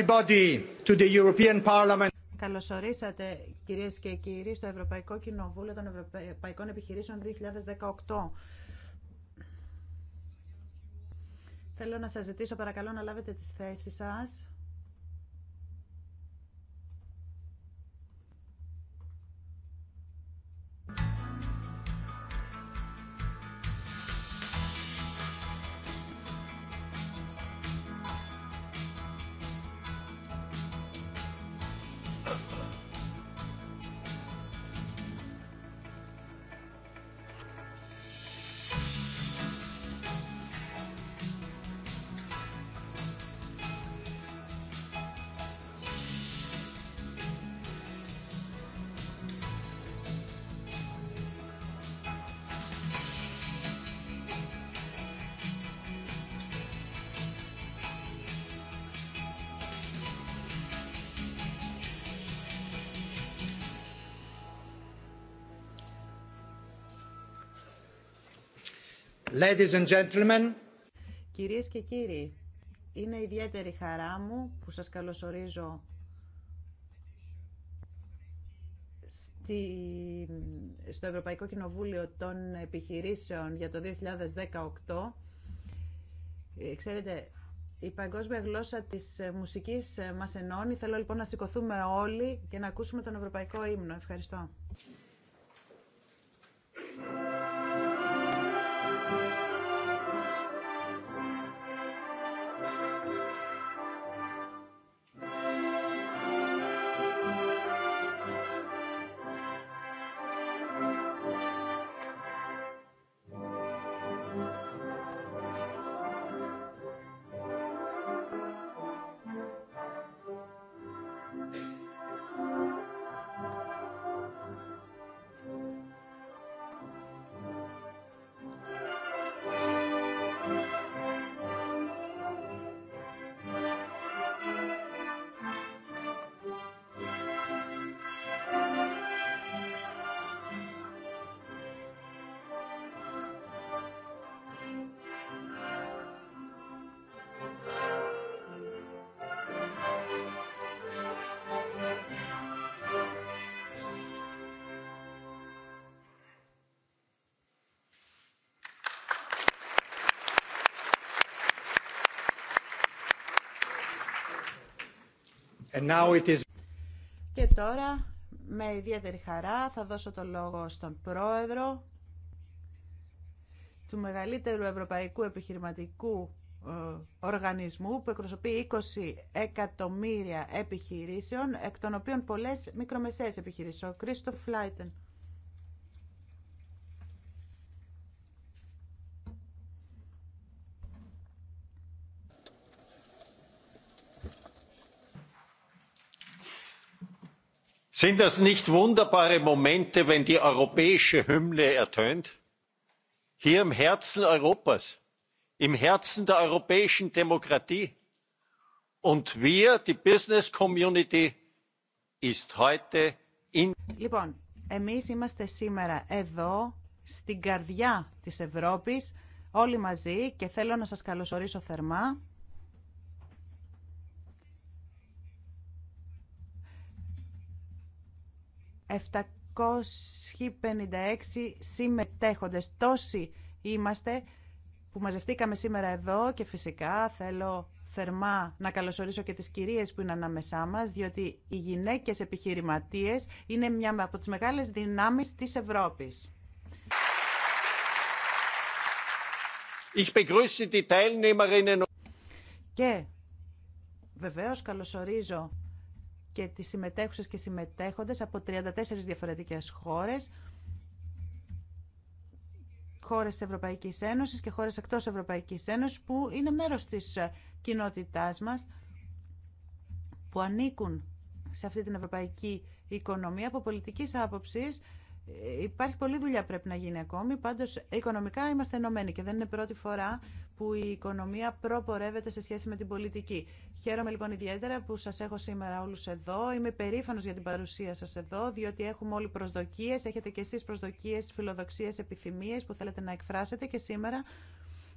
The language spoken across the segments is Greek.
everybody to the European Parliament. Καλώς ορίσατε κυρίες και κύριοι στο Ευρωπαϊκό Κοινοβούλιο των Ευρωπαϊκών Επιχειρήσεων 2018. Θέλω να σας ζητήσω παρακαλώ να λάβετε τις θέσεις σας. Ladies Κυρίες και κύριοι, είναι ιδιαίτερη χαρά μου που σας καλωσορίζω στη, στο Ευρωπαϊκό Κοινοβούλιο των Επιχειρήσεων για το 2018. Ε, ξέρετε, η παγκόσμια γλώσσα της ε, μουσικής ε, μας ενώνει. Θέλω λοιπόν να σηκωθούμε όλοι και να ακούσουμε τον Ευρωπαϊκό ύμνο. Ευχαριστώ. Και τώρα, με ιδιαίτερη χαρά, θα δώσω το λόγο στον πρόεδρο του μεγαλύτερου ευρωπαϊκού επιχειρηματικού ε, οργανισμού που εκπροσωπεί 20 εκατομμύρια επιχειρήσεων, εκ των οποίων πολλές μικρομεσαίες επιχειρήσεις. Ο Κρίστοφ Φλάιτεν. sind das nicht wunderbare momente wenn die europäische hymne ertönt hier im herzen europas im herzen der europäischen demokratie? und wir die business community ist heute in. λοιπόν εμείς είμαστε σήμερα εδώ στην καρδιά της ευρώπης όλοι μαζί και θέλω να σας καλωσορίσω θερμά 756 συμμετέχοντες. Τόσοι είμαστε που μαζευτήκαμε σήμερα εδώ και φυσικά θέλω θερμά να καλωσορίσω και τις κυρίες που είναι ανάμεσά μας, διότι οι γυναίκες επιχειρηματίες είναι μια από τις μεγάλες δυνάμεις της Ευρώπης. Ich begrüße die Teilnehmerinnen. Και βεβαίως καλωσορίζω και τις συμμετέχουσες και συμμετέχοντες από 34 διαφορετικές χώρες, χώρες της Ευρωπαϊκής Ένωσης και χώρες εκτός Ευρωπαϊκής Ένωσης που είναι μέρος της κοινότητάς μας, που ανήκουν σε αυτή την ευρωπαϊκή οικονομία. Από πολιτικής άποψης ε, υπάρχει πολλή δουλειά πρέπει να γίνει ακόμη, πάντως οικονομικά είμαστε ενωμένοι και δεν είναι πρώτη φορά που η οικονομία προπορεύεται σε σχέση με την πολιτική. Χαίρομαι λοιπόν ιδιαίτερα που σας έχω σήμερα όλους εδώ. Είμαι περήφανος για την παρουσία σας εδώ, διότι έχουμε όλοι προσδοκίε, Έχετε και εσείς προσδοκίες, φιλοδοξίες, επιθυμίες που θέλετε να εκφράσετε και σήμερα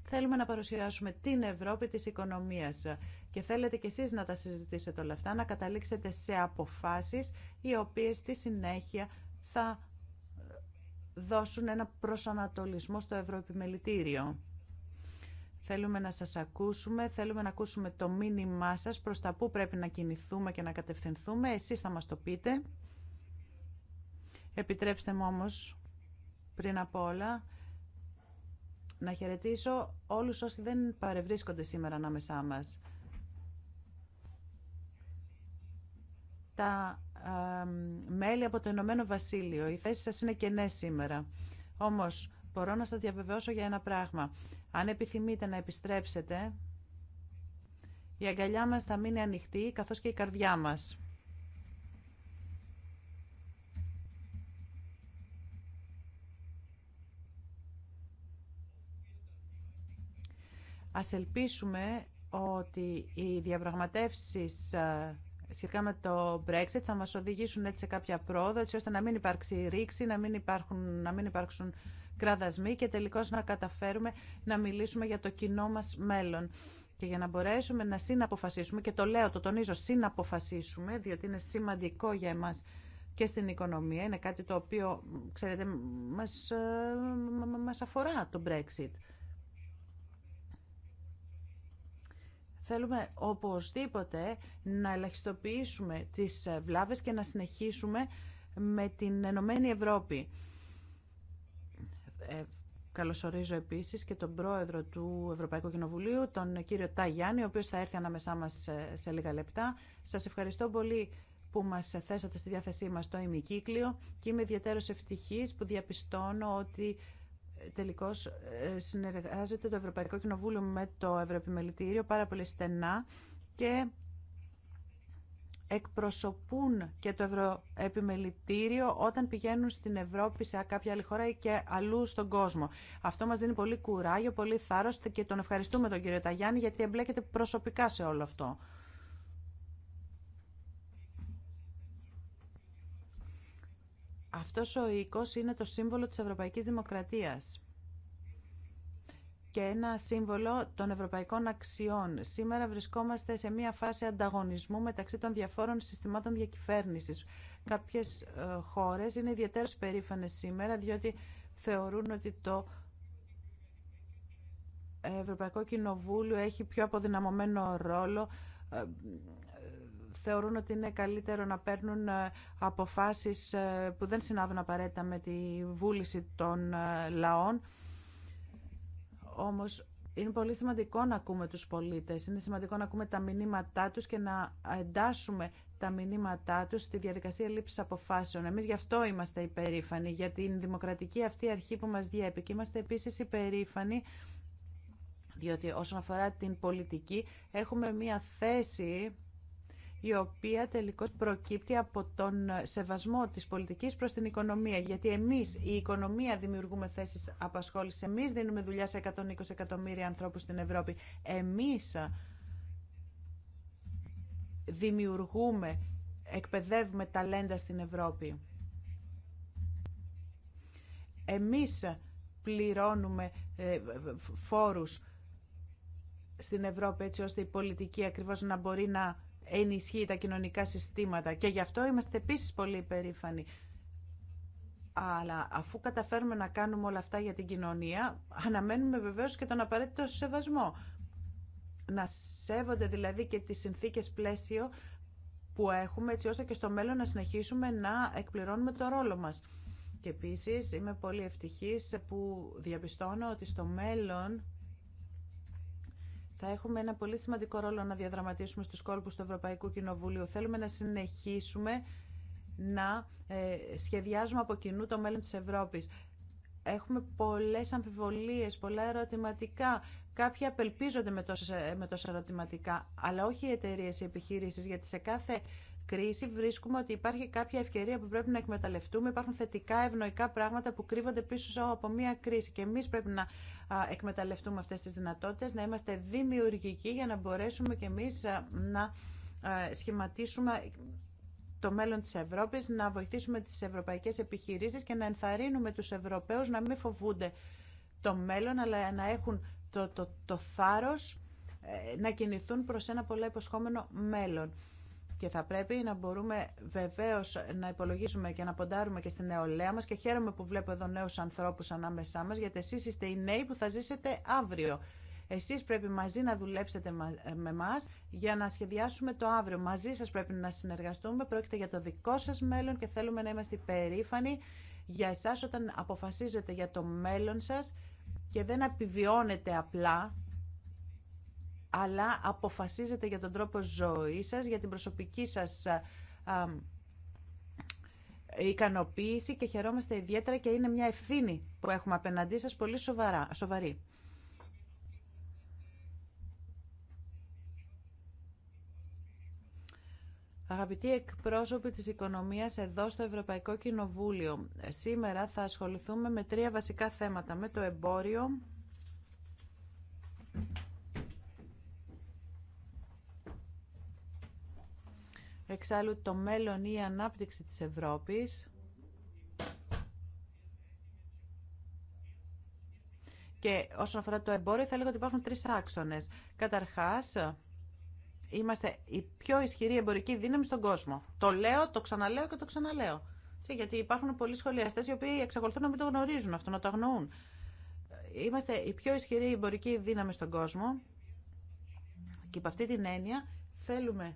θέλουμε να παρουσιάσουμε την Ευρώπη της οικονομίας και θέλετε κι εσείς να τα συζητήσετε όλα αυτά, να καταλήξετε σε αποφάσεις οι οποίες στη συνέχεια θα δώσουν ένα προσανατολισμό στο Ευρωεπιμελητήριο. Θέλουμε να σας ακούσουμε, θέλουμε να ακούσουμε το μήνυμά σας προς τα πού πρέπει να κινηθούμε και να κατευθυνθούμε. Εσείς θα μας το πείτε. Επιτρέψτε μου όμως πριν από όλα να χαιρετήσω όλους όσοι δεν παρευρίσκονται σήμερα ανάμεσά μας. Τα μέλη από το Ηνωμένο Βασίλειο, οι θέσεις σας είναι κενές σήμερα. Όμως μπορώ να σας διαβεβαιώσω για ένα πράγμα. Αν επιθυμείτε να επιστρέψετε, η αγκαλιά μας θα μείνει ανοιχτή, καθώς και η καρδιά μας. Ας ελπίσουμε ότι οι διαπραγματεύσεις ε, σχετικά με το Brexit θα μας οδηγήσουν έτσι σε κάποια πρόοδο, έτσι ώστε να μην υπάρξει ρήξη, να μην, υπάρχουν, να μην υπάρξουν κραδασμοί και τελικώς να καταφέρουμε να μιλήσουμε για το κοινό μας μέλλον. Και για να μπορέσουμε να συναποφασίσουμε, και το λέω, το τονίζω, συναποφασίσουμε, διότι είναι σημαντικό για εμάς και στην οικονομία, είναι κάτι το οποίο, ξέρετε, μας, ε, αφορά το Brexit. Θέλουμε οπωσδήποτε να ελαχιστοποιήσουμε τις ε, βλάβες και να συνεχίσουμε με την Ενωμένη Ευρώπη. Ε, καλωσορίζω επίσης και τον πρόεδρο του Ευρωπαϊκού Κοινοβουλίου, τον κύριο Ταγιάννη, ο οποίος θα έρθει ανάμεσά μας σε λίγα λεπτά. Σας ευχαριστώ πολύ που μας θέσατε στη διάθεσή μας το ημικύκλιο και είμαι ιδιαίτερος ευτυχής που διαπιστώνω ότι ε, τελικώς ε, συνεργάζεται το Ευρωπαϊκό Κοινοβούλιο με το Ευρωεπιμελητήριο πάρα πολύ στενά και εκπροσωπούν και το Ευρωεπιμελητήριο όταν πηγαίνουν στην Ευρώπη σε κάποια άλλη χώρα ή και αλλού στον κόσμο. Αυτό μας δίνει πολύ κουράγιο, πολύ θάρρος και τον ευχαριστούμε τον κύριο Ταγιάννη γιατί εμπλέκεται προσωπικά σε όλο αυτό. Αυτός ο οίκος είναι το σύμβολο της Ευρωπαϊκής Δημοκρατίας και ένα σύμβολο των ευρωπαϊκών αξιών. Σήμερα βρισκόμαστε σε μια φάση ανταγωνισμού μεταξύ των διαφόρων συστημάτων διακυβέρνησης. Κάποιες ε, χώρες είναι ιδιαίτερα περήφανες σήμερα διότι θεωρούν ότι το Ευρωπαϊκό Κοινοβούλιο έχει πιο αποδυναμωμένο ρόλο ε, θεωρούν ότι είναι καλύτερο να παίρνουν ε, αποφάσεις που δεν συνάδουν απαραίτητα με τη βούληση των λαών όμως είναι πολύ σημαντικό να ακούμε τους πολίτες, είναι σημαντικό να ακούμε τα μηνύματά τους και να εντάσσουμε τα μηνύματά τους στη διαδικασία λήψης αποφάσεων. Εμείς γι' αυτό είμαστε υπερήφανοι, για την δημοκρατική αυτή αρχή που μας διέπει και είμαστε επίσης υπερήφανοι διότι όσον αφορά την πολιτική έχουμε μία θέση η οποία τελικώς προκύπτει από τον σεβασμό της πολιτικής προς την οικονομία. Γιατί εμείς, η οικονομία, δημιουργούμε θέσεις απασχόλησης. Εμείς δίνουμε δουλειά σε 120 εκατομμύρια ανθρώπους στην Ευρώπη. Εμείς δημιουργούμε, εκπαιδεύουμε ταλέντα στην Ευρώπη. Εμείς πληρώνουμε ε, φόρους στην Ευρώπη έτσι ώστε η πολιτική ακριβώς να μπορεί να ενισχύει τα κοινωνικά συστήματα και γι' αυτό είμαστε επίσης πολύ υπερήφανοι. Αλλά αφού καταφέρουμε να κάνουμε όλα αυτά για την κοινωνία, αναμένουμε βεβαίως και τον απαραίτητο σεβασμό. Να σέβονται δηλαδή και τις συνθήκες πλαίσιο που έχουμε, έτσι ώστε και στο μέλλον να συνεχίσουμε να εκπληρώνουμε το ρόλο μας. Και επίσης είμαι πολύ ευτυχής που διαπιστώνω ότι στο μέλλον θα έχουμε ένα πολύ σημαντικό ρόλο να διαδραματίσουμε στους κόλπους του Ευρωπαϊκού Κοινοβουλίου. Θέλουμε να συνεχίσουμε να ε, σχεδιάζουμε από κοινού το μέλλον της Ευρώπης. Έχουμε πολλές αμφιβολίες, πολλά ερωτηματικά. Κάποιοι απελπίζονται με τόσα, ε, με τόσα ερωτηματικά, αλλά όχι οι εταιρείε, οι επιχείρησεις, γιατί σε κάθε κρίση βρίσκουμε ότι υπάρχει κάποια ευκαιρία που πρέπει να εκμεταλλευτούμε. Υπάρχουν θετικά ευνοϊκά πράγματα που κρύβονται πίσω από μια κρίση και εμείς πρέπει να εκμεταλλευτούμε αυτές τις δυνατότητες, να είμαστε δημιουργικοί για να μπορέσουμε και εμείς να σχηματίσουμε το μέλλον της Ευρώπης, να βοηθήσουμε τις ευρωπαϊκές επιχειρήσεις και να ενθαρρύνουμε τους Ευρωπαίους να μην φοβούνται το μέλλον, αλλά να έχουν το, το, το θάρρος ε, να κινηθούν προς ένα πολλά υποσχόμενο μέλλον και θα πρέπει να μπορούμε βεβαίω να υπολογίσουμε και να ποντάρουμε και στην νεολαία μας και χαίρομαι που βλέπω εδώ νέου ανθρώπου ανάμεσά μας γιατί εσείς είστε οι νέοι που θα ζήσετε αύριο. Εσείς πρέπει μαζί να δουλέψετε με εμά για να σχεδιάσουμε το αύριο. Μαζί σας πρέπει να συνεργαστούμε, πρόκειται για το δικό σας μέλλον και θέλουμε να είμαστε περήφανοι για εσά, όταν αποφασίζετε για το μέλλον σα και δεν επιβιώνετε απλά αλλά αποφασίζετε για τον τρόπο ζωής σας, για την προσωπική σας ικανοποίηση και χαιρόμαστε ιδιαίτερα και είναι μια ευθύνη που έχουμε απέναντί σας πολύ σοβαρά, σοβαρή. Αγαπητοί εκπρόσωποι της οικονομίας εδώ στο Ευρωπαϊκό Κοινοβούλιο, σήμερα θα ασχοληθούμε με τρία βασικά θέματα. Με το εμπόριο, Εξάλλου το μέλλον ή η ανάπτυξη της Ευρώπης Και όσον αφορά το εμπόριο, θα λέγω ότι υπάρχουν τρεις άξονες. Καταρχάς, είμαστε η πιο ισχυρή εμπορική δύναμη στον κόσμο. Το λέω, το ξαναλέω και το ξαναλέω. γιατί υπάρχουν πολλοί σχολιαστές οι οποίοι εξακολουθούν να μην το γνωρίζουν αυτό, να το αγνοούν. Είμαστε η πιο ισχυρή εμπορική δύναμη στον κόσμο και υπ' αυτή την έννοια θέλουμε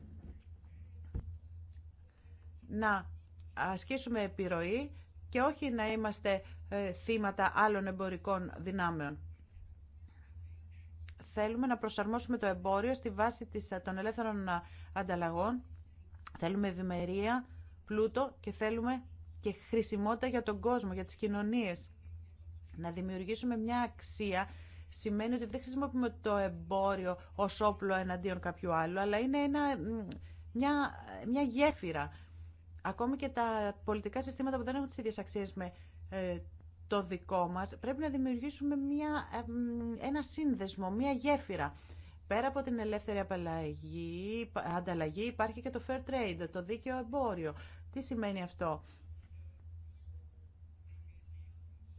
να ασκήσουμε επιρροή και όχι να είμαστε ε, θύματα άλλων εμπορικών δυνάμεων. Θέλουμε να προσαρμόσουμε το εμπόριο στη βάση της, ε, των ελεύθερων ε, ανταλλαγών. Θέλουμε ευημερία, πλούτο και θέλουμε και χρησιμότητα για τον κόσμο, για τις κοινωνίες. Να δημιουργήσουμε μια αξία σημαίνει ότι δεν χρησιμοποιούμε το εμπόριο ως όπλο εναντίον κάποιου άλλου, αλλά είναι μια, μια γέφυρα ακόμη και τα πολιτικά συστήματα που δεν έχουν τις ίδιες αξίες με ε, το δικό μας, πρέπει να δημιουργήσουμε μια, ένα σύνδεσμο, μια γέφυρα. Πέρα από την ελεύθερη απαλλαγή, ανταλλαγή υπάρχει και το fair trade, το δίκαιο εμπόριο. Τι σημαίνει αυτό.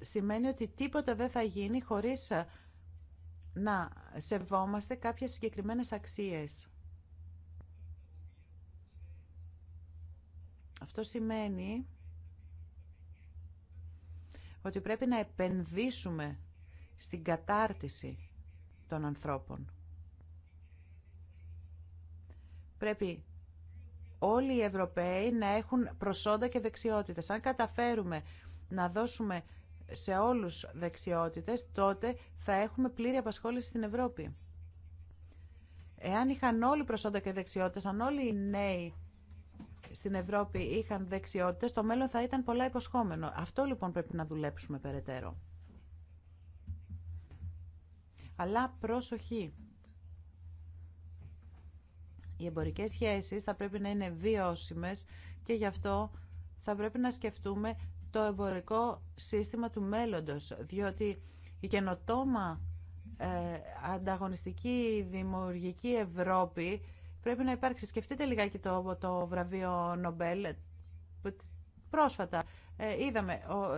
Σημαίνει ότι τίποτα δεν θα γίνει χωρίς να σεβόμαστε κάποιες συγκεκριμένες αξίες. Αυτό σημαίνει ότι πρέπει να επενδύσουμε στην κατάρτιση των ανθρώπων. Πρέπει όλοι οι Ευρωπαίοι να έχουν προσόντα και δεξιότητες. Αν καταφέρουμε να δώσουμε σε όλους δεξιότητες, τότε θα έχουμε πλήρη απασχόληση στην Ευρώπη. Εάν είχαν όλοι προσόντα και δεξιότητες, αν όλοι οι νέοι στην Ευρώπη είχαν δεξιότητες, το μέλλον θα ήταν πολλά υποσχόμενο. Αυτό λοιπόν πρέπει να δουλέψουμε περαιτέρω. Αλλά προσοχή. Οι εμπορικές σχέσεις θα πρέπει να είναι βιώσιμες και γι' αυτό θα πρέπει να σκεφτούμε το εμπορικό σύστημα του μέλλοντος, διότι η καινοτόμα ε, ανταγωνιστική δημιουργική Ευρώπη πρέπει να υπάρξει. Σκεφτείτε λιγάκι το, το βραβείο Νομπέλ. Πρόσφατα ε, είδαμε, ο,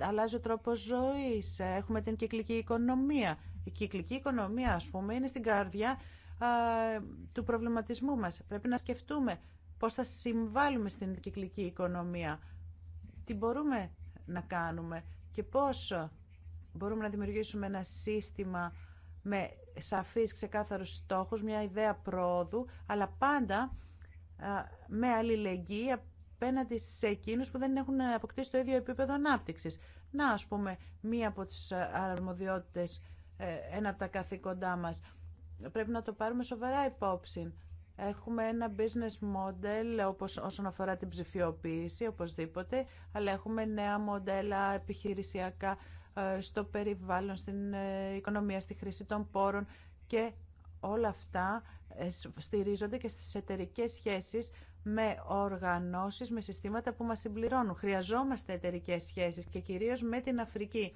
ε, αλλάζει ο τρόπος ζωής, έχουμε την κυκλική οικονομία. Η κυκλική οικονομία, ας πούμε, είναι στην καρδιά του προβληματισμού μας. Πρέπει να σκεφτούμε πώς θα συμβάλλουμε στην κυκλική οικονομία, τι μπορούμε να κάνουμε και πώς μπορούμε να δημιουργήσουμε ένα σύστημα με σαφείς ξεκάθαρους στόχους, μια ιδέα πρόοδου, αλλά πάντα με αλληλεγγύη απέναντι σε εκείνους που δεν έχουν αποκτήσει το ίδιο επίπεδο ανάπτυξης. Να, ας πούμε, μία από τις αρμοδιότητες, ε, ένα από τα καθήκοντά μας. Πρέπει να το πάρουμε σοβαρά υπόψη. Έχουμε ένα business model όπως, όσον αφορά την ψηφιοποίηση, οπωσδήποτε, αλλά έχουμε νέα μοντέλα επιχειρησιακά ε, στο περιβάλλον, στην ε, οικονομία, στη χρήση των πόρων και όλα αυτά ε, στηρίζονται και στις εταιρικές σχέσεις με οργανώσεις, με συστήματα που μας συμπληρώνουν. Χρειαζόμαστε εταιρικές σχέσεις και κυρίως με την Αφρική.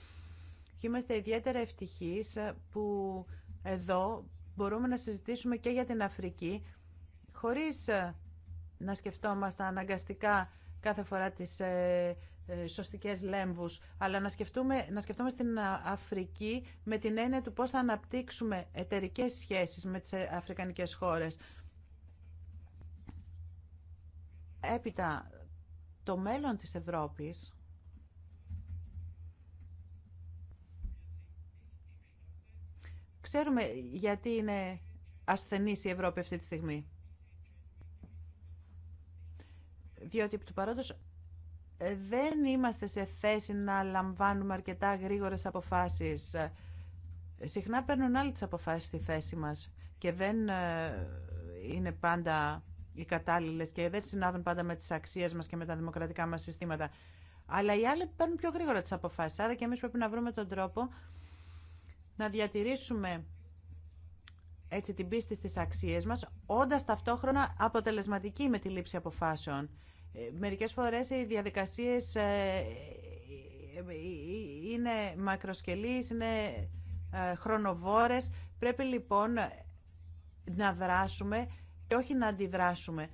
είμαστε ιδιαίτερα ευτυχείς που εδώ μπορούμε να συζητήσουμε και για την Αφρική χωρίς να σκεφτόμαστε αναγκαστικά κάθε φορά τις ε, σωστικές λέμβους, αλλά να σκεφτούμε, να σκεφτούμε στην Αφρική με την έννοια του πώς θα αναπτύξουμε εταιρικές σχέσεις με τις ε, αφρικανικές χώρες. Έπειτα, το μέλλον της Ευρώπης Ξέρουμε γιατί είναι ασθενής η Ευρώπη αυτή τη στιγμή. Διότι του παρόντος δεν είμαστε σε θέση να λαμβάνουμε αρκετά γρήγορες αποφάσεις. Συχνά παίρνουν άλλοι τις αποφάσεις στη θέση μας και δεν ε, είναι πάντα οι κατάλληλε και δεν συνάδουν πάντα με τις αξίες μας και με τα δημοκρατικά μας συστήματα. Αλλά οι άλλοι παίρνουν πιο γρήγορα τις αποφάσεις. Άρα και εμείς πρέπει να βρούμε τον τρόπο να διατηρήσουμε έτσι την πίστη στις αξίες μας, όντας ταυτόχρονα αποτελεσματικοί με τη λήψη αποφάσεων. Μερικές φορές οι διαδικασίες ε, ε, είναι μακροσκελείς, είναι ε, χρονοβόρες. Πρέπει λοιπόν να δράσουμε και όχι να αντιδράσουμε.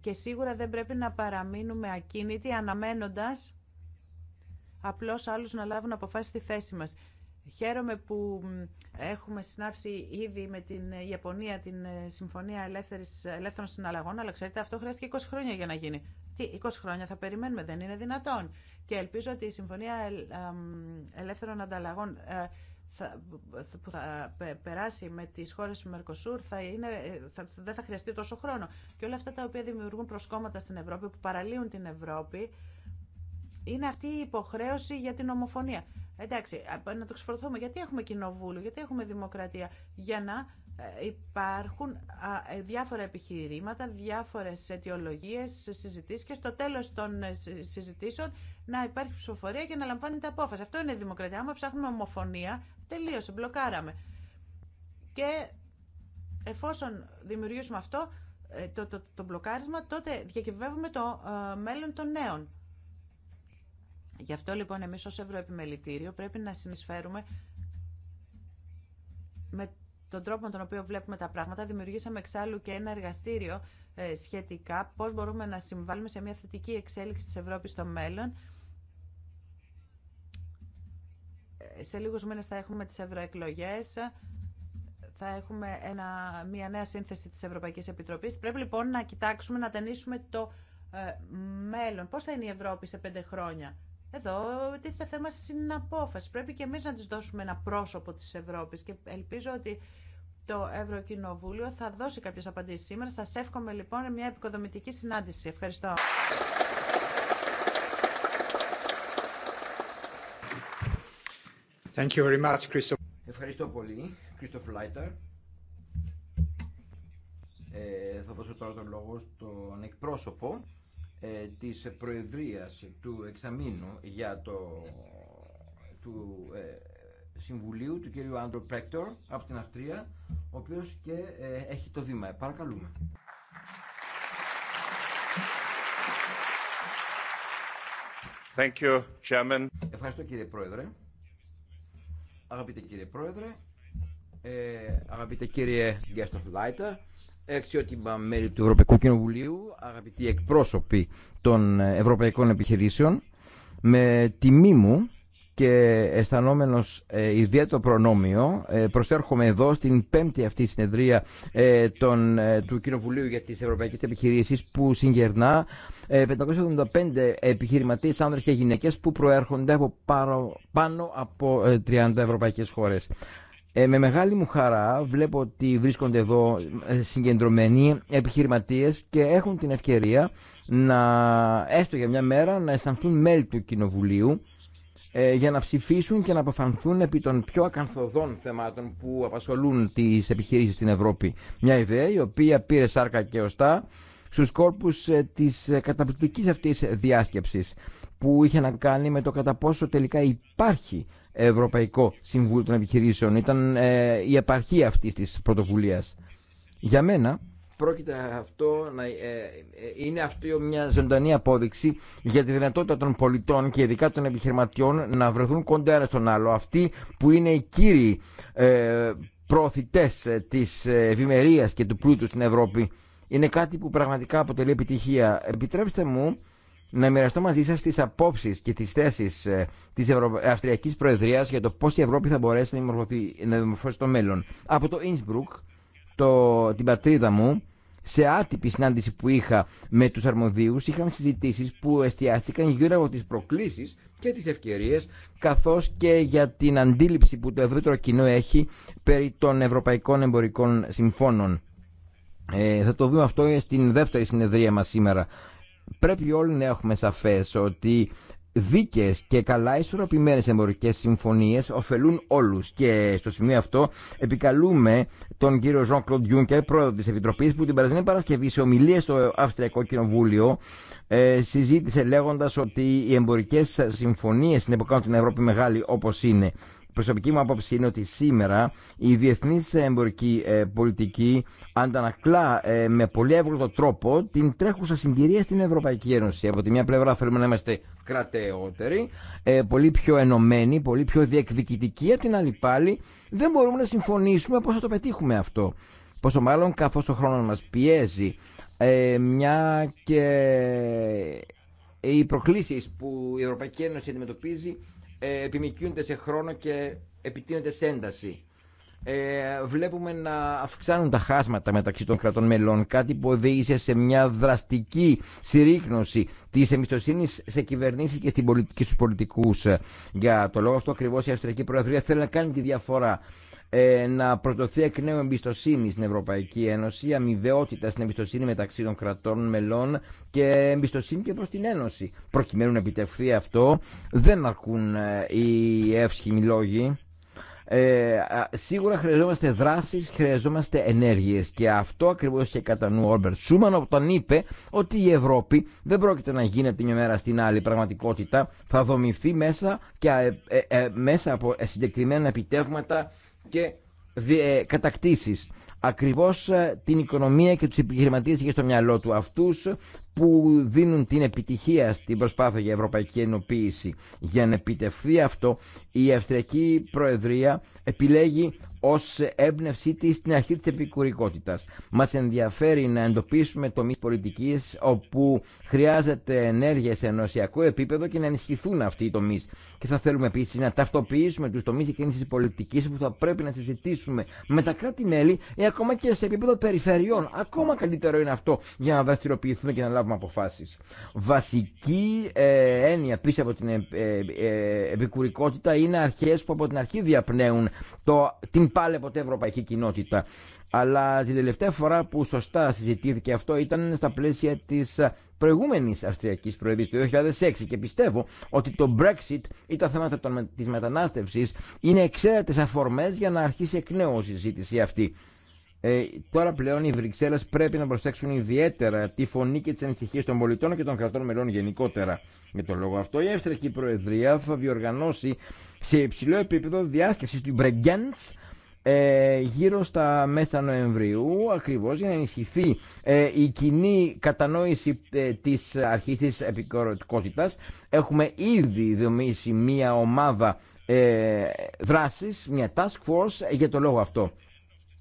Και σίγουρα δεν πρέπει να παραμείνουμε ακίνητοι αναμένοντας απλώς άλλους να λάβουν αποφάσεις στη θέση μας. Χαίρομαι που έχουμε συνάψει ήδη με την Ιαπωνία την Συμφωνία Ελεύθερης, Ελεύθερων Συναλλαγών, αλλά ξέρετε αυτό χρειάστηκε 20 χρόνια για να γίνει. Τι, 20 χρόνια θα περιμένουμε, δεν είναι δυνατόν. Και ελπίζω ότι η Συμφωνία Ελεύθερων Ανταλλαγών ε, που θα περάσει με τι χώρε του Μερκοσούρ θα είναι, ε, θα, δεν θα χρειαστεί τόσο χρόνο. Και όλα αυτά τα οποία δημιουργούν προσκόμματα στην Ευρώπη, που παραλύουν την Ευρώπη, είναι αυτή η υποχρέωση για την ομοφωνία. Εντάξει, να το ξεφορτωθούμε. Γιατί έχουμε κοινοβούλιο, γιατί έχουμε δημοκρατία, για να ε, υπάρχουν ε, διάφορα επιχειρήματα, διάφορες αιτιολογίες, συζητήσεις και στο τέλος των ε, συζητήσεων να υπάρχει ψηφοφορία και να λαμβάνεται απόφαση. Αυτό είναι η δημοκρατία. Άμα ψάχνουμε ομοφωνία, τελείωσε, μπλοκάραμε. Και εφόσον δημιουργήσουμε αυτό, το, το, το μπλοκάρισμα, τότε διακυβεύουμε το μέλλον των νέων. Γι' αυτό λοιπόν εμείς ως Ευρωεπιμελητήριο πρέπει να συνεισφέρουμε με τον τρόπο με τον οποίο βλέπουμε τα πράγματα. Δημιουργήσαμε εξάλλου και ένα εργαστήριο ε, σχετικά Πώ μπορούμε να συμβάλλουμε σε μια θετική εξέλιξη τη Ευρώπη στο μέλλον. Ε, σε λίγους μήνες θα έχουμε τις ευρωεκλογές, θα έχουμε ένα, μια νέα σύνθεση της Ευρωπαϊκής Επιτροπής. Πρέπει λοιπόν να κοιτάξουμε, να ταινίσουμε το ε, μέλλον. Πώς θα είναι η Ευρώπη σε πέντε χρόνια. Εδώ τίθεται θέμα στην απόφαση. Πρέπει και εμείς να της δώσουμε ένα πρόσωπο τη Ευρώπης και ελπίζω ότι το Ευρωκοινοβούλιο θα δώσει κάποιες απαντήσεις σήμερα. Σας εύχομαι λοιπόν μια επικοδομητική συνάντηση. Ευχαριστώ. Ευχαριστώ πολύ, Κρίστοφ Λάιταρ. Ε, θα δώσω τώρα τον λόγο στον εκπρόσωπο ε, της Προεδρίας του Εξαμήνου για το, του, ε, Συμβουλίου του κύριου Άντρο Πρέκτορ από την Αυστρία, ο οποίος και ε, έχει το βήμα. Ε, παρακαλούμε. Thank you, Chairman. Ευχαριστώ κύριε Πρόεδρε. Αγαπητέ κύριε Πρόεδρε, ε, αγαπητέ κύριε of Λάιτα, εξιότιμα μέλη του Ευρωπαϊκού Κοινοβουλίου, αγαπητοί εκπρόσωποι των ε, ευρωπαϊκών επιχειρήσεων, με τιμή μου και αισθανόμενος ε, ιδιαίτερο προνόμιο ε, προσέρχομαι εδώ στην πέμπτη αυτή συνεδρία ε, των, του Κοινοβουλίου για τις Ευρωπαϊκές Επιχειρήσεις που συγκερνά 575 επιχειρηματίες άνδρες και γυναίκες που προέρχονται από πάνω από 30 ευρωπαϊκές χώρες. με μεγάλη μου χαρά βλέπω ότι βρίσκονται εδώ συγκεντρωμένοι επιχειρηματίες και έχουν την ευκαιρία να έστω για μια μέρα να αισθανθούν μέλη του Κοινοβουλίου ε, για να ψηφίσουν και να αποφανθούν επί των πιο ακαθοδών θεμάτων που απασχολούν τις επιχειρήσεις στην Ευρώπη. Μια ιδέα η οποία πήρε σάρκα και οστά στους κόρπους ε, της ε, καταπληκτικής αυτής διάσκεψης που είχε να κάνει με το κατά πόσο τελικά υπάρχει Ευρωπαϊκό Συμβούλιο των Επιχειρήσεων. Ήταν η επαρχία αυτής της πρωτοβουλίας. Για μένα πρόκειται αυτό να ε, ε, είναι αυτή μια ζωντανή απόδειξη για τη δυνατότητα των πολιτών και ειδικά των επιχειρηματιών να βρεθούν κοντά ένα στον άλλο. Αυτοί που είναι οι κύριοι ε, προωθητές της ευημερία και του πλούτου στην Ευρώπη είναι κάτι που πραγματικά αποτελεί επιτυχία. Επιτρέψτε μου να μοιραστώ μαζί σας τις απόψεις και τις θέσεις της Ευρω... Αυστριακής Προεδρίας για το πώς η Ευρώπη θα μπορέσει να, δημορφώσει το μέλλον. Από το Ινσμπρουκ, το... την πατρίδα μου, σε άτυπη συνάντηση που είχα με τους αρμοδίους είχαν συζητήσεις που εστιάστηκαν γύρω από τις προκλήσεις και τις ευκαιρίες καθώς και για την αντίληψη που το ευρύτερο κοινό έχει περί των ευρωπαϊκών εμπορικών συμφώνων. Ε, θα το δούμε αυτό στην δεύτερη συνεδρία μας σήμερα. Πρέπει όλοι να έχουμε σαφές ότι δίκαιες και καλά ισορροπημένες εμπορικές συμφωνίες ωφελούν όλους και στο σημείο αυτό επικαλούμε τον κύριο Ζων Κλοντ Γιούνκερ πρόεδρο της Επιτροπής που την περασμένη Παρασκευή σε ομιλία στο Αυστριακό Κοινοβούλιο ε, συζήτησε λέγοντας ότι οι εμπορικές συμφωνίες είναι που κάνουν την Ευρώπη μεγάλη όπως είναι προσωπική μου άποψη είναι ότι σήμερα η διεθνή εμπορική ε, πολιτική αντανακλά ε, με πολύ εύγλωτο τρόπο την τρέχουσα συγκυρία στην Ευρωπαϊκή Ένωση. Από τη μια πλευρά θέλουμε να είμαστε κρατεότεροι, ε, πολύ πιο ενωμένοι, πολύ πιο διεκδικητικοί. Από την άλλη πάλι δεν μπορούμε να συμφωνήσουμε πώς θα το πετύχουμε αυτό. Πόσο μάλλον καθώς ο χρόνος μας πιέζει μια και οι προκλήσεις που η Ευρωπαϊκή Ένωση αντιμετωπίζει ε, επιμικρύνεται σε χρόνο και επιτείνονται σε ένταση. Ε, βλέπουμε να αυξάνουν τα χάσματα μεταξύ των κρατών μελών, κάτι που οδήγησε σε μια δραστική συρρήκνωση τη εμπιστοσύνη σε κυβερνήσει και, στους πολιτικούς. στου πολιτικού. Για το λόγο αυτό ακριβώ η Αυστριακή Προεδρία θέλει να κάνει τη διαφορά ε, να προτοθεί εκ νέου εμπιστοσύνη στην Ευρωπαϊκή Ένωση, αμοιβαιότητα στην εμπιστοσύνη μεταξύ των κρατών μελών και εμπιστοσύνη και προ την Ένωση. Προκειμένου να επιτευχθεί αυτό, δεν αρκούν ε, οι εύσχημοι λόγοι. Ε, σίγουρα χρειαζόμαστε δράσεις, χρειαζόμαστε ενέργειες και αυτό ακριβώς είχε κατά νου ο Όρμπερτ Σούμαν όταν είπε ότι η Ευρώπη δεν πρόκειται να γίνεται μια μέρα στην άλλη πραγματικότητα θα δομηθεί μέσα, και, ε, μέσα από συγκεκριμένα επιτεύγματα και ε, κατακτήσεις. Ακριβώς ε, την οικονομία και τους επιχειρηματίες είχε στο μυαλό του αυτούς που δίνουν την επιτυχία στην προσπάθεια για ευρωπαϊκή ενοποίηση. Για να επιτευχθεί αυτό η Αυστριακή Προεδρία επιλέγει ως έμπνευσή της στην αρχή της επικουρικότητας. Μας ενδιαφέρει να εντοπίσουμε τομείς πολιτικής όπου χρειάζεται ενέργεια σε ενωσιακό επίπεδο και να ενισχυθούν αυτοί οι τομείς. Και θα θέλουμε επίσης να ταυτοποιήσουμε τους τομείς εκείνης της πολιτικής που θα πρέπει να συζητήσουμε με τα κράτη-μέλη ή ακόμα και σε επίπεδο περιφερειών. Ακόμα καλύτερο είναι αυτό για να δραστηριοποιηθούμε και να λάβουμε αποφάσεις. Βασική ε, έννοια πίσω από την ε, ε, ε επικουρικότητα είναι αρχές που από την αρχή διαπνέουν το, την Πάλι ποτέ ευρωπαϊκή κοινότητα. Αλλά την τελευταία φορά που σωστά συζητήθηκε αυτό ήταν στα πλαίσια τη προηγουμενη Αυστριακή Προεδρία του 2006 και πιστεύω ότι το Brexit ή τα θέματα τη μετανάστευση είναι εξαίρετε αφορμέ για να αρχίσει εκ νέου η συζήτηση αυτή. Ε, τώρα πλέον οι Βρυξέλλες πρέπει να προσέξουν ιδιαίτερα τη φωνή και τι ανησυχίε των πολιτών και των κρατών μελών γενικότερα. Με τον λόγο αυτό η Αυστριακή Προεδρία θα διοργανώσει σε υψηλό επίπεδο διάσκεψη του Bregenz ε, γύρω στα μέσα Νοεμβριού ακριβώς για να ενισχυθεί ε, η κοινή κατανόηση ε, της αρχής της επικοροτικότητας. Έχουμε ήδη δομήσει μια ομάδα δράσης, μια task force για το λόγο αυτό.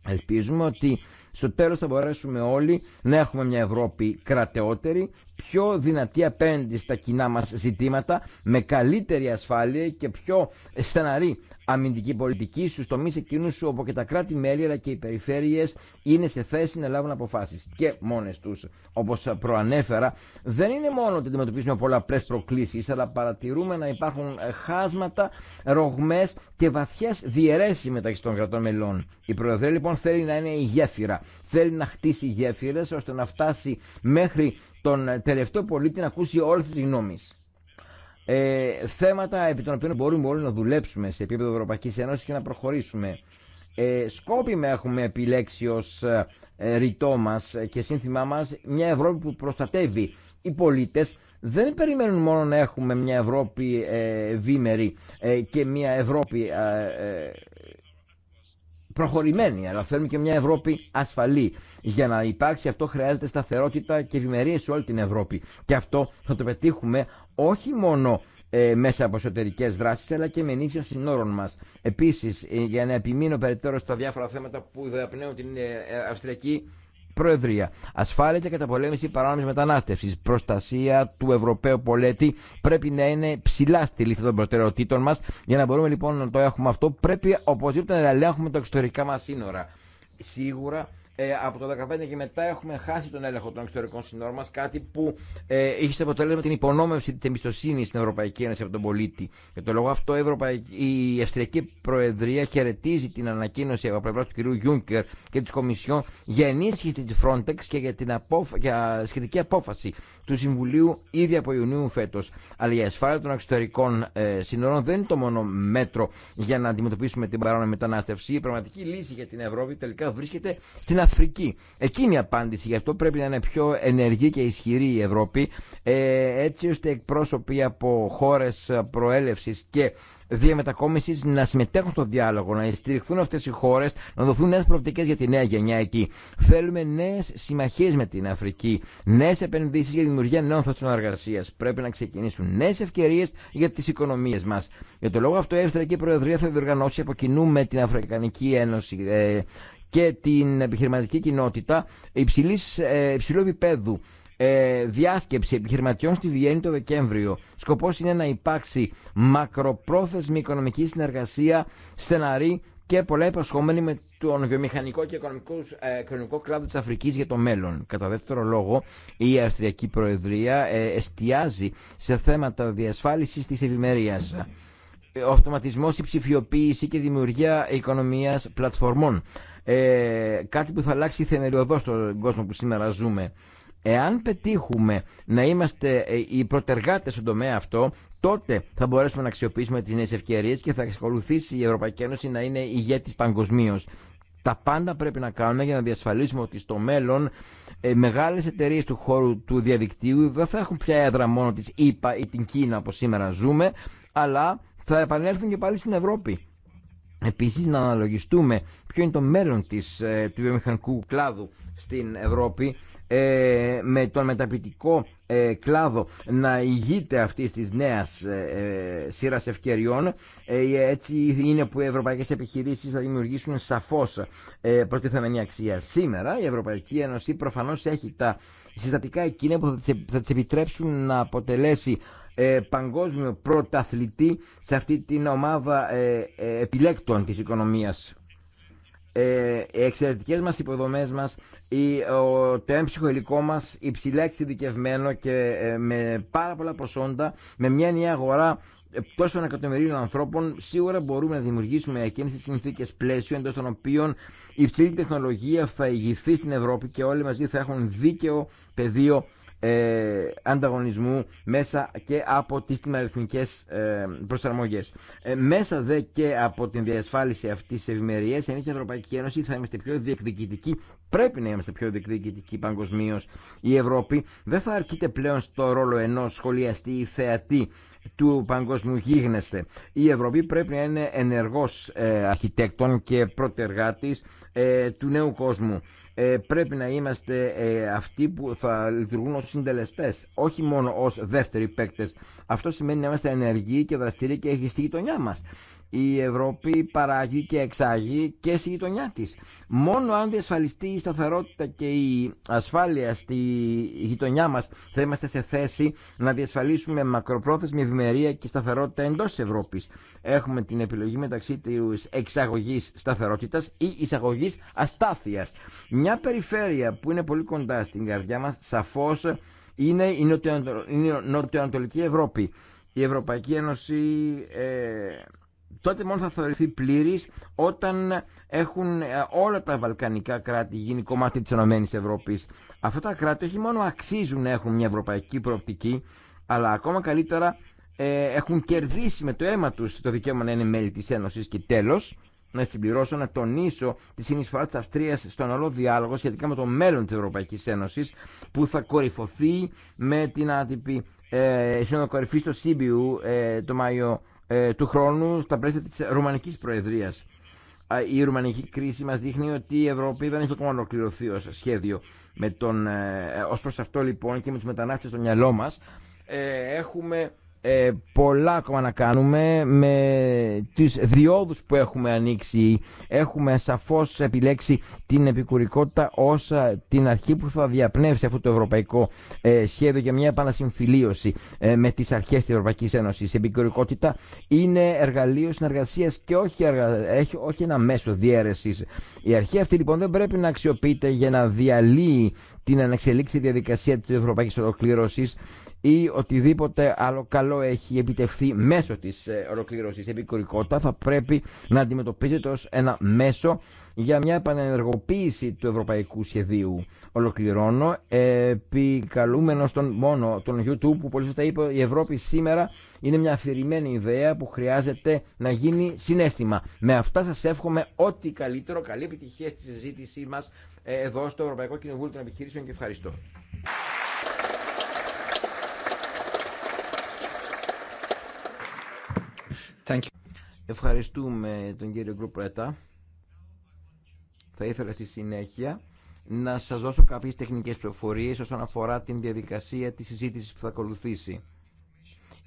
Ελπίζουμε ότι στο τέλος θα μπορέσουμε όλοι να έχουμε μια Ευρώπη κρατεότερη πιο δυνατή απέναντι στα κοινά μας ζητήματα με καλύτερη ασφάλεια και πιο στεναρή αμυντική πολιτική στους τομείς εκείνους όπου και τα κράτη-μέλη αλλά και οι περιφέρειες είναι σε θέση να λάβουν αποφάσεις και μόνες τους όπως προανέφερα δεν είναι μόνο ότι αντιμετωπίζουμε πολλαπλές προκλήσεις αλλά παρατηρούμε να υπάρχουν ε, χάσματα, ρογμές και βαθιές διαιρέσεις μεταξύ των κρατών μελών. Η Προεδρία λοιπόν θέλει να είναι η γέφυρα, θέλει να χτίσει γέφυρες ώστε να φτάσει μέχρι τον τελευταίο πολίτη να ακούσει όλες τι γνώμες. Ε, θέματα επί των οποίων μπορούμε όλοι να δουλέψουμε σε επίπεδο Ευρωπαϊκή Ένωση και να προχωρήσουμε. Ε, σκόπιμα έχουμε επιλέξει ως ε, ρητό μα και σύνθημά μας μια Ευρώπη που προστατεύει οι πολίτες δεν περιμένουν μόνο να έχουμε μια Ευρώπη ε, βήμερη ε, και μια Ευρώπη ε, ε, προχωρημένη, αλλά θέλουμε και μια Ευρώπη ασφαλή. Για να υπάρξει αυτό χρειάζεται σταθερότητα και ευημερία σε όλη την Ευρώπη. Και αυτό θα το πετύχουμε όχι μόνο ε, μέσα από εσωτερικέ δράσει, αλλά και με ενίσχυση συνόρων μα. Επίση, ε, για να επιμείνω περαιτέρω στα διάφορα θέματα που διαπνέουν την ε, ε Αυστριακή Προεδρία. Ασφάλεια και καταπολέμηση παράνομη μετανάστευση. Προστασία του Ευρωπαίου πολέτη πρέπει να είναι ψηλά στη λίστα των προτεραιοτήτων μα. Για να μπορούμε λοιπόν να το έχουμε αυτό, πρέπει οπωσδήποτε να ελέγχουμε τα εξωτερικά μα σύνορα. Σίγουρα ε, από το 2015 και μετά έχουμε χάσει τον έλεγχο των εξωτερικών συνόρων μα, κάτι που ε, έχει σε αποτέλεσμα την υπονόμευση τη εμπιστοσύνη στην Ευρωπαϊκή Ένωση από τον πολίτη. Για το λόγο αυτό, η Αυστριακή Προεδρία χαιρετίζει την ανακοίνωση από πλευρά του κ. Γιούνκερ και τη Κομισιόν για ενίσχυση τη Frontex και για την για σχετική απόφαση του Συμβουλίου ήδη από Ιουνίου φέτο. Αλλά η ασφάλεια των εξωτερικών ε, συνόρων δεν είναι το μόνο μέτρο για να αντιμετωπίσουμε την παράνομη μετανάστευση. Η πραγματική λύση για την Ευρώπη τελικά βρίσκεται στην Αφρική. Εκείνη η απάντηση, γι' αυτό πρέπει να είναι πιο ενεργή και ισχυρή η Ευρώπη, ε, έτσι ώστε εκπρόσωποι από χώρες προέλευσης και διαμετακόμιση να συμμετέχουν στο διάλογο, να στηριχθούν αυτέ οι χώρε, να δοθούν νέε προοπτικέ για τη νέα γενιά εκεί. Θέλουμε νέε συμμαχίε με την Αφρική, νέε επενδύσει για τη δημιουργία νέων θέσεων εργασία. Πρέπει να ξεκινήσουν νέε ευκαιρίε για τι οικονομίε μα. Για το λόγο αυτό, η Αυστριακή Προεδρία θα διοργανώσει από κοινού με την Αφρικανική Ένωση ε, και την επιχειρηματική κοινότητα υψηλής, ε, υψηλού επίπεδου ε, διάσκεψη επιχειρηματιών στη Βιέννη το Δεκέμβριο. Σκοπός είναι να υπάρξει μακροπρόθεσμη οικονομική συνεργασία στεναρή και πολλά υπασχόμενη με τον βιομηχανικό και ε, οικονομικό κλάδο της Αφρικής για το μέλλον. Κατά δεύτερο λόγο, η Αυστριακή Προεδρία εστιάζει σε θέματα διασφάλισης της ευημερία. Ο αυτοματισμός, η ψηφιοποίηση και δημιουργία οικονομίας πλατφορμών ε, κάτι που θα αλλάξει θεμελιωδό στον κόσμο που σήμερα ζούμε. Εάν πετύχουμε να είμαστε ε, οι προτεργάτες στον τομέα αυτό, τότε θα μπορέσουμε να αξιοποιήσουμε τις νέες ευκαιρίες και θα εξακολουθήσει η Ευρωπαϊκή Ένωση να είναι ηγέτης παγκοσμίω. Τα πάντα πρέπει να κάνουμε για να διασφαλίσουμε ότι στο μέλλον ε, μεγάλες εταιρείες του χώρου του διαδικτύου δεν θα έχουν πια έδρα μόνο της ΕΠΑ ή την Κίνα όπως σήμερα ζούμε, αλλά θα επανέλθουν και πάλι στην Ευρώπη. Επίσης να αναλογιστούμε ποιο είναι το μέλλον της, ε, του βιομηχανικού κλάδου στην Ευρώπη ε, με τον μεταπητικό ε, κλάδο να ηγείται αυτή τη νέα ε, σειρά ευκαιριών. έτσι είναι που οι ευρωπαϊκέ επιχειρήσει θα δημιουργήσουν σαφώ ε, προτιθέμενη αξία. Σήμερα η Ευρωπαϊκή Ένωση προφανώ έχει τα συστατικά εκείνα που θα τη επιτρέψουν να αποτελέσει ε, παγκόσμιο πρωταθλητή σε αυτή την ομάδα ε, ε, επιλέκτων της οικονομίας. Οι εξαιρετικές μας υποδομές μας, το έμψυχο υλικό μας υψηλά εξειδικευμένο και με πάρα πολλά προσόντα, με μια νέα αγορά τόσων εκατομμυρίων ανθρώπων, σίγουρα μπορούμε να δημιουργήσουμε εκείνες τις συνθήκε πλαίσιο εντός των οποίων η υψηλή τεχνολογία θα ηγηθεί στην Ευρώπη και όλοι μαζί θα έχουν δίκαιο πεδίο ε, ανταγωνισμού μέσα και από τις τιμαριθμικές ε, προσαρμογές. Ε, μέσα δε και από την διασφάλιση αυτής της ευημερίας, εμείς η Ευρωπαϊκή Ένωση θα είμαστε πιο διεκδικητικοί, πρέπει να είμαστε πιο διεκδικητικοί παγκοσμίω. Η Ευρώπη δεν θα αρκείται πλέον στο ρόλο ενός σχολιαστή ή θεατή του παγκόσμιου γίγνεσθε. Η Ευρώπη πρέπει να είναι ενεργός ε, αρχιτέκτον και πρωτεργάτης ε, του νέου κόσμου. Ε, πρέπει να είμαστε ε, αυτοί που θα λειτουργούν ως συντελεστές, όχι μόνο ως δεύτεροι παίκτες. Αυτό σημαίνει να είμαστε ενεργοί και δραστηροί και έχει στη γειτονιά μας η Ευρώπη παράγει και εξάγει και στη γειτονιά της. Μόνο αν διασφαλιστεί η σταθερότητα και η ασφάλεια στη γειτονιά μας θα είμαστε σε θέση να διασφαλίσουμε μακροπρόθεσμη ευημερία και σταθερότητα εντός τη Ευρώπης. Έχουμε την επιλογή μεταξύ της εξαγωγή σταθερότητα ή εισαγωγή αστάθεια. Μια είναι πολύ κοντά στην καρδιά μας σαφώς είναι η εισαγωγη ασταθειας μια περιφερεια που ειναι πολυ κοντα στην καρδια μας σαφω ειναι Η Ευρωπαϊκή Ένωση ε, τότε μόνο θα θεωρηθεί πλήρη όταν έχουν ε, όλα τα βαλκανικά κράτη γίνει κομμάτι της Ενωμένης ΕΕ. Ευρώπης. Αυτά τα κράτη όχι μόνο αξίζουν να έχουν μια ευρωπαϊκή προοπτική, αλλά ακόμα καλύτερα ε, έχουν κερδίσει με το αίμα τους το δικαίωμα να είναι μέλη της Ένωσης και τέλος να συμπληρώσω, να τονίσω τη συνεισφορά της Αυστρίας στον όλο διάλογο σχετικά με το μέλλον της Ευρωπαϊκής Ένωσης που θα κορυφωθεί με την άτυπη ε, συνοδοκορυφή στο Σύμπιου ε, το Μάιο ε, του χρόνου στα πλαίσια της Ρουμανικής Προεδρίας. Η ρουμανική κρίση μας δείχνει ότι η Ευρώπη δεν έχει ακόμα ολοκληρωθεί ως σχέδιο. Με τον, ε, ως προς αυτό λοιπόν και με τους μετανάστες στο μυαλό μας ε, έχουμε ε, πολλά ακόμα να κάνουμε με τις διόδους που έχουμε ανοίξει έχουμε σαφώς επιλέξει την επικουρικότητα ως ε, την αρχή που θα διαπνεύσει αυτό το ευρωπαϊκό ε, σχέδιο για μια επανασυμφιλίωση ε, με τις αρχές της Ευρωπαϊκής Ένωσης η επικουρικότητα είναι εργαλείο συνεργασίας και όχι, Έχει, όχι ένα μέσο διαίρεσης η αρχή αυτή λοιπόν δεν πρέπει να αξιοποιείται για να διαλύει την αναξελίξη διαδικασία της ευρωπαϊκής ολοκλήρωσης ή οτιδήποτε άλλο καλό έχει επιτευχθεί μέσω της ε, ολοκλήρωσης. Η επικουρικότητα θα πρέπει να αντιμετωπίζεται ως ένα μέσο για μια επανενεργοποίηση του ευρωπαϊκού σχεδίου. Ολοκληρώνω, επικαλούμενο τον μόνο τον YouTube που πολύ σωστά είπε η Ευρώπη σήμερα είναι μια αφηρημένη ιδέα που χρειάζεται να γίνει συνέστημα. Με αυτά σας εύχομαι ό,τι καλύτερο, καλή επιτυχία στη συζήτησή μας ε, εδώ στο Ευρωπαϊκό Κοινοβούλιο των Επιχειρήσεων και ευχαριστώ. Thank you. Ευχαριστούμε τον κύριο Γκρουπρέτα. Θα ήθελα στη συνέχεια να σας δώσω κάποιες τεχνικές πληροφορίες όσον αφορά την διαδικασία της συζήτησης που θα ακολουθήσει.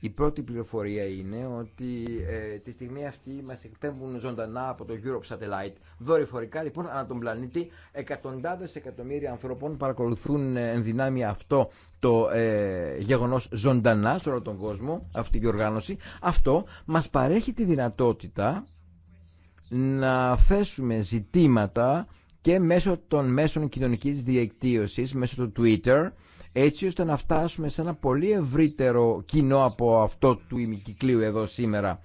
Η πρώτη πληροφορία είναι ότι ε, τη στιγμή αυτή μας εκπέμπουν ζωντανά από το Europe Satellite. Δορυφορικά λοιπόν ανά τον πλανήτη εκατοντάδες εκατομμύρια ανθρώπων παρακολουθούν ε, εν δυνάμει αυτό το ε, γεγονός ζωντανά σε όλο τον κόσμο, αυτή η οργάνωση. Αυτό μας παρέχει τη δυνατότητα να θέσουμε ζητήματα και μέσω των μέσων κοινωνικής διεκτύωσης, μέσω του Twitter, έτσι ώστε να φτάσουμε σε ένα πολύ ευρύτερο κοινό από αυτό του ημικυκλίου εδώ σήμερα.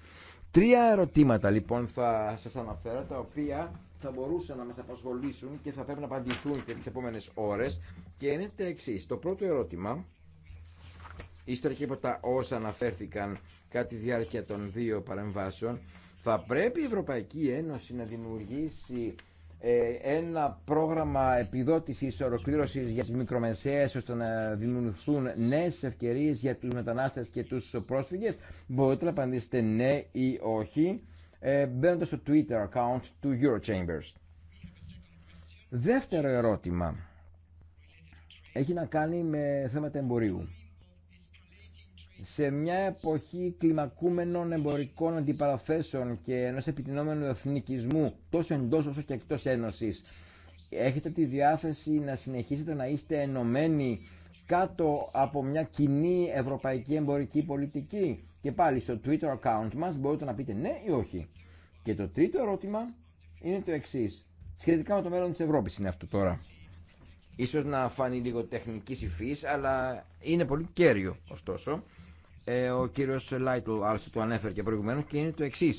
Τρία ερωτήματα λοιπόν θα σας αναφέρω τα οποία θα μπορούσαν να μας απασχολήσουν και θα πρέπει να απαντηθούν και τις επόμενες ώρες και είναι τα εξή. Το πρώτο ερώτημα, ύστερα και από τα όσα αναφέρθηκαν κάτι διάρκεια των δύο παρεμβάσεων, θα πρέπει η Ευρωπαϊκή Ένωση να δημιουργήσει ε, ένα πρόγραμμα επιδότησης ολοκλήρωσης για τις μικρομεσαίες ώστε να δημιουργηθούν νέες ευκαιρίες για τους μετανάστες και τους πρόσφυγες μπορείτε να απαντήσετε ναι ή όχι ε, μπαίνοντα στο Twitter account του Eurochambers Δεύτερο ερώτημα έχει να κάνει με θέματα εμπορίου σε μια εποχή κλιμακούμενων εμπορικών αντιπαραθέσεων και ενός επιτυνόμενου εθνικισμού τόσο εντός όσο και εκτός ένωσης έχετε τη διάθεση να συνεχίσετε να είστε ενωμένοι κάτω από μια κοινή ευρωπαϊκή εμπορική πολιτική και πάλι στο Twitter account μας μπορείτε να πείτε ναι ή όχι και το τρίτο ερώτημα είναι το εξή. σχετικά με το μέλλον της Ευρώπης είναι αυτό τώρα ίσως να φανεί λίγο τεχνική υφής αλλά είναι πολύ κέριο ωστόσο ε, ο κύριος Λάιτλ άλλωστε το ανέφερε και προηγουμένως και είναι το εξή.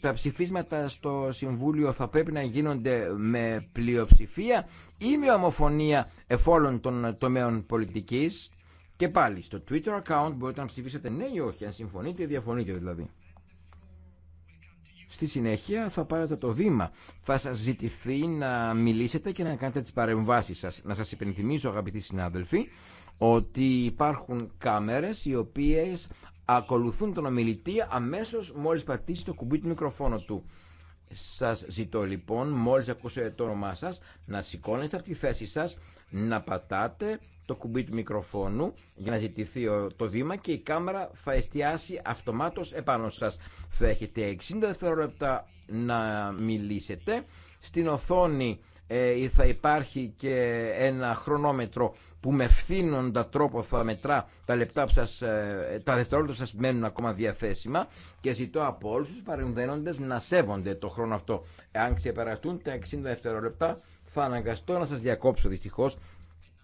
τα ψηφίσματα στο Συμβούλιο θα πρέπει να γίνονται με πλειοψηφία ή με ομοφωνία εφόλων των τομέων πολιτικής και πάλι στο Twitter account μπορείτε να ψηφίσετε ναι ή όχι, αν συμφωνείτε ή διαφωνείτε δηλαδή. Στη συνέχεια θα πάρετε το βήμα. Θα σας ζητηθεί να μιλήσετε και να κάνετε τις παρεμβάσεις σας. Να σας υπενθυμίσω αγαπητοί συνάδελφοι ότι υπάρχουν κάμερες οι οποίες ακολουθούν τον ομιλητή αμέσως μόλις πατήσει το κουμπί του μικροφόνου του. Σας ζητώ λοιπόν, μόλις ακούσετε το όνομά σας, να σηκώνεστε από τη θέση σας, να πατάτε το κουμπί του μικροφόνου για να ζητηθεί το βήμα και η κάμερα θα εστιάσει αυτομάτως επάνω σας. Θα έχετε 60 δευτερόλεπτα να μιλήσετε. Στην οθόνη ε, θα υπάρχει και ένα χρονόμετρο που με φθήνοντα τρόπο θα μετρά τα λεπτά που ε, τα δευτερόλεπτα που σας μένουν ακόμα διαθέσιμα και ζητώ από όλους τους παρεμβαίνοντες να σέβονται το χρόνο αυτό. Αν ξεπεραστούν τα 60 δευτερόλεπτα θα αναγκαστώ να σας διακόψω δυστυχώς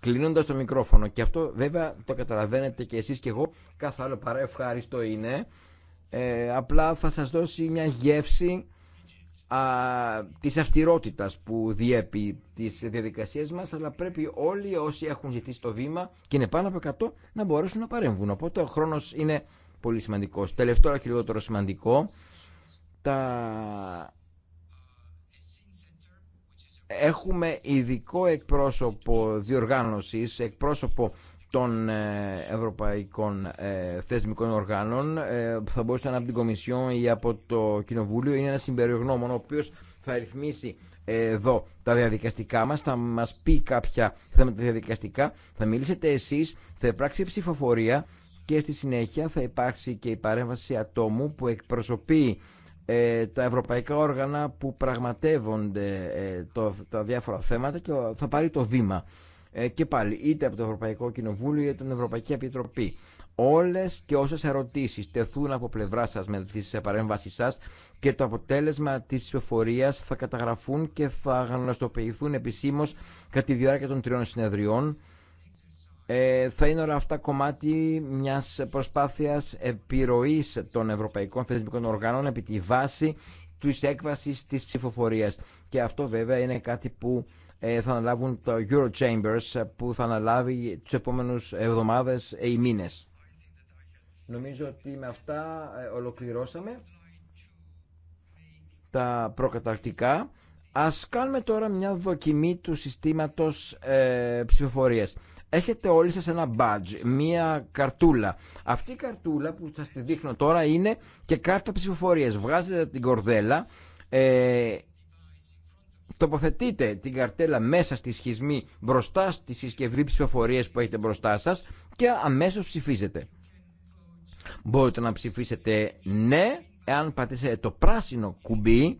κλείνοντας το μικρόφωνο και αυτό βέβαια το καταλαβαίνετε και εσείς και εγώ κάθε άλλο παρά ευχάριστο είναι ε, απλά θα σας δώσει μια γεύση α, της αυτηρότητας που διέπει τις διαδικασίες μας, αλλά πρέπει όλοι όσοι έχουν ζητήσει το βήμα και είναι πάνω από 100 να μπορέσουν να παρέμβουν. Οπότε ο χρόνος είναι πολύ σημαντικός. Τελευταίο και λιγότερο σημαντικό, τα... έχουμε ειδικό εκπρόσωπο διοργάνωσης, εκπρόσωπο των ε, ευρωπαϊκών ε, θεσμικών οργάνων ε, που θα μπορούσε να είναι από την Κομισιόν ή από το Κοινοβούλιο είναι ένα συμπεριογνώμων ο οποίος θα ρυθμίσει εδώ τα διαδικαστικά μας θα μας πει κάποια θέματα διαδικαστικά θα μιλήσετε εσείς, θα υπάρξει ψηφοφορία και στη συνέχεια θα υπάρξει και η παρέμβαση ατόμου που εκπροσωπεί τα ευρωπαϊκά όργανα που πραγματεύονται τα διάφορα θέματα και θα πάρει το βήμα ε, και πάλι είτε από το Ευρωπαϊκό Κοινοβούλιο είτε από την Ευρωπαϊκή Επιτροπή. Όλε και όσε ερωτήσει τεθούν από πλευρά σα με τη παρέμβασή σα και το αποτέλεσμα τη ψηφοφορία θα καταγραφούν και θα γνωστοποιηθούν επισήμω κατά τη διάρκεια των τριών συνεδριών. Ε, θα είναι όλα αυτά κομμάτι μια προσπάθεια επιρροή των ευρωπαϊκών θεσμικών οργάνων επί τη βάση τη έκβαση τη ψηφοφορία. Και αυτό βέβαια είναι κάτι που ε, θα αναλάβουν το Euro Chambers ε, που θα αναλάβει τις επόμενους εβδομάδες ή μήνες. Νομίζω ότι με αυτά ε, ολοκληρώσαμε τα προκαταρκτικά. Ας κάνουμε τώρα μια δοκιμή του συστήματος ε, ψηφοφορίας. Έχετε όλοι σας ένα badge, μια καρτούλα. Αυτή η καρτούλα που θα τη δείχνω τώρα είναι και κάρτα ψηφοφορίας. Βγάζετε την κορδέλα, τοποθετείτε την καρτέλα μέσα στη σχισμή μπροστά στη συσκευή ψηφοφορίας που έχετε μπροστά σας και αμέσως ψηφίζετε. Μπορείτε να ψηφίσετε ναι εάν πατήσετε το πράσινο κουμπί,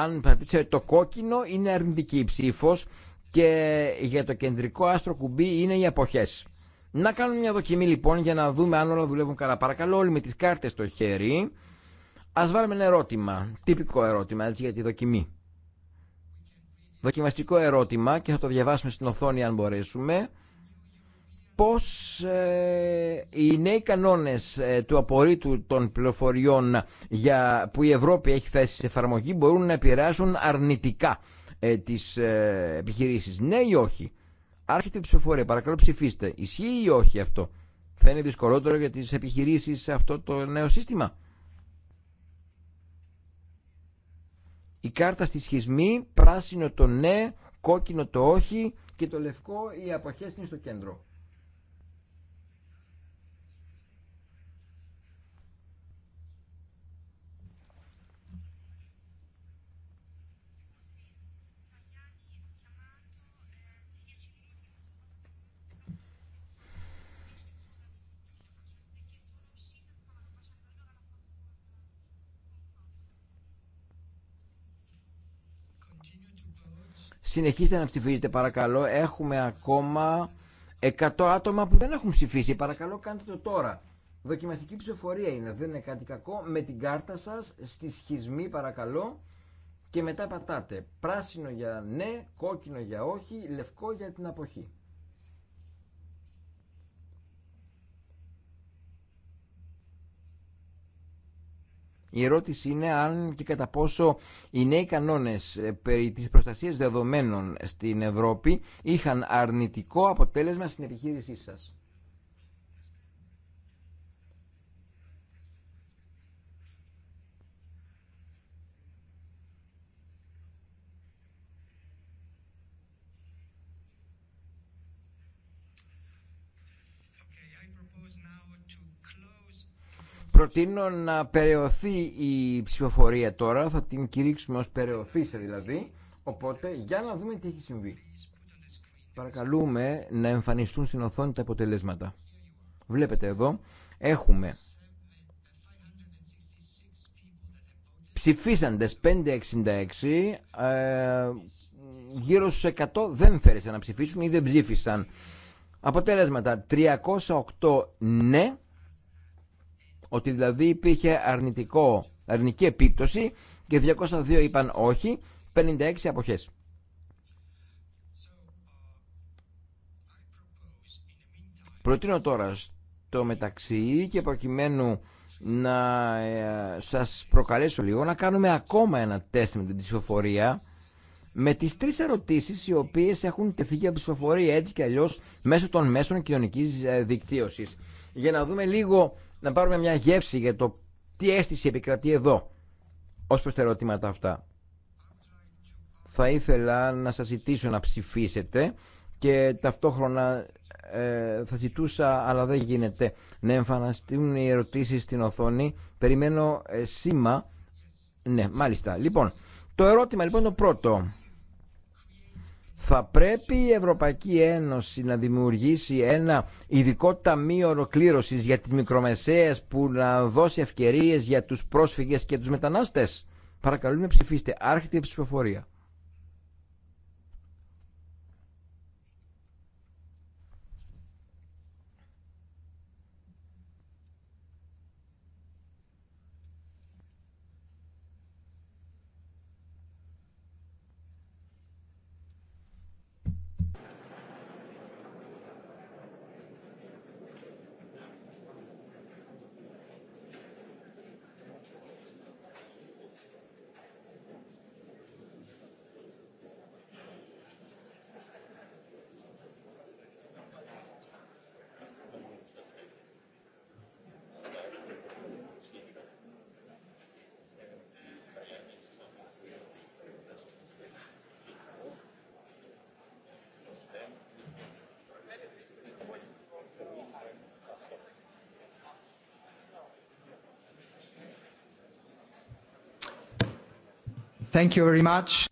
αν πατήσετε το κόκκινο είναι αρνητική ψήφος και για το κεντρικό άστρο κουμπί είναι οι αποχές. Να κάνουμε μια δοκιμή λοιπόν για να δούμε αν όλα δουλεύουν καλά. Παρακαλώ όλοι με τις κάρτες στο χέρι. Ας βάλουμε ένα ερώτημα, τυπικό ερώτημα έτσι για τη δοκιμή δοκιμαστικό ερώτημα και θα το διαβάσουμε στην οθόνη αν μπορέσουμε πώς ε, οι νέοι κανόνες ε, του απορρίτου των πληροφοριών για, που η Ευρώπη έχει θέσει σε εφαρμογή μπορούν να επηρεάσουν αρνητικά ε, τις ε, επιχειρήσεις. Ναι ή όχι. Άρχεται η ψηφοφορία. Παρακαλώ ψηφίστε. Ισχύει ή όχι αυτό. Θα είναι δυσκολότερο για τις επιχειρήσεις αυτό το νέο σύστημα. Η κάρτα στη σχισμή, πράσινο το ναι, κόκκινο το όχι και το λευκό οι αποχές είναι στο κέντρο. Συνεχίστε να ψηφίζετε παρακαλώ. Έχουμε ακόμα 100 άτομα που δεν έχουν ψηφίσει. Παρακαλώ κάντε το τώρα. Δοκιμαστική ψηφοφορία είναι, δεν είναι κάτι κακό. Με την κάρτα σας στη σχισμή παρακαλώ και μετά πατάτε πράσινο για ναι, κόκκινο για όχι, λευκό για την αποχή. Η ερώτηση είναι αν και κατά πόσο οι νέοι κανόνες ε, περί της προστασίας δεδομένων στην Ευρώπη είχαν αρνητικό αποτέλεσμα στην επιχείρησή σας. Προτείνω να περαιωθεί η ψηφοφορία τώρα, θα την κηρύξουμε ως περαιωθήσα δηλαδή, οπότε για να δούμε τι έχει συμβεί. Παρακαλούμε να εμφανιστούν στην οθόνη τα αποτελέσματα. Βλέπετε εδώ, έχουμε ψηφίσαντες 566, ε, γύρω στους 100 δεν φέρεσαν να ψηφίσουν ή δεν ψήφισαν. Αποτέλεσματα 308 ναι, ότι δηλαδή υπήρχε αρνητικό, αρνητική επίπτωση και 202 είπαν όχι, 56 αποχές. Προτείνω τώρα στο μεταξύ και προκειμένου να ε, σας προκαλέσω λίγο να κάνουμε ακόμα ένα τεστ με την ψηφοφορία με τις τρεις ερωτήσεις οι οποίες έχουν τεφυγεί από ψηφοφορία έτσι και αλλιώς μέσω των μέσων κοινωνικής ε, δικτύωσης για να δούμε λίγο να πάρουμε μια γεύση για το τι αίσθηση επικρατεί εδώ ως προς τα ερωτήματα αυτά. Θα ήθελα να σας ζητήσω να ψηφίσετε και ταυτόχρονα ε, θα ζητούσα, αλλά δεν γίνεται, να εμφανιστούν οι ερωτήσεις στην οθόνη. Περιμένω ε, σήμα. Ναι, μάλιστα. Λοιπόν, το ερώτημα λοιπόν το πρώτο. Θα πρέπει η Ευρωπαϊκή Ένωση να δημιουργήσει ένα ειδικό ταμείο ολοκλήρωσης για τις μικρομεσαίες που να δώσει ευκαιρίες για τους πρόσφυγες και τους μετανάστες. Παρακαλούμε ψηφίστε. Άρχεται η ψηφοφορία.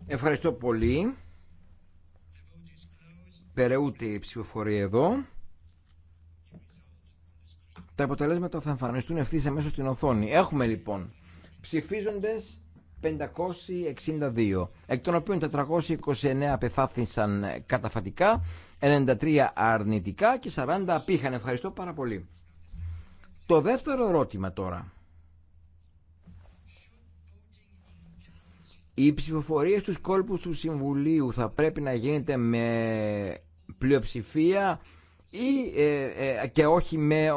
Ευχαριστώ πολύ. Περαιούται η ψηφοφορία εδώ. Τα αποτελέσματα θα εμφανιστούν ευθύ αμέσω στην οθόνη. Έχουμε λοιπόν ψηφίζοντε 562, εκ των οποίων 429 απεφάθησαν καταφατικά, 93 αρνητικά και 40 απήχαν. Ευχαριστώ πάρα πολύ. Το δεύτερο ερώτημα τώρα. Η ψηφοφορία στους κόλπους του Συμβουλίου θα πρέπει να γίνεται με πλειοψηφία ή, ε, ε, και όχι με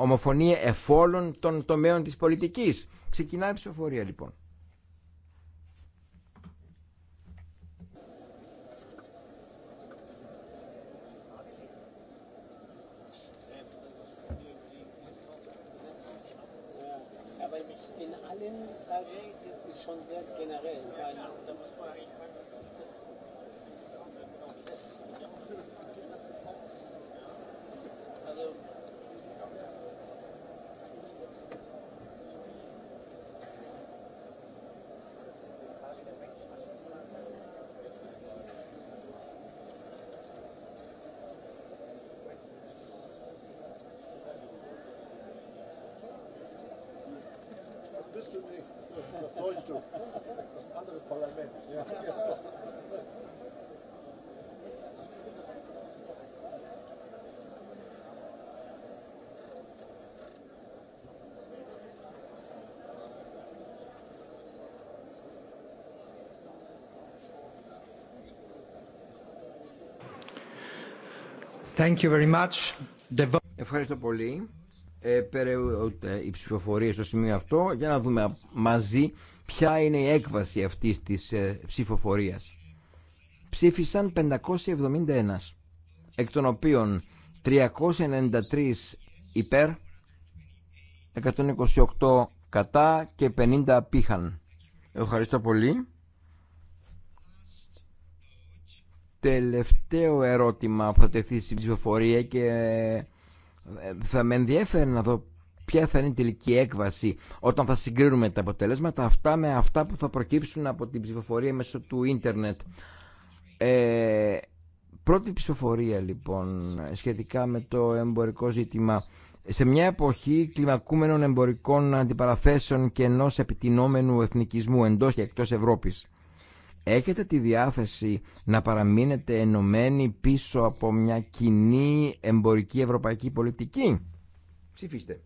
ομοφωνία εφόλων των τομέων της πολιτικής. Ξεκινάει η ψηφοφορία λοιπόν. schon Thank you very much. Ευχαριστώ πολύ. Ε, η ε, ψηφοφορία στο σημείο αυτό για να δούμε μαζί ποια είναι η έκβαση αυτής της ε, ψηφοφορίας. Ψήφισαν 571, εκ των οποίων 393 υπέρ, 128 κατά και 50 πήχαν. Ευχαριστώ πολύ. τελευταίο ερώτημα που θα τεθεί στην ψηφοφορία και ε, θα με ενδιέφερε να δω ποια θα είναι η τελική έκβαση όταν θα συγκρίνουμε τα αποτελέσματα αυτά με αυτά που θα προκύψουν από την ψηφοφορία μέσω του ίντερνετ. Ε, πρώτη ψηφοφορία λοιπόν σχετικά με το εμπορικό ζήτημα. Σε μια εποχή κλιμακούμενων εμπορικών αντιπαραθέσεων και ενός επιτινόμενου εθνικισμού εντός και εκτός Ευρώπης έχετε τη διάθεση να παραμείνετε ενωμένοι πίσω από μια κοινή εμπορική ευρωπαϊκή πολιτική. Ψηφίστε.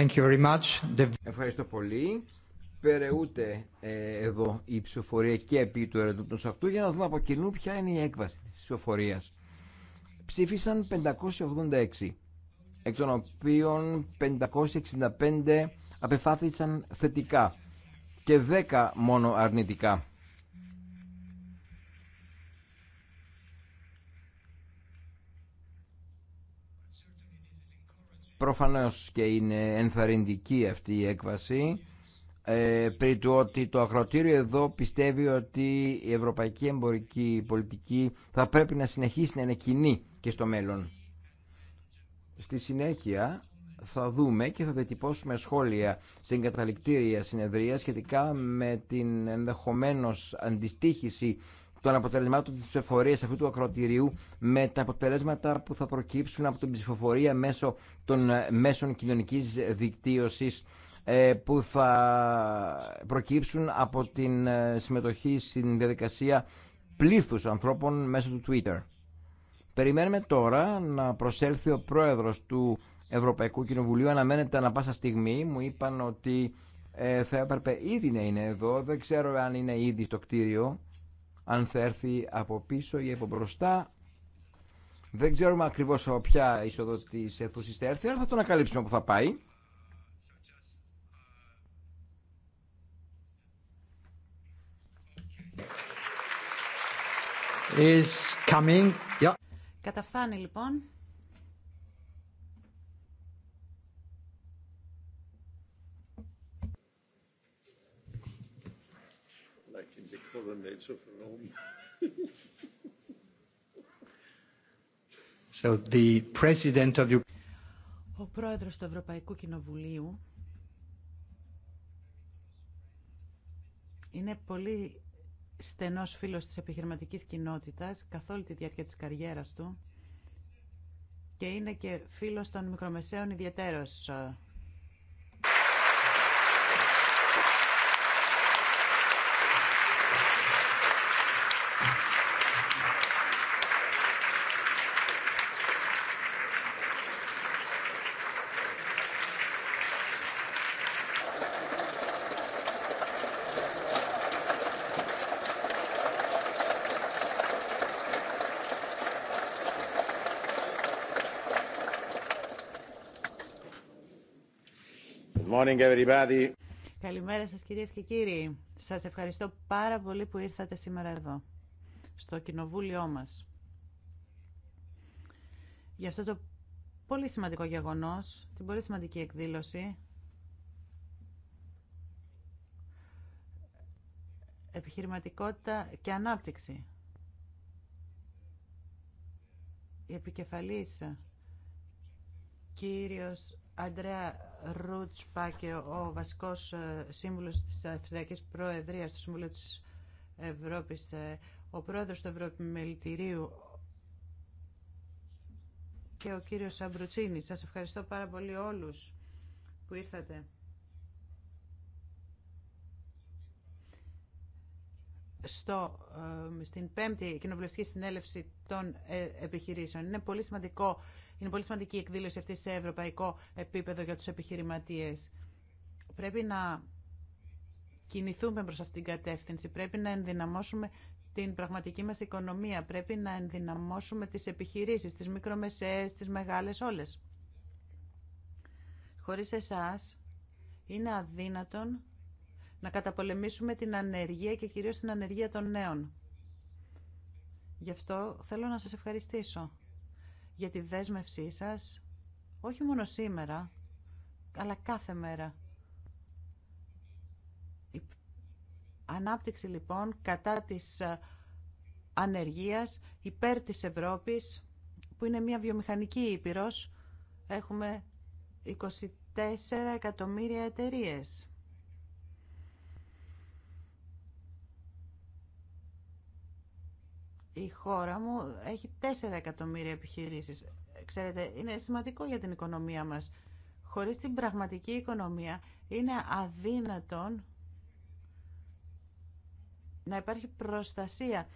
Thank you very much. Ευχαριστώ πολύ. Περαιούται ε, εδώ η ψηφοφορία και επί του ερωτήματος αυτού για να δούμε από κοινού ποια είναι η έκβαση της ψηφοφορίας. Ψήφισαν 586, εκ των οποίων 565 απεφάθησαν θετικά και 10 μόνο αρνητικά. Προφανώς και είναι ενθαρρυντική αυτή η έκβαση ε, πριν του ότι το ακροτήριο εδώ πιστεύει ότι η ευρωπαϊκή εμπορική πολιτική θα πρέπει να συνεχίσει να είναι κοινή και στο μέλλον. Στη συνέχεια θα δούμε και θα διατυπώσουμε σχόλια στην καταληκτήρια συνεδρία σχετικά με την ενδεχομένως αντιστήχηση των αποτελεσμάτων τη ψηφοφορία αυτού του ακροτηρίου με τα αποτελέσματα που θα προκύψουν από την ψηφοφορία μέσω των ε, μέσων κοινωνικής δικτύωσης ε, που θα προκύψουν από την ε, συμμετοχή στην διαδικασία πλήθους ανθρώπων μέσω του Twitter. Περιμένουμε τώρα να προσέλθει ο πρόεδρος του Ευρωπαϊκού Κοινοβουλίου. Αναμένεται ανα πάσα στιγμή. Μου είπαν ότι θα έπρεπε ήδη να είναι εδώ. Δεν ξέρω αν είναι ήδη στο κτίριο αν θα έρθει από πίσω ή από μπροστά. Δεν ξέρουμε ακριβώς από ποια είσοδο της αίθουσης θα έρθει, αλλά θα το ανακαλύψουμε που θα πάει. Is coming. Yeah. Καταφθάνει λοιπόν. Ο πρόεδρος του Ευρωπαϊκού Κοινοβουλίου είναι πολύ στενός φίλος της επιχειρηματικής κοινότητας καθ' όλη τη διάρκεια της καριέρας του και είναι και φίλος των μικρομεσαίων ιδιαίτερος ε, Καλημέρα σας κυρίες και κύριοι. Σας ευχαριστώ πάρα πολύ που ήρθατε σήμερα εδώ, στο κοινοβούλιο μας. Για αυτό το πολύ σημαντικό γεγονός, την πολύ σημαντική εκδήλωση, επιχειρηματικότητα και ανάπτυξη. Η επικεφαλής κύριος Αντρέα Ρούτσπα και ο βασικός ε, σύμβουλος της Αυστριακής Προεδρίας του Συμβουλίου της Ευρώπης, ε, ο πρόεδρος του Ευρωπημελητηρίου και ο κύριος Σαμπρουτσίνη, Σας ευχαριστώ πάρα πολύ όλους που ήρθατε. στο, ε, στην πέμπτη κοινοβουλευτική συνέλευση των επιχειρήσεων. Είναι πολύ σημαντικό είναι πολύ σημαντική η εκδήλωση αυτή σε ευρωπαϊκό επίπεδο για τους επιχειρηματίες. Πρέπει να κινηθούμε προς αυτήν την κατεύθυνση. Πρέπει να ενδυναμώσουμε την πραγματική μας οικονομία. Πρέπει να ενδυναμώσουμε τις επιχειρήσεις, τις μικρομεσαίες, τις μεγάλες όλες. Χωρίς εσάς είναι αδύνατον να καταπολεμήσουμε την ανεργία και κυρίως την ανεργία των νέων. Γι' αυτό θέλω να σας ευχαριστήσω για τη δέσμευσή σας, όχι μόνο σήμερα, αλλά κάθε μέρα. Η ανάπτυξη λοιπόν κατά της ε, ανεργίας υπέρ της Ευρώπης, που είναι μια βιομηχανική ήπειρος, έχουμε 24 εκατομμύρια εταιρείες. Η χώρα μου έχει 4 εκατομμύρια επιχειρήσεις. Ξέρετε, είναι σημαντικό για την οικονομία μας. Χωρίς την πραγματική οικονομία είναι αδύνατον να υπάρχει προστασία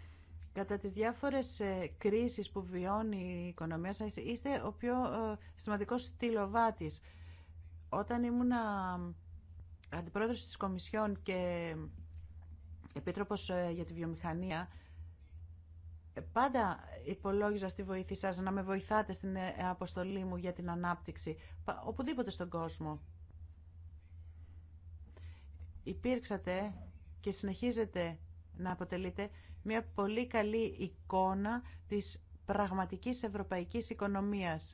κατά τις διάφορες ε, κρίσεις που βιώνει η οικονομία σας, είστε ο πιο ε, σημαντικός στυλοβάτης. Όταν ήμουν αντιπρόεδρος της Κομισιόν και ε, επίτροπος για τη βιομηχανία, Πάντα υπολόγιζα στη βοήθειά σας να με βοηθάτε στην ε, αποστολή μου για την ανάπτυξη, οπουδήποτε στον κόσμο. Υπήρξατε και συνεχίζετε να αποτελείτε μια πολύ καλή εικόνα της πραγματικής ευρωπαϊκής οικονομίας.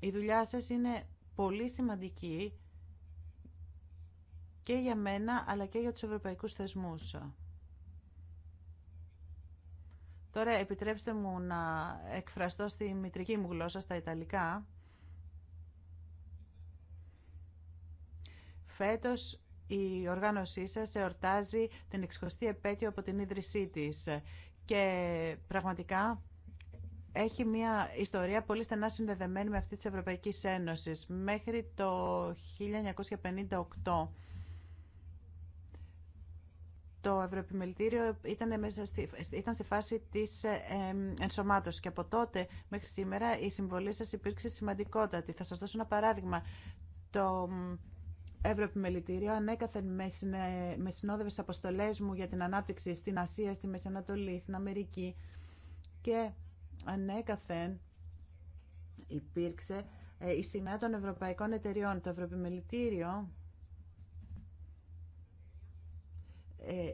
Η δουλειά σας είναι πολύ σημαντική και για μένα αλλά και για τους ευρωπαϊκούς θεσμούς. Τώρα επιτρέψτε μου να εκφραστώ στη μητρική μου γλώσσα, στα Ιταλικά. Φέτος η οργάνωσή σας εορτάζει την 60η επέτειο από την ίδρυσή της και πραγματικά έχει μια ιστορία πολύ στενά συνδεδεμένη με αυτή της Ευρωπαϊκής Ένωσης. Μέχρι το 1958 το Ευρωεπιμελητήριο ήταν, μέσα στη, ήταν στη φάση της ε, ενσωμάτωσης και από τότε μέχρι σήμερα η συμβολή σας υπήρξε σημαντικότατη. Θα σας δώσω ένα παράδειγμα. Το Ευρωεπιμελητήριο ανέκαθεν με συνόδευε μου για την ανάπτυξη στην Ασία, στη Μέση Ανατολή, στην Αμερική και ανέκαθεν υπήρξε ε, η σημαία των ευρωπαϊκών εταιριών. Το Ευρωεπιμελητήριο Ε,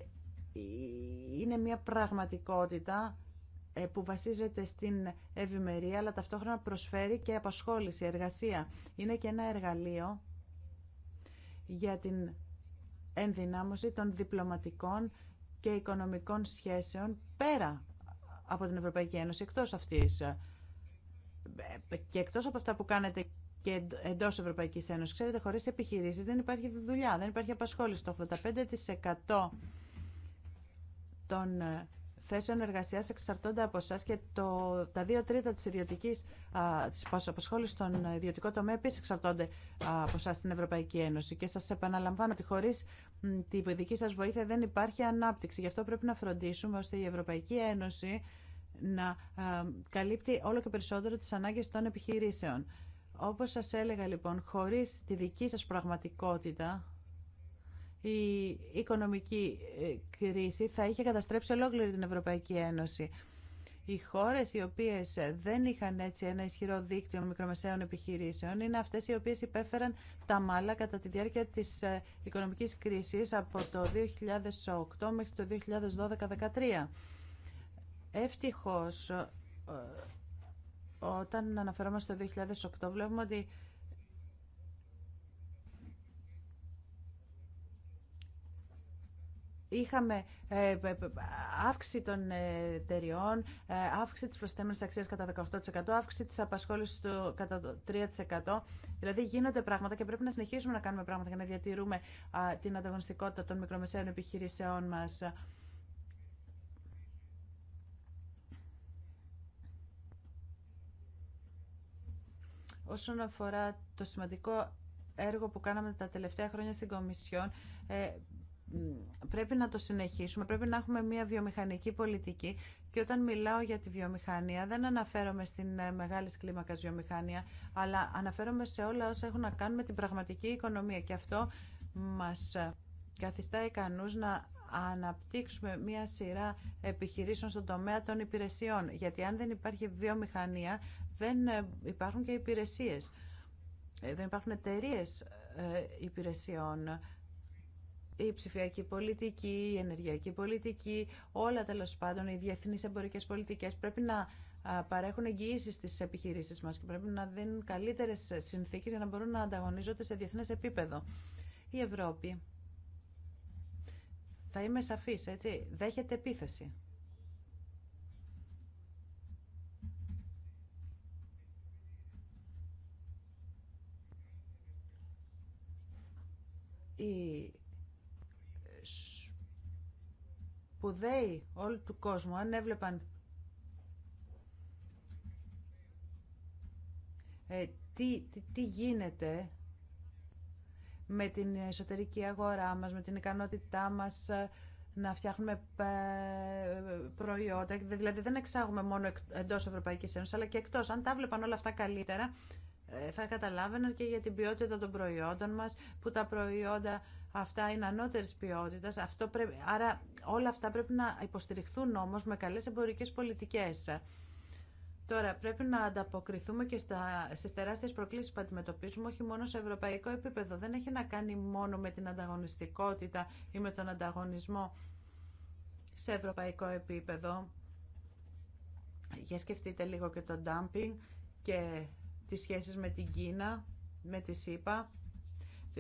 είναι μια πραγματικότητα ε, που βασίζεται στην ευημερία, αλλά ταυτόχρονα προσφέρει και απασχόληση, εργασία. Είναι και ένα εργαλείο για την ενδυνάμωση των διπλωματικών και οικονομικών σχέσεων πέρα από την Ευρωπαϊκή Ένωση, εκτός αυτής ε, και εκτός από αυτά που κάνετε και εντό Ευρωπαϊκή Ένωση. Ξέρετε, χωρί επιχειρήσει δεν υπάρχει δουλειά, δεν υπάρχει απασχόληση. Το 85% των ε, θέσεων εργασία εξαρτώνται από εσά και το, τα 2 τρίτα τη απασχόληση στον ιδιωτικό τομέα επίση εξαρτώνται από εσά στην Ευρωπαϊκή Ένωση. Και σα επαναλαμβάνω ότι χωρί τη δική σα βοήθεια δεν υπάρχει ανάπτυξη. Γι' αυτό πρέπει να φροντίσουμε ώστε η Ευρωπαϊκή Ένωση να καλύπτει όλο και περισσότερο τις ανάγκες των επιχειρήσεων. Όπως σας έλεγα λοιπόν, χωρίς τη δική σας πραγματικότητα, η οικονομική ε, κρίση θα είχε καταστρέψει ολόκληρη την Ευρωπαϊκή Ένωση. Οι χώρες οι οποίες δεν είχαν έτσι ένα ισχυρό δίκτυο μικρομεσαίων επιχειρήσεων είναι αυτές οι οποίες υπέφεραν τα μάλα κατά τη διάρκεια της ε, οικονομικής κρίσης από το 2008 μέχρι το 2012-2013. Ευτυχώς ε, όταν αναφερόμαστε στο 2008 βλέπουμε ότι είχαμε ε, ε, ε, αύξηση των εταιριών, αύξηση της προσθέμενης αξίας κατά 18%, αύξηση της απασχόλησης του κατά 3%. Δηλαδή γίνονται πράγματα και πρέπει να συνεχίσουμε να κάνουμε πράγματα για να διατηρούμε την ανταγωνιστικότητα των μικρομεσαίων επιχειρήσεών μας. Όσον αφορά το σημαντικό έργο που κάναμε τα τελευταία χρόνια στην Κομισιόν, ε, πρέπει να το συνεχίσουμε, πρέπει να έχουμε μια βιομηχανική πολιτική και όταν μιλάω για τη βιομηχανία δεν αναφέρομαι στην ε, μεγάλη κλίμακα βιομηχανία, αλλά αναφέρομαι σε όλα όσα έχουν να κάνουν με την πραγματική οικονομία και αυτό μας ε, καθιστά ικανούς να αναπτύξουμε μια σειρά επιχειρήσεων στον τομέα των υπηρεσιών. Γιατί αν δεν υπάρχει βιομηχανία, δεν ε, υπάρχουν και υπηρεσίες. Ε, δεν υπάρχουν εταιρείε ε, υπηρεσιών. Η ψηφιακή πολιτική, η ενεργειακή πολιτική, όλα τέλο πάντων, οι διεθνεί εμπορικέ πολιτικέ πρέπει να παρέχουν εγγυήσει στι επιχειρήσει μα και πρέπει να δίνουν καλύτερε συνθήκε για να μπορούν να ανταγωνίζονται σε διεθνέ επίπεδο. Η Ευρώπη, θα είμαι σαφή, έτσι, δέχεται επίθεση. που σπουδαίοι όλου του κόσμου αν έβλεπαν ε, τι, τι, γίνεται με την εσωτερική αγορά μας, με την ικανότητά μας ε, να φτιάχνουμε ε, προϊόντα. Δηλαδή δεν εξάγουμε μόνο εντός Ευρωπαϊκής Ένωσης, αλλά και εκτός. Αν τα βλέπαν όλα αυτά καλύτερα, ε, θα καταλάβαιναν και για την ποιότητα των προϊόντων μας, που τα προϊόντα αυτά είναι ανώτερης ποιότητας. άρα όλα αυτά πρέπει να υποστηριχθούν όμως με καλές εμπορικές πολιτικές. Τώρα, πρέπει να ανταποκριθούμε και στα, στις τεράστιες προκλήσεις που αντιμετωπίζουμε, όχι μόνο σε ευρωπαϊκό επίπεδο. Δεν έχει να κάνει μόνο με την ανταγωνιστικότητα ή με τον ανταγωνισμό σε ευρωπαϊκό επίπεδο. Για σκεφτείτε λίγο και το dumping και τις σχέσεις με την Κίνα, με τη ΣΥΠΑ,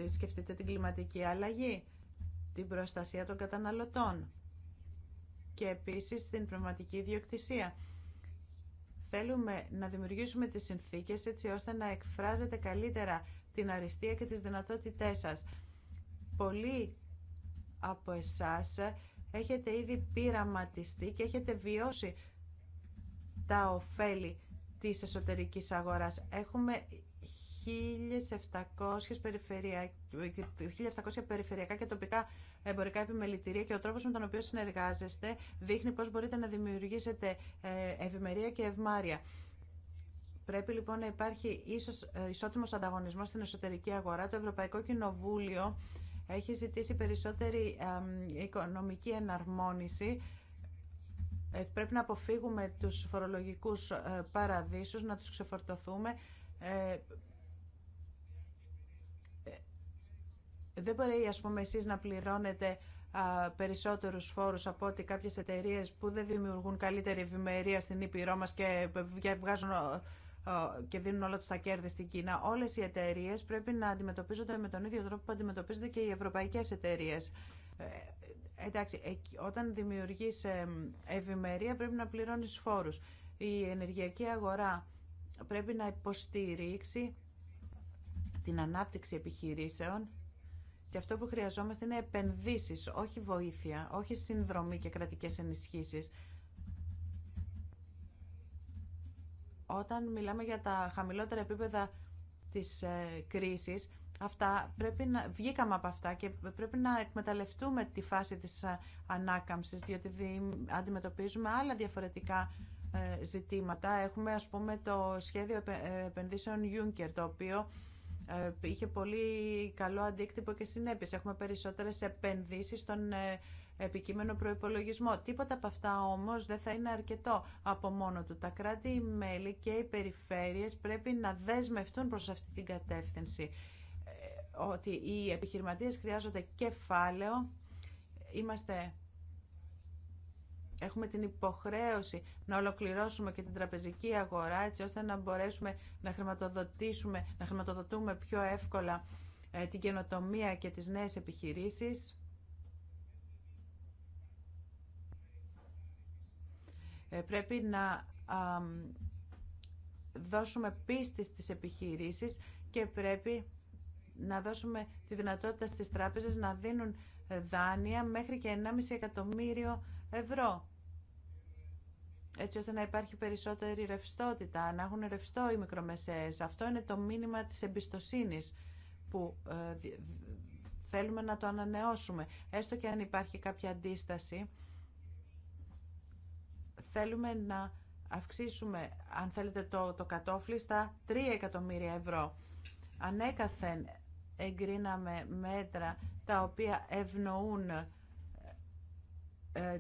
σκεφτείτε την κλιματική αλλαγή, την προστασία των καταναλωτών και επίσης την πνευματική ιδιοκτησία. Θέλουμε να δημιουργήσουμε τις συνθήκες έτσι ώστε να εκφράζετε καλύτερα την αριστεία και τις δυνατότητές σας. Πολλοί από εσάς έχετε ήδη πειραματιστεί και έχετε βιώσει τα ωφέλη της εσωτερικής αγοράς. Έχουμε 1.700 περιφερειακ... 1.700 περιφερειακά και τοπικά εμπορικά επιμελητηρία και ο τρόπος με τον οποίο συνεργάζεστε δείχνει πώς μπορείτε να δημιουργήσετε ε, ευημερία και ευμάρεια. Πρέπει λοιπόν να υπάρχει ίσως ε, ισότιμος ανταγωνισμός στην εσωτερική αγορά. Το Ευρωπαϊκό Κοινοβούλιο έχει ζητήσει περισσότερη ε, οικονομική εναρμόνιση ε, πρέπει να αποφύγουμε τους φορολογικούς ε, παραδείσους, να τους ξεφορτωθούμε. Ε, δεν μπορεί, ας πούμε, εσείς να πληρώνετε περισσότερους φόρους από ότι κάποιες εταιρείες που δεν δημιουργούν καλύτερη ευημερία στην Ήπειρό μας και βγάζουν και δίνουν όλα τους τα κέρδη στην Κίνα. Όλες οι εταιρείες πρέπει να αντιμετωπίζονται με τον ίδιο τρόπο που αντιμετωπίζονται και οι ευρωπαϊκές εταιρείες. Εντάξει, όταν δημιουργείς ευημερία πρέπει να πληρώνεις φόρους. Η ενεργειακή αγορά πρέπει να υποστηρίξει την ανάπτυξη επιχειρήσεων και αυτό που χρειαζόμαστε είναι επενδύσεις, όχι βοήθεια, όχι συνδρομή και κρατικές ενισχύσεις. Όταν μιλάμε για τα χαμηλότερα επίπεδα της ε, κρίσης, αυτά, πρέπει να, βγήκαμε από αυτά και πρέπει να εκμεταλλευτούμε τη φάση της ε, ανάκαμψης, διότι αντιμετωπίζουμε άλλα διαφορετικά ε, ζητήματα. Έχουμε, ας πούμε, το σχέδιο ε, επενδύσεων Juncker, το οποίο είχε πολύ καλό αντίκτυπο και συνέπειες. Έχουμε περισσότερες επενδύσεις στον επικείμενο προϋπολογισμό. Τίποτα από αυτά όμως δεν θα είναι αρκετό από μόνο του. Τα κράτη, οι μέλη και οι περιφέρειες πρέπει να δεσμευτούν προς αυτή την κατεύθυνση ότι οι επιχειρηματίες χρειάζονται κεφάλαιο. Είμαστε... Έχουμε την υποχρέωση να ολοκληρώσουμε και την τραπεζική αγορά έτσι ώστε να μπορέσουμε να, χρηματοδοτήσουμε, να χρηματοδοτούμε πιο εύκολα ε, την καινοτομία και τις νέες επιχειρήσεις. Ε, πρέπει να δώσουμε πίστη στις επιχειρήσεις και πρέπει να δώσουμε τη δυνατότητα στις τράπεζες να δίνουν ε, δάνεια μέχρι και 1,5 εκατομμύριο ευρώ έτσι ώστε να υπάρχει περισσότερη ρευστότητα, να έχουν ρευστό οι μικρομεσαίες. Αυτό είναι το μήνυμα της εμπιστοσύνης που ε, θέλουμε να το ανανεώσουμε. Έστω και αν υπάρχει κάποια αντίσταση, θέλουμε να αυξήσουμε, αν θέλετε, το, το κατόφλι στα 3 εκατομμύρια ευρώ. Ανέκαθεν εγκρίναμε μέτρα τα οποία ευνοούν ε,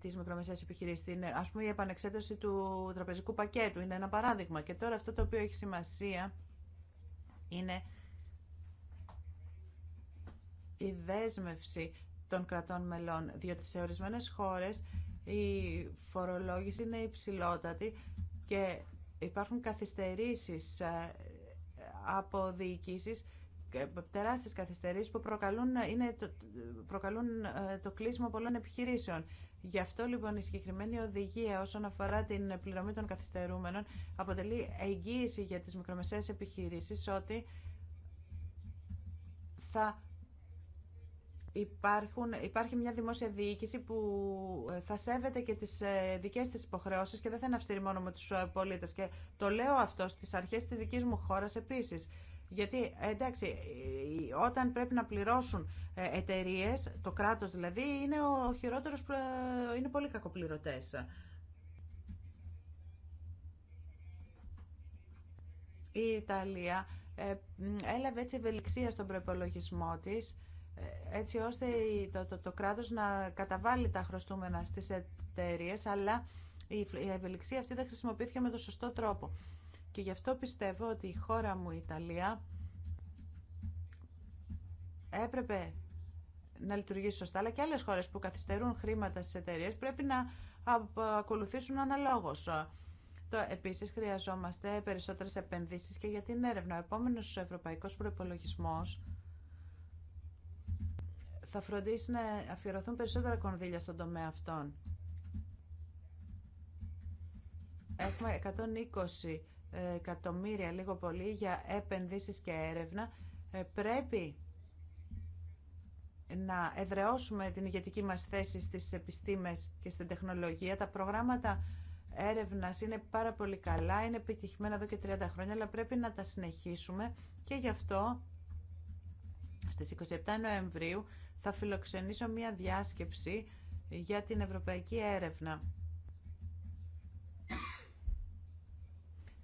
τις μικρομεσαίες επιχειρήσεις. Ας πούμε η επανεξέταση του τραπεζικού πακέτου είναι ένα παράδειγμα. Και τώρα αυτό το οποίο έχει σημασία είναι η δέσμευση των κρατών μελών, διότι σε ορισμένες χώρες η φορολόγηση είναι υψηλότατη και υπάρχουν καθυστερήσεις ε, ε, από διοικήσεις ε, τεράστιες καθυστερήσεις που προκαλούν, είναι, προκαλούν ε, το κλείσιμο πολλών επιχειρήσεων. Γι' αυτό λοιπόν η συγκεκριμένη οδηγία όσον αφορά την πληρωμή των καθυστερούμενων αποτελεί εγγύηση για τις μικρομεσαίες επιχειρήσεις ότι θα υπάρχουν, υπάρχει μια δημόσια διοίκηση που ε, θα σέβεται και τις δικές της υποχρεώσεις και δεν θα είναι αυστηρή μόνο με τους πολίτες. Και το λέω αυτό στις αρχές της δικής μου χώρας επίσης. Γιατί εντάξει, όταν πρέπει να πληρώσουν ε, εταιρείε, το κράτο δηλαδή, είναι ο χειρότερο, είναι πολύ κακοπληρωτέ. Η Ιταλία ε, έλαβε έτσι ευελιξία στον προπολογισμό της ε, έτσι ώστε το, το, κράτος να καταβάλει τα χρωστούμενα στις εταιρείε, αλλά η ευελιξία αυτή δεν χρησιμοποιήθηκε με τον σωστό τρόπο. Και γι' αυτό πιστεύω ότι η χώρα μου, η Ιταλία, έπρεπε να λειτουργήσει σωστά, αλλά και άλλες χώρες που καθυστερούν χρήματα στις εταιρείες πρέπει να ακολουθήσουν αναλόγως. Το, επίσης χρειαζόμαστε περισσότερες επενδύσεις και για την έρευνα. Ο επόμενος ευρωπαϊκός προϋπολογισμός θα φροντίσει να αφιερωθούν περισσότερα κονδύλια στον τομέα αυτών. Έχουμε 120 εκατομμύρια λίγο πολύ για επενδύσεις και έρευνα. Ε, πρέπει να εδραιώσουμε την ηγετική μας θέση στις επιστήμες και στην τεχνολογία. Τα προγράμματα έρευνας είναι πάρα πολύ καλά, είναι επιτυχημένα εδώ και 30 χρόνια, αλλά πρέπει να τα συνεχίσουμε και γι' αυτό στις 27 Νοεμβρίου θα φιλοξενήσω μία διάσκεψη για την Ευρωπαϊκή Έρευνα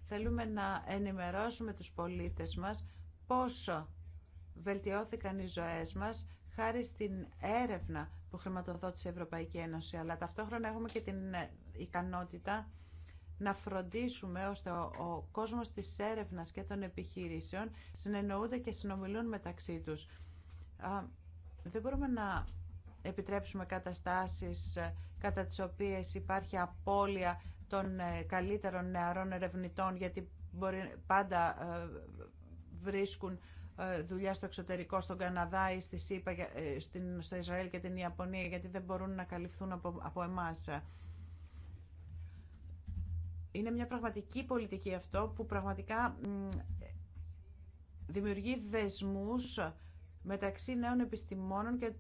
Θέλουμε να ενημερώσουμε τους πολίτες μας πόσο βελτιώθηκαν οι ζωές μας χάρη στην έρευνα που χρηματοδότησε η Ευρωπαϊκή Ένωση, αλλά ταυτόχρονα έχουμε και την ε, ικανότητα να φροντίσουμε ώστε ο κόσμος της έρευνας και των επιχειρήσεων συνεννοούνται και συνομιλούν μεταξύ τους. Δεν μπορούμε να επιτρέψουμε καταστάσεις ε, κατά τις οποίες υπάρχει απώλεια των ε, καλύτερων νεαρών ερευνητών γιατί μπορεί, πάντα ε, βρίσκουν ε, δουλειά στο εξωτερικό, στον Καναδά ή στη ΣΥΠΑ, στην, στο Ισραήλ και την Ιαπωνία γιατί δεν μπορούν να καλυφθούν από, εμάς. Είναι μια πραγματική πολιτική αυτό που πραγματικά δημιουργεί δεσμούς μεταξύ νέων επιστημόνων και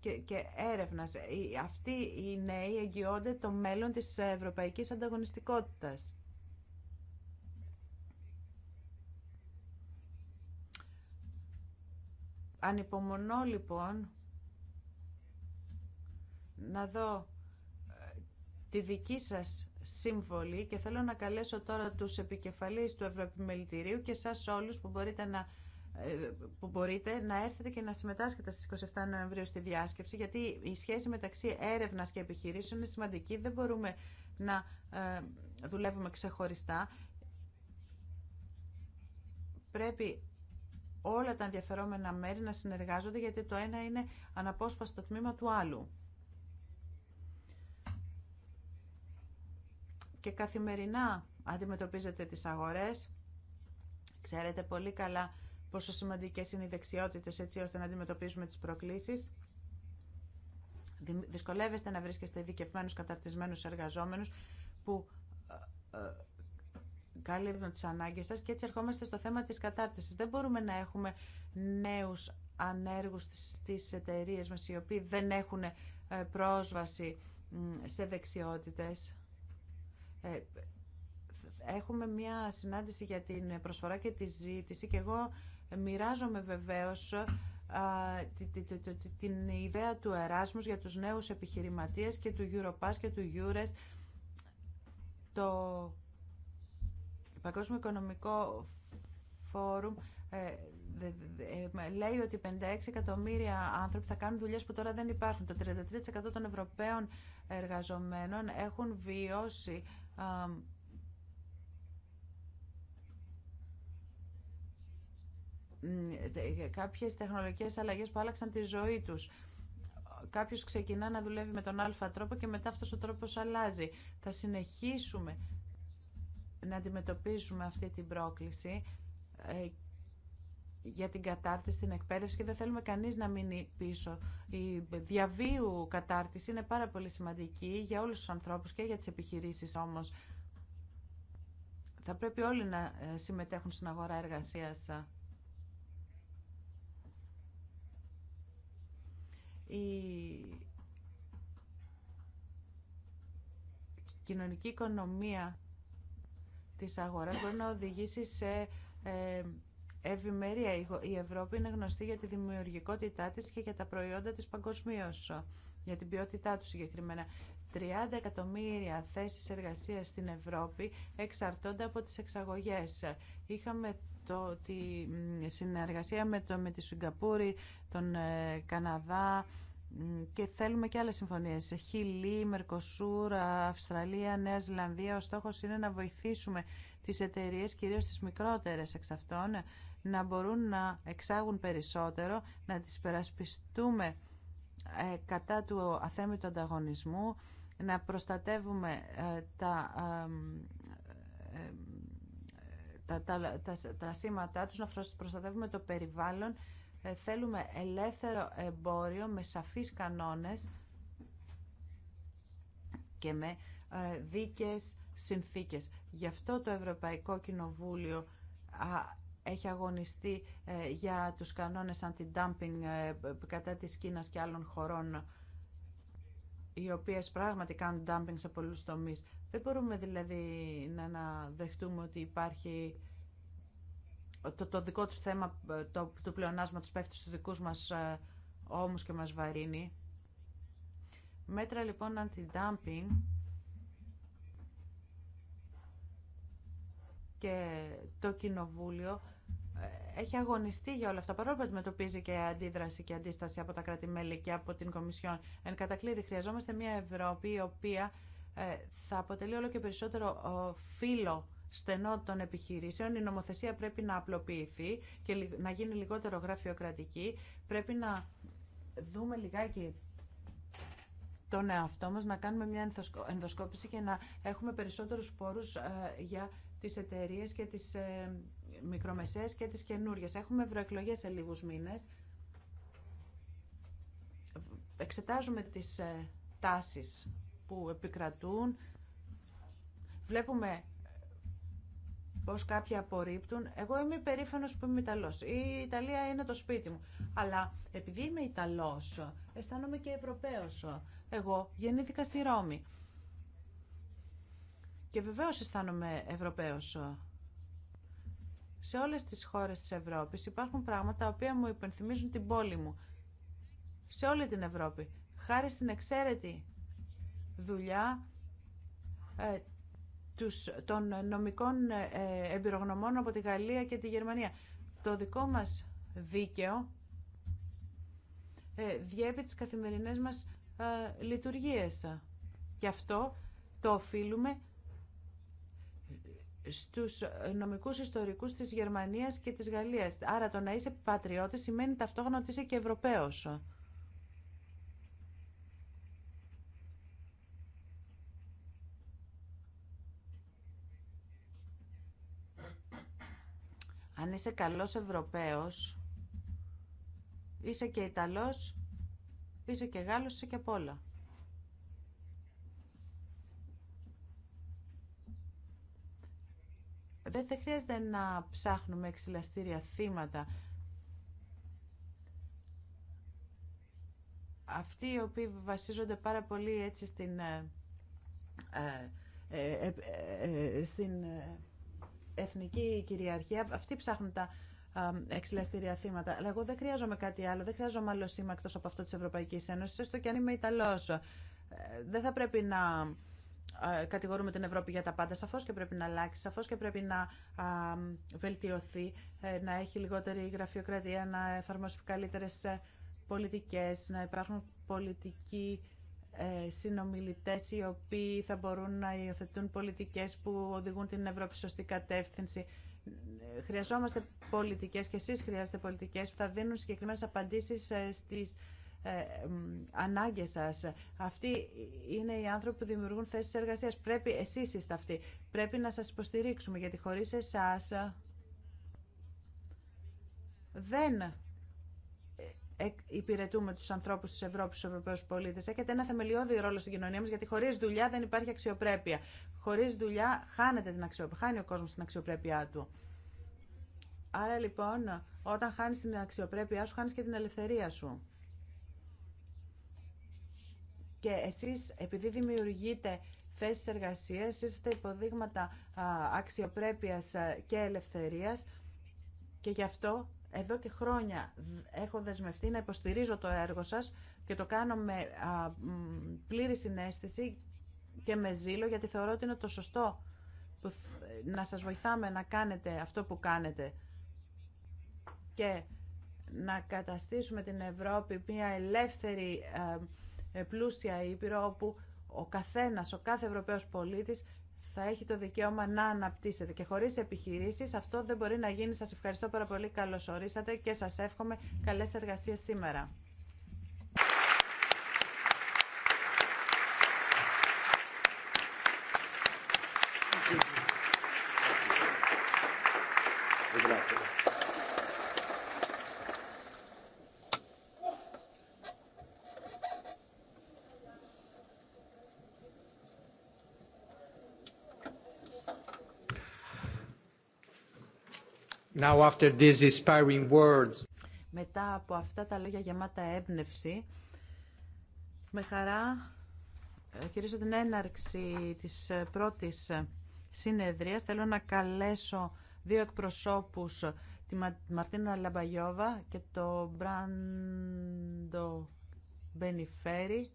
και, και, έρευνας. Αυτοί οι νέοι εγγυώνται το μέλλον της ευρωπαϊκής ανταγωνιστικότητας. Ανυπομονώ λοιπόν να δω ε, τη δική σας σύμβολη και θέλω να καλέσω τώρα τους επικεφαλείς του Ευρωεπιμελητηρίου και σας όλους που μπορείτε να που μπορείτε να έρθετε και να συμμετάσχετε στις 27 Νοεμβρίου στη διάσκεψη γιατί η σχέση μεταξύ έρευνας και επιχειρήσεων είναι σημαντική. Δεν μπορούμε να ε, δουλεύουμε ξεχωριστά. Πρέπει όλα τα ενδιαφερόμενα μέρη να συνεργάζονται γιατί το ένα είναι αναπόσπαστο τμήμα του άλλου. Και καθημερινά αντιμετωπίζετε τις αγορές. Ξέρετε πολύ καλά πόσο σημαντικές είναι οι δεξιότητες έτσι ώστε να αντιμετωπίσουμε τις προκλήσεις. Δυσκολεύεστε να βρίσκεστε ειδικευμένους καταρτισμένους εργαζόμενους που ε, ε, καλύπτουν τις ανάγκες σας και έτσι ερχόμαστε στο θέμα της κατάρτισης. Δεν μπορούμε να έχουμε νέους ανέργους στις εταιρείε μας οι οποίοι δεν έχουν ε, πρόσβαση σε δεξιότητες. Έχουμε μία συνάντηση για την προσφορά και τη ζήτηση και εγώ Μοιράζομαι βεβαίως την ιδέα του εράσμου για τους νέους επιχειρηματίες και του Europass και του Eures. Το Παγκόσμιο Οικονομικό Φόρουμ ε, ε, λέει ότι 56 εκατομμύρια άνθρωποι θα κάνουν δουλειές που τώρα δεν υπάρχουν. Το 33% των Ευρωπαίων εργαζομένων έχουν βιώσει κάποιες τεχνολογικές αλλαγές που άλλαξαν τη ζωή τους. Κάποιος ξεκινά να δουλεύει με τον άλφα τρόπο και μετά αυτός ο τρόπος αλλάζει. Θα συνεχίσουμε να αντιμετωπίζουμε αυτή την πρόκληση ε, για την κατάρτιση, την εκπαίδευση και δεν θέλουμε κανείς να μείνει πίσω. Η διαβίου κατάρτιση είναι πάρα πολύ σημαντική για όλους τους ανθρώπους και για τις επιχειρήσεις όμως. Θα πρέπει όλοι να ε, συμμετέχουν στην αγορά εργασίας. η κοινωνική οικονομία της αγοράς μπορεί να οδηγήσει σε ε, ευημερία. Η Ευρώπη είναι γνωστή για τη δημιουργικότητά της και για τα προϊόντα της παγκοσμίω, για την ποιότητά του συγκεκριμένα. 30 εκατομμύρια θέσεις εργασίας στην Ευρώπη εξαρτώνται από τις εξαγωγές. Είχαμε το ότι συνεργασία με, το, με τη Σιγκαπούρη, τον ε, Καναδά και θέλουμε και άλλες συμφωνίες. Χιλή, Μερκοσούρα, Αυστραλία, Νέα Ζηλανδία. Ο στόχος είναι να βοηθήσουμε τις εταιρείες, κυρίως τις μικρότερες εξ αυτών, να μπορούν να εξάγουν περισσότερο, να τις περασπιστούμε ε, κατά του αθέμητου ανταγωνισμού, να προστατεύουμε ε, τα τα, τα, σήματά τους, να προστατεύουμε το περιβάλλον. Ε, θέλουμε ελεύθερο εμπόριο με σαφείς κανόνες και με ε, δίκες συνθήκες. Γι' αυτό το Ευρωπαϊκό Κοινοβούλιο έχει αγωνιστεί ε, για τους κανόνες αντι-dumping κατά της Κίνας και άλλων χωρών οι οποίες πράγματι κάνουν dumping σε πολλούς τομείς. Δεν μπορούμε δηλαδή να, δεχτούμε ότι υπάρχει το, το δικό τους θέμα το, του πλεονάσματος πέφτει στους δικούς μας όμως ε, και μας βαρύνει. Μέτρα λοιπόν αντι-dumping και το κοινοβούλιο ε, έχει αγωνιστεί για όλα αυτά, παρόλο που αντιμετωπίζει και αντίδραση και αντίσταση από τα κράτη-μέλη και από την Κομισιόν. Εν κατακλείδη, χρειαζόμαστε μια Ευρώπη η οποία ε, θα αποτελεί όλο και περισσότερο φύλλο στενό των επιχειρήσεων. Η νομοθεσία πρέπει να απλοποιηθεί και να γίνει λιγότερο γραφειοκρατική. Πρέπει να δούμε λιγάκι τον εαυτό μας, να κάνουμε μια ενδοσκόπηση και να έχουμε περισσότερους πόρους ε, για τις εταιρείες και τις ε, μικρομεσαίες και τις καινούριες. Έχουμε ευρωεκλογέ σε λίγους μήνες. Εξετάζουμε τις τάσεις που επικρατούν. Βλέπουμε πως κάποιοι απορρίπτουν. Εγώ είμαι περήφανος που είμαι Ιταλός. Η Ιταλία είναι το σπίτι μου. Αλλά επειδή είμαι Ιταλός, αισθάνομαι και Ευρωπαίος. Εγώ γεννήθηκα στη Ρώμη. Και βεβαίως αισθάνομαι Ευρωπαίος. Σε όλες τις χώρες της Ευρώπης υπάρχουν πράγματα τα οποία μου υπενθυμίζουν την πόλη μου. Σε όλη την Ευρώπη. Χάρη στην εξαίρετη δουλειά ε, των νομικών ε, εμπειρογνωμών από τη Γαλλία και τη Γερμανία. Το δικό μας δίκαιο ε, διέπει τις καθημερινές μας λειτουργίες. Και αυτό το οφείλουμε στους νομικούς ιστορικούς της Γερμανίας και της Γαλλίας. Άρα το να είσαι πατριώτης σημαίνει ταυτόχρονα ότι είσαι και Ευρωπαίος. Αν είσαι καλός Ευρωπαίος, είσαι και Ιταλός, είσαι και Γάλλος, είσαι και απ' όλα. Δεν θα χρειάζεται να ψάχνουμε εξυλαστήρια θύματα. Αυτοί οι οποίοι βασίζονται πάρα πολύ έτσι στην... Ε, ε, ε, στην εθνική κυριαρχία. Αυτοί ψάχνουν τα εξηλαστήρια θύματα. Αλλά εγώ δεν χρειάζομαι κάτι άλλο, δεν χρειάζομαι άλλο σήμα από αυτό τη Ευρωπαϊκή Ένωση, έστω και αν είμαι Ιταλό. Ε, δεν θα πρέπει να κατηγορούμε την Ευρώπη για τα πάντα. Σαφώ και πρέπει να αλλάξει, σαφώ και πρέπει να βελτιωθεί, ε, να έχει λιγότερη γραφειοκρατία, να εφαρμόσει καλύτερε πολιτικέ, να υπάρχουν πολιτικοί ε, συνομιλητές οι οποίοι θα μπορούν να υιοθετούν πολιτικές που οδηγούν την Ευρώπη σωστή κατεύθυνση. Χρειαζόμαστε πολιτικές και εσείς χρειάζεστε πολιτικές που θα δίνουν συγκεκριμένες απαντήσεις ε, στις ε, ανάγκες σας. Αυτοί είναι οι άνθρωποι που δημιουργούν θέσεις εργασίας. Πρέπει εσείς είστε αυτοί. Πρέπει να σας υποστηρίξουμε γιατί χωρίς εσάς δεν υπηρετούμε του ανθρώπου τη Ευρώπη, του Ευρωπαίου πολίτε. Έχετε ένα θεμελιώδη ρόλο στην κοινωνία μα, γιατί χωρί δουλειά δεν υπάρχει αξιοπρέπεια. Χωρί δουλειά χάνεται την αξιοπρέπεια, χάνει ο κόσμο την αξιοπρέπειά του. Άρα λοιπόν, όταν χάνει την αξιοπρέπειά σου, χάνει και την ελευθερία σου. Και εσεί, επειδή δημιουργείτε θέσει εργασία, είστε υποδείγματα αξιοπρέπεια και ελευθερία. και γι' αυτό εδώ και χρόνια έχω δεσμευτεί να υποστηρίζω το έργο σας και το κάνω με πλήρη συνέστηση και με ζήλο γιατί θεωρώ ότι είναι το σωστό που να σας βοηθάμε να κάνετε αυτό που κάνετε και να καταστήσουμε την Ευρώπη μια ελεύθερη ε, πλούσια ήπειρο όπου ο καθένας, ο κάθε Ευρωπαίος πολίτης θα έχει το δικαίωμα να αναπτύσσεται. Και χωρίς επιχειρήσεις αυτό δεν μπορεί να γίνει. Σας ευχαριστώ πάρα πολύ. καλώ ορίσατε και σας εύχομαι καλές εργασίες σήμερα. Now after these inspiring Μετά από αυτά τα λόγια γεμάτα έμπνευση, με χαρά ε, κυρίζω την έναρξη της ε, πρώτης ε, συνεδρίας. Θέλω να καλέσω δύο εκπροσώπους, τη Μαρτίνα Λαμπαγιώβα και το Μπράντο Μπενιφέρη,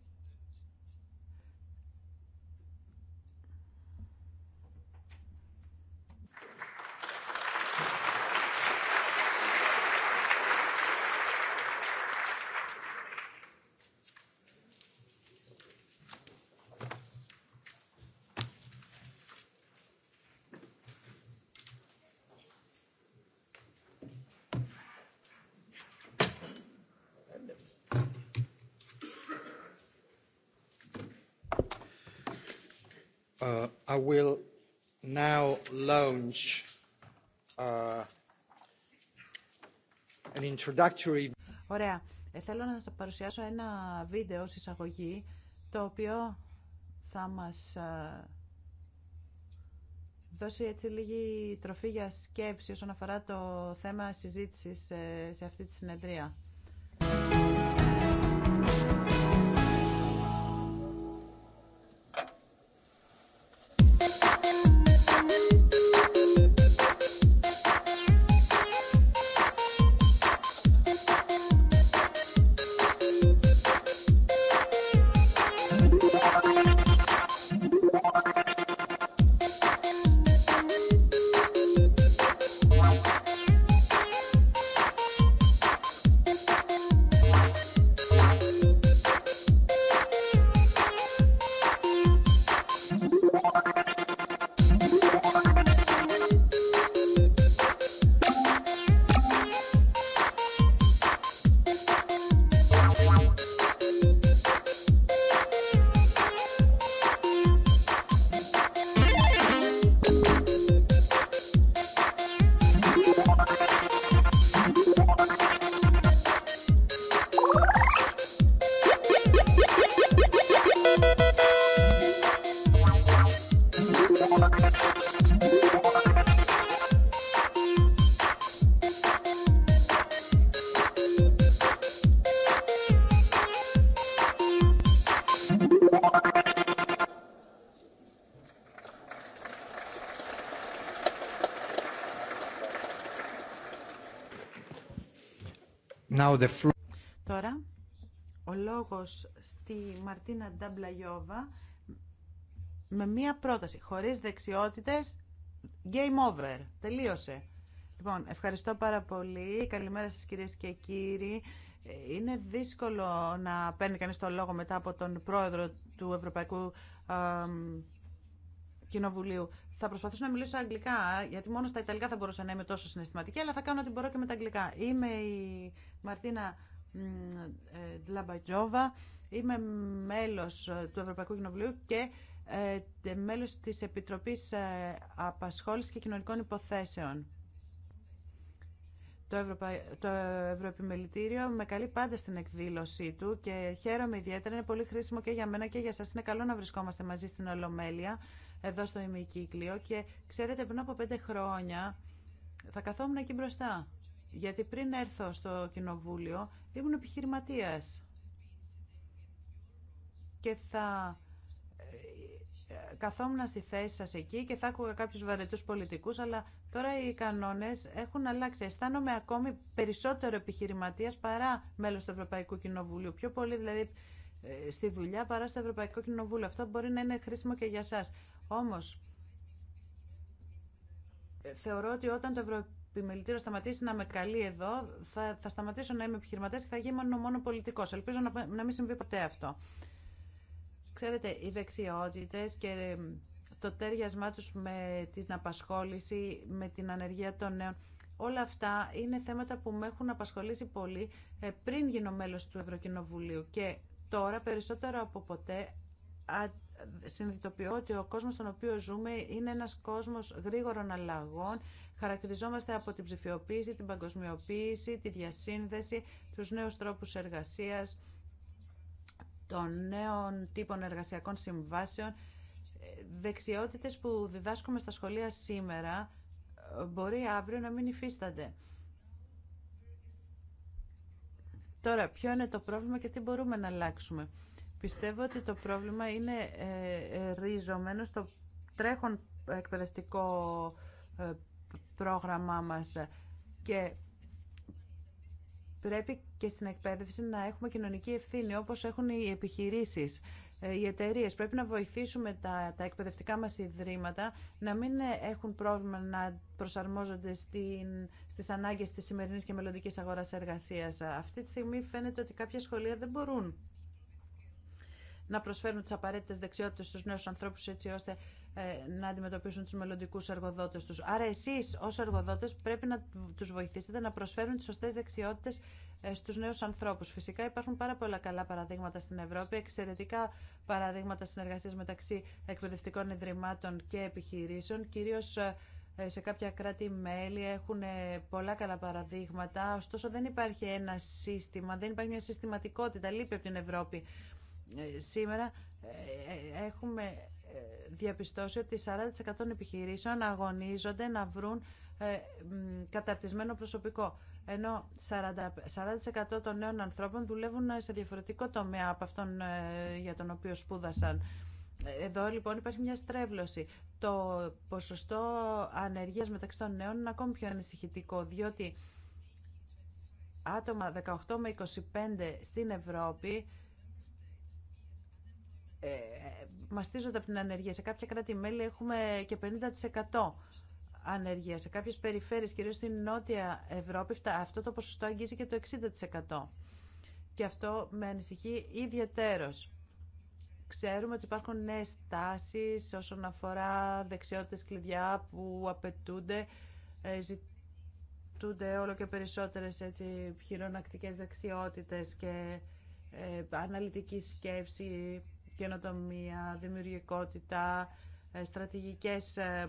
uh, an Ωραία. Ε, θέλω να σας παρουσιάσω ένα βίντεο ως εισαγωγή, το οποίο θα μας ε, δώσει έτσι λίγη τροφή για σκέψη όσον αφορά το θέμα συζήτησης ε, σε αυτή τη συνεδρία. Τώρα, ο λόγος στη Μαρτίνα Νταμπλαγιόβα με μία πρόταση. Χωρίς δεξιότητες, game over. Τελείωσε. Λοιπόν, ευχαριστώ πάρα πολύ. Καλημέρα σας κυρίες και κύριοι. Είναι δύσκολο να παίρνει κανείς το λόγο μετά από τον πρόεδρο του Ευρωπαϊκού ε, Κοινοβουλίου. Θα προσπαθήσω να μιλήσω αγγλικά, γιατί μόνο στα ιταλικά θα μπορούσα να είμαι τόσο συναισθηματική, αλλά θα κάνω ό,τι μπορώ και με τα αγγλικά. Είμαι η Μαρτίνα ε, Ντλαμπατζόβα, είμαι μέλος ε, του Ευρωπαϊκού Κοινοβουλίου και ε, μέλος της Επιτροπής Απασχόλησης και Κοινωνικών Υποθέσεων. Το, Ευρωπα... το Ευρωεπιμελητήριο με καλεί πάντα στην εκδήλωσή του και χαίρομαι ιδιαίτερα. Είναι πολύ χρήσιμο και για μένα και για σας. Είναι καλό να βρισκόμαστε μαζί στην Ολομέλεια εδώ στο ημικύκλιο και ξέρετε πριν από πέντε χρόνια θα καθόμουν εκεί μπροστά. Γιατί πριν έρθω στο κοινοβούλιο ήμουν επιχειρηματίας και θα ε, καθόμουν στη θέση σας εκεί και θα άκουγα κάποιους βαρετούς πολιτικούς, αλλά τώρα οι κανόνες έχουν αλλάξει. Αισθάνομαι ακόμη περισσότερο επιχειρηματίας παρά μέλος του Ευρωπαϊκού Κοινοβουλίου. Πιο πολύ δηλαδή ε, στη δουλειά παρά στο Ευρωπαϊκό Κοινοβούλιο. Αυτό μπορεί να είναι χρήσιμο και για σας. Όμως, θεωρώ ότι όταν το Ευρωεπιμελητήριο σταματήσει να με καλεί εδώ, θα, θα σταματήσω να είμαι επιχειρηματέ και θα γίνω μόνο πολιτικό. Ελπίζω να, να μην συμβεί ποτέ αυτό. Ξέρετε, οι δεξιότητε και το τέριασμά τους με την απασχόληση, με την ανεργία των νέων. Όλα αυτά είναι θέματα που με έχουν απασχολήσει πολύ ε, πριν γίνω μέλος του Ευρωκοινοβουλίου και τώρα περισσότερο από ποτέ συνειδητοποιώ ότι ο κόσμος στον οποίο ζούμε είναι ένας κόσμος γρήγορων αλλαγών. Χαρακτηριζόμαστε από την ψηφιοποίηση, την παγκοσμιοποίηση, τη διασύνδεση, τους νέους τρόπους εργασίας, των νέων τύπων εργασιακών συμβάσεων. Δεξιότητες που διδάσκουμε στα σχολεία σήμερα μπορεί αύριο να μην υφίστανται. Τώρα, ποιο είναι το πρόβλημα και τι μπορούμε να αλλάξουμε. Πιστεύω ότι το πρόβλημα είναι ε, ριζωμένο στο τρέχον εκπαιδευτικό ε, πρόγραμμά μας και πρέπει και στην εκπαίδευση να έχουμε κοινωνική ευθύνη όπως έχουν οι επιχειρήσεις, ε, οι εταιρείε. Πρέπει να βοηθήσουμε τα, τα εκπαιδευτικά μας ιδρύματα να μην έχουν πρόβλημα να προσαρμόζονται στην, στις ανάγκες της σημερινής και μελλοντικής αγοράς εργασίας. Αυτή τη στιγμή φαίνεται ότι κάποια σχολεία δεν μπορούν να προσφέρουν τι απαραίτητε δεξιότητε στου νέου ανθρώπου, έτσι ώστε ε, να αντιμετωπίσουν του μελλοντικού εργοδότες του. Άρα εσεί, ω εργοδότε, πρέπει να του βοηθήσετε να προσφέρουν τις σωστές δεξιότητες ε, στου νέου ανθρώπου. Φυσικά υπάρχουν πάρα πολλά καλά παραδείγματα στην Ευρώπη, εξαιρετικά παραδείγματα συνεργασία μεταξύ εκπαιδευτικών ιδρυμάτων και επιχειρήσεων, κυρίως ε, σε κάποια κράτη-μέλη έχουν πολλά καλά παραδείγματα, ωστόσο δεν υπάρχει ένα σύστημα, δεν υπάρχει μια συστηματικότητα, λείπει από την Ευρώπη. Ε, σήμερα ε, ε, έχουμε διαπιστώσει ότι 40% των επιχειρήσεων αγωνίζονται να βρουν καταρτισμένο προσωπικό. Ενώ 40%, 40 των νέων ανθρώπων δουλεύουν σε διαφορετικό τομέα από αυτόν για τον οποίο σπούδασαν. Εδώ λοιπόν υπάρχει μια στρέβλωση. Το ποσοστό ανεργίας μεταξύ των νέων είναι ακόμη πιο ανησυχητικό, διότι άτομα 18 με 25 στην Ευρώπη ε, μαστίζονται από την ανεργία. Σε κάποια κράτη-μέλη έχουμε και 50% ανεργία. Σε κάποιες περιφέρειες, κυρίως στην Νότια Ευρώπη, αυτό το ποσοστό αγγίζει και το 60%. Και αυτό με ανησυχεί ιδιαίτερος. Ξέρουμε ότι υπάρχουν νέες τάσεις όσον αφορά δεξιότητες κλειδιά που απαιτούνται, ε, ζητούνται όλο και περισσότερες έτσι, χειρονακτικές δεξιότητες και ε, αναλυτική σκέψη, καινοτομία, δημιουργικότητα, ε, στρατηγικές ε,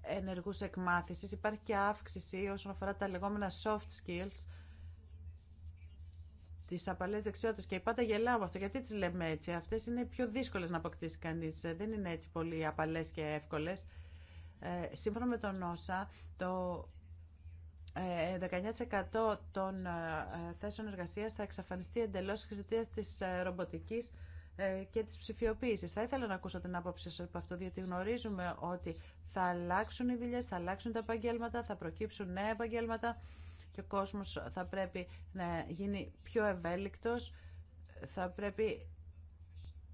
ενεργούς εκμάθησης. Υπάρχει και αύξηση όσον αφορά τα λεγόμενα soft skills, τι απαλέ δεξιότητε. Και πάντα γελάω αυτό. Γιατί τι λέμε έτσι. Αυτέ είναι πιο δύσκολε να αποκτήσει κανεί. Ε, δεν είναι έτσι πολύ απαλέ και εύκολε. Ε, σύμφωνα με τον Όσα, το 19% των ε, θέσεων εργασίας θα εξαφανιστεί εντελώς εξαιτία της ε, ρομποτικής ε, και της ψηφιοποίησης. Θα ήθελα να ακούσω την άποψη σας από αυτό, διότι γνωρίζουμε ότι θα αλλάξουν οι δουλειές, θα αλλάξουν τα επαγγέλματα, θα προκύψουν νέα επαγγέλματα και ο κόσμος θα πρέπει να γίνει πιο ευέλικτος, θα πρέπει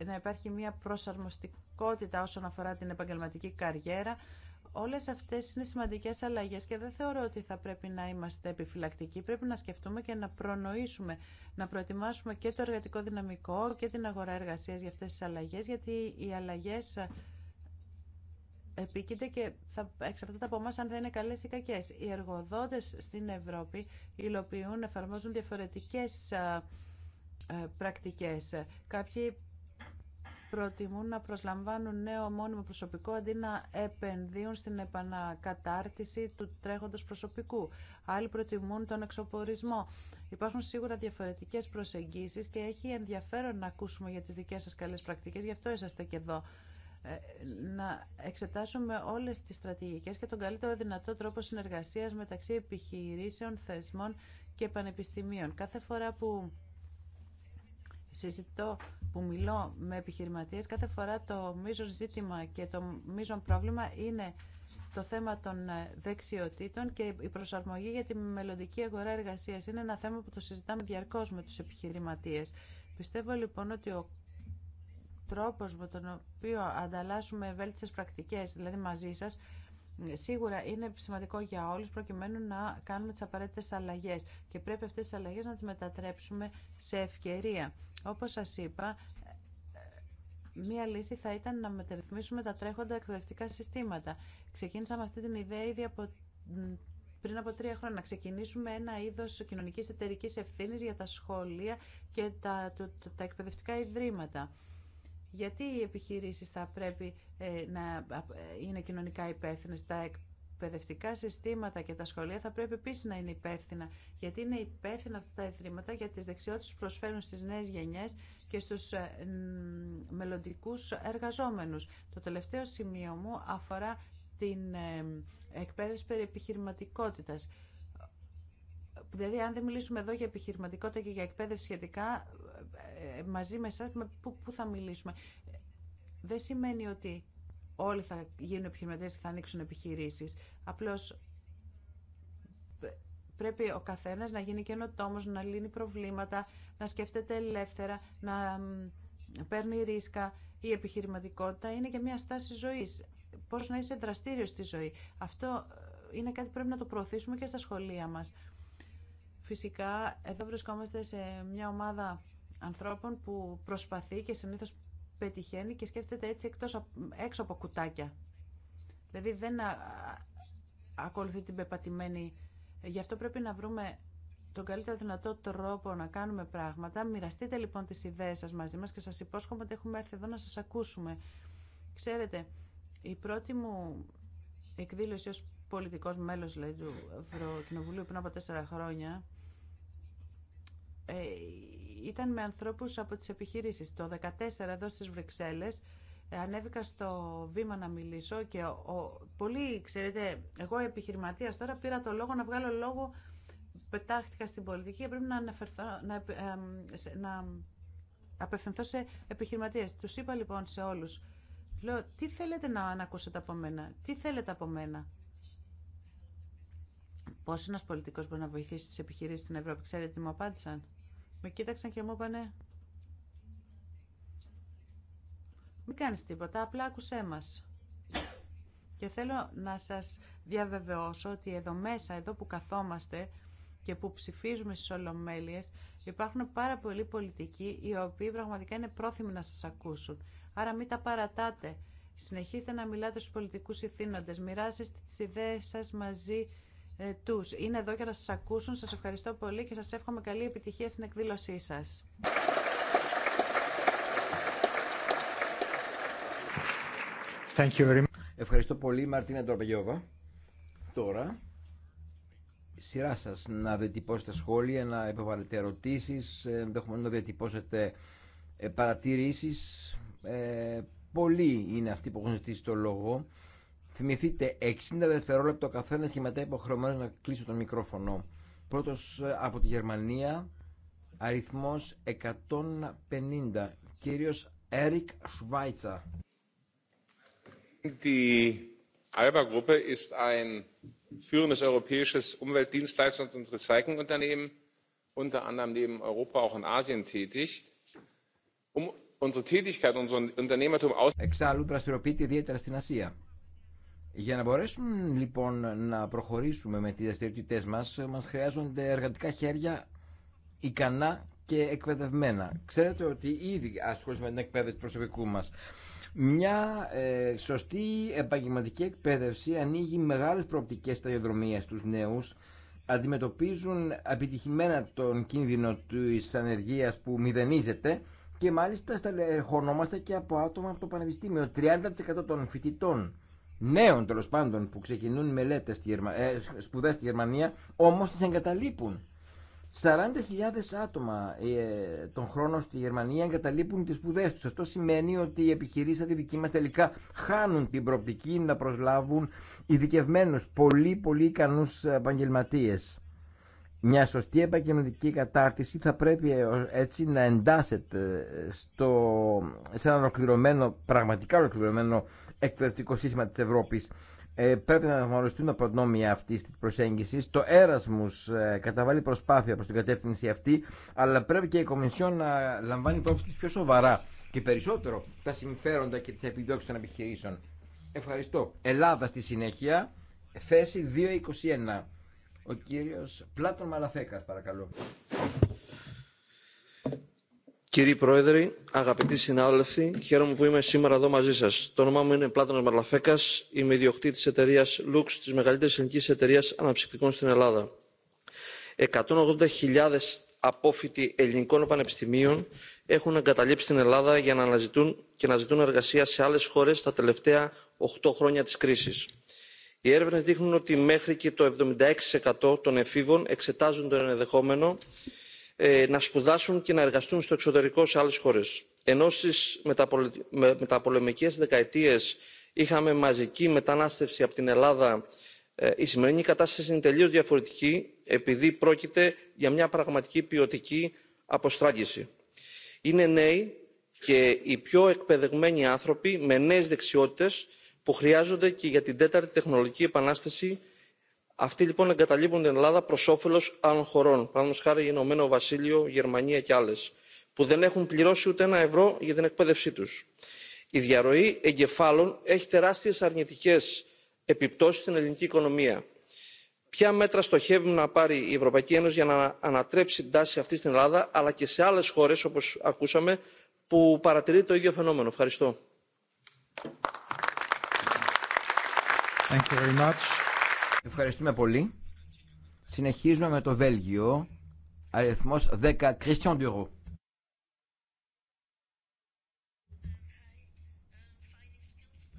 να υπάρχει μια προσαρμοστικότητα όσον αφορά την επαγγελματική καριέρα. Όλες αυτές είναι σημαντικές αλλαγές και δεν θεωρώ ότι θα πρέπει να είμαστε επιφυλακτικοί. Πρέπει να σκεφτούμε και να προνοήσουμε, να προετοιμάσουμε και το εργατικό δυναμικό και την αγορά εργασίας για αυτές τις αλλαγές, γιατί οι αλλαγές επίκειται και θα εξαρτάται από εμά αν θα είναι καλές ή κακές. Οι εργοδότε στην Ευρώπη υλοποιούν, εφαρμόζουν διαφορετικές ε, πρακτικές προτιμούν να προσλαμβάνουν νέο μόνιμο προσωπικό αντί να επενδύουν στην επανακατάρτιση του τρέχοντος προσωπικού. Άλλοι προτιμούν τον εξοπορισμό. Υπάρχουν σίγουρα διαφορετικές προσεγγίσεις και έχει ενδιαφέρον να ακούσουμε για τις δικές σας καλές πρακτικές, γι' αυτό είσαστε και εδώ ε, να εξετάσουμε όλες τις στρατηγικές και τον καλύτερο δυνατό τρόπο συνεργασίας μεταξύ επιχειρήσεων, θεσμών και πανεπιστημίων. Κάθε φορά που συζητώ, που μιλώ με επιχειρηματίες, κάθε φορά το μείζον ζήτημα και το μείζον πρόβλημα είναι το θέμα των ε, δεξιοτήτων και η προσαρμογή για τη μελλοντική αγορά εργασίας. Είναι ένα θέμα που το συζητάμε διαρκώς με τους επιχειρηματίες. Πιστεύω λοιπόν ότι ο τρόπος με τον οποίο ανταλλάσσουμε ευέλτιστες πρακτικές, δηλαδή μαζί σας, σίγουρα είναι σημαντικό για όλους προκειμένου να κάνουμε τις απαραίτητες αλλαγές και πρέπει αυτές τις αλλαγές να τις μετατρέψουμε σε ευκαιρία. Όπως σας είπα, μία λύση θα ήταν να μεταρρυθμίσουμε τα τρέχοντα εκπαιδευτικά συστήματα. Ξεκίνησαμε αυτή την ιδέα ήδη από πριν από τρία χρόνια να ξεκινήσουμε ένα είδος κοινωνικής εταιρική ευθύνη για τα σχολεία και τα, τα, εκπαιδευτικά ιδρύματα. Γιατί οι επιχειρήσεις θα πρέπει ε, να ε, είναι κοινωνικά υπεύθυνε. τα εκπαιδευτικά συστήματα και τα σχολεία θα πρέπει επίση να είναι υπεύθυνα. Γιατί είναι υπεύθυνα αυτά τα ιδρύματα για τι δεξιότητε που προσφέρουν στι νέε γενιέ και στου ε, μελλοντικού εργαζόμενου. Το τελευταίο σημείο μου αφορά την ε, εκπαίδευση περί επιχειρηματικότητας. Δηλαδή, αν δεν μιλήσουμε εδώ για επιχειρηματικότητα και για εκπαίδευση σχετικά, ε, μαζί με εσάς, πού θα μιλήσουμε. Δεν σημαίνει ότι όλοι θα γίνουν επιχειρηματίες και θα ανοίξουν επιχειρήσεις. Απλώς πρέπει ο καθένας να γίνει καινοτόμος, να λύνει προβλήματα, να σκέφτεται ελεύθερα, να παίρνει ρίσκα. Η επιχειρηματικότητα είναι και μια στάση ζωής. Πώς να είσαι δραστήριο στη ζωή. Αυτό ε, είναι κάτι που πρέπει να το προωθήσουμε και στα σχολεία μας. Φυσικά, εδώ βρισκόμαστε σε μια ομάδα ανθρώπων που προσπαθεί και συνήθως πετυχαίνει και σκέφτεται έτσι εκτός, έξω από κουτάκια. Δηλαδή δεν ακολουθεί την πεπατημένη. Γι' αυτό πρέπει να βρούμε τον καλύτερο δυνατό τρόπο να κάνουμε πράγματα. Μοιραστείτε λοιπόν τις ιδέες σας μαζί μας και σας υπόσχομαι ότι έχουμε έρθει εδώ να σας ακούσουμε. Ξέρετε, η πρώτη μου εκδήλωση ως πολιτικός μέλος του Ευρωκοινοβουλίου πριν από τέσσερα χρόνια ε, ήταν με ανθρώπους από τις επιχειρήσεις. Το 2014 εδώ στις Βρυξέλλες ε, ανέβηκα στο βήμα να μιλήσω και ο, πολύ, ξέρετε, εγώ επιχειρηματίας τώρα πήρα το λόγο να βγάλω λόγο, πετάχτηκα στην πολιτική και πρέπει να, αναφερθώ, να, να απευθυνθώ σε επιχειρηματίες. Τους είπα λοιπόν σε όλους, λέω, τι θέλετε να, να από μένα, τι θέλετε από μένα. Πώς ένας πολιτικός μπορεί να βοηθήσει τις επιχειρήσεις στην Ευρώπη, ξέρετε τι μου απάντησαν. Με κοίταξαν και μου είπανε μην κάνεις τίποτα, απλά άκουσέ μας. Και θέλω να σας διαβεβαιώσω ότι εδώ μέσα, εδώ που καθόμαστε και που ψηφίζουμε στις Ολομέλειες, υπάρχουν πάρα πολλοί πολιτικοί οι οποίοι πραγματικά είναι πρόθυμοι να σας ακούσουν. Άρα μην τα παρατάτε. Συνεχίστε να μιλάτε στους πολιτικούς ηθήνοντες. μοιράζεστε τις ιδέες σας μαζί ε, Του Είναι εδώ για να σα ακούσουν. Σα ευχαριστώ πολύ και σα εύχομαι καλή επιτυχία στην εκδήλωσή σα. Ευχαριστώ πολύ Μαρτίνα Ντορπαγιώβα. Τώρα, σειρά σα να διατυπώσετε σχόλια, να επιβάλλετε ερωτήσει να διατυπώσετε ε, παρατηρήσει. Ε, πολλοί είναι αυτοί που έχουν ζητήσει το λόγο. Θυμηθείτε 60 δευτερόλεπτα ο καθένα και μετά υποχρεωμένο να κλείσω το μικρόφωνο. Πρώτο από τη Γερμανία, αριθμό 150, κύριο Έρικ Σβάιτσα. Die Alba-Gruppe ist ein führendes europäisches Umweltdienstleistungs- und Recyclingunternehmen, unter anderem neben Europa auch in Asien tätig. Um unsere Tätigkeit, unser Unternehmertum aus. Εξάλλου δραστηριοποιείται ιδιαίτερα στην Ασία. Για να μπορέσουν λοιπόν να προχωρήσουμε με τις δραστηριότητές μας, μας χρειάζονται εργατικά χέρια ικανά και εκπαιδευμένα. Ξέρετε ότι ήδη ασχολούμαστε με την εκπαίδευση του προσωπικού μας. Μια ε, σωστή επαγγελματική εκπαίδευση ανοίγει μεγάλες προοπτικές σταδιοδρομίες στους νέους, αντιμετωπίζουν επιτυχημένα τον κίνδυνο της ανεργίας που μηδενίζεται και μάλιστα στελεχωνόμαστε και από άτομα από το Πανεπιστήμιο. 30% των φοιτητών νέων τέλο πάντων που ξεκινούν μελέτε στη ε, σπουδές στη Γερμανία όμω τι εγκαταλείπουν. 40.000 άτομα ε, τον χρόνο στη Γερμανία εγκαταλείπουν τι σπουδέ του. Αυτό σημαίνει ότι οι επιχειρήσεις τη δική τελικά χάνουν την προοπτική να προσλάβουν ειδικευμένου πολύ πολύ ικανούς επαγγελματίε. Μια σωστή επαγγελματική κατάρτιση θα πρέπει ε, έτσι να εντάσσεται στο, σε ένα ολοκληρωμένο, πραγματικά ολοκληρωμένο εκπαιδευτικό σύστημα της Ευρώπης ε, πρέπει να αναγνωριστούν τα προνόμια αυτή τη προσέγγιση. Το Erasmus ε, καταβάλει προσπάθεια προ την κατεύθυνση αυτή, αλλά πρέπει και η Κομισιόν να λαμβάνει υπόψη τη πιο σοβαρά και περισσότερο τα συμφέροντα και τι επιδιώξει των επιχειρήσεων. Ευχαριστώ. Ελλάδα στη συνέχεια, θέση 221. Ο κύριο Πλάτων Μαλαφέκα, παρακαλώ. Κύριε Πρόεδρε, αγαπητοί συνάδελφοι, χαίρομαι που είμαι σήμερα εδώ μαζί σα. Το όνομά μου είναι Πλάτανος Μαρλαφέκα, είμαι ιδιοκτήτη εταιρεία Lux, τη μεγαλύτερη ελληνική εταιρεία αναψυκτικών στην Ελλάδα. 180.000 απόφοιτοι ελληνικών πανεπιστημίων έχουν εγκαταλείψει την Ελλάδα για να αναζητούν και να ζητούν εργασία σε άλλε χώρε τα τελευταία 8 χρόνια τη κρίση. Οι έρευνε δείχνουν ότι μέχρι και το 76% των εφήβων εξετάζουν το ενδεχόμενο ε, να σπουδάσουν και να εργαστούν στο εξωτερικό σε άλλες χώρες. Ενώ στις μεταπολεμικές δεκαετίες είχαμε μαζική μετανάστευση από την Ελλάδα, ε, η σημερινή κατάσταση είναι τελείως διαφορετική επειδή πρόκειται για μια πραγματική ποιοτική αποστράγγιση. Είναι νέοι και οι πιο εκπαιδευμένοι άνθρωποι με νέες δεξιότητες που χρειάζονται και για την τέταρτη τεχνολογική επανάσταση αυτοί λοιπόν εγκαταλείπουν την ελλάδα προ όφελο άλλων χωρών παραδείγματο χάρη ηνωμένο βασίλειο γερμανία και άλλε που δεν έχουν πληρώσει ούτε ένα ευρώ για την εκπαίδευσή του. η διαρροή εγκεφάλων έχει τεράστιε αρνητικέ επιπτώσει στην ελληνική οικονομία. ποια μέτρα στοχεύουν να πάρει η ευρωπαϊκή ένωση για να ανατρέψει την τάση αυτή στην ελλάδα αλλά και σε άλλε χώρε όπω ακούσαμε που παρατηρεί το ίδιο φαινόμενο. ευχαριστώ. Thank you very much. Ευχαριστούμε πολύ. Συνεχίζουμε με το Βέλγιο. Αριθμός 10. Κριστιαν Duro.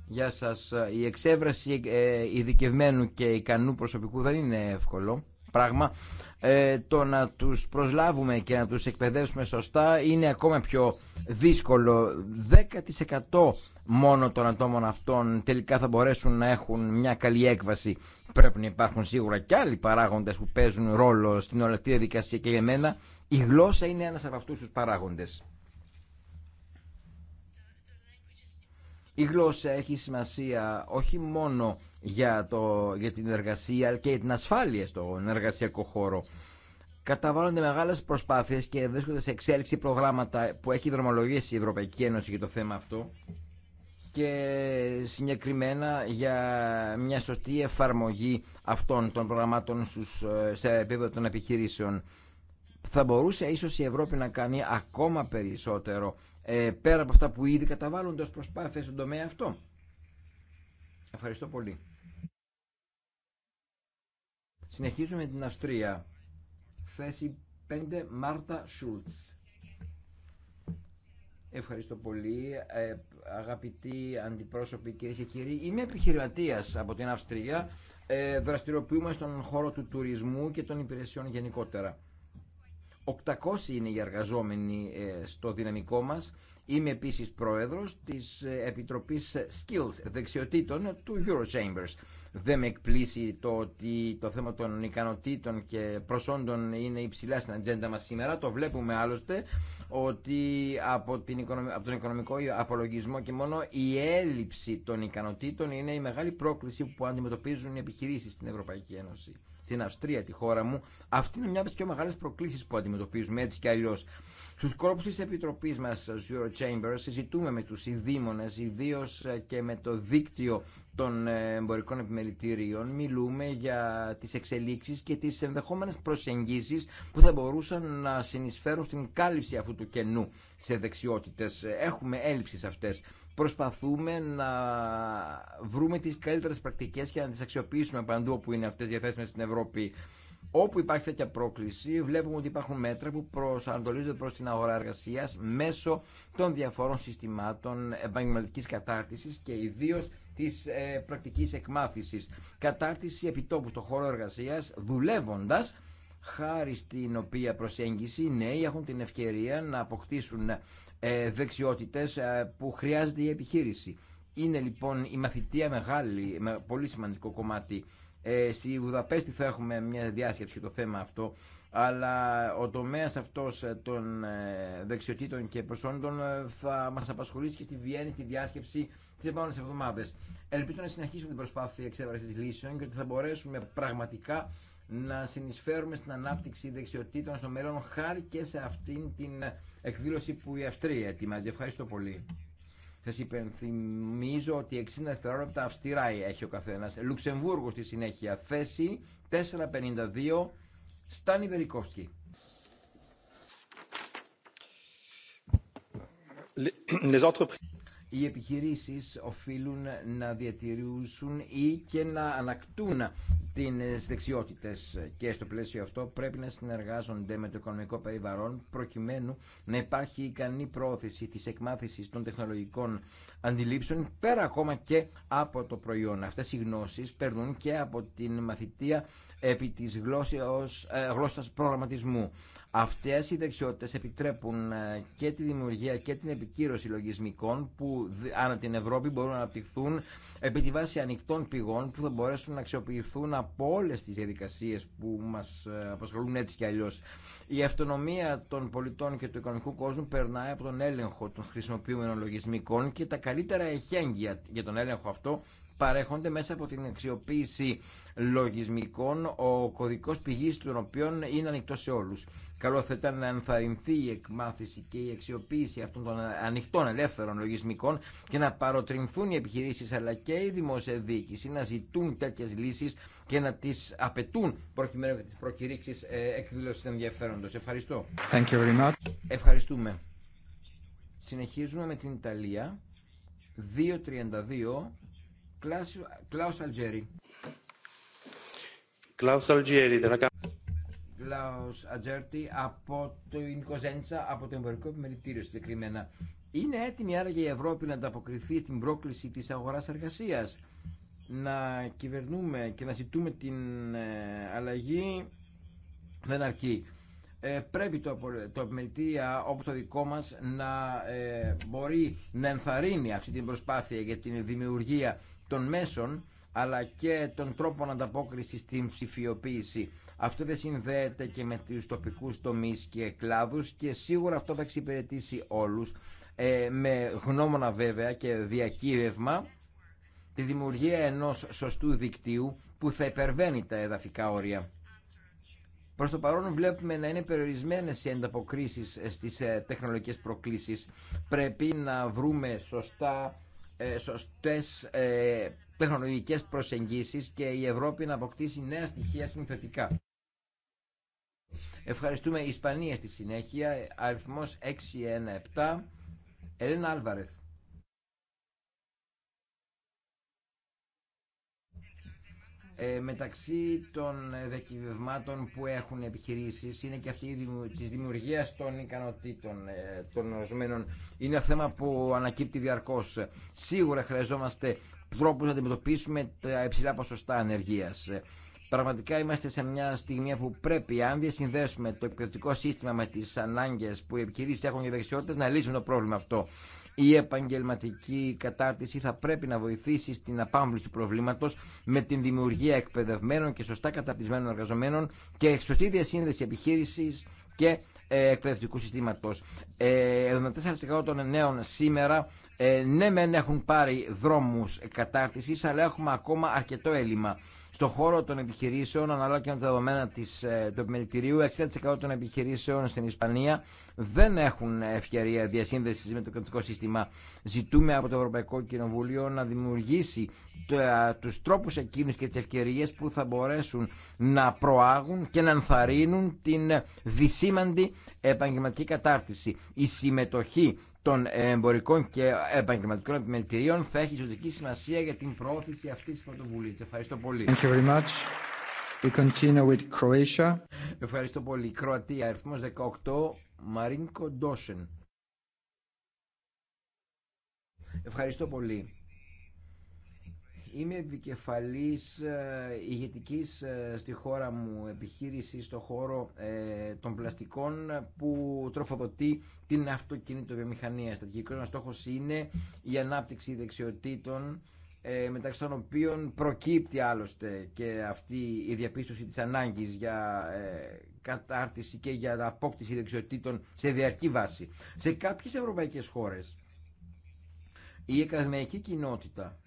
Γεια σας. Η εξέβραση ε, ειδικευμένου και ικανού προσωπικού δεν είναι εύκολο πράγμα. Ε, το να τους προσλάβουμε και να τους εκπαιδεύσουμε σωστά είναι ακόμα πιο δύσκολο. 10% μόνο των ατόμων αυτών τελικά θα μπορέσουν να έχουν μια καλή έκβαση. Πρέπει να υπάρχουν σίγουρα και άλλοι παράγοντες που παίζουν ρόλο στην όλη διαδικασία και για μένα η γλώσσα είναι ένας από αυτούς τους παράγοντες. Η γλώσσα έχει σημασία όχι μόνο για, το, για την εργασία και την ασφάλεια στον εργασιακό χώρο. Καταβάλλονται μεγάλες προσπάθειες και βρίσκονται σε εξέλιξη προγράμματα που έχει δρομολογήσει η Ευρωπαϊκή Ένωση για το θέμα αυτό και συγκεκριμένα για μια σωστή εφαρμογή αυτών των προγραμμάτων στους, ε, σε επίπεδο των επιχειρήσεων. Θα μπορούσε ίσως η Ευρώπη να κάνει ακόμα περισσότερο ε, πέρα από αυτά που ήδη καταβάλλονται ως προσπάθειες στον τομέα αυτό. Ευχαριστώ πολύ. Συνεχίζουμε την Αυστρία. Φέση 5 Μάρτα Σούλτς. Ευχαριστώ πολύ. Ε, αγαπητοί αντιπρόσωποι κυρίε και κύριοι, είμαι επιχειρηματία από την Αυστρία. Ε, δραστηριοποιούμε στον χώρο του τουρισμού και των υπηρεσιών γενικότερα. 800 είναι οι εργαζόμενοι ε, στο δυναμικό μας Είμαι επίσης πρόεδρος της ε, Επιτροπής Skills δεξιοτήτων του Eurochambers. Δεν με εκπλήσει το ότι το θέμα των ικανοτήτων και προσόντων είναι υψηλά στην ατζέντα μας σήμερα. Το βλέπουμε άλλωστε ότι από, την τον οικονομικό απολογισμό και μόνο η έλλειψη των ικανοτήτων είναι η μεγάλη πρόκληση που αντιμετωπίζουν οι επιχειρήσεις στην Ευρωπαϊκή Ένωση. Στην Αυστρία, τη χώρα μου, αυτή είναι μια από τι πιο μεγάλε προκλήσει που αντιμετωπίζουμε έτσι κι αλλιώ. Στους κόρπους της Επιτροπής μας στους Euro συζητούμε με τους ειδήμονες, ιδίω ε, και με το δίκτυο των ε, εμπορικών επιμελητήριων. Μιλούμε για τις εξελίξεις και τις ενδεχόμενες προσεγγίσεις που θα μπορούσαν να συνεισφέρουν στην κάλυψη αυτού του κενού σε δεξιότητες. Έχουμε έλλειψη σε αυτές. Προσπαθούμε να βρούμε τις καλύτερες πρακτικές και να τις αξιοποιήσουμε παντού όπου είναι αυτές διαθέσιμες στην Ευρώπη. Όπου υπάρχει τέτοια πρόκληση, βλέπουμε ότι υπάρχουν μέτρα που προσανατολίζονται προ την αγορά εργασία μέσω των διαφόρων συστημάτων επαγγελματική κατάρτιση και ιδίω τη ε, πρακτική εκμάθηση. Κατάρτιση επιτόπου στον χώρο εργασία, δουλεύοντα, χάρη στην οποία προσέγγιση οι νέοι έχουν την ευκαιρία να αποκτήσουν ε, δεξιότητε ε, που χρειάζεται η επιχείρηση. Είναι λοιπόν η μαθητεία μεγάλη, πολύ σημαντικό κομμάτι ε, στη Βουδαπέστη θα έχουμε μια διάσκεψη για το θέμα αυτό, αλλά ο τομέα αυτό ε, των ε, δεξιοτήτων και προσόντων ε, θα μα απασχολήσει και στη Βιέννη τη διάσκεψη τις επόμενες εβδομάδε. Ελπίζω να συνεχίσουμε την προσπάθεια εξέβραση λύσεων και ότι θα μπορέσουμε πραγματικά να συνεισφέρουμε στην ανάπτυξη δεξιοτήτων στο μέλλον χάρη και σε αυτήν την εκδήλωση που η Αυστρία ετοιμάζει. Ευχαριστώ πολύ. Σα υπενθυμίζω ότι 60 δευτερόλεπτα αυστηρά έχει ο καθένας. Λουξεμβούργο στη συνέχεια θέση 452 Στάνι Βερικόφσκι. Οι επιχειρήσεις οφείλουν να διατηρήσουν ή και να ανακτούν τι δεξιότητες και στο πλαίσιο αυτό πρέπει να συνεργάζονται με το οικονομικό περιβαλλον προκειμένου να υπάρχει ικανή πρόθεση της εκμάθησης των τεχνολογικών αντιλήψεων πέρα ακόμα και από το προϊόν. Αυτές οι γνώσεις περνούν και από την μαθητεία επί της ε, γλώσσας, προγραμματισμού. Αυτές οι δεξιότητες επιτρέπουν ε, και τη δημιουργία και την επικύρωση λογισμικών που ανά την Ευρώπη μπορούν να αναπτυχθούν επί τη βάση ανοιχτών πηγών που θα μπορέσουν να αξιοποιηθούν από όλε τι διαδικασίε που μα ε, απασχολούν έτσι κι αλλιώ. Η αυτονομία των πολιτών και του οικονομικού κόσμου περνάει από τον έλεγχο των χρησιμοποιούμενων λογισμικών και τα καλύτερα εχέγγυα για τον έλεγχο αυτό παρέχονται μέσα από την αξιοποίηση λογισμικών, ο κωδικός πηγής των οποίων είναι ανοιχτό σε όλους. Καλό θα ήταν να ενθαρρυνθεί η εκμάθηση και η αξιοποίηση αυτών των ανοιχτών ελεύθερων λογισμικών και να παροτρινθούν οι επιχειρήσει αλλά και η δημόσια διοίκηση να ζητούν τέτοιε λύσει και να τι απαιτούν προκειμένου για τις προκηρύξεις ε, εκδήλωση ενδιαφέροντο. Ευχαριστώ. Thank you very much. Ευχαριστούμε. Συνεχίζουμε με την Ιταλία. 2.32 Κλάου Αλτζέρι. Κλάους Αλτζιέρη, Ατζέρτη από την Κοζέντσα, από το εμπορικό επιμελητήριο συγκεκριμένα. Είναι έτοιμη άραγε η Ευρώπη να ανταποκριθεί στην πρόκληση της αγοράς εργασίας, να κυβερνούμε και να ζητούμε την ε, αλλαγή δεν αρκεί. Ε, πρέπει το, το όπω όπως το δικό μας να ε, μπορεί να ενθαρρύνει αυτή την προσπάθεια για την δημιουργία των μέσων αλλά και των τρόπων ανταπόκριση στην ψηφιοποίηση. Αυτό δεν συνδέεται και με του τοπικούς τομείς και κλάδους και σίγουρα αυτό θα εξυπηρετήσει όλους ε, με γνώμονα βέβαια και διακύβευμα τη δημιουργία ενός σωστού δικτύου που θα υπερβαίνει τα εδαφικά όρια. Προς το παρόν βλέπουμε να είναι περιορισμένες οι ανταποκρίσεις ε, στις ε, τεχνολογικές προκλήσεις. Πρέπει να βρούμε σωστά, σωστές Τεχνολογικέ προσεγγίσεις και η Ευρώπη να αποκτήσει νέα στοιχεία συνθετικά. Ευχαριστούμε η Ισπανία στη συνέχεια, αριθμός 617, Ελένα Άλβαρεθ. Ε, μεταξύ των δεκιβευμάτων που έχουν επιχειρήσεις είναι και αυτή της δημιουργίας των ικανοτήτων ε, των ορισμένων. Είναι ένα θέμα που ανακύπτει διαρκώς. Σίγουρα χρειαζόμαστε τρόπους να αντιμετωπίσουμε τα υψηλά ποσοστά ανεργίας. Ε, πραγματικά είμαστε σε μια στιγμή που πρέπει, αν διασυνδέσουμε το εκπαιδευτικό σύστημα με τι ανάγκε που οι επιχειρήσεις έχουν για να λύσουμε το πρόβλημα αυτό. Η επαγγελματική κατάρτιση θα πρέπει να βοηθήσει στην απάμβληση του προβλήματο με την δημιουργία εκπαιδευμένων και σωστά καταρτισμένων εργαζομένων και σωστή διασύνδεση επιχείρηση και ε, εκπαιδευτικού συστήματο. 74% ε, των νέων σήμερα ε, ναι, μεν έχουν πάρει δρόμου κατάρτιση, αλλά έχουμε ακόμα αρκετό έλλειμμα. Το χώρο των επιχειρήσεων, ανάλογα και τα δεδομένα της, ε, του επιμελητηρίου, 60% των επιχειρήσεων στην Ισπανία δεν έχουν ευκαιρία διασύνδεση με το κρατικό σύστημα. Ζητούμε από το Ευρωπαϊκό Κοινοβούλιο να δημιουργήσει ε, του τρόπου εκείνου και τι ευκαιρίε που θα μπορέσουν να προάγουν και να ενθαρρύνουν την δυσήμαντη επαγγελματική κατάρτιση. Η συμμετοχή των εμπορικών και επαγγελματικών επιμελητηρίων θα έχει ζωτική σημασία για την προώθηση αυτής της πρωτοβουλίας. Ευχαριστώ πολύ. Thank you We continue with Croatia. Ευχαριστώ πολύ. Κροατία, αριθμός 18, Μαρίνκο Ντόσεν. Ευχαριστώ πολύ. Είμαι επικεφαλής ε, ηγετικής ε, στη χώρα μου επιχείρηση στο χώρο ε, των πλαστικών που τροφοδοτεί την αυτοκινητοβιομηχανία. βιομηχανία. μας στόχος είναι η ανάπτυξη δεξιοτήτων μεταξύ των οποίων προκύπτει άλλωστε και αυτή η διαπίστωση της ανάγκης για κατάρτιση και για απόκτηση δεξιοτήτων σε διαρκή βάση. Σε κάποιες ευρωπαϊκές χώρες η ακαδημαϊκή κοινότητα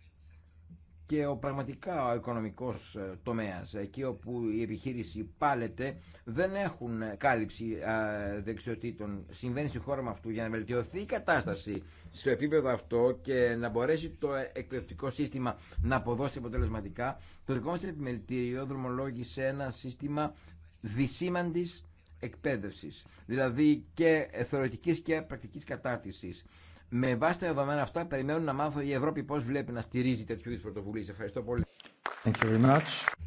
και ο πραγματικά ο οικονομικός ε, τομέας, εκεί όπου η επιχείρηση πάλεται, δεν έχουν κάλυψη ε, δεξιοτήτων. Συμβαίνει στη χώρα με αυτού για να βελτιωθεί η κατάσταση στο επίπεδο αυτό και να μπορέσει το εκπαιδευτικό σύστημα να αποδώσει αποτελεσματικά. Το δικό μας επιμελητήριο δρομολόγησε ένα σύστημα δυσήμαντης εκπαίδευσης, δηλαδή και θεωρητικής και πρακτικής κατάρτισης. Με βάση τα δεδομένα αυτά, περιμένω να μάθω η Ευρώπη πώ βλέπει να στηρίζει τέτοιου είδου πρωτοβουλίε. Ευχαριστώ πολύ.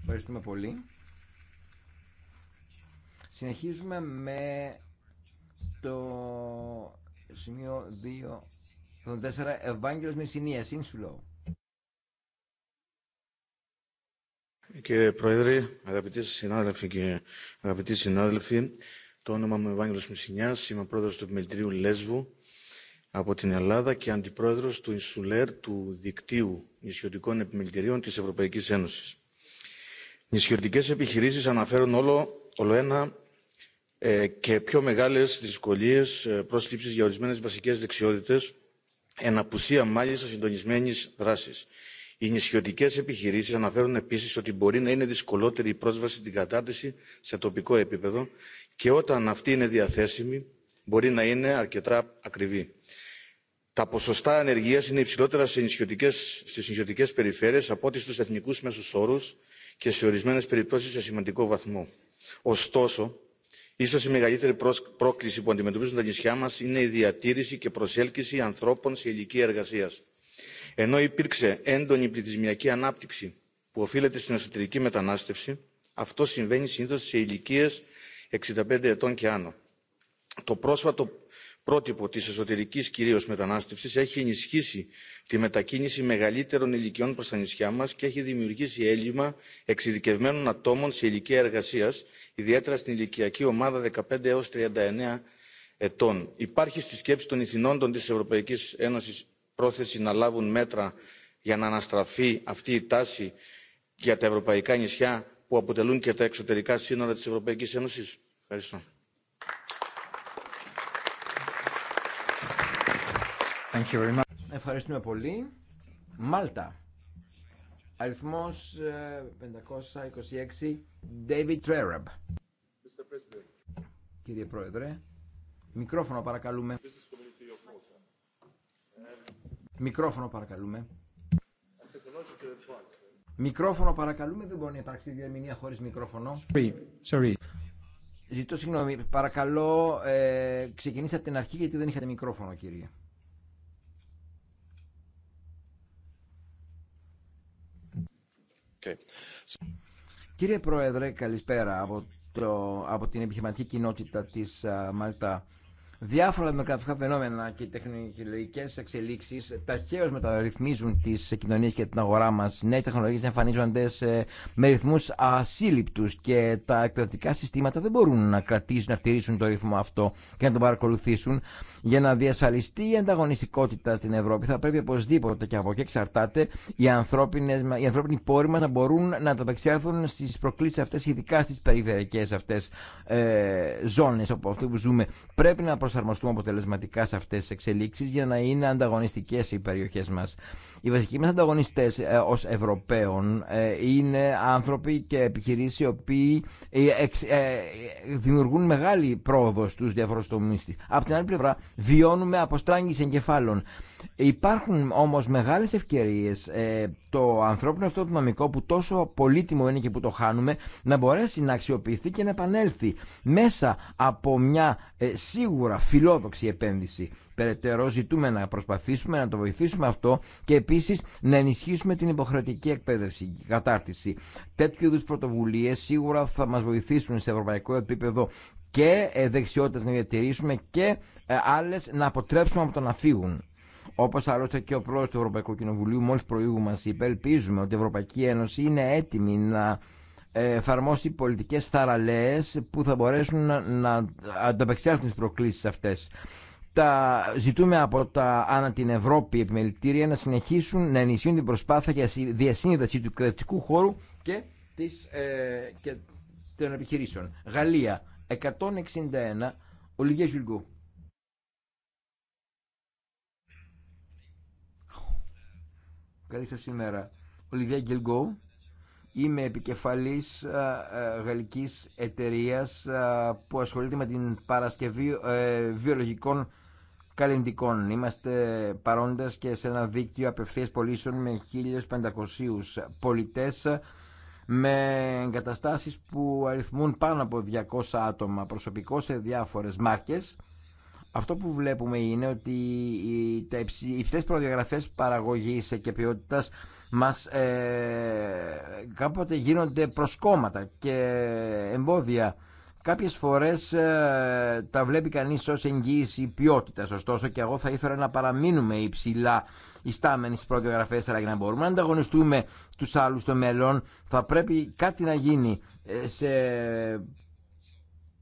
Ευχαριστούμε πολύ. Συνεχίζουμε με το σημείο 2, το 4, Ευάγγελος Μυρσινίας, Ινσουλό. Κύριε Πρόεδρε, αγαπητοί συνάδελφοι και αγαπητοί συνάδελφοι, το όνομα μου είναι Ευάγγελος Μυρσινιάς, είμαι πρόεδρος του Επιμελητηρίου Λέσβου από την Ελλάδα και αντιπρόεδρος του Ινσουλέρ του Δικτύου Νησιωτικών Επιμελητηρίων της Ευρωπαϊκής Ένωσης. Νησιωτικές επιχειρήσεις αναφέρουν όλο, όλο ένα ε, και πιο μεγάλες δυσκολίες ε, για ορισμένες βασικές δεξιότητες, εν απουσία μάλιστα συντονισμένη δράση. Οι νησιωτικέ επιχειρήσει αναφέρουν επίση ότι μπορεί να είναι δυσκολότερη η πρόσβαση στην κατάρτιση σε τοπικό επίπεδο και όταν αυτή είναι διαθέσιμη μπορεί να είναι αρκετά ακριβή τα ποσοστά ανεργίας είναι υψηλότερα στις νησιωτικές περιφέρειες από ό,τι στους εθνικούς μέσους όρους και σε ορισμένες περιπτώσεις σε σημαντικό βαθμό. ωστόσο ίσως η μεγαλύτερη πρόκληση που αντιμετωπίζουν τα νησιά μας είναι η διατήρηση και προσέλκυση ανθρώπων σε ηλικία εργασία. ενώ υπήρξε έντονη πληθυσμιακή ανάπτυξη που οφείλεται στην εσωτερική μετανάστευση αυτό συμβαίνει συνήθω σε ηλικίε 65 ετών και άνω. το πρόσφατο πρότυπο της εσωτερικής κυρίως μετανάστευσης έχει ενισχύσει τη μετακίνηση μεγαλύτερων ηλικιών προς τα νησιά μας και έχει δημιουργήσει έλλειμμα εξειδικευμένων ατόμων σε ηλικία εργασίας ιδιαίτερα στην ηλικιακή ομάδα 15 έως 39 ετών. Υπάρχει στη σκέψη των ηθινόντων της Ευρωπαϊκής Ένωσης πρόθεση να λάβουν μέτρα για να αναστραφεί αυτή η τάση για τα ευρωπαϊκά νησιά που αποτελούν και τα εξωτερικά σύνορα της Ευρωπαϊκής Ένωσης. Ευχαριστώ. Ευχαριστούμε πολύ. Μάλτα. Αριθμό 526, ε, David Trerab. Κύριε Πρόεδρε, μικρόφωνο παρακαλούμε. Ε, μικρόφωνο παρακαλούμε. Μικρόφωνο παρακαλούμε, δεν μπορεί να υπάρξει διερμηνία χωρί μικρόφωνο. Sorry. Ζητώ συγγνώμη, παρακαλώ ε, ξεκινήστε από την αρχή γιατί δεν είχατε μικρόφωνο κύριε. Κύριε Πρόεδρε, καλησπέρα από, το, από την επιχειρηματική κοινότητα της Μαλτά. Διάφορα δημοκρατικά φαινόμενα και οι τεχνολογικέ εξελίξει ταχαίω μεταρρυθμίζουν τι κοινωνίε και την αγορά μα. Νέε τεχνολογίε εμφανίζονται σε, με ρυθμού ασύλληπτου και τα εκπαιδευτικά συστήματα δεν μπορούν να κρατήσουν, να τηρήσουν το ρυθμό αυτό και να τον παρακολουθήσουν. Για να διασφαλιστεί η ανταγωνιστικότητα στην Ευρώπη, θα πρέπει οπωσδήποτε και από εκεί εξαρτάται οι, οι ανθρώπινοι πόροι μα να μπορούν να ανταπεξέλθουν στι προκλήσει αυτέ, ειδικά στι περιφερειακέ αυτέ ε, ζώνε όπου που ζούμε. Πρέπει να προσαρμοστούμε αποτελεσματικά σε αυτές τις εξελίξεις για να είναι ανταγωνιστικές οι περιοχές μας. Οι βασικοί μας ανταγωνιστές ε, ως Ευρωπαίων ε, είναι άνθρωποι και επιχειρήσει οι οποίοι ε, ε, δημιουργούν μεγάλη πρόοδο στους διαφορου τομείς Από την άλλη πλευρά βιώνουμε αποστράγγιση εγκεφάλων. Υπάρχουν όμως μεγάλες ευκαιρίες το ανθρώπινο αυτό δυναμικό που τόσο πολύτιμο είναι και που το χάνουμε να μπορέσει να αξιοποιηθεί και να επανέλθει μέσα από μια ε, σίγουρα φιλόδοξη επένδυση. Περαιτέρω ζητούμε να προσπαθήσουμε να το βοηθήσουμε αυτό και επίσης να ενισχύσουμε την υποχρεωτική εκπαίδευση και κατάρτιση. Τέτοιου είδου πρωτοβουλίε σίγουρα θα μας βοηθήσουν σε ευρωπαϊκό επίπεδο και ε, δεξιότητες να διατηρήσουμε και ε, άλλες να αποτρέψουμε από το να φύγουν. Όπω άλλωστε και ο πρόεδρο του Ευρωπαϊκού Κοινοβουλίου μόλι προηγού μα, είπε, ελπίζουμε ότι η Ευρωπαϊκή Ένωση είναι έτοιμη να ε, εφαρμόσει πολιτικέ θαραλέε που θα μπορέσουν να, να ανταπεξέλθουν στις προκλήσεις αυτές. Τα, ζητούμε από τα Άνα την Ευρώπη επιμελητήρια να συνεχίσουν να ενισχύουν την προσπάθεια για διασύνδεση του κρατικού χώρου και, της, ε, και των επιχειρήσεων. Γαλλία, 161, ολυγέ Ζουλγκού. Καλή σας ημέρα. Ολιβιά Γκυλγκό. Είμαι επικεφαλής ε, ε, γαλλικής εταιρείας ε, που ασχολείται με την παρασκευή βιολογικών καλλιντικών. Είμαστε παρόντες και σε ένα δίκτυο απευθείας πωλήσεων με 1.500 πολιτές με εγκαταστάσεις που αριθμούν πάνω από 200 άτομα προσωπικό σε διάφορες μάρκες αυτό που βλέπουμε είναι ότι οι υψηλές προδιαγραφές παραγωγής και ποιότητας μας ε, κάποτε γίνονται προσκόμματα και εμπόδια. Κάποιες φορές ε, τα βλέπει κανείς ως εγγύηση ποιότητας, ωστόσο και εγώ θα ήθελα να παραμείνουμε υψηλά ιστάμενοι στις προδιογραφές, αλλά για να μπορούμε να ανταγωνιστούμε τους άλλους στο μέλλον θα πρέπει κάτι να γίνει ε, σε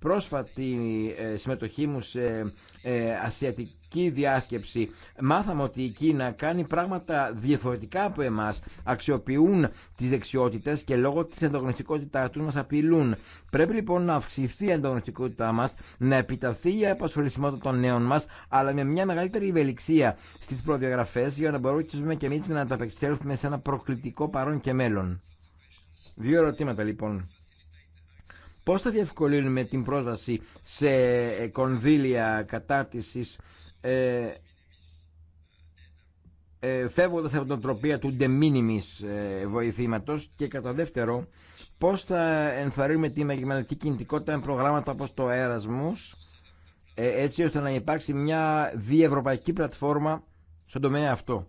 πρόσφατη ε, συμμετοχή μου σε ε, ασιατική διάσκεψη μάθαμε ότι η Κίνα κάνει πράγματα διαφορετικά από εμάς αξιοποιούν τις δεξιότητες και λόγω της ενδογνωστικότητάς τους μας απειλούν πρέπει λοιπόν να αυξηθεί η ενδογνωστικότητά μας να επιταθεί η απασχολησιμότητα των νέων μας αλλά με μια μεγαλύτερη ευελιξία στις προδιαγραφές για να μπορούμε και εμείς να ανταπεξέλθουμε σε ένα προκλητικό παρόν και μέλλον Δύο ερωτήματα λοιπόν Πώς θα διευκολύνουμε την πρόσβαση σε ε, κονδύλια κατάρτισης ε, ε, από την τροπία του de ε, βοηθήματος και κατά δεύτερο πώς θα ενθαρρύνουμε τη μαγειμενική κινητικότητα με προγράμματα όπως το Erasmus ε, έτσι ώστε να υπάρξει μια διευρωπαϊκή πλατφόρμα στον τομέα αυτό.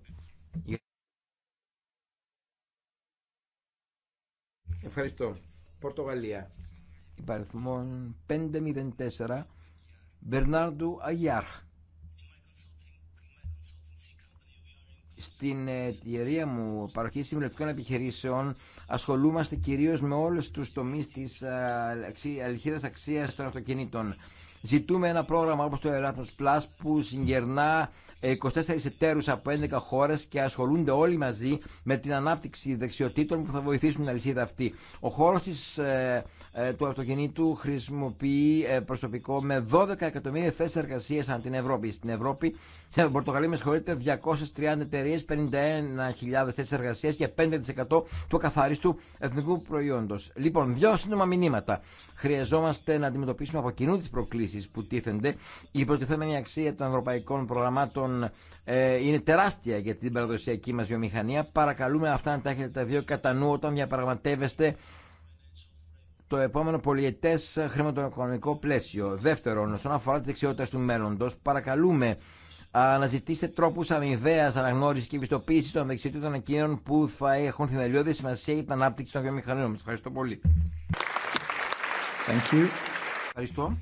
Ευχαριστώ. Πορτογαλία υπαριθμό 504 Μπερνάρντου Αγιάρ. Στην εταιρεία μου παροχή συμβουλευτικών επιχειρήσεων ασχολούμαστε κυρίως με όλους τους τομείς της ε, αλυσίδας αξίας των αυτοκινήτων. Ζητούμε ένα πρόγραμμα όπως το Erasmus Plus που συγκερνά 24 ε, εταίρου από 11 χώρες και ασχολούνται όλοι μαζί με την ανάπτυξη δεξιοτήτων που θα βοηθήσουν την αλυσίδα αυτή. Ο χώρος της, ε, ε, του αυτοκινήτου χρησιμοποιεί προσωπικό με 12 εκατομμύρια θέσεις εργασίας ανά την Ευρώπη. Στην Ευρώπη, Σε Πορτογαλία με συγχωρείτε, 230 εταιρείε, 51.000 θέσεις εργασίας και 5% του καθαρίστου εθνικού προϊόντος. Λοιπόν, δύο σύντομα μηνύματα. Χρειαζόμαστε να αντιμετωπίσουμε από κοινού τις προκλήσεις που τίθενται. Η προστιθέμενη αξία των ευρωπαϊκών προγραμμάτων ε, είναι τεράστια για την παραδοσιακή μα βιομηχανία. Παρακαλούμε αυτά να τα έχετε τα δύο κατά νου όταν διαπραγματεύεστε το επόμενο πολιετέ χρηματοοικονομικό πλαίσιο. Δεύτερον, όσον αφορά τι δεξιότητε του μέλλοντο, παρακαλούμε να ζητήσετε τρόπου αμοιβαία αναγνώριση και επιστοποίηση των δεξιότητων εκείνων που θα έχουν θεμελιώδη σημασία για την ανάπτυξη των βιομηχανίων. Ευχαριστώ πολύ. Thank you. Ευχαριστώ.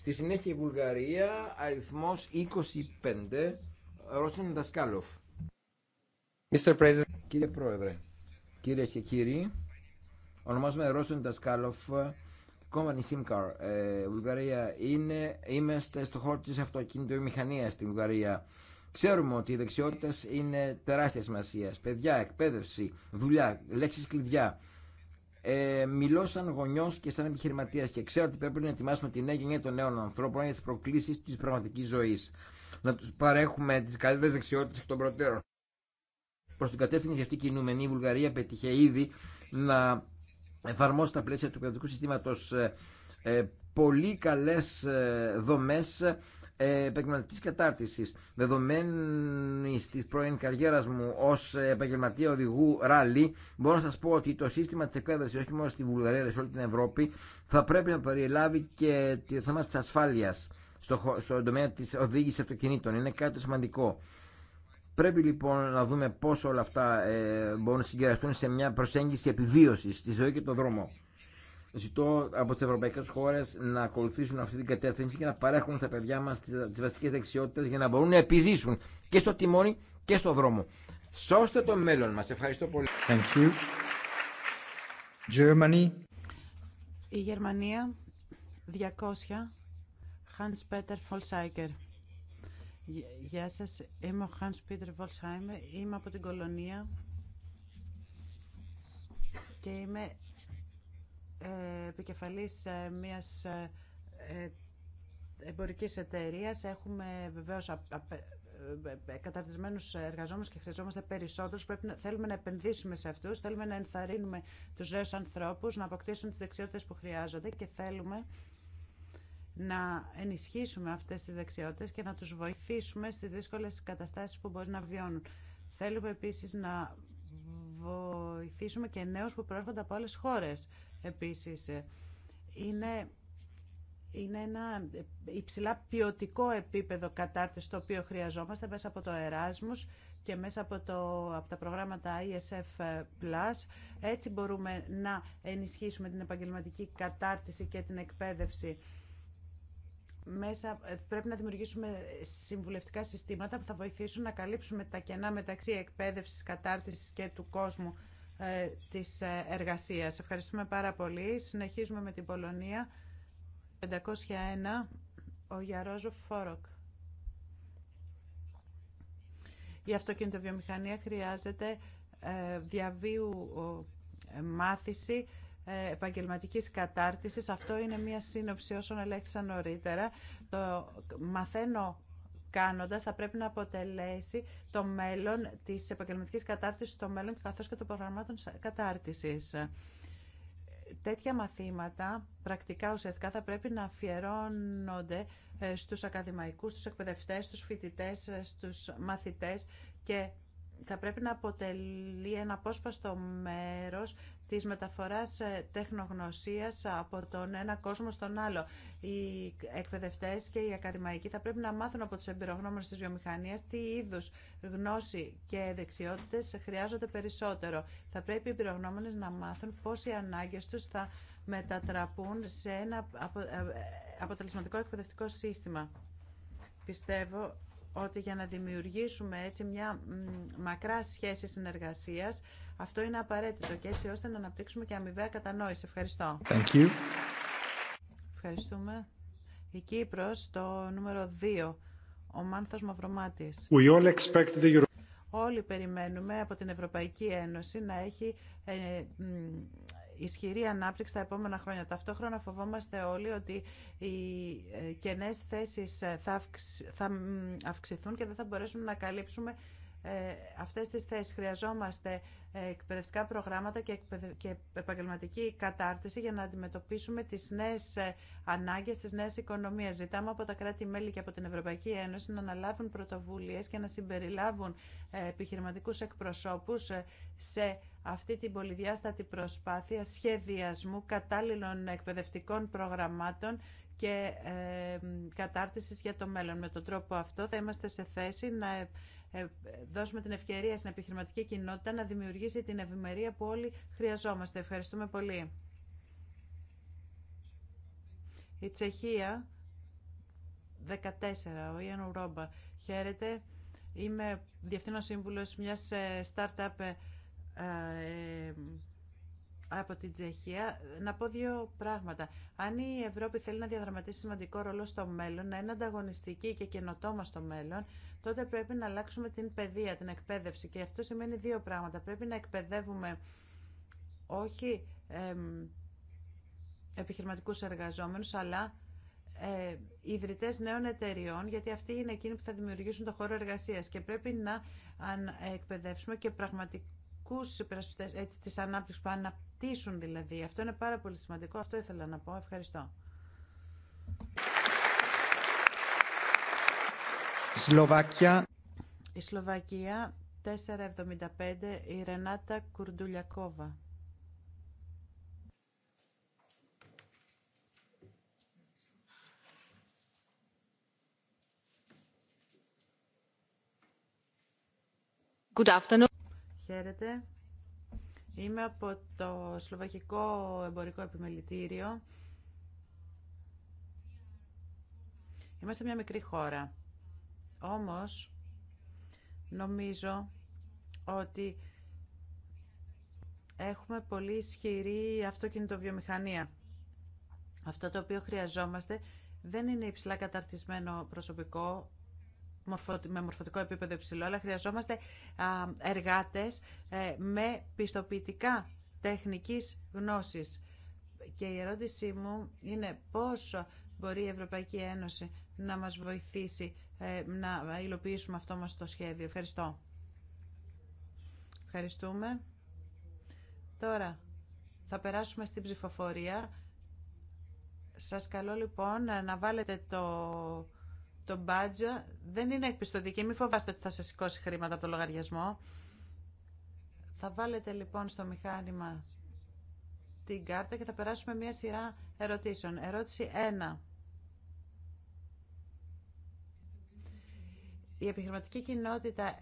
Στη συνέχεια η Βουλγαρία, αριθμός 25, Ρώσαν Δασκάλοφ. Κύριε Πρόεδρε, κύριε και κύριοι, ονομάζομαι Ρώσαν Δασκάλοφ, κόμμανι Σίμκαρ. ε, Βουλγαρία. Είναι, είμαστε στο χώρο της αυτοκινητοβιομηχανίας στην Βουλγαρία. Ξέρουμε ότι οι δεξιότητε είναι τεράστια σημασία. Παιδιά, εκπαίδευση, δουλειά, λέξει κλειδιά ε, μιλώ σαν γονιό και σαν επιχειρηματία και ξέρω ότι πρέπει να ετοιμάσουμε την νέα γενιά των νέων ανθρώπων για τι προκλήσει τη πραγματική ζωή. Να του παρέχουμε τι καλύτερε δεξιότητε εκ των προτέρων. Προ την κατεύθυνση αυτή κινούμενη, η Βουλγαρία πετύχε ήδη να εφαρμόσει τα πλαίσια του παιδικού συστήματο ε, ε, πολύ καλέ ε, δομέ επαγγελματική κατάρτιση. Δεδομένη τη πρώην καριέρα μου ω επαγγελματία οδηγού ράλι, μπορώ να σα πω ότι το σύστημα τη εκπαίδευση, όχι μόνο στη Βουλγαρία, αλλά σε όλη την Ευρώπη, θα πρέπει να περιλάβει και το θέμα τη ασφάλεια στο, στον τομέα τη οδήγηση αυτοκινήτων. Είναι κάτι σημαντικό. Πρέπει λοιπόν να δούμε πώ όλα αυτά ε, μπορούν να συγκεραστούν σε μια προσέγγιση επιβίωση στη ζωή και τον δρόμο. Ζητώ από τι ευρωπαϊκέ χώρε να ακολουθήσουν αυτή την κατεύθυνση και να παρέχουν στα παιδιά μα τι βασικέ δεξιότητε για να μπορούν να επιζήσουν και στο τιμόνι και στο δρόμο. Σώστε το μέλλον μα. Ευχαριστώ πολύ. Thank you. Germany. Η Γερμανία 200. Hans Peter Volsheimer. Γεια σα. είμαι ο Hans Peter Volsheimer, είμαι από την Κολονία και είμαι επικεφαλής ε, μιας ε, εμπορικής εταιρείας. Έχουμε βεβαίως ε, καταρτισμένους εργαζόμενους και χρειαζόμαστε περισσότερους. Πρέπει να, θέλουμε να επενδύσουμε σε αυτούς, θέλουμε να ενθαρρύνουμε τους νέους ανθρώπους να αποκτήσουν τις δεξιότητες που χρειάζονται και θέλουμε να ενισχύσουμε αυτές τις δεξιότητες και να τους βοηθήσουμε στις δύσκολες καταστάσεις που μπορεί να βιώνουν. Θέλουμε επίσης να βοηθήσουμε και νέους που προέρχονται από άλλες χώρες Επίσης, είναι είναι ένα υψηλά ποιοτικό επίπεδο κατάρτιση το οποίο χρειαζόμαστε μέσα από το Εράσμους και μέσα από, το, από τα προγράμματα ISF+. Plus. Έτσι μπορούμε να ενισχύσουμε την επαγγελματική κατάρτιση και την εκπαίδευση. Μέσα, πρέπει να δημιουργήσουμε συμβουλευτικά συστήματα που θα βοηθήσουν να καλύψουμε τα κενά μεταξύ εκπαίδευσης, κατάρτισης και του κόσμου ε, της ε, εργασίας. Ευχαριστούμε πάρα πολύ. Συνεχίζουμε με την Πολωνία. 501, ο Γιαρόζο Φόροκ. Η αυτοκινητοβιομηχανία χρειάζεται ε, διαβίου μάθηση επαγγελματικής κατάρτισης. Αυτό είναι μια σύνοψη όσων ελέγχθησα νωρίτερα. Το μαθαίνω κάνοντας θα πρέπει να αποτελέσει το μέλλον της επαγγελματικής κατάρτισης το μέλλον καθώς και των προγραμμάτων κατάρτισης. Τέτοια μαθήματα, πρακτικά ουσιαστικά, θα πρέπει να αφιερώνονται ε, στους ακαδημαϊκούς, στους εκπαιδευτές, στους φοιτητές, ε, στους μαθητές και θα πρέπει να αποτελεί ένα απόσπαστο μέρος της μεταφοράς ε, τεχνογνωσίας από τον ένα κόσμο στον άλλο. Οι εκπαιδευτές και οι ακαδημαϊκοί θα πρέπει να μάθουν από τους εμπειρογνώμονες της βιομηχανίας τι είδους γνώση και δεξιότητες χρειάζονται περισσότερο. Θα πρέπει οι εμπειρογνώμονες να μάθουν πώς οι ανάγκες τους θα μετατραπούν σε ένα ε, αποτελεσματικό εκπαιδευτικό σύστημα. Πιστεύω ότι για να δημιουργήσουμε έτσι μια μακρά σχέση συνεργασίας αυτό είναι απαραίτητο και έτσι ώστε να αναπτύξουμε και αμοιβαία κατανόηση. Ευχαριστώ. Thank you. Ευχαριστούμε. Η Κύπρος, το νούμερο 2, ο Μάνθος Μαυρομάτης. We all expect the Euro... Όλοι περιμένουμε από την Ευρωπαϊκή Ένωση να έχει ε, ισχυρή ανάπτυξη τα επόμενα χρόνια. Ταυτόχρονα φοβόμαστε όλοι ότι οι ε, κενές θέσεις ε, θα αυξηθούν και δεν θα μπορέσουμε να καλύψουμε αυτές τις θέσεις. Χρειαζόμαστε εκπαιδευτικά προγράμματα και επαγγελματική κατάρτιση για να αντιμετωπίσουμε τις νέες ε, ανάγκες τις νέες οικονομίες. Ζητάμε από τα κράτη-μέλη και από την Ευρωπαϊκή Ένωση να αναλάβουν πρωτοβουλίες και να συμπεριλάβουν ε, επιχειρηματικούς εκπροσώπους ε, σε αυτή την πολυδιάστατη προσπάθεια σχεδιασμού κατάλληλων εκπαιδευτικών προγραμμάτων και κατάρτισης για το μέλλον. Με τον τρόπο αυτό θα είμαστε σε θέση να ε, δώσουμε την ευκαιρία στην επιχειρηματική κοινότητα να δημιουργήσει την ευημερία που όλοι χρειαζόμαστε. Ευχαριστούμε πολύ. Η Τσεχία, 14, ο Ιαν Ρόμπα. Χαίρετε. Είμαι διευθύνων σύμβουλος μιας ε, startup ε, από την Τσεχία να πω δύο πράγματα. Αν η Ευρώπη θέλει να διαδραματίσει σημαντικό ρόλο στο μέλλον, να είναι ανταγωνιστική και καινοτόμα στο μέλλον, τότε πρέπει να αλλάξουμε την παιδεία, την εκπαίδευση. Και αυτό σημαίνει δύο πράγματα. Πρέπει να εκπαιδεύουμε όχι εμ, επιχειρηματικούς εργαζόμενους, αλλά ε, ιδρυτές νέων εταιριών, γιατί αυτοί είναι εκείνοι που θα δημιουργήσουν το χώρο εργασίας και πρέπει να ε, εκπαιδεύσουμε και πραγματικά πραγματικούς υπερασπιστές έτσι, της ανάπτυξης που αναπτύσσουν δηλαδή. Αυτό είναι πάρα πολύ σημαντικό. Αυτό ήθελα να πω. Ευχαριστώ. Σλοβακία. Η Σλοβακία 4,75 η Ρενάτα Κουρντουλιακόβα. Good afternoon. Χαίρετε. Είμαι από το Σλοβακικό Εμπορικό Επιμελητήριο. Είμαστε μια μικρή χώρα. Όμως, νομίζω ότι έχουμε πολύ ισχυρή αυτοκινητοβιομηχανία. Αυτό το οποίο χρειαζόμαστε δεν είναι υψηλά καταρτισμένο προσωπικό, με μορφωτικό επίπεδο υψηλό, αλλά χρειαζόμαστε εργάτες ε, με πιστοποιητικά τεχνικής γνώσης. Και η ερώτησή μου είναι πόσο μπορεί η Ευρωπαϊκή Ένωση να μας βοηθήσει ε, να υλοποιήσουμε αυτό μας το σχέδιο. Ευχαριστώ. Ευχαριστούμε. Τώρα θα περάσουμε στην ψηφοφορία. Σας καλώ λοιπόν να βάλετε το το μπάτζο δεν είναι εκπιστωτική. Μην φοβάστε ότι θα σας σηκώσει χρήματα από το λογαριασμό. Θα βάλετε λοιπόν στο μηχάνημα την κάρτα και θα περάσουμε μια σειρά ερωτήσεων. Ερώτηση 1. Η επιχειρηματική κοινότητα ε,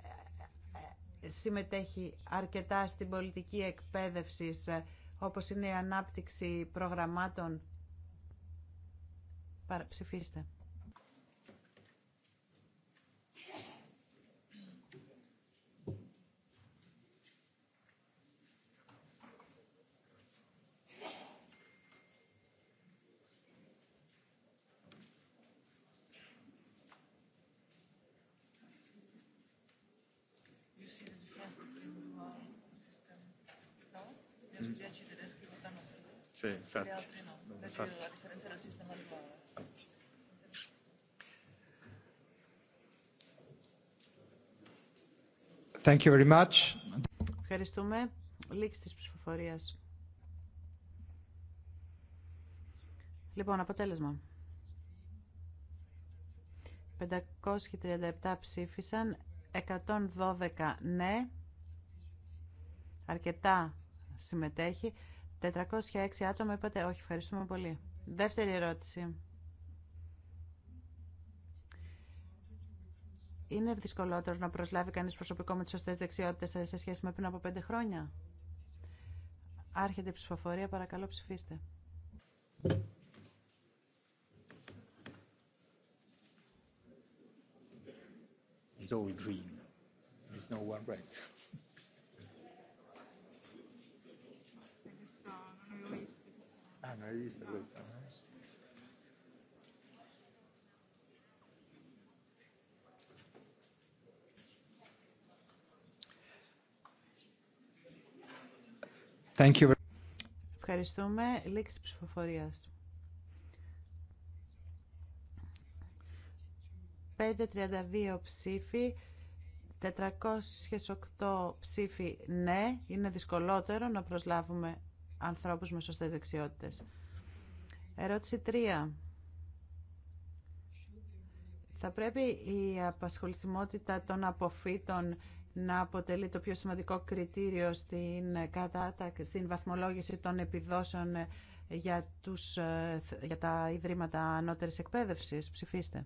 ε, συμμετέχει αρκετά στην πολιτική εκπαίδευση, ε, όπως είναι η ανάπτυξη προγραμμάτων. Ψηφίστε. infatti. infatti. Thank you very much. Ευχαριστούμε. Λήξη της ψηφοφορίας. Λοιπόν, αποτέλεσμα. 537 ψήφισαν, 112 ναι, αρκετά συμμετέχει, 406 άτομα είπατε όχι, ευχαριστούμε πολύ. Δεύτερη ερώτηση. Είναι δυσκολότερο να προσλάβει κανείς προσωπικό με τις σωστές δεξιότητες σε σχέση με πριν από πέντε χρόνια. Άρχεται η ψηφοφορία, παρακαλώ ψηφίστε. It's green. There's no one Thank you. Ευχαριστούμε. Λήξη ψηφοφορίας. 532 ψήφοι, 408 ψήφοι ναι. Είναι δυσκολότερο να προσλάβουμε ανθρώπους με σωστές δεξιότητες. Ερώτηση 3. Θα πρέπει η απασχολησιμότητα των αποφύτων να αποτελεί το πιο σημαντικό κριτήριο στην, στην βαθμολόγηση των επιδόσεων για, τους, ε, για τα Ιδρύματα Ανώτερης Εκπαίδευσης. Ψηφίστε.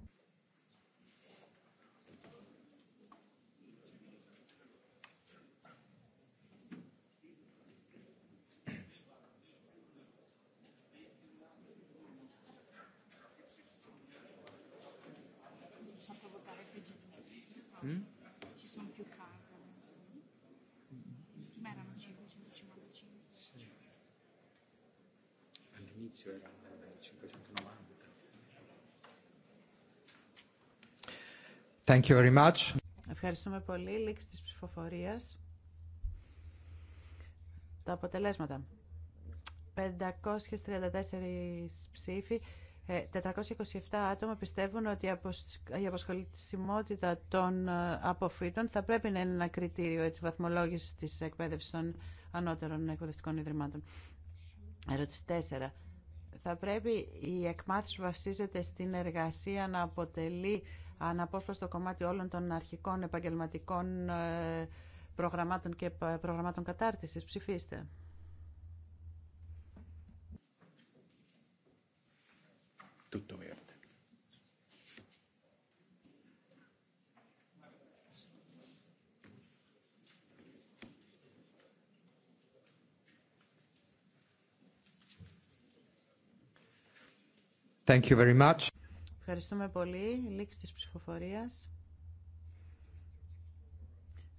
Thank you very much. Ευχαριστούμε πολύ. Λήξη της ψηφοφορίας. Τα αποτελέσματα. 534 ψήφοι. 427 ε, άτομα πιστεύουν ότι η αποσχολησιμότητα των ε, αποφύτων θα πρέπει να είναι ένα κριτήριο έτσι, βαθμολόγησης της εκπαίδευσης των ανώτερων εκπαιδευτικών ιδρυμάτων. Ερώτηση 4. Θα πρέπει η εκμάθηση που βασίζεται στην εργασία να αποτελεί αναπόσπαστο κομμάτι όλων των αρχικών επαγγελματικών ε, προγραμμάτων και προγραμμάτων κατάρτισης. Ψηφίστε. Tutto verde. Thank you very much. Ευχαριστούμε πολύ. Λήξη της ψηφοφορίας.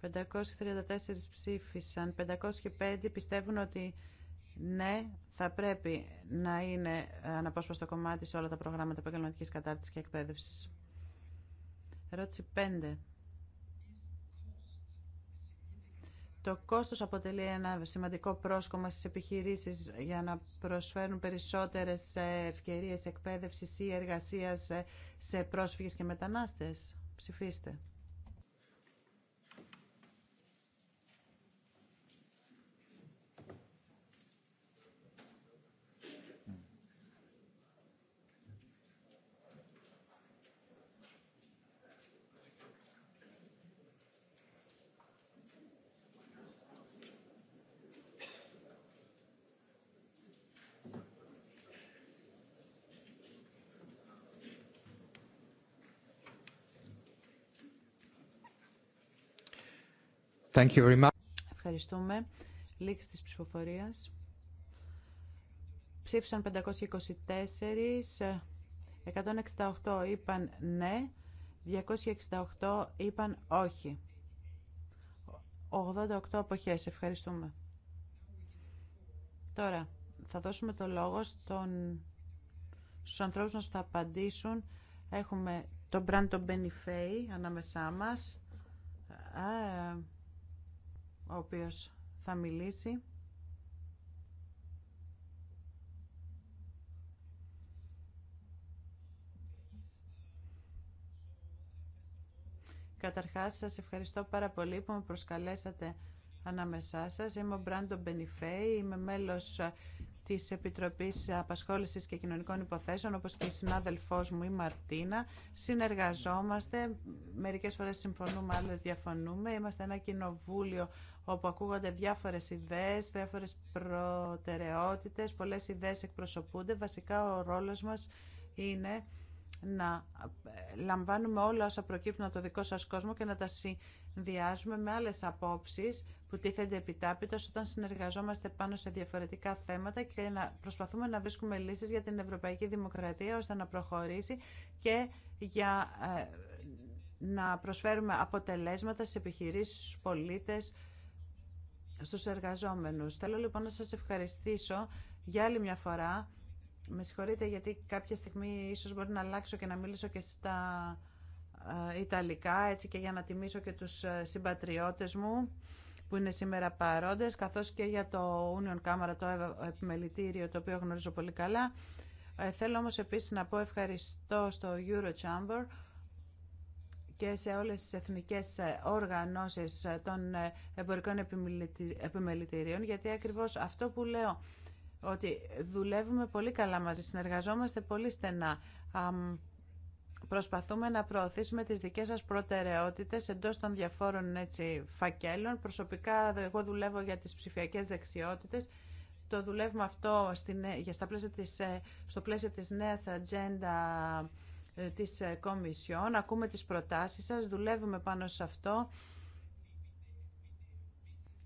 534 ψήφισαν. 505 πιστεύουν ότι ναι, θα πρέπει να είναι αναπόσπαστο κομμάτι σε όλα τα προγράμματα επαγγελματική κατάρτισης και εκπαίδευσης. Ερώτηση 5. Το κόστος αποτελεί ένα σημαντικό πρόσκομα στις επιχειρήσεις για να προσφέρουν περισσότερες ευκαιρίες εκπαίδευσης ή εργασίας σε πρόσφυγες και μετανάστες. Ψηφίστε. Thank you very much. Ευχαριστούμε. Λήξη της ψηφοφορίας. Ψήφισαν 524, 168 είπαν ναι, 268 είπαν όχι. 88 αποχές. Ευχαριστούμε. Τώρα, θα δώσουμε το λόγο στον... στους ανθρώπους μας που θα απαντήσουν. Έχουμε τον Μπράντο Μπενιφέη ανάμεσά μας ο οποίος θα μιλήσει. Καταρχάς, σας ευχαριστώ πάρα πολύ που με προσκαλέσατε ανάμεσά σας. Είμαι ο Μπράντο Μπενιφέη, είμαι μέλος ε, της Επιτροπής Απασχόλησης και Κοινωνικών Υποθέσεων, όπως και η συνάδελφός μου η Μαρτίνα. Συνεργαζόμαστε, μερικές φορές συμφωνούμε, άλλες διαφωνούμε. Είμαστε ένα κοινοβούλιο όπου ακούγονται διάφορες ιδέες, διάφορες προτεραιότητες, πολλές ιδέες εκπροσωπούνται. Βασικά ο ρόλος μας είναι να ε, λαμβάνουμε όλα όσα προκύπτουν από το δικό σας κόσμο και να τα συνδυάζουμε με άλλες απόψεις που τίθενται επιτάπητος όταν συνεργαζόμαστε πάνω σε διαφορετικά θέματα και να προσπαθούμε να βρίσκουμε λύσεις για την Ευρωπαϊκή Δημοκρατία ώστε να προχωρήσει και για ε, να προσφέρουμε αποτελέσματα στις επιχειρήσεις, στους πολίτες, στους εργαζόμενους. Θέλω λοιπόν να σας ευχαριστήσω για άλλη μια φορά. Με συγχωρείτε γιατί κάποια στιγμή ίσως μπορεί να αλλάξω και να μιλήσω και στα ε, Ιταλικά, έτσι και για να τιμήσω και τους ε, συμπατριώτες μου που είναι σήμερα παρόντες, καθώς και για το Union Camera, το επιμελητήριο, το οποίο γνωρίζω πολύ καλά. Ε, θέλω όμως επίσης να πω ευχαριστώ στο Eurochamber, και σε όλες τις εθνικές ε, οργανώσεις ε, των ε, εμπορικών επιμελητηρίων, γιατί ακριβώς αυτό που λέω, ότι δουλεύουμε πολύ καλά μαζί, συνεργαζόμαστε πολύ στενά. Προσπαθούμε να προωθήσουμε τις δικές σας προτεραιότητες εντός των διαφόρων έτσι, φακέλων. Προσωπικά εγώ δουλεύω για τις ψηφιακές δεξιότητες. Το δουλεύουμε αυτό στην, της, στο πλαίσιο της νέας ατζέντα ε, της ε, Κομισιόν. Ακούμε τις προτάσεις σας, δουλεύουμε πάνω σε αυτό.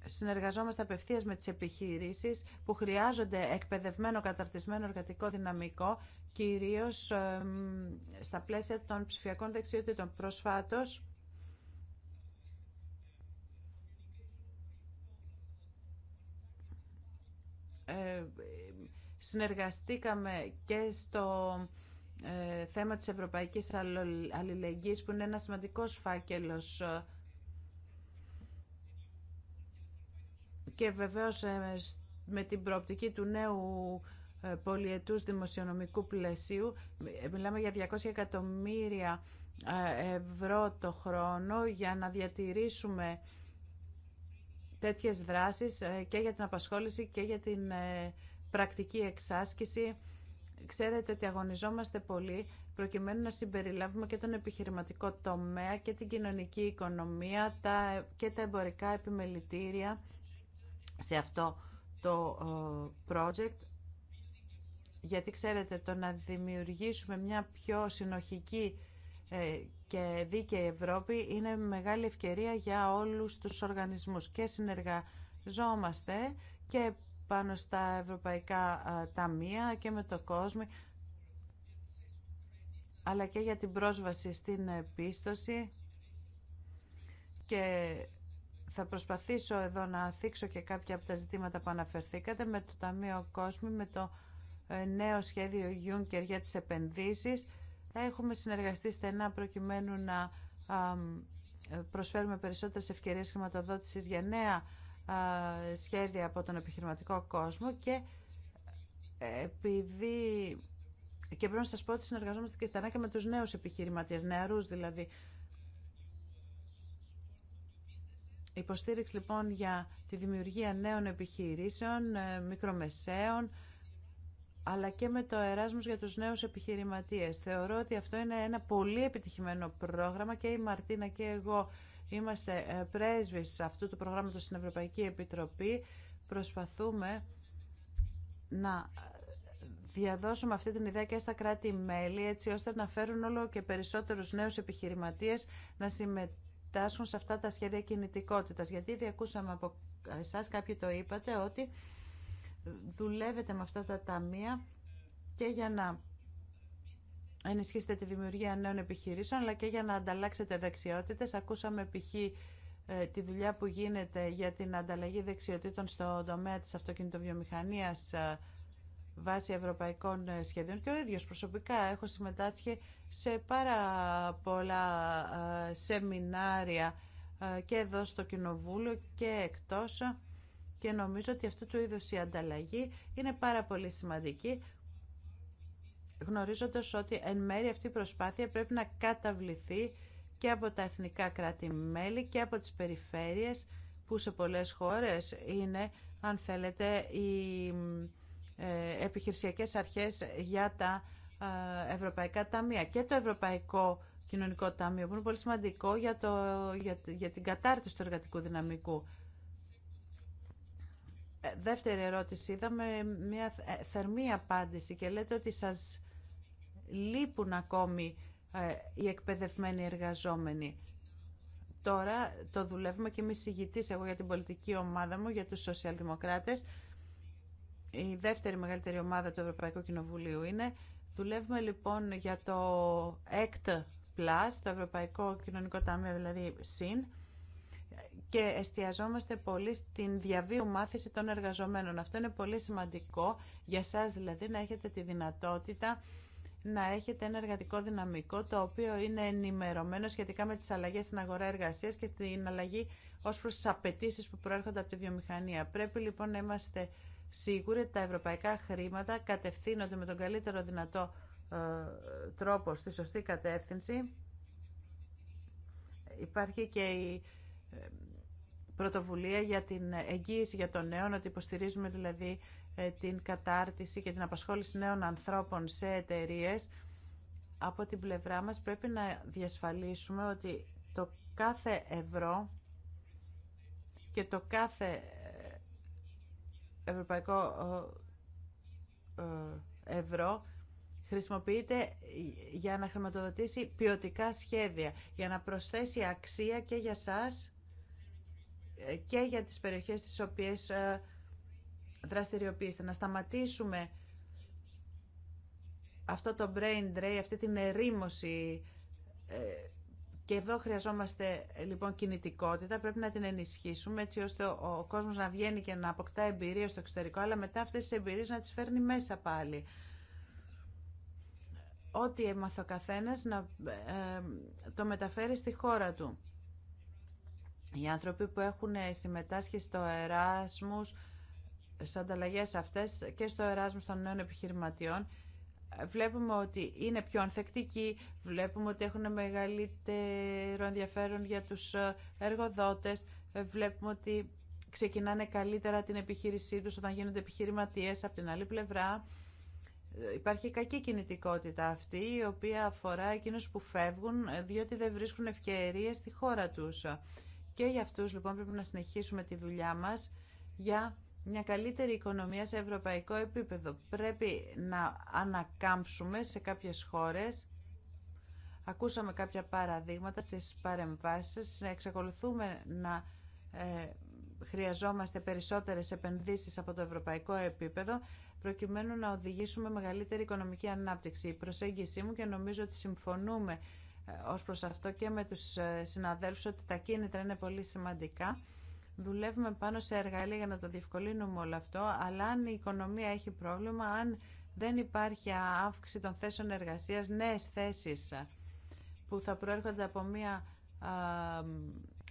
Συνεργαζόμαστε απευθείας με τις επιχειρήσεις που χρειάζονται εκπαιδευμένο, καταρτισμένο εργατικό δυναμικό, κυρίως ε, στα πλαίσια των ψηφιακών δεξιότητων. Προσφάτως, συνεργαστήκαμε και στο ε, θέμα της ευρωπαϊκής αλληλεγγύης που είναι ένα σημαντικός φάκελος και βεβαίως ε, με την προοπτική του νέου ε, πολιετούς δημοσιονομικού πλαισίου μιλάμε για 200 εκατομμύρια ευρώ το χρόνο για να διατηρήσουμε τέτοιες δράσεις και για την απασχόληση και για την πρακτική εξάσκηση Ξέρετε ότι αγωνιζόμαστε πολύ προκειμένου να συμπεριλάβουμε και τον επιχειρηματικό τομέα και την κοινωνική οικονομία και τα εμπορικά επιμελητήρια σε αυτό το project. Γιατί ξέρετε, το να δημιουργήσουμε μια πιο συνοχική ε, και δίκαιη Ευρώπη είναι μεγάλη ευκαιρία για όλους τους οργανισμούς και συνεργαζόμαστε και πάνω στα ευρωπαϊκά ταμεία και με το κόσμο, αλλά και για την πρόσβαση στην ε, πίστοση και θα προσπαθήσω εδώ να θίξω και κάποια από τα ζητήματα που αναφερθήκατε με το Ταμείο Κόσμη, με το ε, νέο σχέδιο Juncker για τις επενδύσεις. Έχουμε συνεργαστεί στενά προκειμένου να ε, προσφέρουμε περισσότερες ευκαιρίες χρηματοδότησης για νέα σχέδια από τον επιχειρηματικό κόσμο και επειδή και πρέπει να σας πω ότι συνεργαζόμαστε και στενά και με τους νέους επιχειρηματίες, νεαρούς δηλαδή. Υποστήριξη λοιπόν για τη δημιουργία νέων επιχειρήσεων, ε, μικρομεσαίων, αλλά και με το Εράσμος για τους νέους επιχειρηματίες. Θεωρώ ότι αυτό είναι ένα πολύ επιτυχημένο πρόγραμμα και η Μαρτίνα και εγώ Είμαστε ε, πρέσβεις αυτού του προγράμματος στην Ευρωπαϊκή Επιτροπή. Προσπαθούμε να ε, διαδώσουμε αυτή την ιδέα και στα κράτη-μέλη, έτσι ώστε να φέρουν όλο και περισσότερους νέους επιχειρηματίες να συμμετάσχουν σε αυτά τα σχέδια κινητικότητας. Γιατί διακούσαμε από εσάς, κάποιοι το είπατε, ότι δουλεύετε με αυτά τα ταμεία και για να ενισχύσετε τη δημιουργία νέων επιχειρήσεων, αλλά και για να ανταλλάξετε δεξιότητες. Ακούσαμε π.χ. Ε, τη δουλειά που γίνεται για την ανταλλαγή δεξιοτήτων στον τομέα της αυτοκινητοβιομηχανίας ε, βάσει ευρωπαϊκών ε, σχεδίων και ο ίδιος προσωπικά έχω συμμετάσχει σε πάρα πολλά σεμινάρια και εδώ στο Κοινοβούλιο και εκτός και νομίζω ότι αυτού του είδους η ανταλλαγή είναι πάρα πολύ σημαντική γνωρίζοντας ότι εν μέρει αυτή η προσπάθεια πρέπει να καταβληθεί και από τα εθνικά κράτη-μέλη και από τις περιφέρειες που σε πολλές χώρες είναι, αν θέλετε, οι ε, επιχειρησιακές αρχές για τα ε, ευρωπαϊκά ταμεία και το Ευρωπαϊκό Κοινωνικό Ταμείο, που είναι πολύ σημαντικό για, για, για την κατάρτιση του εργατικού δυναμικού. Ε, δεύτερη ερώτηση. Είδαμε μια θερμή απάντηση και λέτε ότι σας λείπουν ακόμη ε, οι εκπαιδευμένοι εργαζόμενοι. Τώρα το δουλεύουμε και εμείς ηγητής, εγώ για την πολιτική ομάδα μου, για τους σοσιαλδημοκράτες. Η δεύτερη μεγαλύτερη ομάδα του Ευρωπαϊκού Κοινοβουλίου είναι. Δουλεύουμε λοιπόν για το ECT το Ευρωπαϊκό Κοινωνικό Ταμείο, δηλαδή ΣΥΝ, και εστιαζόμαστε πολύ στην διαβίου μάθηση των εργαζομένων. Αυτό είναι πολύ σημαντικό για σας δηλαδή να έχετε τη δυνατότητα να έχετε ένα εργατικό δυναμικό το οποίο είναι ενημερωμένο σχετικά με τις αλλαγές στην αγορά εργασίας και την αλλαγή ως προς τις απαιτήσει που προέρχονται από τη βιομηχανία. Πρέπει λοιπόν να είμαστε σίγουροι ότι τα ευρωπαϊκά χρήματα κατευθύνονται με τον καλύτερο δυνατό ε, τρόπο στη σωστή κατεύθυνση. Υπάρχει και η ε, πρωτοβουλία για την εγγύηση για τον νέο, ότι υποστηρίζουμε δηλαδή ε, την κατάρτιση και την απασχόληση νέων ανθρώπων σε εταιρείε. Από την πλευρά μας πρέπει να διασφαλίσουμε ότι το κάθε ευρώ και το κάθε ε, ευρωπαϊκό ε, ευρώ χρησιμοποιείται για να χρηματοδοτήσει ποιοτικά σχέδια, για να προσθέσει αξία και για σας και για τις περιοχές τις οποίες να σταματήσουμε αυτό το brain drain, αυτή την ερήμωση ε, και εδώ χρειαζόμαστε λοιπόν κινητικότητα, πρέπει να την ενισχύσουμε έτσι ώστε ο, ο κόσμος να βγαίνει και να αποκτά εμπειρία στο εξωτερικό, αλλά μετά αυτές τις εμπειρίες να τις φέρνει μέσα πάλι. Ό,τι έμαθα ο καθένας να ε, το μεταφέρει στη χώρα του. Οι άνθρωποι που έχουν συμμετάσχει στο Εράσμους, ανταλλαγές αυτές και στο εράσμο των νέων επιχειρηματιών βλέπουμε ότι είναι πιο ανθεκτικοί, βλέπουμε ότι έχουν μεγαλύτερο ενδιαφέρον για τους ε, εργοδότες, ε, βλέπουμε ότι ξεκινάνε καλύτερα την επιχείρησή τους όταν γίνονται επιχειρηματίες από την άλλη πλευρά. Ε, υπάρχει κακή κινητικότητα αυτή, η οποία αφορά εκείνους που φεύγουν διότι δεν βρίσκουν ευκαιρίες στη χώρα τους. Και για αυτούς λοιπόν πρέπει να συνεχίσουμε τη δουλειά μας για μια καλύτερη οικονομία σε ευρωπαϊκό επίπεδο. Πρέπει να ανακάμψουμε σε κάποιες χώρες. Ακούσαμε κάποια παραδείγματα στις παρεμβάσεις. Να εξακολουθούμε να ε, χρειαζόμαστε περισσότερες επενδύσεις από το ευρωπαϊκό επίπεδο προκειμένου να οδηγήσουμε μεγαλύτερη οικονομική ανάπτυξη. Η προσέγγιση μου και νομίζω ότι συμφωνούμε ε, ως προς αυτό και με τους ε, συναδέλφους ότι τα κίνητρα είναι πολύ σημαντικά δουλεύουμε πάνω σε εργαλεία για να το διευκολύνουμε όλο αυτό, αλλά αν η οικονομία έχει πρόβλημα, αν δεν υπάρχει αύξηση των θέσεων εργασίας, νέες θέσεις που θα προέρχονται από μια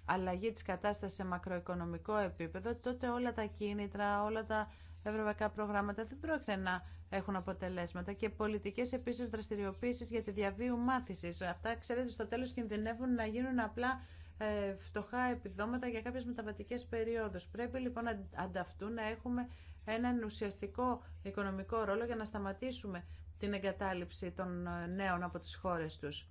αλλαγή της κατάστασης σε μακροοικονομικό επίπεδο, τότε όλα τα κίνητρα, όλα τα ευρωπαϊκά προγράμματα δεν πρόκειται να έχουν αποτελέσματα και πολιτικές επίσης δραστηριοποίησεις για τη διαβίου μάθησης. Αυτά, ξέρετε, στο τέλος κινδυνεύουν να γίνουν απλά ε, φτωχά επιδόματα για κάποιες μεταβατικές περιόδους. Πρέπει λοιπόν ανταυτού να έχουμε έναν ουσιαστικό οικονομικό ρόλο για να σταματήσουμε την εγκατάλειψη των ε, νέων από τις χώρες τους.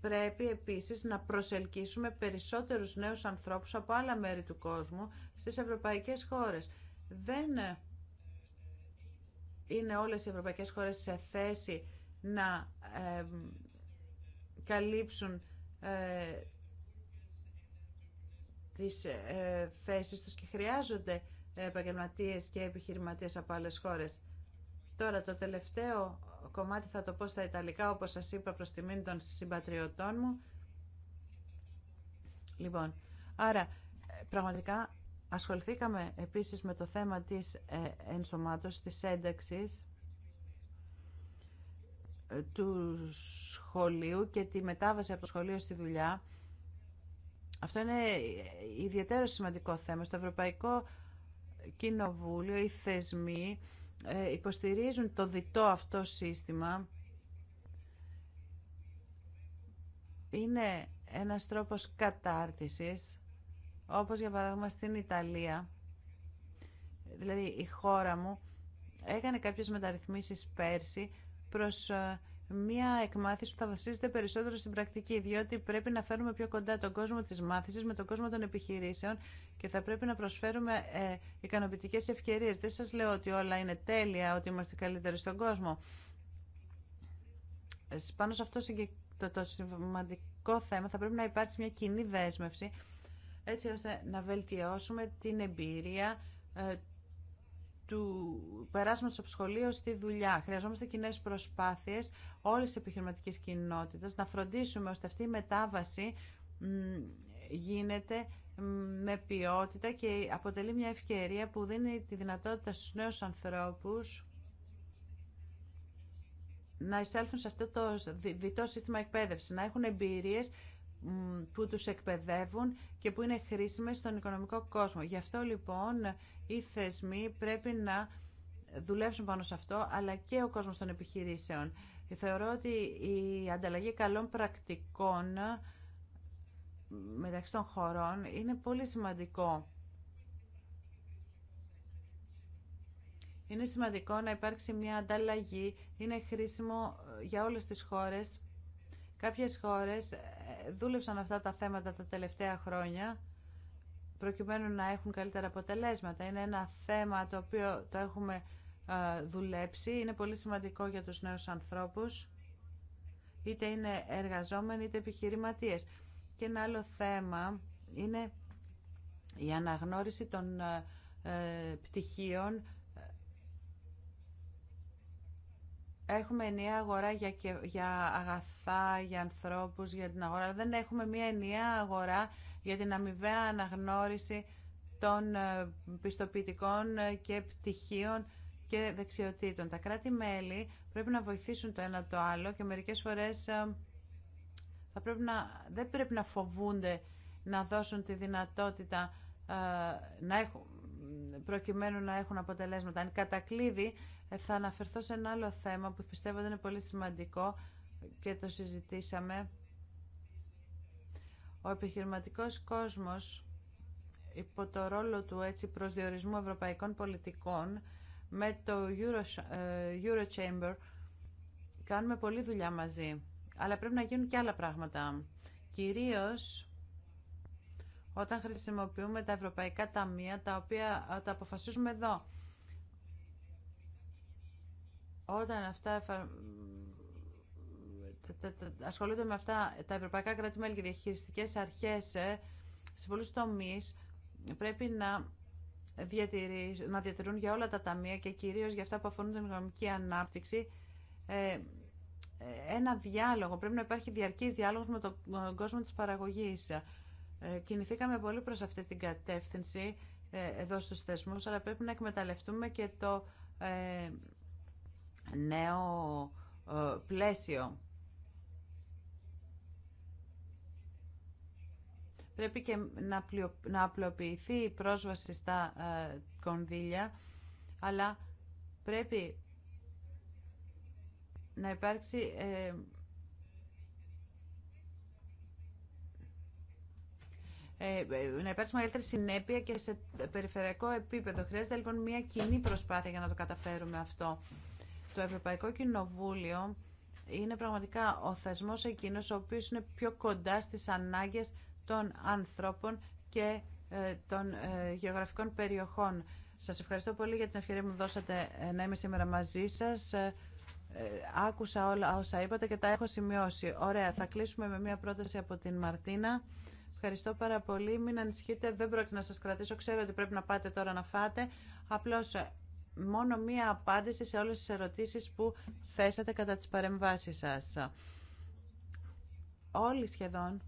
Πρέπει επίσης να προσελκύσουμε περισσότερους νέους ανθρώπους από άλλα μέρη του κόσμου στις ευρωπαϊκές χώρες. Δεν ε, είναι όλες οι ευρωπαϊκές χώρες σε θέση να καλύψουν τις ε, θέσεις τους και χρειάζονται επαγγελματίε και επιχειρηματίες από άλλες χώρες. Τώρα το τελευταίο κομμάτι θα το πω στα Ιταλικά, όπως σας είπα προς τιμήν των συμπατριωτών μου. Λοιπόν, άρα πραγματικά ασχοληθήκαμε επίσης με το θέμα της ε, ενσωμάτωσης, της ένταξης του σχολείου και τη μετάβαση από το σχολείο στη δουλειά. Αυτό είναι ιδιαίτερο σημαντικό θέμα. Στο Ευρωπαϊκό Κοινοβούλιο οι θεσμοί ε, υποστηρίζουν το διτό αυτό σύστημα. Είναι ένας τρόπος κατάρτισης, όπως για παράδειγμα στην Ιταλία, δηλαδή η χώρα μου, έκανε κάποιες μεταρρυθμίσεις πέρσι προς ε, μια εκμάθηση που θα βασίζεται περισσότερο στην πρακτική, διότι πρέπει να φέρουμε πιο κοντά τον κόσμο της μάθησης με τον κόσμο των επιχειρήσεων και θα πρέπει να προσφέρουμε ε, ικανοποιητικές ευκαιρίες. Δεν σας λέω ότι όλα είναι τέλεια, ότι είμαστε καλύτεροι στον κόσμο. Πάνω σε αυτό το, το σημαντικό θέμα θα πρέπει να υπάρξει μια κοινή δέσμευση, έτσι ώστε να βελτιώσουμε την εμπειρία ε, του περάσματος από σχολείο στη δουλειά. Χρειαζόμαστε κοινέ προσπάθειες όλες της επιχειρηματικής κοινότητας να φροντίσουμε ώστε αυτή η μετάβαση γίνεται με ποιότητα και αποτελεί μια ευκαιρία που δίνει τη δυνατότητα στους νέους ανθρώπους να εισέλθουν σε αυτό το διτό σύστημα εκπαίδευση, να έχουν εμπειρίες που τους εκπαιδεύουν και που είναι χρήσιμες στον οικονομικό κόσμο. Γι' αυτό λοιπόν οι θεσμοί πρέπει να δουλέψουν πάνω σε αυτό, αλλά και ο κόσμος των επιχειρήσεων. Θεωρώ ότι η ανταλλαγή καλών πρακτικών ε, μεταξύ των χωρών είναι πολύ σημαντικό. Είναι σημαντικό να υπάρξει μια ανταλλαγή, είναι χρήσιμο ε, για όλες τις χώρες Κάποιες χώρες ε, δούλεψαν αυτά τα θέματα τα τελευταία χρόνια προκειμένου να έχουν καλύτερα αποτελέσματα. Είναι ένα θέμα το οποίο το έχουμε ε, δουλέψει. Είναι πολύ σημαντικό για τους νέους ανθρώπους, είτε είναι εργαζόμενοι είτε επιχειρηματίες. Και ένα άλλο θέμα είναι η αναγνώριση των ε, πτυχίων Έχουμε ενιαία αγορά για, για αγαθά, για ανθρώπους, για την αγορά. Δεν έχουμε μια ενιαία αγορά για την αμοιβαία αναγνώριση των ε, πιστοποιητικών ε, και πτυχίων και δεξιοτήτων. Τα κράτη-μέλη πρέπει να βοηθήσουν το ένα το άλλο και μερικές φορές ε, θα πρέπει να, δεν πρέπει να φοβούνται να δώσουν τη δυνατότητα να έχουν προκειμένου να έχουν αποτελέσματα. Αν κατακλείδει, ε, θα αναφερθώ σε ένα άλλο θέμα που πιστεύω ότι είναι πολύ σημαντικό και το συζητήσαμε. Ο επιχειρηματικός κόσμος υπό το ρόλο του έτσι προσδιορισμού ευρωπαϊκών πολιτικών με το Euro, ε, Euro Chamber κάνουμε πολλή δουλειά μαζί αλλά πρέπει να γίνουν και άλλα πράγματα κυρίως όταν χρησιμοποιούμε τα ευρωπαϊκά ταμεία τα οποία τα αποφασίζουμε εδώ. Όταν αυτά ασχολούνται με αυτά τα ευρωπαϊκά κράτη-μέλη και διαχειριστικές αρχές ε, σε πολλούς τομείς πρέπει να, να διατηρούν για όλα τα ταμεία και κυρίως για αυτά που αφορούν την οικονομική ανάπτυξη ε, ε, ένα διάλογο. Πρέπει να υπάρχει διαρκής διάλογος με τον κόσμο της παραγωγής. Ε, κινηθήκαμε πολύ προς αυτή την κατεύθυνση ε, εδώ στους θεσμούς, αλλά πρέπει να εκμεταλλευτούμε και το ε, νέο πλαίσιο. Πρέπει και να απλοποιηθεί η πρόσβαση στα κονδύλια, αλλά πρέπει να υπάρξει Ε, ε, να υπάρξει μεγαλύτερη συνέπεια και σε περιφερειακό επίπεδο. Χρειάζεται λοιπόν μια κοινή προσπάθεια για να το καταφέρουμε αυτό. Το Ευρωπαϊκό Κοινοβούλιο είναι πραγματικά ο θεσμός εκείνος ο οποίος είναι πιο κοντά στις ανάγκες των ανθρώπων και ε, των γεωγραφικών περιοχών. Σας ευχαριστώ πολύ για την ευκαιρία που μου δώσατε να είμαι σήμερα μαζί σας. Άκουσα όλα όσα είπατε και τα έχω σημειώσει. Ωραία, θα κλείσουμε με μια πρόταση από την Μαρτίνα Ευχαριστώ πάρα πολύ. Μην ανησυχείτε, δεν πρόκειται να σας κρατήσω. Ξέρω ότι πρέπει να πάτε τώρα να φάτε. Απλώς ε, μόνο μία απάντηση σε όλες τις ερωτήσεις που θέσατε κατά τις παρεμβάσεις σας. Όλοι σχεδόν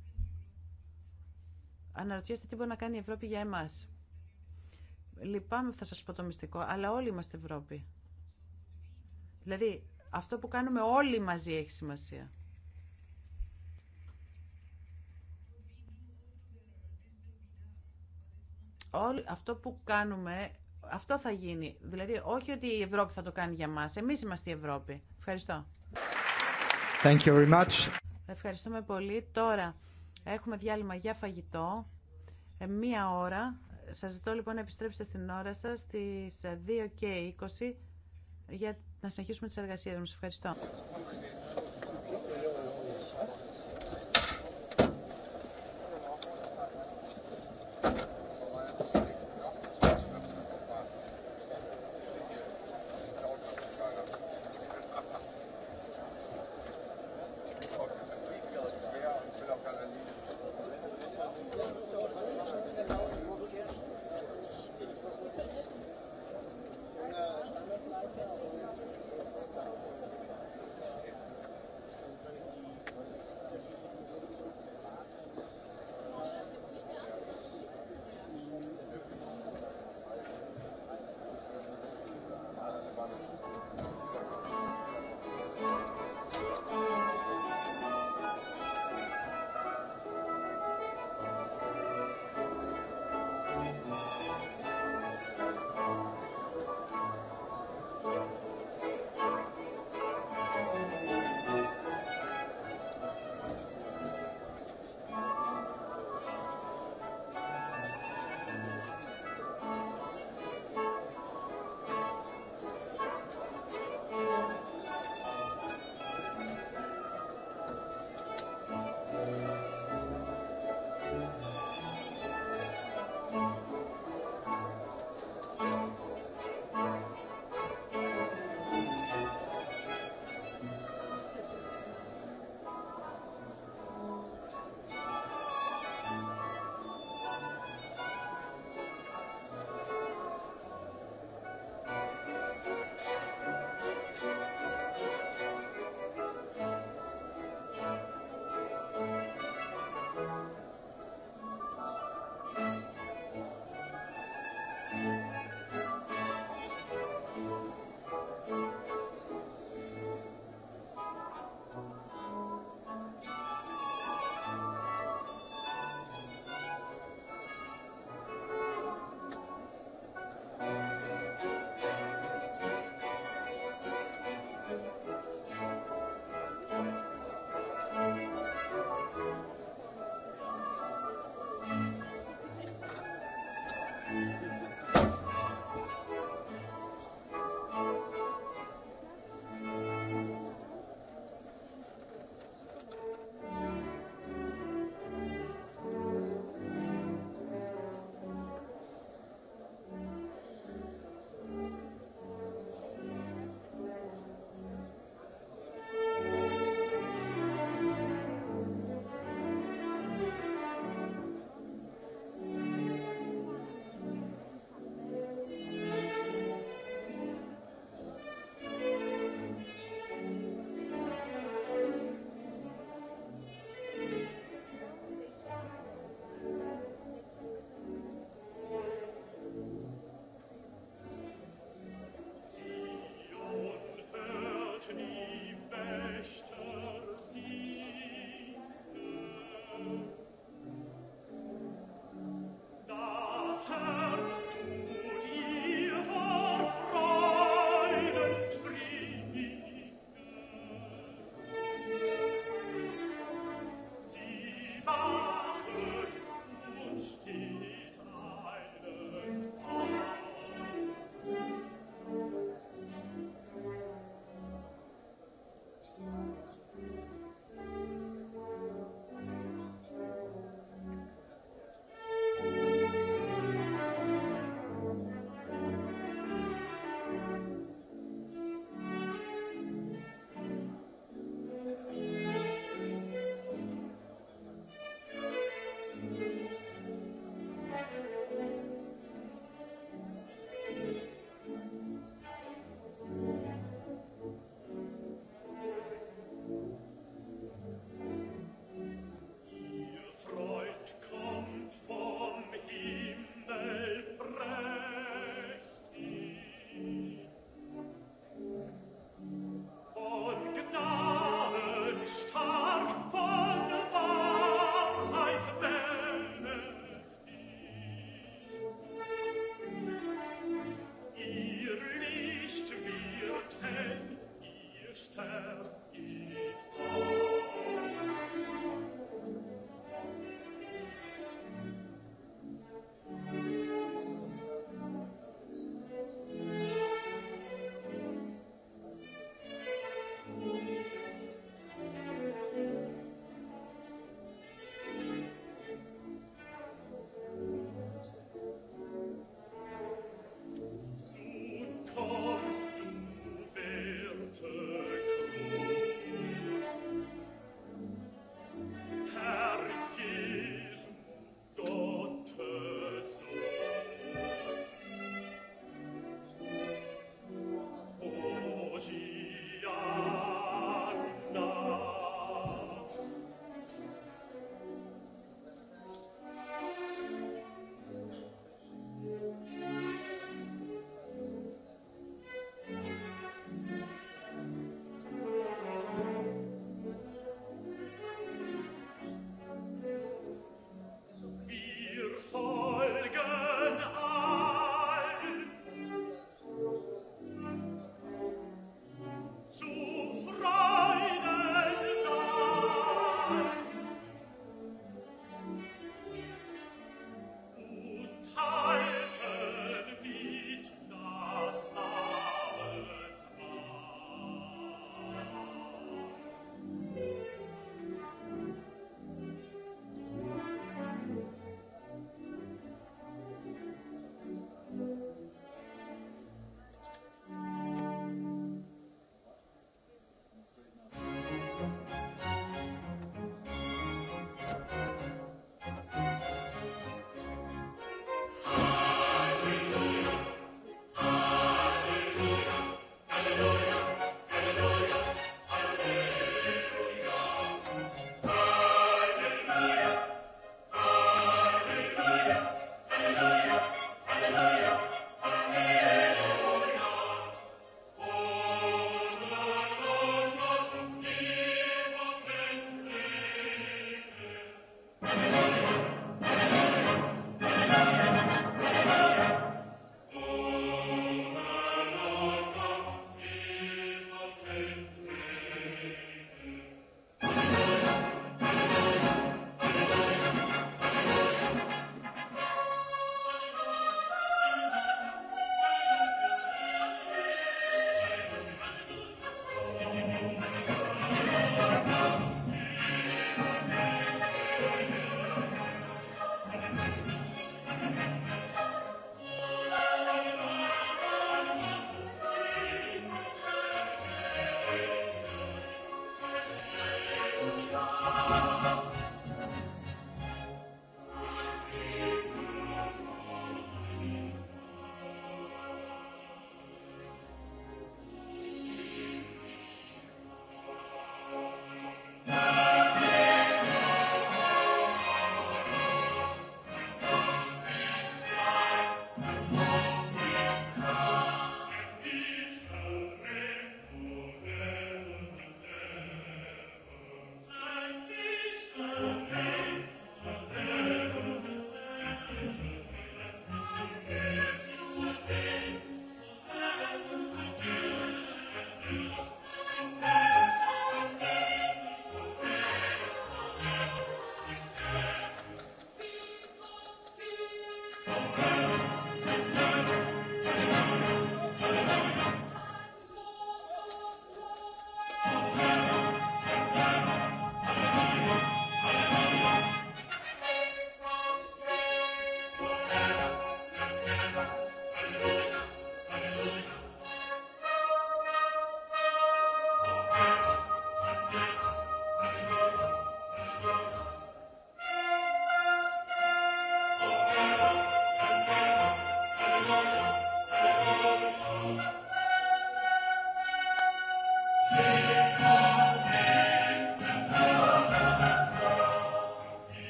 αναρωτιέστε τι μπορεί να κάνει η Ευρώπη για εμάς. Λυπάμαι που θα σας πω το μυστικό, αλλά όλοι είμαστε Ευρώπη. Δηλαδή, αυτό που κάνουμε όλοι μαζί έχει σημασία. Όλο αυτό που κάνουμε, αυτό θα γίνει. Δηλαδή, όχι ότι η Ευρώπη θα το κάνει για μας. Εμείς είμαστε η Ευρώπη. Ευχαριστώ. Thank you very much. Ευχαριστούμε πολύ. Τώρα έχουμε διάλειμμα για φαγητό. Ε, μία ώρα. Σας ζητώ λοιπόν να επιστρέψετε στην ώρα σας στις 2 και 20 για να συνεχίσουμε τις εργασίες μας. Ευχαριστώ.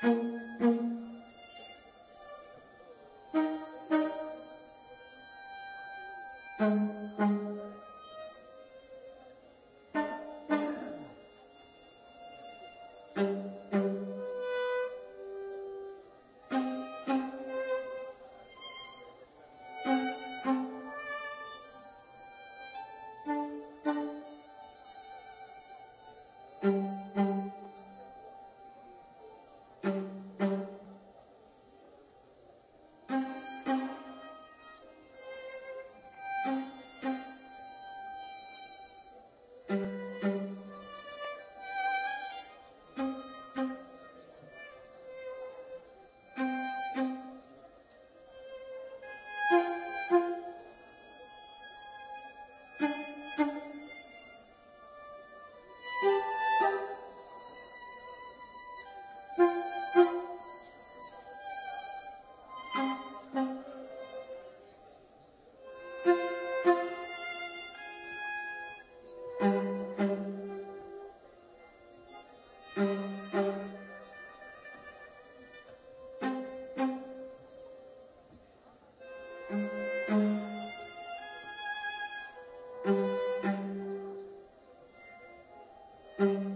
Thank you. Mm-hmm. Mm-hmm.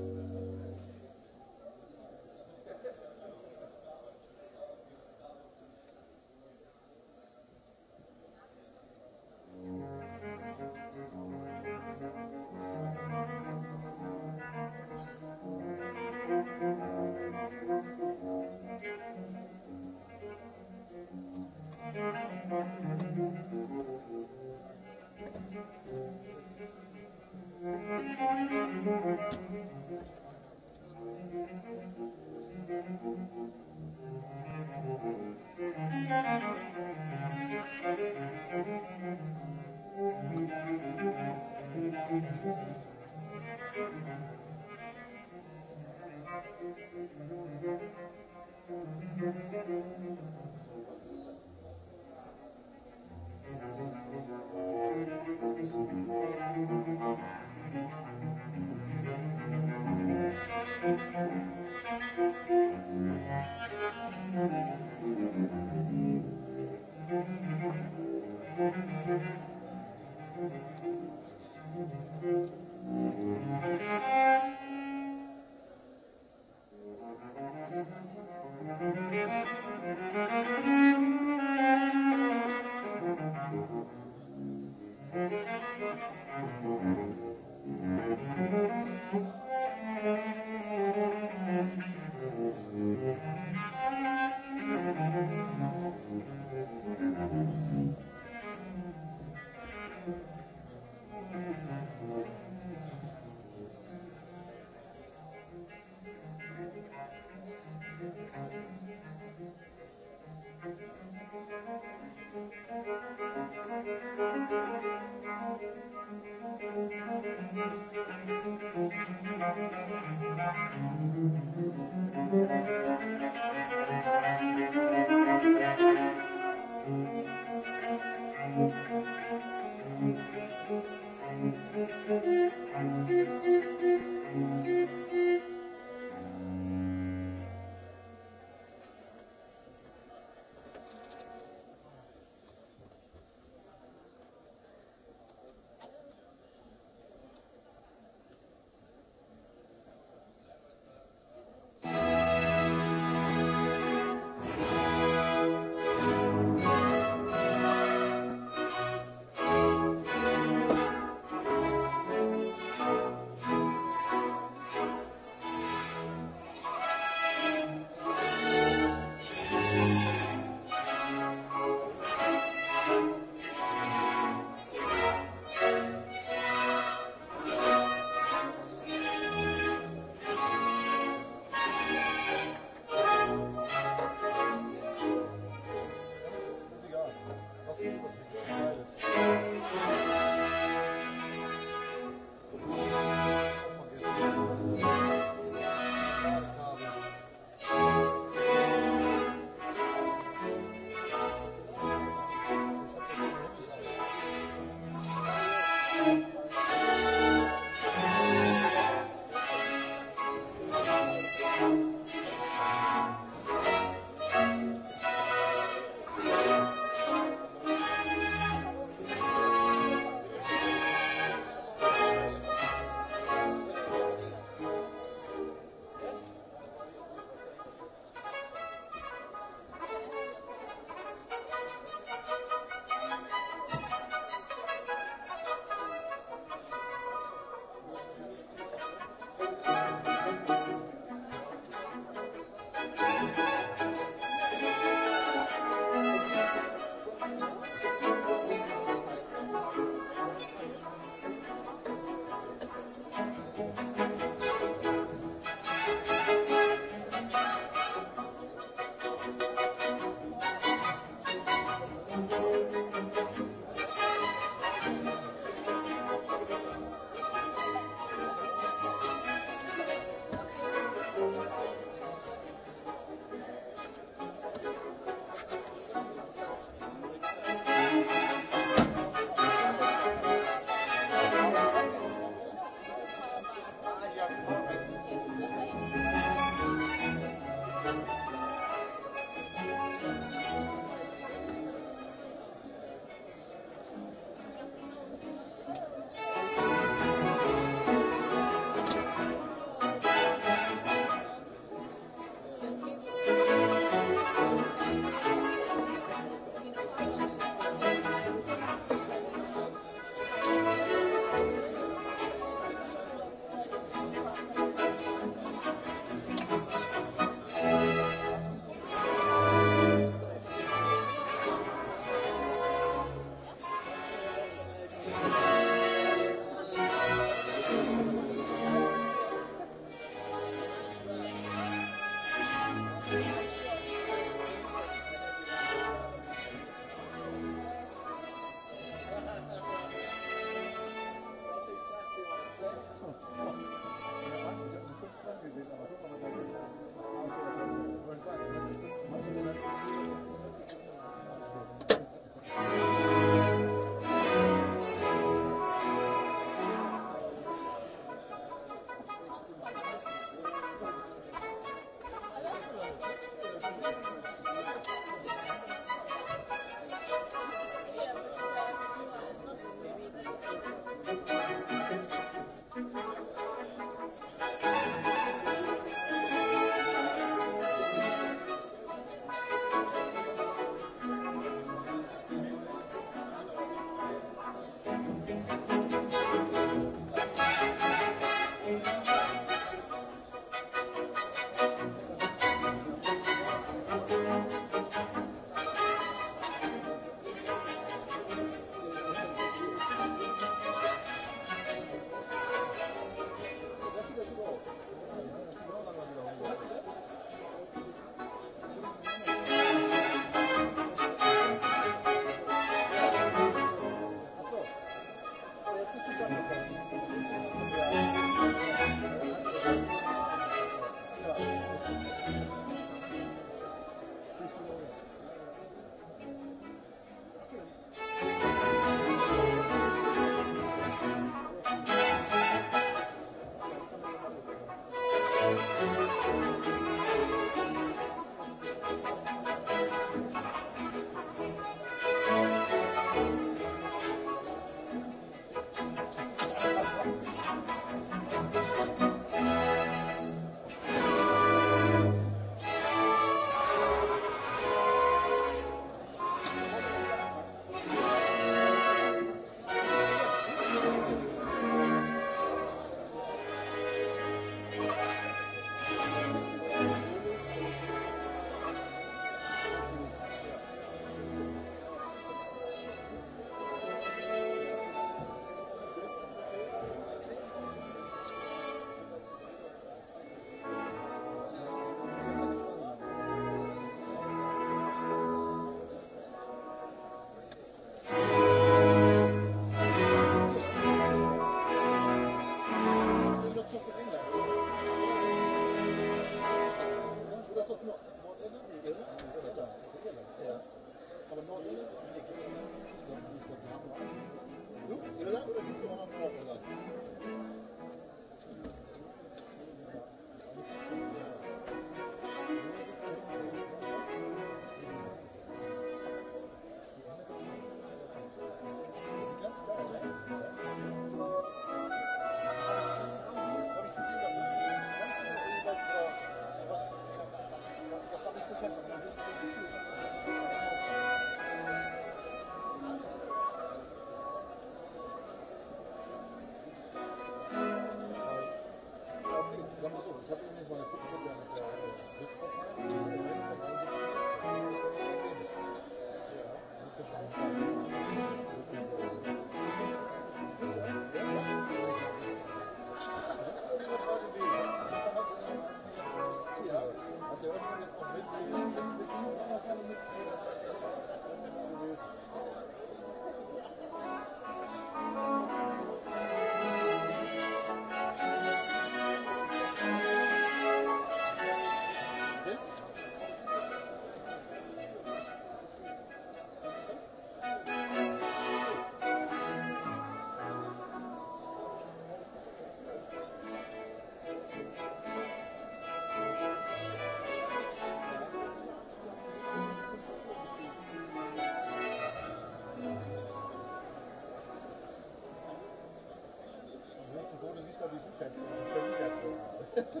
Ha,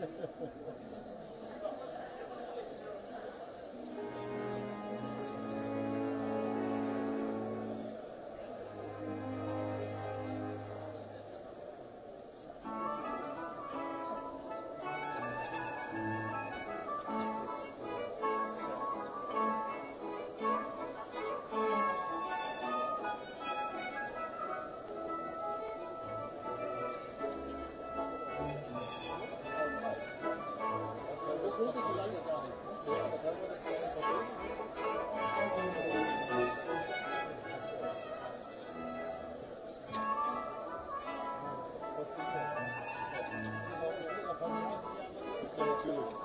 ha, ha, ha. Thank you.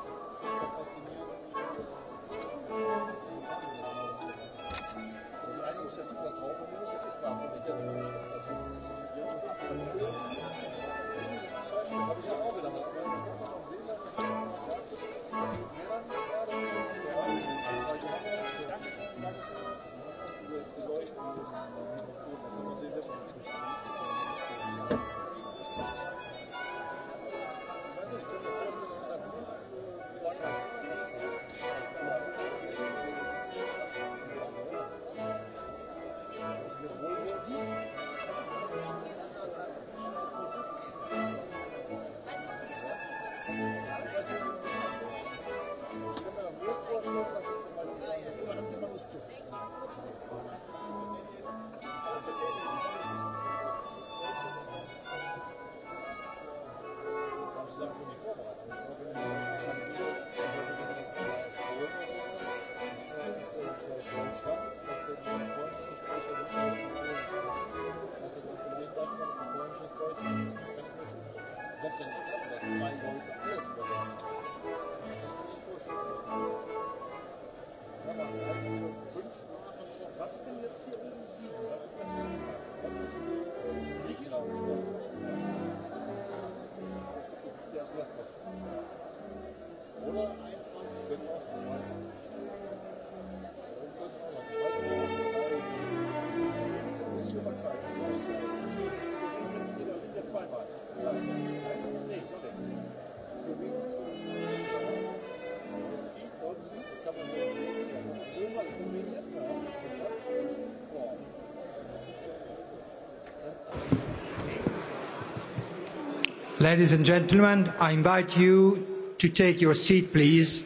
Ladies and gentlemen, I invite you to take your seat, please.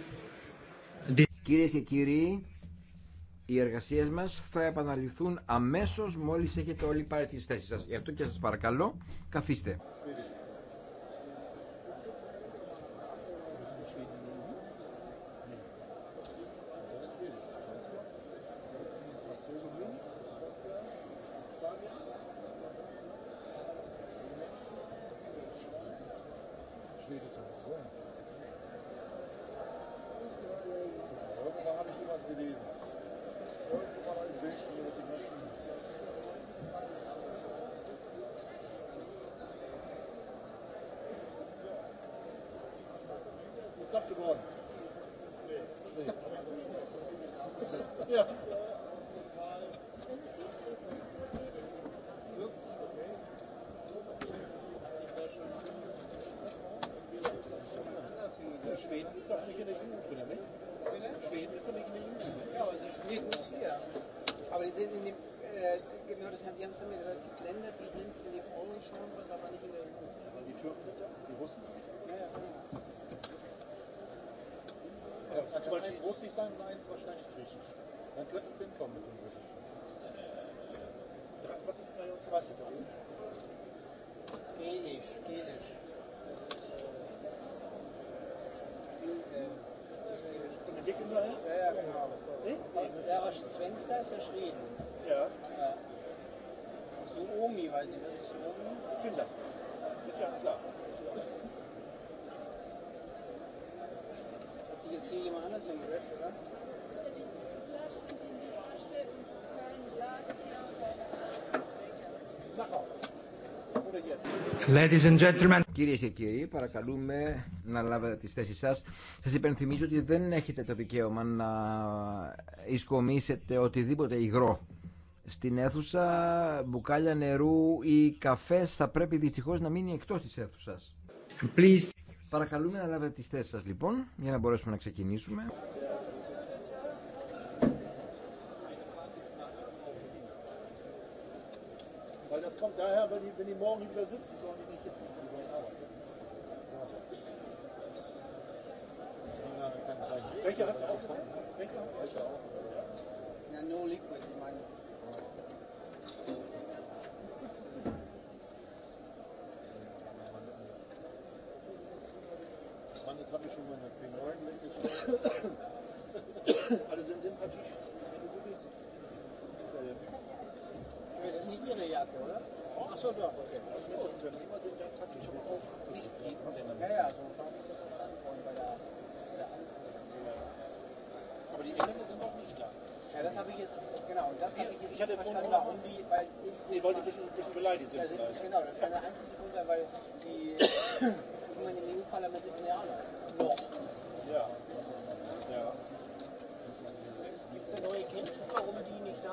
Κυρίες και κύριοι, οι εργασίες μας θα επαναληφθούν αμέσως μόλις έχετε όλοι πάρει τις θέσεις σας. Γι' αυτό και σας παρακαλώ, καθίστε. Vater ist ja Schweden. Ja. ja. So Omi, weiß ich was ist Omi? Finnland. Ist ja klar. Hat sich jetzt hier jemand anders hingesetzt, oder? Ladies and gentlemen. Κυρίες και κύριοι, παρακαλούμε να λάβετε τι θέσει σα. Σα υπενθυμίζω ότι δεν έχετε το δικαίωμα να ισκομίσετε οτιδήποτε υγρό στην αίθουσα, μπουκάλια νερού ή καφές θα πρέπει δυστυχώς να μείνει εκτός της αίθουσας. Please. Παρακαλούμε να λάβετε τις θέσεις σας λοιπόν για να μπορέσουμε να ξεκινήσουμε. das kommt sitzen, nicht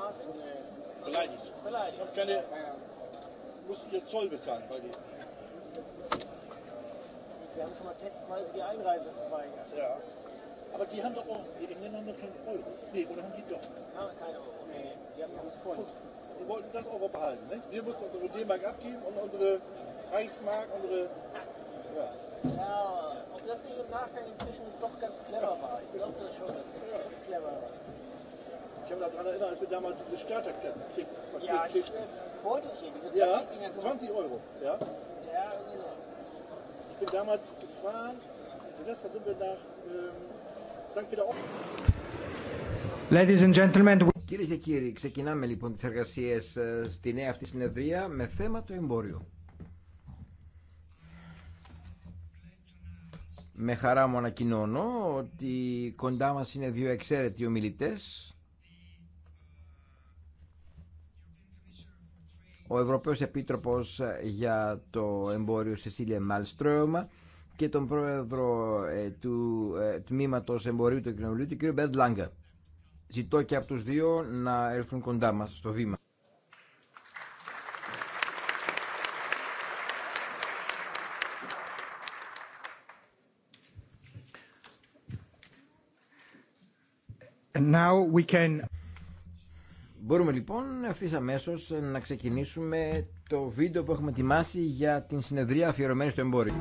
Hamas beleidigt. beleidigt. Ich habe keine, muss ihr Zoll bezahlen bei dir. Wir haben schon mal testweise die Einreise verweigert. Ja. Aber die haben doch auch, die Engländer haben doch keinen Euro. Nee, oder haben die doch? Haben keine Euro. Nee, die haben das voll. Die wollten das Euro behalten, ne? Wir mussten unsere D-Mark abgeben und unsere Reichsmark, unsere. Ja. ja, ob das nicht im Nachgang inzwischen doch ganz clever war. Ich glaube das schon, dass das ganz clever war. Ich kann mich daran erinnern, als wir damals diese kriegen. ja, gekriegt Beutelchen, ja, 20 Euro. Ja, ja irgendwie so. Ich bin damals gefahren, Silvester sind wir nach ähm, St. Peter-Offen. Ladies and gentlemen, we... Κυρίε και κύριοι, ξεκινάμε λοιπόν τι εργασίε στη νέα αυτή συνεδρία με θέμα το εμπόριο. Με χαρά μου ανακοινώνω ότι κοντά μας είναι δύο εξαίρετοι ομιλητέ ο Ευρωπαίος Επίτροπος για το εμπόριο Σεσίλια Μάλστρόμα και τον πρόεδρο ε, του ε, τμήματος εμπορίου του Κοινοβουλίου, τον κύριο Μπέντ Λάγκα. Ζητώ και από τους δύο να έρθουν κοντά μας στο βήμα. Now we can... Μπορούμε λοιπόν ευθύ αμέσω να ξεκινήσουμε το βίντεο που έχουμε ετοιμάσει για την συνεδρία αφιερωμένη στο εμπόριο.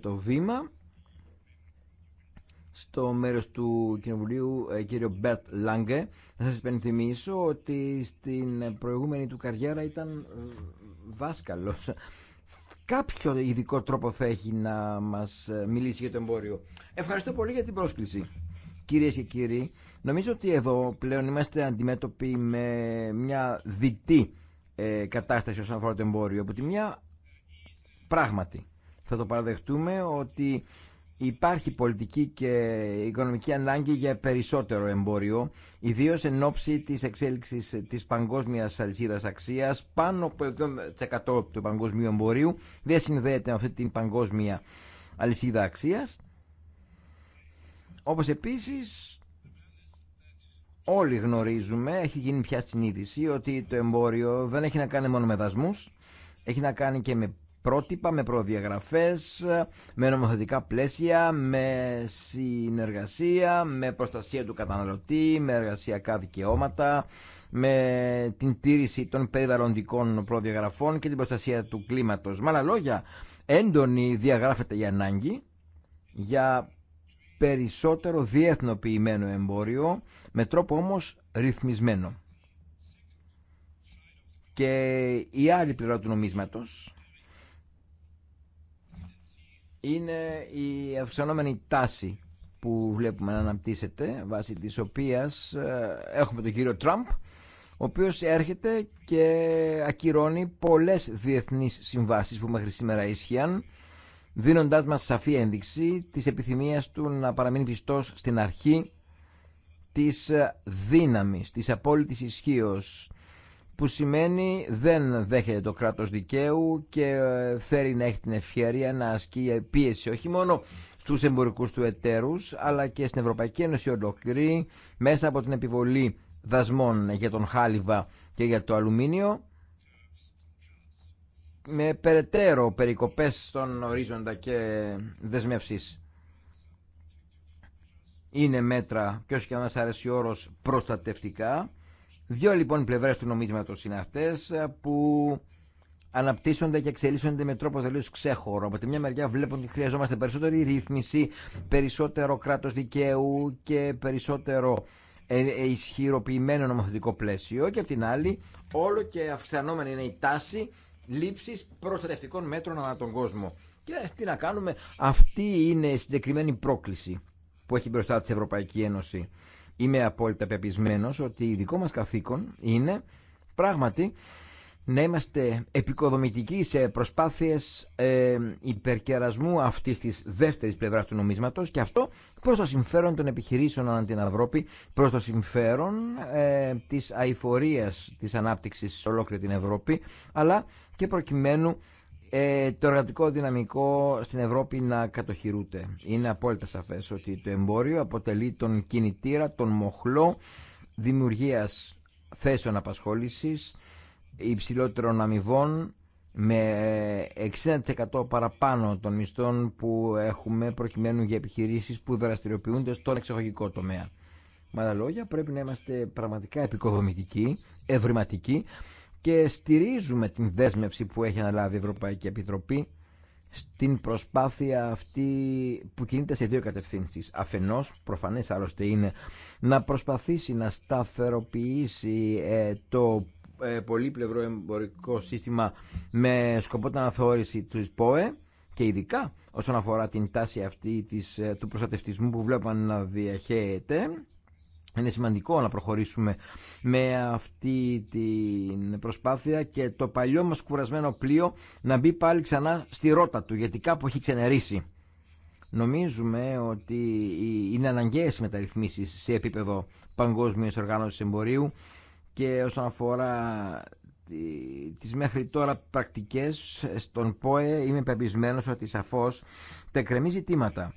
το βήμα στο μέρος του Κοινοβουλίου ε, κύριο Μπέρτ Λάγκε. Να σας υπενθυμίσω ότι στην προηγούμενη του καριέρα ήταν ε, βάσκαλος. Κάποιο ειδικό τρόπο θα έχει να μας ε, μιλήσει για το εμπόριο. Ευχαριστώ πολύ για την πρόσκληση. Κυρίες και κύριοι, νομίζω ότι εδώ πλέον είμαστε αντιμέτωποι με μια διτή κατάσταση όσον αφορά το εμπόριο. Από τη μια πράγματι θα το παραδεχτούμε ότι υπάρχει πολιτική και οικονομική ανάγκη για περισσότερο εμπόριο, ιδίω εν ώψη της εξέλιξης της παγκόσμιας αλυσίδας αξίας, πάνω από 100% του παγκόσμιου εμπορίου δεν συνδέεται με αυτή την παγκόσμια αλυσίδα αξία. Όπως επίσης όλοι γνωρίζουμε, έχει γίνει πια συνείδηση ότι το εμπόριο δεν έχει να κάνει μόνο με δασμούς, έχει να κάνει και με πρότυπα, με προδιαγραφές, με νομοθετικά πλαίσια, με συνεργασία, με προστασία του καταναλωτή, με εργασιακά δικαιώματα, με την τήρηση των περιβαλλοντικών προδιαγραφών και την προστασία του κλίματος. Με άλλα λόγια, έντονη διαγράφεται η ανάγκη για περισσότερο διεθνοποιημένο εμπόριο, με τρόπο όμως ρυθμισμένο. Και η άλλη πλευρά του νομίσματος είναι η αυξανόμενη τάση που βλέπουμε να αναπτύσσεται βάσει της οποίας ε, έχουμε τον κύριο Τραμπ ο οποίος έρχεται και ακυρώνει πολλές διεθνείς συμβάσεις που μέχρι σήμερα ίσχυαν δίνοντάς μας σαφή ένδειξη της επιθυμίας του να παραμείνει πιστός στην αρχή της ε, δύναμης, της απόλυτης ισχύω που σημαίνει δεν δέχεται το κράτος δικαίου και ε, θέλει να έχει την ευχαίρεια να ασκεί πίεση όχι μόνο στους εμπορικούς του εταίρους αλλά και στην Ευρωπαϊκή Ένωση ολόκληρη μέσα από την επιβολή δασμών για τον χάλιβα και για το αλουμίνιο με περαιτέρω περικοπές στον ορίζοντα και δεσμεύσεις. Είναι μέτρα, και και να μας αρέσει ο όρος, προστατευτικά Δύο λοιπόν πλευρές του νομίσματος είναι αυτές ε, που αναπτύσσονται και εξελίσσονται με τρόπο τελείω ξέχωρο. Από τη μια μεριά βλέπουν ότι χρειαζόμαστε περισσότερη ρύθμιση, περισσότερο κράτος δικαίου και περισσότερο ε, ε, ισχυροποιημένο νομοθετικό πλαίσιο και από την άλλη όλο και αυξανόμενη είναι η τάση λήψης προστατευτικών μέτρων ανά τον κόσμο. Και τι να κάνουμε, αυτή είναι η συγκεκριμένη πρόκληση που έχει μπροστά της Ευρωπαϊκή Ένωση είμαι απόλυτα πεπισμένος ότι η δικό μας καθήκον είναι πράγματι να είμαστε επικοδομητικοί σε προσπάθειες ε, υπερκερασμού αυτής της δεύτερης πλευράς του νομίσματος και αυτό προς το συμφέρον των επιχειρήσεων ανά την Ευρώπη, προς το συμφέρον ε, της αηφορίας της ανάπτυξης σε ολόκληρη την Ευρώπη, αλλά και προκειμένου ε, το εργατικό δυναμικό στην Ευρώπη να κατοχυρούται. Είναι απόλυτα σαφές ότι το εμπόριο αποτελεί τον κινητήρα, τον μοχλό δημιουργίας θέσεων απασχόλησης, υψηλότερων αμοιβών, με 60% παραπάνω των μισθών που έχουμε προκειμένου για επιχειρήσεις που δραστηριοποιούνται στον εξαγωγικό τομέα. Με άλλα λόγια πρέπει να είμαστε πραγματικά επικοδομητικοί, ευρηματικοί και στηρίζουμε την δέσμευση που έχει αναλάβει η Ευρωπαϊκή Επιτροπή στην προσπάθεια αυτή που κινείται σε δύο κατευθύνσεις. Αφενός, προφανές άλλωστε είναι, να προσπαθήσει να σταθεροποιήσει ε, το ε, πολύπλευρο εμπορικό σύστημα με σκοπό την αναθεώρηση του ΠΟΕ και ειδικά όσον αφορά την τάση αυτή της, ε, του προστατευτισμού που βλέπουμε να διαχέεται είναι σημαντικό να προχωρήσουμε με αυτή την προσπάθεια και το παλιό μας κουρασμένο πλοίο να μπει πάλι ξανά στη ρότα του, γιατί κάπου έχει ξενερίσει. Νομίζουμε ότι είναι αναγκαίες οι μεταρρυθμίσεις σε επίπεδο παγκόσμιας οργάνωσης εμπορίου και όσον αφορά τις μέχρι τώρα πρακτικές στον ΠΟΕ είμαι πεπισμένος ότι σαφώς τα εκκρεμεί ζητήματα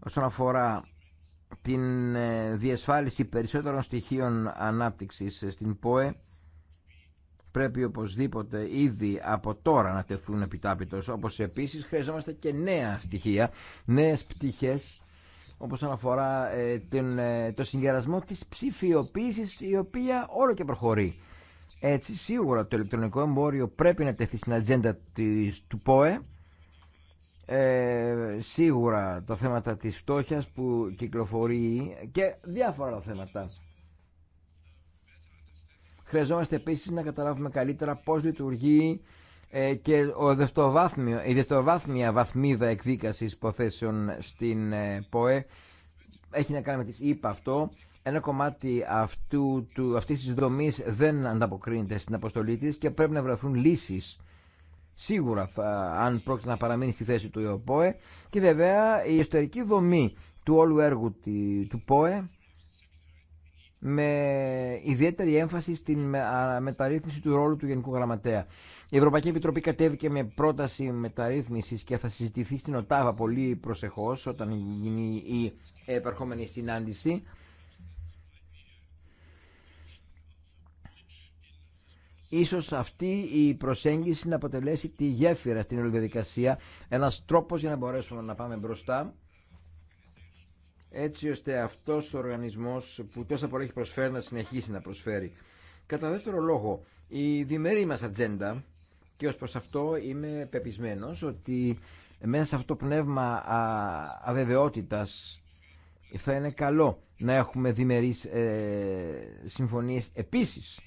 όσον αφορά την ε, διασφάλιση περισσότερων στοιχείων ανάπτυξης ε, στην ΠΟΕ πρέπει οπωσδήποτε ήδη από τώρα να τεθούν επιτάπητος όπως επίσης χρειαζόμαστε και νέα στοιχεία, νέες πτυχές όπως αναφορά ε, το συγκερασμό της ψηφιοποίηση, η οποία όλο και προχωρεί. Έτσι σίγουρα το ηλεκτρονικό εμπόριο πρέπει να τεθεί στην ατζέντα του ΠΟΕ ε, σίγουρα τα θέματα της φτώχειας που κυκλοφορεί και διάφορα θέματα. Χρειαζόμαστε επίσης να καταλάβουμε καλύτερα πώς λειτουργεί ε, και ο η δευτεροβάθμια βαθμίδα εκδίκασης υποθέσεων στην ε, ΠΟΕ έχει να κάνει με τις ΙΠΑ αυτό. Ένα κομμάτι αυτού, του, αυτής της δομής δεν ανταποκρίνεται στην αποστολή της και πρέπει να βρεθούν λύσεις σίγουρα αν πρόκειται να παραμείνει στη θέση του ΕΟΠΟΕ και βέβαια η ιστορική δομή του όλου έργου του ΠΟΕ με ιδιαίτερη έμφαση στην μεταρρύθμιση του ρόλου του Γενικού Γραμματέα. Η Ευρωπαϊκή Επιτροπή κατέβηκε με πρόταση μεταρρύθμισης και θα συζητηθεί στην ΟΤΑΒΑ πολύ προσεχώς όταν γίνει η επερχόμενη συνάντηση. Ίσως αυτή η προσέγγιση να αποτελέσει τη γέφυρα στην όλη διαδικασία, ένας τρόπος για να μπορέσουμε να πάμε μπροστά, έτσι ώστε αυτός ο οργανισμός που τόσα πολλά έχει προσφέρει να συνεχίσει να προσφέρει. Κατά δεύτερο λόγο, η διμερή μας ατζέντα, και ως προς αυτό είμαι πεπισμένος ότι μέσα σε αυτό το πνεύμα α, αβεβαιότητας θα είναι καλό να έχουμε διμερείς ε, συμφωνίες επίσης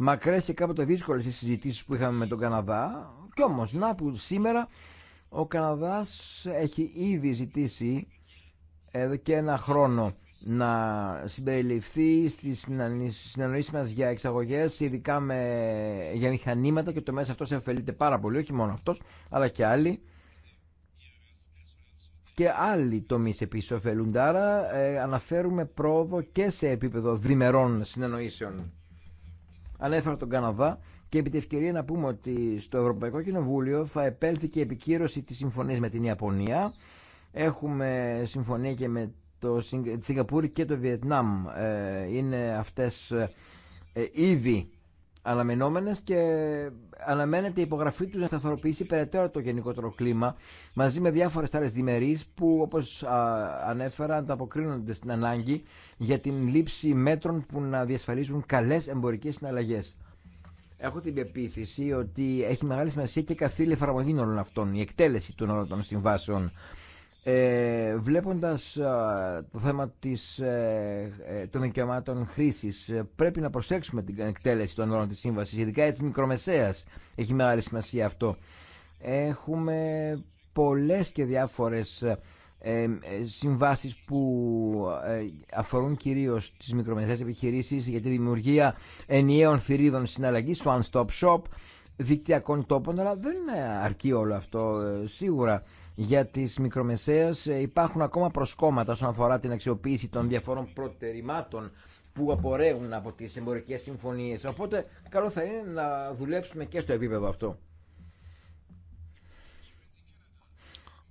μακρέ και κάποτε δύσκολε οι συζητήσεις που είχαμε με τον Καναδά κι όμω να που σήμερα ο Καναδά έχει ήδη ζητήσει εδώ και ένα χρόνο να συμπεριληφθεί στις συνεννοήσεις μας για εξαγωγές ειδικά με, για μηχανήματα και το μέσα αυτός εφελείται πάρα πολύ όχι μόνο αυτός αλλά και άλλοι και άλλοι τομείς επίσης ωφελούνται άρα ε, αναφέρουμε πρόοδο και σε επίπεδο διμερών συνεννοήσεων ανέφερα τον Καναδά και επί τη ευκαιρία να πούμε ότι στο Ευρωπαϊκό Κοινοβούλιο θα επέλθει και η επικύρωση της συμφωνίας με την Ιαπωνία. Έχουμε συμφωνία και με το Σιγκαπούρη και το Βιετνάμ. Ε, είναι αυτές ε, ήδη Αναμενόμενε και αναμένεται η υπογραφή τους να σταθεροποιήσει περαιτέρω το γενικότερο κλίμα μαζί με διάφορες άλλες διμερεί που όπως ανέφερα ανταποκρίνονται στην ανάγκη για την λήψη μέτρων που να διασφαλίζουν καλέ εμπορικές συναλλαγές. Έχω την πεποίθηση ότι έχει μεγάλη σημασία και καθήλη εφαρμογή όλων αυτών, η εκτέλεση των όλων των συμβάσεων. Ε, βλέποντας το θέμα της, ε, ε, των δικαιωμάτων χρήσης ε, πρέπει να προσέξουμε την εκτέλεση των όρων της σύμβασης ειδικά έτσι μικρομεσαίας έχει μεγάλη σημασία αυτό έχουμε πολλές και διάφορες συμβάσεις που αφορούν κυρίως τις μικρομεσαίες επιχειρήσεις για τη δημιουργία ενιαίων θηρίδων συναλλαγής one stop shop δικτυακών τόπων αλλά δεν αρκεί όλο αυτό σίγουρα για τις μικρομεσαίες ε, υπάρχουν ακόμα προσκόμματα όσον αφορά την αξιοποίηση των διαφορών προτεραιμάτων που απορρέουν από τις εμπορικές συμφωνίες. Οπότε καλό θα είναι να δουλέψουμε και στο επίπεδο αυτό.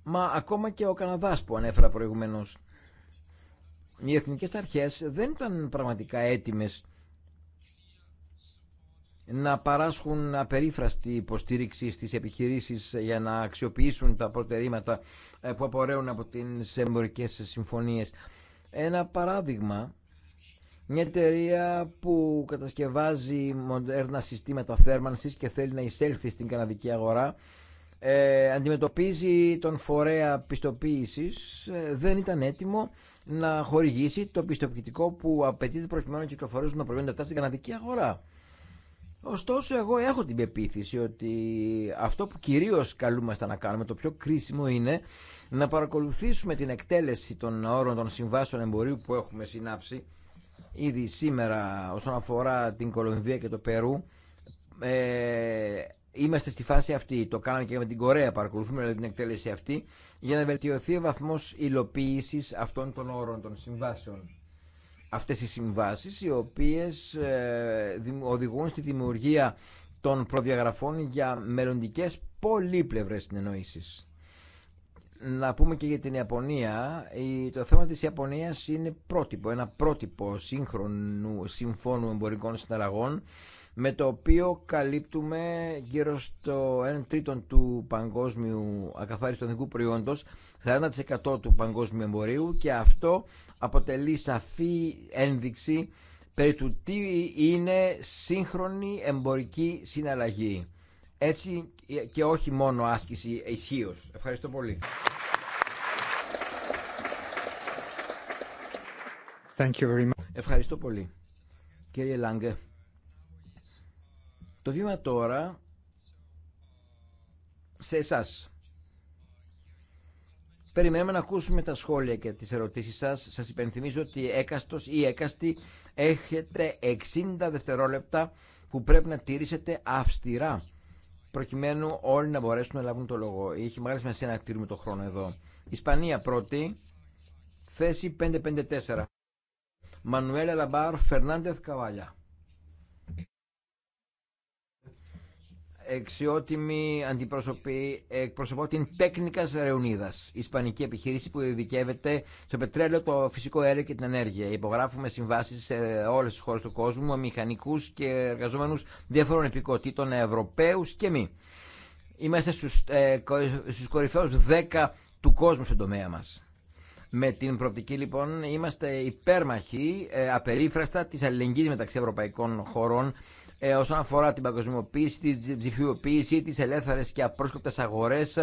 Μα ακόμα και ο Καναδάς που ανέφερα προηγουμένως. Οι εθνικές αρχές δεν ήταν πραγματικά έτοιμες να παράσχουν απερίφραστη υποστήριξη στις επιχειρήσεις για να αξιοποιήσουν τα προτερήματα ε, που απορρέουν από τις εμπορικές συμφωνίες. Ένα παράδειγμα, μια εταιρεία που κατασκευάζει μοντέρνα συστήματα θέρμανσης και θέλει να εισέλθει στην καναδική αγορά, ε, αντιμετωπίζει τον φορέα πιστοποίησης, ε, δεν ήταν έτοιμο να χορηγήσει το πιστοποιητικό που απαιτείται προκειμένου να κυκλοφορήσουν τα προϊόντα αυτά στην καναδική αγορά. Ωστόσο εγώ έχω την πεποίθηση ότι αυτό που κυρίως καλούμαστε να κάνουμε, το πιο κρίσιμο είναι να παρακολουθήσουμε την εκτέλεση των όρων των συμβάσεων εμπορίου που έχουμε συνάψει ήδη σήμερα όσον αφορά την Κολομβία και το Περού. Ε, είμαστε στη φάση αυτή, το κάναμε και με την Κορέα, παρακολουθούμε δηλαδή την εκτέλεση αυτή για να βελτιωθεί ο βαθμός υλοποίησης αυτών των όρων των συμβάσεων αυτές οι συμβάσεις οι οποίες ε, οδηγούν στη δημιουργία των προδιαγραφών για μελλοντικές πολύπλευρες συνεννοήσεις. Να πούμε και για την Ιαπωνία. Το θέμα της Ιαπωνίας είναι πρότυπο, ένα πρότυπο σύγχρονου συμφώνου εμπορικών συναλλαγών με το οποίο καλύπτουμε γύρω στο 1 τρίτο του παγκόσμιου ακαθάριστου εθνικού προϊόντος, 40% του παγκόσμιου εμπορίου και αυτό αποτελεί σαφή ένδειξη περί του τι είναι σύγχρονη εμπορική συναλλαγή. Έτσι και όχι μόνο άσκηση ισχύω. Ευχαριστώ πολύ. Thank you very much. Ευχαριστώ πολύ, κύριε Λάγκε. Το βήμα τώρα σε εσάς. Περιμένουμε να ακούσουμε τα σχόλια και τις ερωτήσεις σας. Σας υπενθυμίζω ότι έκαστος ή έκαστη έχετε 60 δευτερόλεπτα που πρέπει να τηρήσετε αυστηρά προκειμένου όλοι να μπορέσουν να λάβουν το λόγο. Είχε μεγάλη σημασία να κτηρούμε το χρόνο εδώ. Ισπανία πρώτη, θέση 554. Μανουέλα Λαμπάρ, Φερνάντεθ Καβάλια. εξιότιμη αντιπροσωπή εκπροσωπώ την τέκνικα Ρεουνίδα, ισπανική επιχείρηση που ειδικεύεται στο πετρέλαιο, το φυσικό αέριο και την ενέργεια. Υπογράφουμε συμβάσει σε όλε τι χώρε του κόσμου, με μηχανικούς και εργαζόμενου διαφορών επικοτήτων, Ευρωπαίου και μη. Είμαστε στου ε, κορυφαίους 10 του κόσμου στον τομέα μα. Με την προοπτική λοιπόν είμαστε υπέρμαχοι ε, απερίφραστα της αλληλεγγύης μεταξύ ευρωπαϊκών χωρών ε, όσον αφορά την παγκοσμιοποίηση, την ψηφιοποίηση, τις ελεύθερες και απρόσκοπτες αγορές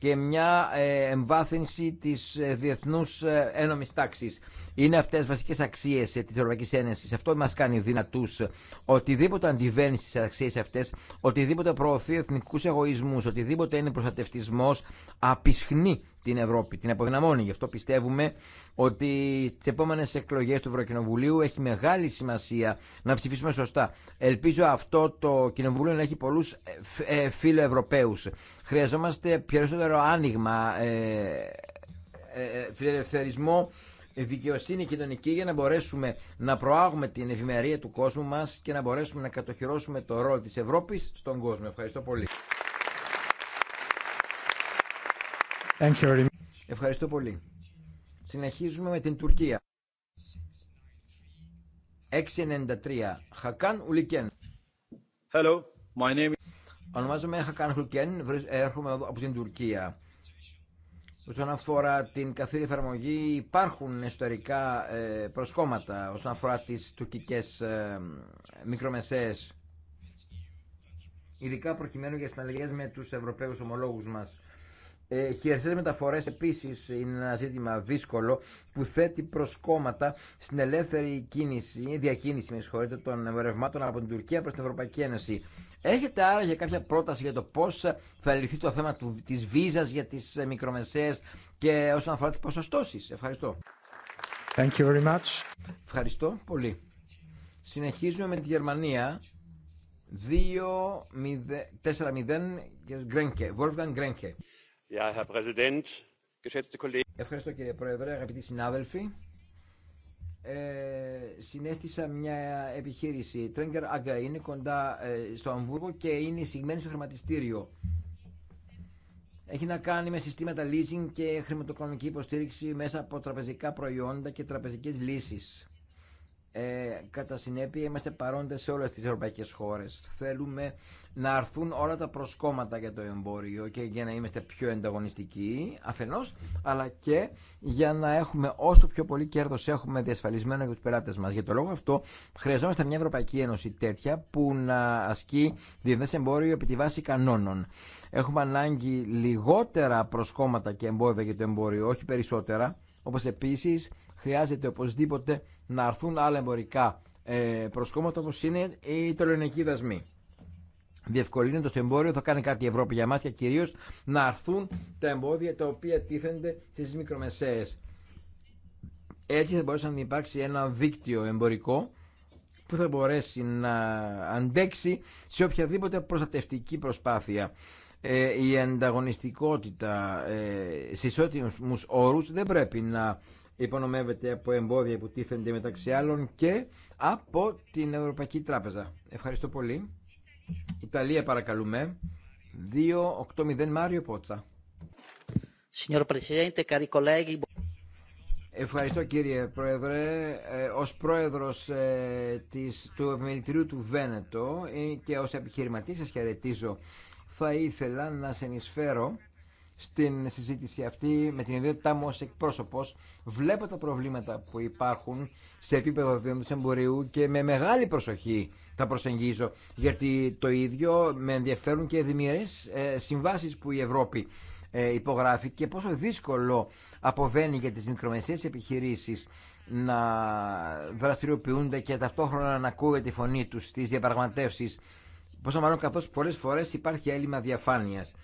και μια ε, εμβάθυνση της ε, διεθνούς ε, ένομης τάξης. Είναι αυτές βασικές αξίες της Ευρωπαϊκής Ένωσης. Αυτό μας κάνει δυνατούς. Οτιδήποτε αντιβαίνει στις αξίες αυτές, οτιδήποτε προωθεί εθνικούς εγωισμούς, οτιδήποτε είναι προστατευτισμός, απισχνεί την Ευρώπη, την αποδυναμώνει. Γι' αυτό πιστεύουμε ότι τι επόμενε εκλογέ του Ευρωκοινοβουλίου έχει μεγάλη σημασία να ψηφίσουμε σωστά. Ελπίζω αυτό το κοινοβούλιο να έχει πολλού φίλο Χρειαζόμαστε περισσότερο άνοιγμα, ε, ε, ε, φιλελευθερισμό, δικαιοσύνη κοινωνική για να μπορέσουμε να προάγουμε την ευημερία του κόσμου μας και να μπορέσουμε να κατοχυρώσουμε το ρόλο της Ευρώπης στον κόσμο. Ευχαριστώ πολύ. Ευχαριστώ πολύ. Συνεχίζουμε με την Τουρκία. 693 Χακάν Ουλικέν. Hello, my name is... Ονομάζομαι Χακάν Χουλκέν, έρχομαι από την Τουρκία. Όσον αφορά την καθήρη εφαρμογή υπάρχουν ιστορικά ε, προσκόμματα όσον αφορά τις τουρκικές ε, μικρομεσαίες ειδικά προκειμένου για συναλλαγές με τους Ευρωπαίους ομολόγους μας ε, Χειριστέ μεταφορές επίσης είναι ένα ζήτημα δύσκολο που θέτει προσκόμματα στην ελεύθερη κίνηση, διακίνηση με των ρευμάτων από την Τουρκία προς την Ευρωπαϊκή Ένωση. Έχετε άραγε κάποια πρόταση για το πώς θα λυθεί το θέμα τη της βίζας για τις μικρομεσαίες και όσον αφορά τις ποσοστώσεις. Ευχαριστώ. Thank you very much. Ευχαριστώ πολύ. Συνεχίζουμε με τη Γερμανία. 2-4-0 Wolfgang Γκρένκε. Ευχαριστώ κύριε Πρόεδρε, αγαπητοί συνάδελφοι. Ε, συνέστησα μια επιχείρηση. Τρέγκερ Αγκα είναι κοντά ε, στο Αμβούργο και είναι εισηγμένη στο χρηματιστήριο. Έχει να κάνει με συστήματα leasing και χρηματοοικονομική υποστήριξη μέσα από τραπεζικά προϊόντα και τραπεζικές λύσεις. Ε, κατά συνέπεια είμαστε παρόντες σε όλες τις ευρωπαϊκές χώρες. Θέλουμε να αρθούν όλα τα προσκόμματα για το εμπόριο και για να είμαστε πιο ενταγωνιστικοί αφενός, αλλά και για να έχουμε όσο πιο πολύ κέρδος έχουμε διασφαλισμένο για τους πελάτες μας. Για το λόγο αυτό χρειαζόμαστε μια Ευρωπαϊκή Ένωση τέτοια που να ασκεί διεθνές εμπόριο επί τη βάση κανόνων. Έχουμε ανάγκη λιγότερα προσκόμματα και εμπόδια για το εμπόριο, όχι περισσότερα, όπως επίσης χρειάζεται οπωσδήποτε να αρθούν άλλα εμπορικά ε, προσκόμματα όπως είναι η τελωνικοί δασμοί. Διευκολύνεται το εμπόριο, θα κάνει κάτι η Ευρώπη για μας και κυρίως να αρθούν τα εμπόδια τα οποία τίθενται στις μικρομεσαίες. Έτσι θα μπορέσει να υπάρξει ένα δίκτυο εμπορικό που θα μπορέσει να αντέξει σε οποιαδήποτε προστατευτική προσπάθεια. Ε, η ανταγωνιστικότητα ε, σε ισότιμους όρους δεν πρέπει να υπονομεύεται από εμπόδια που τίθενται μεταξύ άλλων και από την Ευρωπαϊκή Τράπεζα. Ευχαριστώ πολύ. Ιταλία παρακαλούμε. 2.8.0 Μάριο Πότσα. Ευχαριστώ κύριε Πρόεδρε. Ε, ως πρόεδρος ε, της, του Επιμελητηρίου του Βένετο ε, και ως επιχειρηματής σας χαιρετίζω. Θα ήθελα να ενισφέρω στην συζήτηση αυτή με την ιδιότητά μου ως εκπρόσωπος. Βλέπω τα προβλήματα που υπάρχουν σε επίπεδο του εμπορίου και με μεγάλη προσοχή τα προσεγγίζω γιατί το ίδιο με ενδιαφέρουν και δημιουργές ε, συμβάσεις που η Ευρώπη ε, υπογράφει και πόσο δύσκολο αποβαίνει για τις μικρομεσαίες επιχειρήσεις να δραστηριοποιούνται και ταυτόχρονα να ακούγεται τη φωνή τους στις διαπραγματεύσεις πόσο μάλλον καθώς πολλές φορές υπάρχει έλλειμμα διαφάνειας.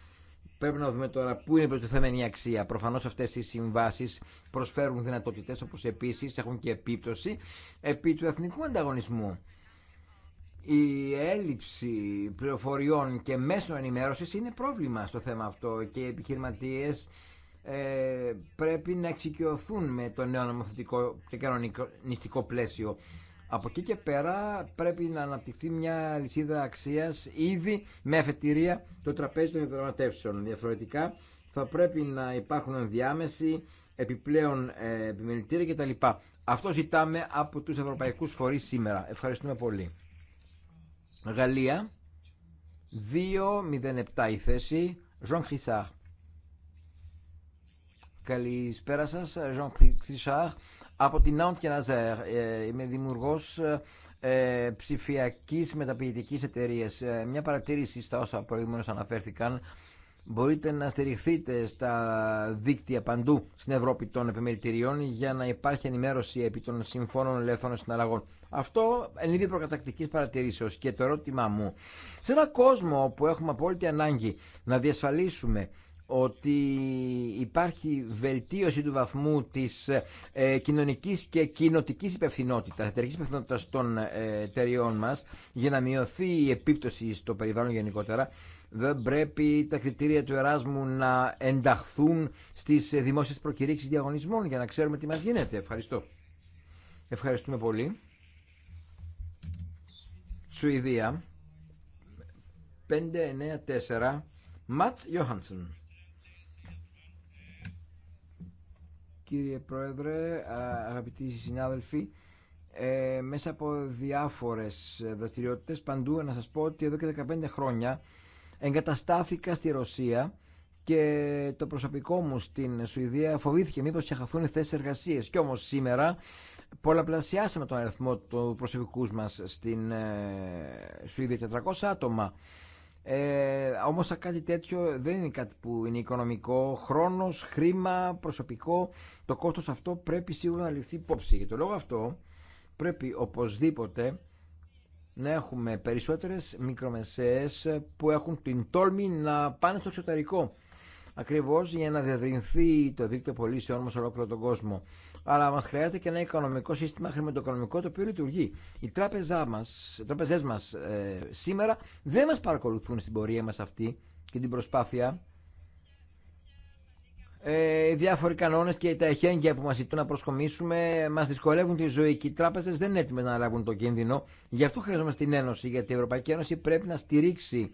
Πρέπει να δούμε τώρα πού είναι η αξία. Προφανώς αυτές οι συμβάσει προσφέρουν δυνατότητες όπως επίσης έχουν και επίπτωση επί του εθνικού ανταγωνισμού. Η έλλειψη πληροφοριών και μέσων ενημέρωσης είναι πρόβλημα στο θέμα αυτό και οι επιχειρηματίες ε, πρέπει να εξοικειωθούν με το νέο νομοθετικό και κανονιστικό πλαίσιο. Από εκεί και πέρα πρέπει να αναπτυχθεί μια λυσίδα αξίας ήδη με αφετηρία το τραπέζι των διαπραγματεύσεων. Διαφορετικά θα πρέπει να υπάρχουν ενδιάμεση, επιπλέον ε, επιμελητήρια κτλ. Αυτό ζητάμε από τους ευρωπαϊκούς φορείς σήμερα. Ευχαριστούμε πολύ. Γαλλία, 2.07 η θέση, Jean Χρυσάρ. Καλησπέρα σας, Jean Χρυσάρ από την και Ναζέρ. Ε, είμαι δημιουργό ε, ψηφιακής εταιρεία. εταιρείας. Ε, μια παρατήρηση στα όσα προηγουμένως αναφέρθηκαν. Μπορείτε να στηριχθείτε στα δίκτυα παντού στην Ευρώπη των επιμελητηριών για να υπάρχει ενημέρωση επί των συμφώνων ελεύθερων συναλλαγών. Αυτό εν είδη προκατακτική παρατηρήσεω και το ερώτημά μου. Σε έναν κόσμο που έχουμε απόλυτη ανάγκη να διασφαλίσουμε ότι υπάρχει βελτίωση του βαθμού της ε, κοινωνικής και κοινοτικής υπευθυνότητας, εταιρικής υπευθυνότητας των ε, εταιριών μας για να μειωθεί η επίπτωση στο περιβάλλον γενικότερα. Δεν πρέπει τα κριτήρια του Εράσμου να ενταχθούν στις δημόσιες προκηρύξεις διαγωνισμών για να ξέρουμε τι μας γίνεται. Ευχαριστώ. Ευχαριστούμε πολύ. Σουηδία 594 Ματς Johansson. κύριε Πρόεδρε, αγαπητοί συνάδελφοι. Ε, μέσα από διάφορες δραστηριότητες παντού να σας πω ότι εδώ και 15 χρόνια εγκαταστάθηκα στη Ρωσία και το προσωπικό μου στην Σουηδία φοβήθηκε μήπως και χαθούν θέσεις εργασίες και όμως σήμερα πολλαπλασιάσαμε τον αριθμό του προσωπικού μας στην ε, Σουηδία 400 άτομα ε, όμως κάτι τέτοιο δεν είναι κάτι που είναι οικονομικό. Χρόνος, χρήμα, προσωπικό, το κόστος αυτό πρέπει σίγουρα να ληφθεί υπόψη. Για το λόγο αυτό πρέπει οπωσδήποτε να έχουμε περισσότερες μικρομεσαίες που έχουν την τόλμη να πάνε στο εξωτερικό ακριβώς για να διαδρυνθεί το δίκτυο πωλήσεων μα σε ολόκληρο τον κόσμο αλλά μα χρειάζεται και ένα οικονομικό σύστημα χρηματοοικονομικό το οποίο λειτουργεί. Οι τράπεζε μα ε, σήμερα δεν μα παρακολουθούν στην πορεία μα αυτή και την προσπάθεια. Ε, οι διάφοροι κανόνε και τα εχέγγυα που μα ζητούν να προσκομίσουμε μα δυσκολεύουν τη ζωή και οι τράπεζε δεν είναι έτοιμε να λάβουν το κίνδυνο. Γι' αυτό χρειαζόμαστε την Ένωση, γιατί η Ευρωπαϊκή Ένωση πρέπει να στηρίξει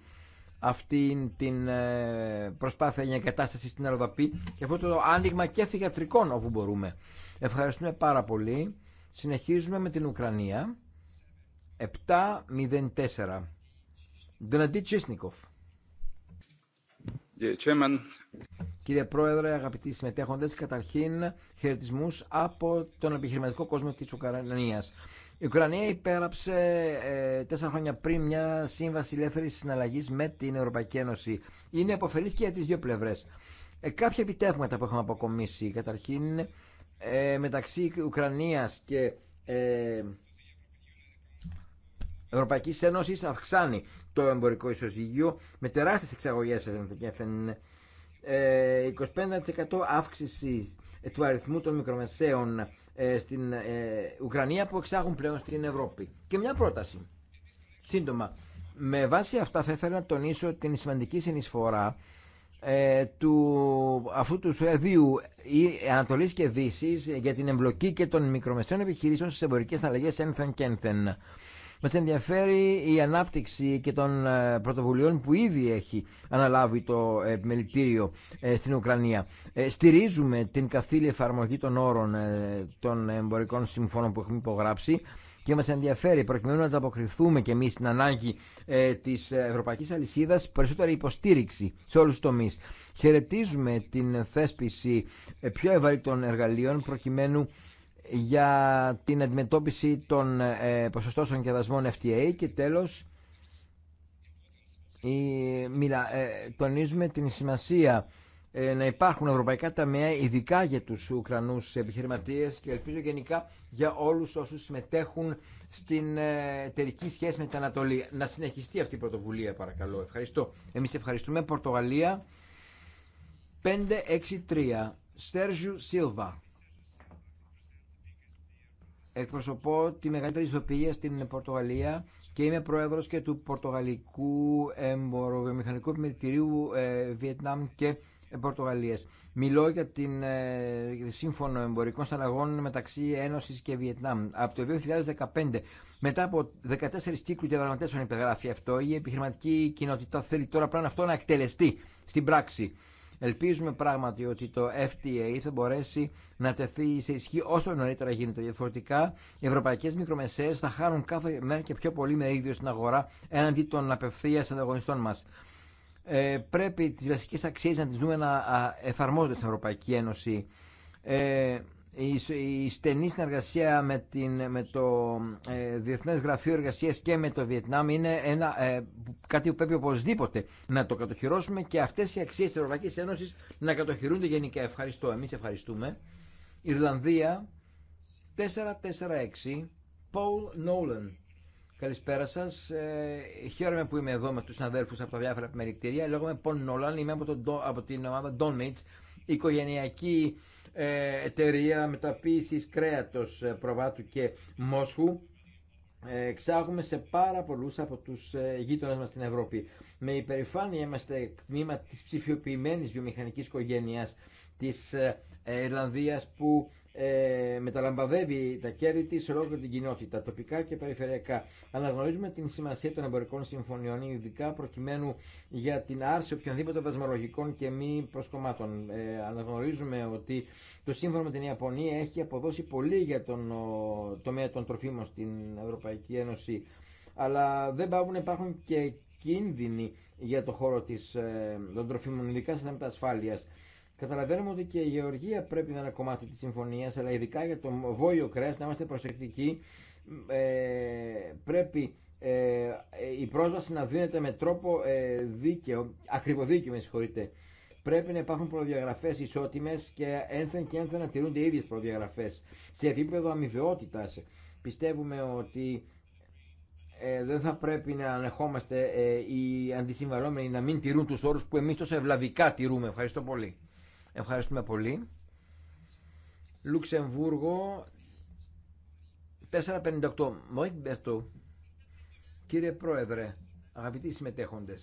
αυτή την ε, προσπάθεια για εγκατάσταση στην Αλοδαπή και αυτό το άνοιγμα και θηγατρικών όπου μπορούμε. Ευχαριστούμε πάρα πολύ. Συνεχίζουμε με την Ουκρανία. 7-04. Τσίσνικοφ. Κύριε Πρόεδρε, αγαπητοί συμμετέχοντες, καταρχήν χαιρετισμού από τον επιχειρηματικό κόσμο της Ουκρανίας. Η Ουκρανία υπέραψε ε, τέσσερα χρόνια πριν μια σύμβαση ελεύθερη συναλλαγή με την Ευρωπαϊκή Ένωση. Είναι αποφελή και για τι δύο πλευρέ. Ε, κάποια επιτεύγματα που έχουμε αποκομίσει. Καταρχήν, ε, μεταξύ Ουκρανίας και ε, Ευρωπαϊκής Ένωσης αυξάνει το εμπορικό ισοζύγιο με τεράστιες εξαγωγές ε, 25% αύξηση του αριθμού των μικρομεσαίων ε, στην ε, Ουκρανία που εξάγουν πλέον στην Ευρώπη. Και μια πρόταση. Σύντομα, με βάση αυτά θα ήθελα να τονίσω την σημαντική συνεισφορά ε, του, αφού του Σουεδίου ή Ανατολή και Δύση ε, για την εμπλοκή και των μικρομεσαίων επιχειρήσεων στι εμπορικέ αλλαγέ ένθεν και ένθεν. Μα ενδιαφέρει η ανάπτυξη και των ε, πρωτοβουλειών που ήδη έχει αναλάβει το επιμελητήριο στην Ουκρανία. Στηρίζουμε την καθήλη εφαρμογή των όρων των εμπορικών συμφώνων που έχουμε υπογράψει και μας ενδιαφέρει προκειμένου να ανταποκριθούμε και εμείς στην ανάγκη ε, της ευρωπαϊκής αλυσίδας περισσότερη υποστήριξη σε όλους τους τομείς. Χαιρετίζουμε την θέσπιση ε, πιο ευαρύτων εργαλείων προκειμένου για την αντιμετώπιση των ε, ποσοστώσεων και δασμών FTA και τέλος ε, τονίζουμε την σημασία ε, να υπάρχουν ευρωπαϊκά ταμεία ειδικά για τους Ουκρανούς επιχειρηματίες και ελπίζω γενικά για όλους όσους συμμετέχουν στην ε, εταιρική σχέση με την Ανατολή. Να συνεχιστεί αυτή η πρωτοβουλία παρακαλώ. Ευχαριστώ. Εμείς ευχαριστούμε Πορτογαλία 563 Σέρζιου Σίλβα. Εκπροσωπώ τη μεγαλύτερη ιστοποιία στην Πορτογαλία και είμαι πρόεδρος και του Πορτογαλικού Εμποροβιομηχανικού Επιμελητηρίου ε, Βιετνάμ και Πορτογαλία. Μιλώ για την ε, σύμφωνο εμπορικών συναλλαγών μεταξύ Ένωση και Βιετνάμ. Από το 2015, μετά από 14 κύκλου διαπραγματεύσεων υπεγράφει αυτό, η επιχειρηματική κοινότητα θέλει τώρα πλέον αυτό να εκτελεστεί στην πράξη. Ελπίζουμε πράγματι ότι το FTA θα μπορέσει να τεθεί σε ισχύ όσο νωρίτερα γίνεται. Διαφορετικά, οι ευρωπαϊκέ μικρομεσαίε θα χάνουν κάθε μέρα και πιο πολύ μερίδιο στην αγορά έναντι των απευθεία ανταγωνιστών μα. Ε, πρέπει τις βασικές αξίες να τις δούμε να εφαρμόζονται στην Ευρωπαϊκή Ένωση. Ε, η, στενή συνεργασία με, την, με το ε, Διεθνές Γραφείο Εργασίας και με το Βιετνάμ είναι ένα, κάτι που πρέπει οπωσδήποτε να το κατοχυρώσουμε και αυτές οι αξίες της Ευρωπαϊκής Ένωσης να κατοχυρούνται γενικά. Ευχαριστώ. Εμείς ευχαριστούμε. Ιρλανδία 446 Paul Nolan. Καλησπέρα σα. Ε, χαίρομαι που είμαι εδώ με του συναδέλφου από τα διάφορα επιμελητήρια. Λέγομαι Πον Νόλαν, είμαι από, τον, από την ομάδα Donmates, οικογενειακή ε, εταιρεία μεταποίηση κρέατο ε, προβάτου και μόσχου. Ε, εξάγουμε σε πάρα πολλούς από τους ε, γείτονες μας στην Ευρώπη. Με υπερηφάνεια είμαστε τμήμα της ψηφιοποιημένης βιομηχανικής οικογένειας της Ιρλανδία, που ε, μεταλαμπαδεύει τα κέρδη τη σε ολόκληρη την κοινότητα, τοπικά και περιφερειακά. Αναγνωρίζουμε την σημασία των εμπορικών συμφωνιών, ειδικά προκειμένου για την άρση οποιονδήποτε δασμολογικών και μη προσκομμάτων. Ε, αναγνωρίζουμε ότι το σύμφωνο με την Ιαπωνία έχει αποδώσει πολύ για τον ο, τομέα των τροφίμων στην Ευρωπαϊκή Ένωση, αλλά δεν πάβουν υπάρχουν και κίνδυνοι για το χώρο της, ε, των τροφίμων, ειδικά σε θέματα ασφάλειας. Καταλαβαίνουμε ότι και η γεωργία πρέπει να είναι κομμάτι τη συμφωνία, αλλά ειδικά για το βόλιο κρέα να είμαστε προσεκτικοί. Ε, πρέπει ε, η πρόσβαση να δίνεται με τρόπο ε, δίκαιο, ακριβοδίκαιο με συγχωρείτε. Πρέπει να υπάρχουν προδιαγραφέ ισότιμε και ένθεν και ένθεν να τηρούνται οι ίδιε προδιαγραφέ σε επίπεδο αμοιβαιότητα. Πιστεύουμε ότι ε, δεν θα πρέπει να ανεχόμαστε ε, οι αντισυμβαλόμενοι να μην τηρούν του όρου που εμεί τόσο ευλαβικά τηρούμε. Ευχαριστώ πολύ. Ευχαριστούμε πολύ. Λουξεμβούργο 458. Μόιμπερτο. Κύριε Πρόεδρε, αγαπητοί συμμετέχοντε.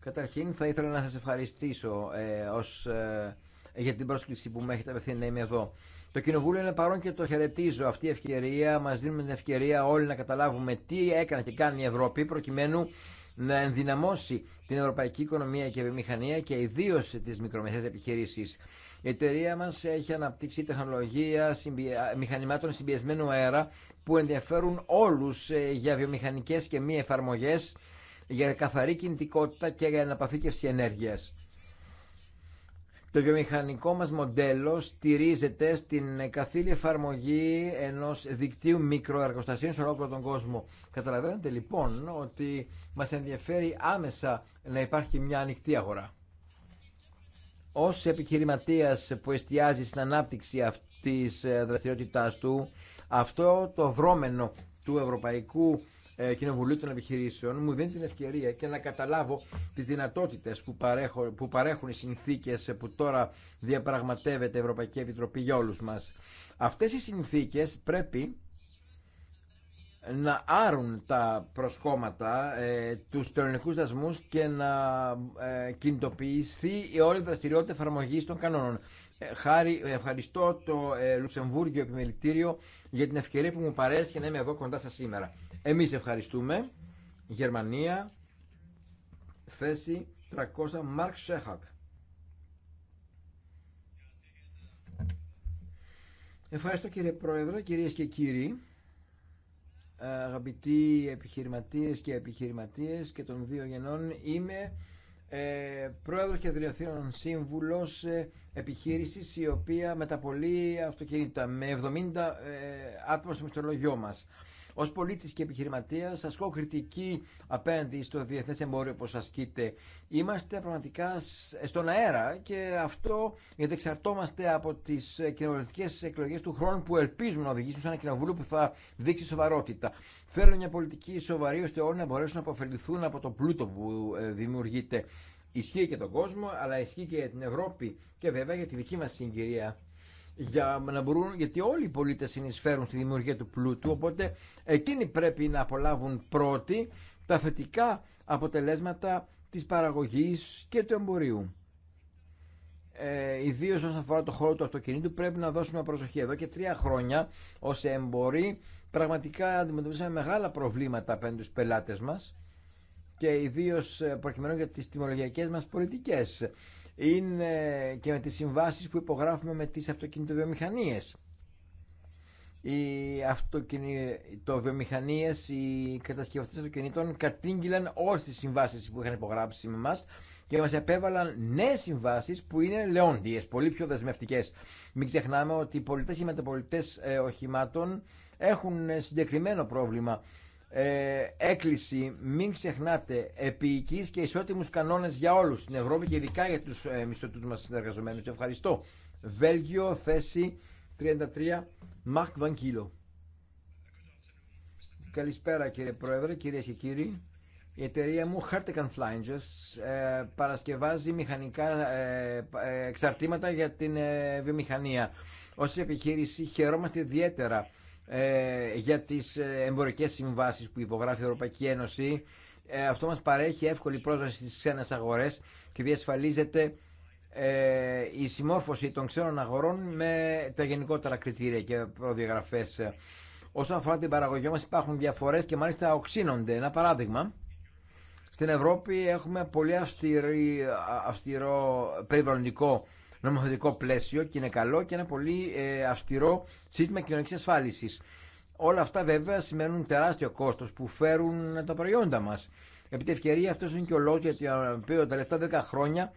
καταρχήν θα ήθελα να σα ευχαριστήσω ε, ως, ε, για την πρόσκληση που με έχετε απευθύνει να είμαι εδώ. Το Κοινοβούλιο είναι παρόν και το χαιρετίζω. Αυτή η ευκαιρία Μα δίνουμε την ευκαιρία όλοι να καταλάβουμε τι έκανε και κάνει η Ευρώπη προκειμένου να ενδυναμώσει την ευρωπαϊκή οικονομία και βιομηχανία και ιδίω τι μικρομεσαίε επιχειρήσει. Η εταιρεία μα έχει αναπτύξει τεχνολογία μηχανημάτων συμπιεσμένου αέρα που ενδιαφέρουν όλου ε, για βιομηχανικέ και μη εφαρμογέ, για καθαρή κινητικότητα και για αναπαθήκευση ενέργεια. Το βιομηχανικό μας μοντέλο στηρίζεται στην καθήλη εφαρμογή ενός δικτύου μικροεργοστασίων σε όλο τον κόσμο. Καταλαβαίνετε λοιπόν ότι μας ενδιαφέρει άμεσα να υπάρχει μια ανοιχτή αγορά. Ως επιχειρηματίας που εστιάζει στην ανάπτυξη αυτής της ε, δραστηριότητάς του, αυτό το δρόμενο του ευρωπαϊκού ε, Κοινοβουλίου των Επιχειρήσεων μου δίνει την ευκαιρία και να καταλάβω τις δυνατότητες που, παρέχω, που παρέχουν οι συνθήκες που τώρα διαπραγματεύεται η Ευρωπαϊκή Επιτροπή για όλους μας. Αυτές οι συνθήκες πρέπει να άρουν τα προσκόμματα, ε, τους τελωνικούς δασμούς και να ε, κινητοποιηθεί η όλη δραστηριότητα εφαρμογή των κανόνων. Ε, χάρη, ευχαριστώ το ε, Λουξεμβούργιο Επιμελητήριο για την ευκαιρία που μου παρέσχει να είμαι εδώ κοντά σας σήμερα. Εμείς ευχαριστούμε. Γερμανία, θέση 300, Μαρκ Σέχακ. Ευχαριστώ κύριε Πρόεδρε, κυρίες και κύριοι, αγαπητοί επιχειρηματίες και επιχειρηματίες και των δύο γενών. Είμαι ε, πρόεδρος και δηλωθείων σύμβουλος ε, επιχείρησης η οποία μεταπολεί αυτοκίνητα με 70 ε, άτομα στο μισθολογιό μας. Ω πολίτη και επιχειρηματία, ασκώ κριτική απέναντι στο διεθνέ εμπόριο που ασκείται. Είμαστε πραγματικά στον αέρα και αυτό γιατί εξαρτώμαστε από τι κοινοβουλευτικέ εκλογέ του χρόνου που ελπίζουμε να οδηγήσουν σε ένα κοινοβούλιο που θα δείξει σοβαρότητα. Θέλω μια πολιτική σοβαρή ώστε όλοι να μπορέσουν να αποφεληθούν από το πλούτο που ε, δημιουργείται. Ισχύει και τον κόσμο, αλλά ισχύει και την Ευρώπη και βέβαια για τη δική μα συγκυρία για να γιατί όλοι οι πολίτες συνεισφέρουν στη δημιουργία του πλούτου, οπότε εκείνοι πρέπει να απολάβουν πρώτοι τα θετικά αποτελέσματα της παραγωγής και του εμπορίου. Ε, Ιδίω όσον αφορά το χώρο του αυτοκινήτου, πρέπει να δώσουμε προσοχή. Εδώ και τρία χρόνια, ω εμποροί, πραγματικά αντιμετωπίσαμε μεγάλα προβλήματα απέναντι στου πελάτε μα και ιδίω ε, προκειμένου για τι τιμολογιακέ μα πολιτικέ είναι και με τις συμβάσεις που υπογράφουμε με τις αυτοκινητοβιομηχανίες. Οι αυτοκινητοβιομηχανίες, οι κατασκευαστές αυτοκινήτων κατήγγυλαν όλες τις συμβάσεις που είχαν υπογράψει με μας και μας επέβαλαν νέες συμβάσεις που είναι λεόντιες, πολύ πιο δεσμευτικές. Μην ξεχνάμε ότι οι πολιτές και οι μεταπολιτές ε, οχημάτων έχουν συγκεκριμένο πρόβλημα ε, έκκληση μην ξεχνάτε επίοικείς και ισότιμους κανόνες για όλους στην Ευρώπη και ειδικά για τους ε, μισθωτούς μας συνεργαζομένους. Ευχαριστώ. Βέλγιο, θέση 33, Μαρκ Βανκύλο. Καλησπέρα κύριε Πρόεδρε, κυρίες και κύριοι. Η εταιρεία μου Hartekan Flanges ε, παρασκευάζει μηχανικά ε, ε, εξαρτήματα για την ε, βιομηχανία. Ως επιχείρηση χαιρόμαστε ιδιαίτερα ε, για τις ε, εμπορικές συμβάσεις που υπογράφει η Ευρωπαϊκή Ένωση. Ε, αυτό μας παρέχει εύκολη πρόσβαση στις ξένες αγορές και διασφαλίζεται η συμμόρφωση των ξένων αγορών με τα γενικότερα κριτήρια και προδιαγραφές. Όσον αφορά την παραγωγή μας υπάρχουν διαφορές και μάλιστα οξύνονται. Ένα παράδειγμα, στην Ευρώπη έχουμε πολύ αυστηρό περιβαλλοντικό νομοθετικό πλαίσιο και είναι καλό και ένα πολύ ε, αυστηρό σύστημα κοινωνική ασφάλιση. Όλα αυτά βέβαια σημαίνουν τεράστιο κόστο που φέρουν τα προϊόντα μα. Επί τη ευκαιρία αυτό είναι και ο λόγο για τον οποίο τα τελευταία 10 χρόνια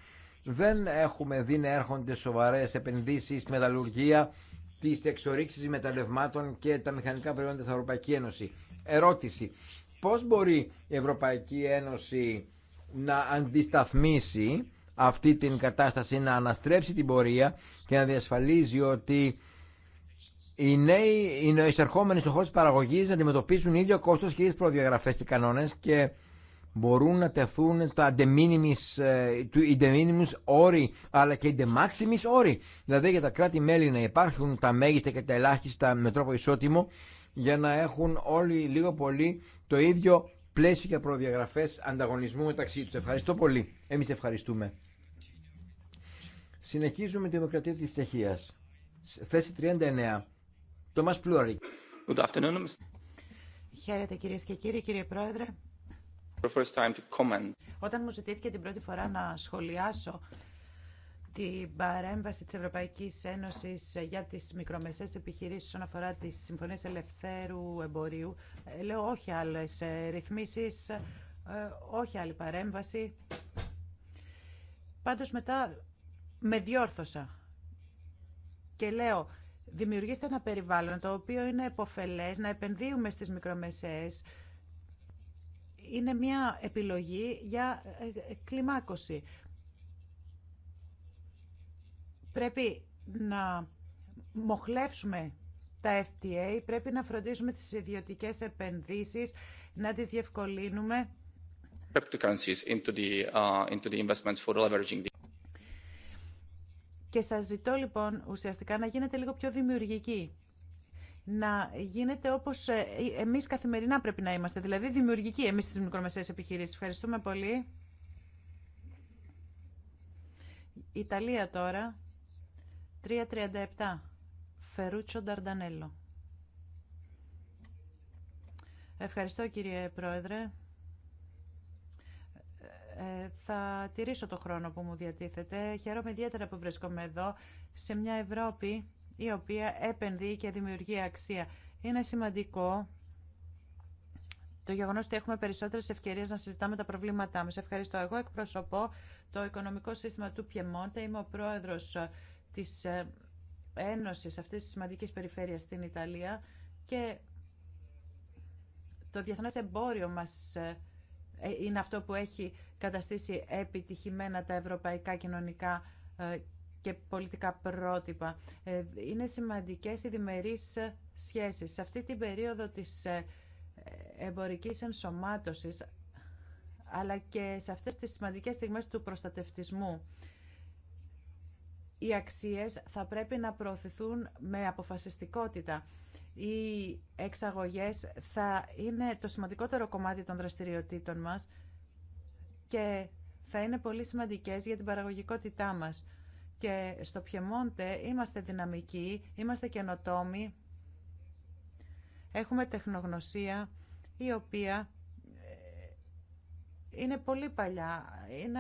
δεν έχουμε δει να έρχονται σοβαρέ επενδύσει στη μεταλλουργία, τι εξορίξει μεταλλευμάτων και τα μηχανικά προϊόντα στην Ευρωπαϊκή Ένωση. Ερώτηση. Πώς μπορεί η Ευρωπαϊκή Ένωση να αντισταθμίσει αυτή την κατάσταση, να αναστρέψει την πορεία και να διασφαλίζει ότι οι νέοι, οι εισερχόμενοι στον χώρο τη παραγωγή αντιμετωπίζουν ίδιο κόστο και ίδιε προδιαγραφέ και κανόνε και μπορούν να τεθούν τα ε, de minimis, όροι αλλά και οι de maximis όροι. Δηλαδή για τα κράτη-μέλη να υπάρχουν τα μέγιστα και τα ελάχιστα με τρόπο ισότιμο για να έχουν όλοι λίγο πολύ το ίδιο πλαίσιο για προδιαγραφές ανταγωνισμού μεταξύ τους. Ευχαριστώ πολύ. Εμείς ευχαριστούμε. Συνεχίζουμε τη Δημοκρατία της Τσεχίας. Θέση 39. Τόμας Πλούαρικ. Χαίρετε κυρίες και κύριοι, κύριε Πρόεδρε. Όταν μου ζητήθηκε την πρώτη φορά να σχολιάσω την παρέμβαση της Ευρωπαϊκής Ένωσης για τις μικρομεσαίες επιχειρήσεις όσον αφορά τις συμφωνίες ελευθέρου εμπορίου, λέω όχι άλλες ρυθμίσεις, ε, όχι άλλη παρέμβαση. Πάντως μετά με διόρθωσα και λέω δημιουργήστε ένα περιβάλλον το οποίο είναι εποφελές, να επενδύουμε στις μικρομεσαίες. Είναι μια επιλογή για ε, ε, κλιμάκωση. Πρέπει να μοχλεύσουμε τα FTA, πρέπει να φροντίσουμε τις ιδιωτικές επενδύσεις, να τις διευκολύνουμε. Into the, uh, into και σας ζητώ λοιπόν ουσιαστικά να γίνετε λίγο πιο δημιουργικοί. Να γίνετε όπως ε, εμείς καθημερινά πρέπει να είμαστε, δηλαδή δημιουργικοί εμείς στις μικρομεσαίες επιχειρήσεις. Ευχαριστούμε πολύ. Ιταλία τώρα, 3.37, Φερούτσο Νταρντανέλο. Ευχαριστώ κύριε Πρόεδρε. Ε, θα τηρήσω το χρόνο που μου διατίθεται. Χαίρομαι ιδιαίτερα που βρίσκομαι εδώ, σε μια Ευρώπη η οποία επενδύει και δημιουργεί αξία. Είναι σημαντικό το γεγονός ότι έχουμε περισσότερες ευκαιρίες να συζητάμε τα προβλήματά μας. Ευχαριστώ. Εγώ εκπροσωπώ το οικονομικό σύστημα του Πιεμόντα. Είμαι ο πρόεδρος της ε, Ένωσης αυτής της σημαντικής περιφέρειας στην Ιταλία και το διεθνές εμπόριο μας ε, ε, είναι αυτό που έχει καταστήσει επιτυχημένα τα ευρωπαϊκά κοινωνικά ε, και πολιτικά πρότυπα. Ε, είναι σημαντικές οι διμερείς σχέσεις. Σε αυτή την περίοδο της εμπορικής ενσωμάτωσης, αλλά και σε αυτές τις σημαντικές στιγμές του προστατευτισμού, οι αξίες θα πρέπει να προωθηθούν με αποφασιστικότητα οι εξαγωγές θα είναι το σημαντικότερο κομμάτι των δραστηριοτήτων μας και θα είναι πολύ σημαντικές για την παραγωγικότητά μας. Και στο Πιεμόντε είμαστε δυναμικοί, είμαστε καινοτόμοι, έχουμε τεχνογνωσία η οποία ε, είναι πολύ παλιά, είναι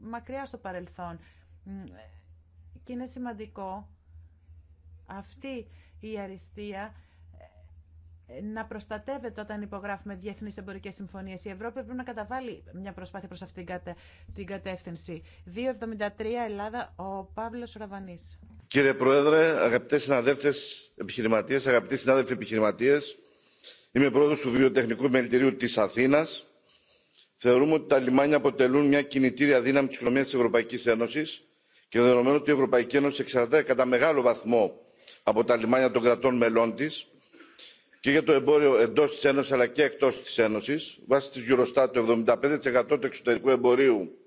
μακριά στο παρελθόν. Ε, και είναι σημαντικό αυτή η αριστεία ε, να προστατεύεται όταν υπογράφουμε διεθνεί εμπορικέ συμφωνίε. Η Ευρώπη πρέπει να καταβάλει μια προσπάθεια προ αυτήν την κατεύθυνση. 2.73 Ελλάδα, ο Παύλο Ραβανής. Κύριε Πρόεδρε, αγαπητέ συναδέλφες επιχειρηματίε, αγαπητοί συνάδελφοι επιχειρηματίε, είμαι πρόεδρο του Βιοτεχνικού Μελητηρίου τη Αθήνα. Θεωρούμε ότι τα λιμάνια αποτελούν μια κινητήρια δύναμη τη οικονομία τη Ευρωπαϊκή Ένωση και δεδομένου ότι η Ευρωπαϊκή Ένωση εξαρτάται κατά μεγάλο βαθμό από τα λιμάνια των κρατών μελών της και για το εμπόριο εντός της Ένωσης αλλά και εκτός της Ένωσης. Βάσει της Eurostat το 75% του εξωτερικού εμπορίου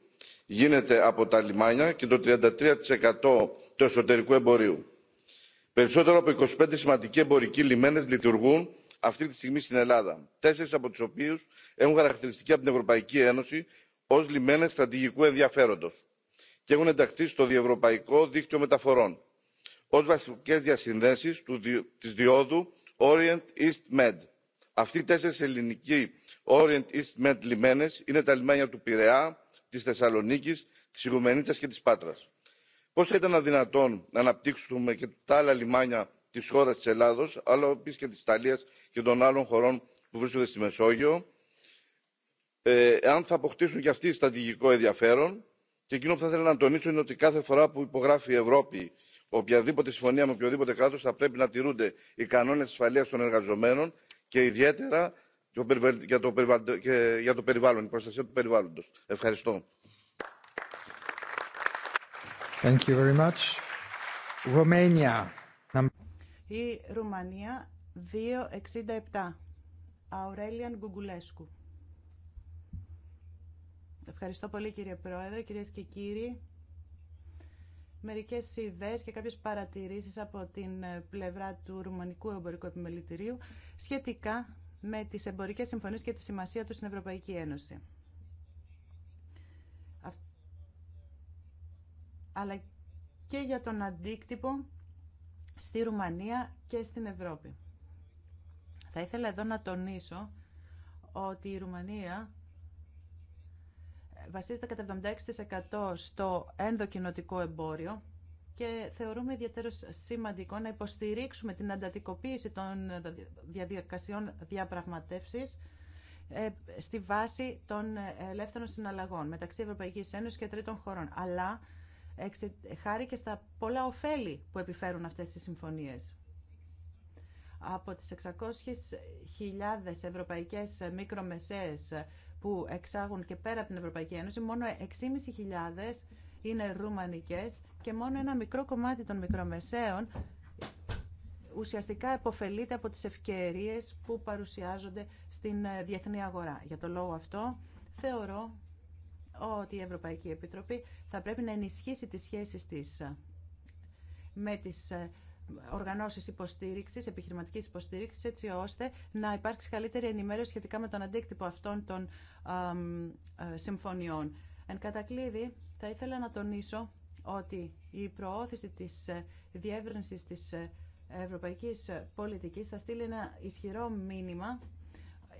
γίνεται από τα λιμάνια και το 33% του εσωτερικού εμπορίου. Περισσότερο από 25 σημαντικοί εμπορικοί λιμένες λειτουργούν αυτή τη στιγμή στην Ελλάδα. Τέσσερι από του οποίου έχουν χαρακτηριστική από την Ευρωπαϊκή Ένωση ω λιμένε στρατηγικού ενδιαφέροντο και έχουν ενταχθεί στο διευρωπαϊκό δίκτυο μεταφορών ως βασικές διασυνδέσεις της διόδου Orient East Med. Αυτοί οι τέσσερις ελληνικοί Orient East Med λιμένες είναι τα λιμάνια του Πειραιά, της Θεσσαλονίκης, της Ιγουμενίτσας και της Πάτρας. Πώς θα ήταν αδυνατόν να αναπτύξουμε και τα άλλα λιμάνια της χώρας της Ελλάδος, αλλά επίσης και της Ιταλίας και των άλλων χωρών που βρίσκονται στη Μεσόγειο, αν ε, θα αποκτήσουν και αυτοί στρατηγικό ενδιαφέρον. Και εκείνο που θα ήθελα να τονίσω είναι ότι κάθε φορά που υπογράφει η Ευρώπη οποιαδήποτε συμφωνία με οποιοδήποτε κράτο θα πρέπει να τηρούνται οι κανόνε ασφαλεία των εργαζομένων και ιδιαίτερα για το, περιβάλλον, η προστασία του περιβάλλοντος. Ευχαριστώ. Thank you very much. Romania. Η Ρουμανία 267. Αουρέλιαν Γκουγκουλέσκου. Ευχαριστώ πολύ κύριε Πρόεδρε, κυρίες και κύριοι μερικές ιδέες και κάποιες παρατηρήσεις από την πλευρά του Ρουμανικού Εμπορικού Επιμελητηρίου σχετικά με τις εμπορικές συμφωνίες και τη σημασία του στην Ευρωπαϊκή Ένωση. Αλλά και για τον αντίκτυπο στη Ρουμανία και στην Ευρώπη. Θα ήθελα εδώ να τονίσω ότι η Ρουμανία βασίζεται κατά 76% στο ενδοκινοτικό εμπόριο και θεωρούμε ιδιαίτερο σημαντικό να υποστηρίξουμε την αντατικοποίηση των διαδικασιών διαπραγματεύσεις ε, στη βάση των ελεύθερων συναλλαγών μεταξύ Ευρωπαϊκής Ένωσης και τρίτων χωρών. Αλλά χάρη και στα πολλά ωφέλη που επιφέρουν αυτές τις συμφωνίες. Από τις 600.000 ευρωπαϊκές μικρομεσαίες που εξάγουν και πέρα από την Ευρωπαϊκή Ένωση, μόνο 6.500 είναι ρουμανικές και μόνο ένα μικρό κομμάτι των μικρομεσαίων ουσιαστικά επωφελείται από τις ευκαιρίες που παρουσιάζονται στην ε, διεθνή αγορά. Για το λόγο αυτό θεωρώ ότι η Ευρωπαϊκή Επιτροπή θα πρέπει να ενισχύσει τις σχέσεις της ε, με τις ε, οργανώσεις υποστήριξης, επιχειρηματικής υποστήριξης, έτσι ώστε να υπάρξει καλύτερη ενημέρωση σχετικά με τον αντίκτυπο αυτών των ε, συμφωνιών. Εν κατακλείδη, θα ήθελα να τονίσω ότι η προώθηση της ε, διεύρυνσης της ε, ευρωπαϊκής πολιτικής θα στείλει ένα ισχυρό μήνυμα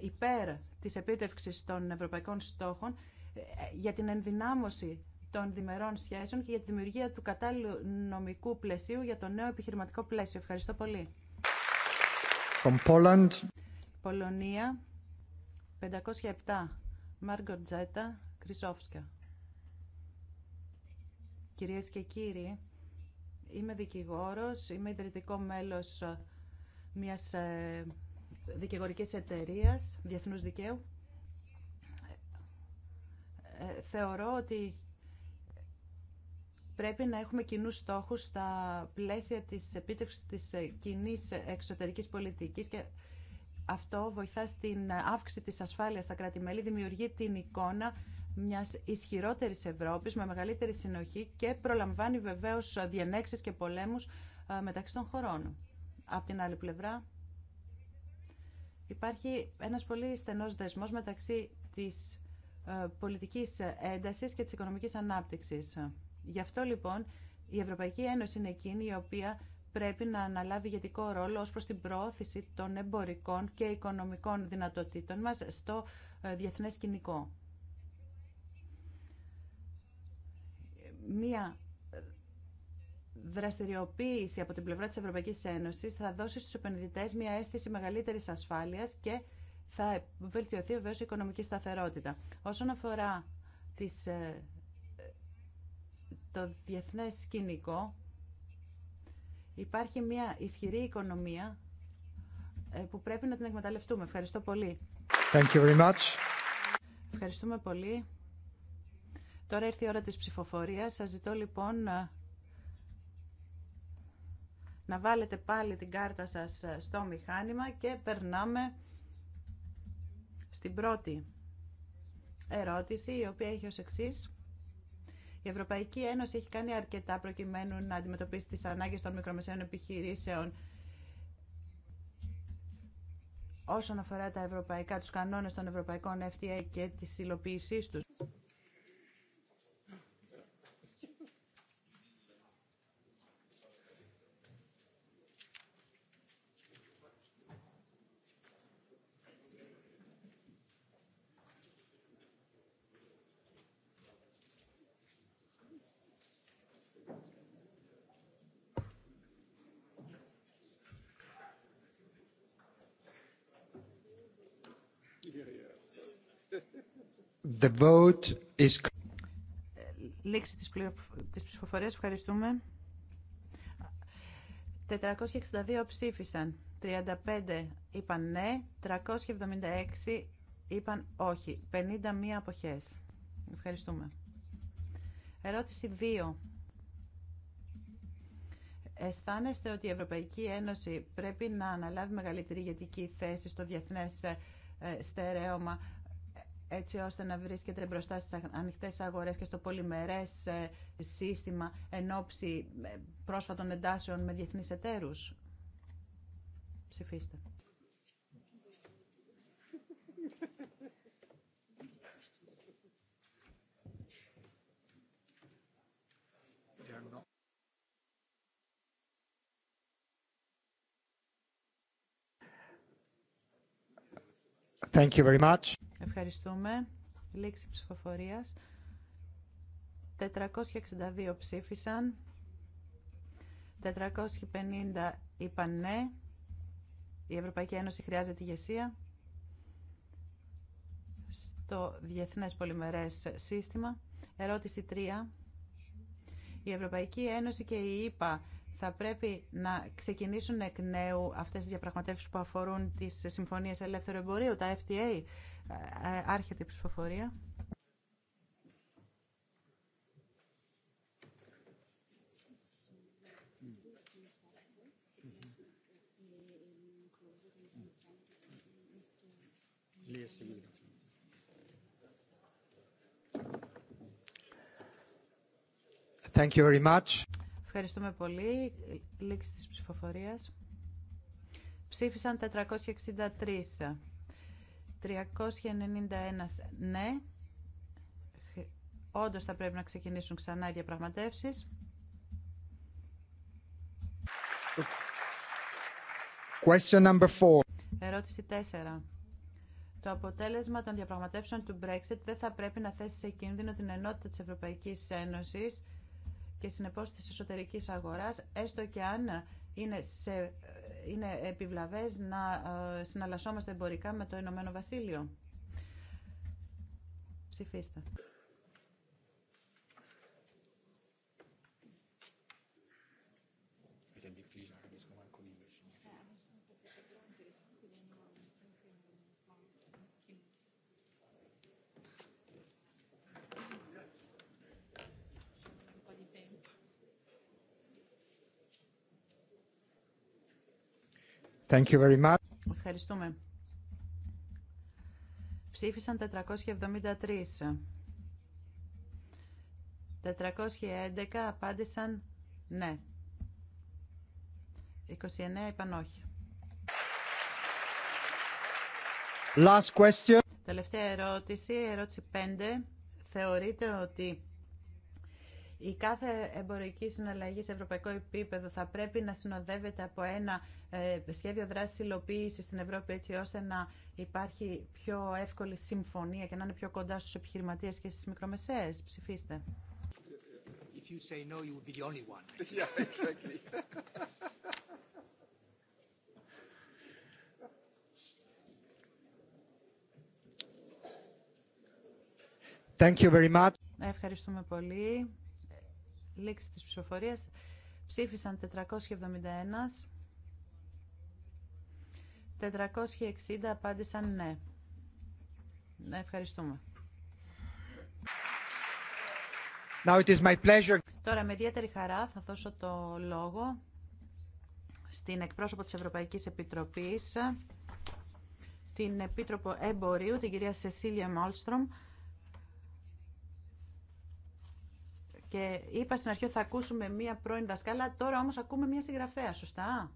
υπέρ της επίτευξης των ευρωπαϊκών στόχων για την ενδυνάμωση των διμερών σχέσεων και για τη δημιουργία του κατάλληλου νομικού πλαισίου για το νέο επιχειρηματικό πλαίσιο. Ευχαριστώ πολύ. Πολωνία, 507. Μάργκο Τζέτα, Κρυσόφσκα. Κυρίες και κύριοι, είμαι δικηγόρος, είμαι ιδρυτικό μέλος μιας ε, δικηγορικής εταιρείας διεθνούς δικαίου. Ε, θεωρώ ότι πρέπει να έχουμε κοινούς στόχους στα πλαίσια της επίτευξης της ε, κοινή εξωτερικής πολιτικής και αυτό βοηθά στην αύξηση της ασφάλειας στα κράτη-μέλη, δημιουργεί την εικόνα μιας ισχυρότερης Ευρώπης με μεγαλύτερη συνοχή και προλαμβάνει βεβαίως διενέξεις και πολέμους ε, μεταξύ των χωρών. Απ' την άλλη πλευρά, υπάρχει ένας πολύ στενός δεσμός μεταξύ της ε, πολιτικής έντασης και της οικονομικής ανάπτυξης. Γι' αυτό λοιπόν η Ευρωπαϊκή Ένωση είναι εκείνη η οποία πρέπει να αναλάβει ηγετικό ρόλο ως προς την προώθηση των εμπορικών και οικονομικών δυνατοτήτων μας στο ε, διεθνές σκηνικό. Μία ε, δραστηριοποίηση από την πλευρά της Ευρωπαϊκής Ένωσης θα δώσει στους επενδυτές μια αίσθηση μεγαλύτερης ασφάλειας και θα βελτιωθεί βεβαίως η οικονομική σταθερότητα. Όσον αφορά τις ε, το διεθνές σκηνικό υπάρχει μια ισχυρή οικονομία ε, που πρέπει να την εκμεταλλευτούμε. Ευχαριστώ πολύ. Ευχαριστούμε πολύ. Τώρα ήρθε η ώρα της ψηφοφορίας. Σας ζητώ λοιπόν ε, να, βάλετε πάλι την κάρτα σας ε, στο μηχάνημα και περνάμε στην πρώτη ερώτηση, η οποία έχει ως εξής. Η Ευρωπαϊκή Ένωση έχει κάνει αρκετά προκειμένου να αντιμετωπίσει τις ανάγκες των μικρομεσαίων επιχειρήσεων όσον αφορά τα ευρωπαϊκά, τους κανόνες των ευρωπαϊκών FTA και τις υλοποίησής τους. The vote is... Λήξη της, πληρο... ψηφοφορίας. Ευχαριστούμε. 462 ψήφισαν. 35 είπαν ναι. 376 είπαν όχι. 51 αποχές. Ευχαριστούμε. Ερώτηση 2. Αισθάνεστε ότι η Ευρωπαϊκή Ένωση πρέπει να αναλάβει μεγαλύτερη ηγετική θέση στο διεθνές ε, στερέωμα έτσι ώστε να βρίσκεται μπροστά στις ανοιχτές αγορές και στο πολυμερές ε, σύστημα εν ώψη ε, πρόσφατων εντάσεων με διεθνείς εταίρους. Ψηφίστε. Thank you very much. Ευχαριστούμε. Λήξη ψηφοφορίας. 462 ψήφισαν. 450 είπαν ναι. Η Ευρωπαϊκή Ένωση χρειάζεται ηγεσία στο Διεθνές Πολυμερές Σύστημα. Ερώτηση 3. Η Ευρωπαϊκή Ένωση και η ΕΠΑ θα πρέπει να ξεκινήσουν εκ νέου αυτές τις διαπραγματεύσεις που αφορούν τις συμφωνίες ελεύθερου εμπορίου, τα FTA. Ε, ε, άρχεται η ψηφοφορία. you very much. Ευχαριστούμε πολύ. Λήξη της ψηφοφορίας. Ψήφισαν 463. 391 ναι. Όντω θα πρέπει να ξεκινήσουν ξανά οι διαπραγματεύσεις. Question number Ερώτηση 4. Το αποτέλεσμα των διαπραγματεύσεων του Brexit δεν θα πρέπει να θέσει σε κίνδυνο την ενότητα της Ευρωπαϊκής Ένωσης και συνεπώς της εσωτερικής αγοράς, έστω και αν είναι σε είναι επιβλαβές να ε, συναλλασσόμαστε εμπορικά με το Ηνωμένο Βασίλειο. Ψηφίστε. Thank you very much. Ευχαριστούμε. Ψήφισαν 473. 411 απάντησαν ναι. 29 είπαν όχι. Last question. Τελευταία ερώτηση, ερώτηση 5. Θεωρείτε ότι η κάθε εμπορική συναλλαγή σε ευρωπαϊκό επίπεδο θα πρέπει να συνοδεύεται από ένα ε, σχέδιο δράση υλοποίηση στην Ευρώπη έτσι ώστε να υπάρχει πιο εύκολη συμφωνία και να είναι πιο κοντά στους επιχειρηματίες και στις μικρομεσαίες. Ψηφίστε. Thank you very much. Ευχαριστούμε πολύ. Λήξη της ψηφοφορίας. Ψήφισαν 471. 460 απάντησαν ναι. ναι ευχαριστούμε. Now it is my pleasure. Τώρα με ιδιαίτερη χαρά θα δώσω το λόγο στην εκπρόσωπο της Ευρωπαϊκής Επιτροπής, την Επίτροπο Εμπορίου, την κυρία Σεσίλια Μόλστρομ. Και είπα στην αρχή θα ακούσουμε μία πρώην δασκάλα, τώρα όμως ακούμε μία συγγραφέα, σωστά.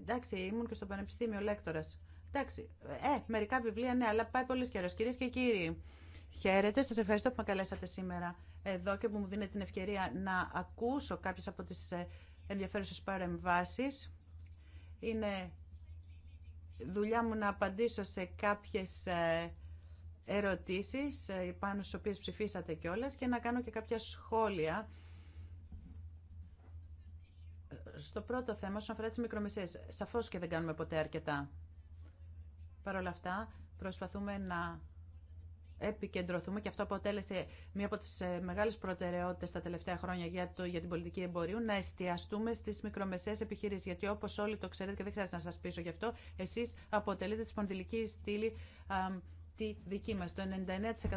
εντάξει, ήμουν και στο Πανεπιστήμιο λέκτορα. Εντάξει, ε, μερικά βιβλία, ναι, αλλά πάει πολύ καιρό. Κυρίε και κύριοι, χαίρετε. Σα ευχαριστώ που με καλέσατε σήμερα εδώ και που μου δίνετε την ευκαιρία να ακούσω κάποιε από τι ε, ενδιαφέρουσε παρεμβάσει. Είναι δουλειά μου να απαντήσω σε κάποιες ε, ερωτήσεις ε, πάνω στι οποίε ψηφίσατε κιόλα και να κάνω και κάποια σχόλια στο πρώτο θέμα, όσον αφορά τι μικρομεσαίε, σαφώ και δεν κάνουμε ποτέ αρκετά. Παρ' όλα αυτά, προσπαθούμε να επικεντρωθούμε και αυτό αποτέλεσε μία από τις ε, μεγάλες προτεραιότητες τα τελευταία χρόνια για, το, για την πολιτική εμπορίου, να εστιαστούμε στις μικρομεσαίες επιχειρήσεις. Γιατί όπως όλοι το ξέρετε και δεν χρειάζεται να σας πείσω γι' αυτό, εσείς αποτελείτε τη σπονδυλική στήλη τη δική μας. Το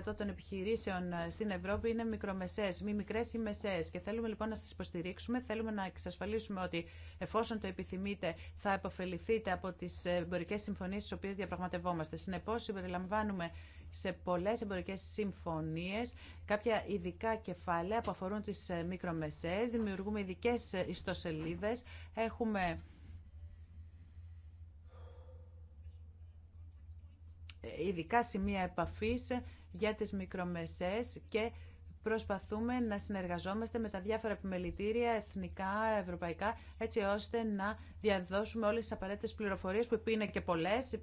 99% των επιχειρήσεων ε, στην Ευρώπη είναι μικρομεσαίες, μη μικρές ή μεσαίες και θέλουμε λοιπόν να σας υποστηρίξουμε, θέλουμε να εξασφαλίσουμε ότι εφόσον το επιθυμείτε θα επωφεληθείτε από τις εμπορικέ συμφωνίες τις οποίες διαπραγματευόμαστε. Συνεπώς συμπεριλαμβάνουμε σε πολλές εμπορικέ συμφωνίες κάποια ειδικά κεφάλαια που αφορούν τις ε, μικρομεσαίες, δημιουργούμε ειδικέ ε, ιστοσελίδες, έχουμε ειδικά σημεία επαφής για τις μικρομεσές και προσπαθούμε να συνεργαζόμαστε με τα διάφορα επιμελητήρια, εθνικά, ευρωπαϊκά, έτσι ώστε να διαδώσουμε όλες τις απαραίτητες πληροφορίες που είναι και πολλές, ε,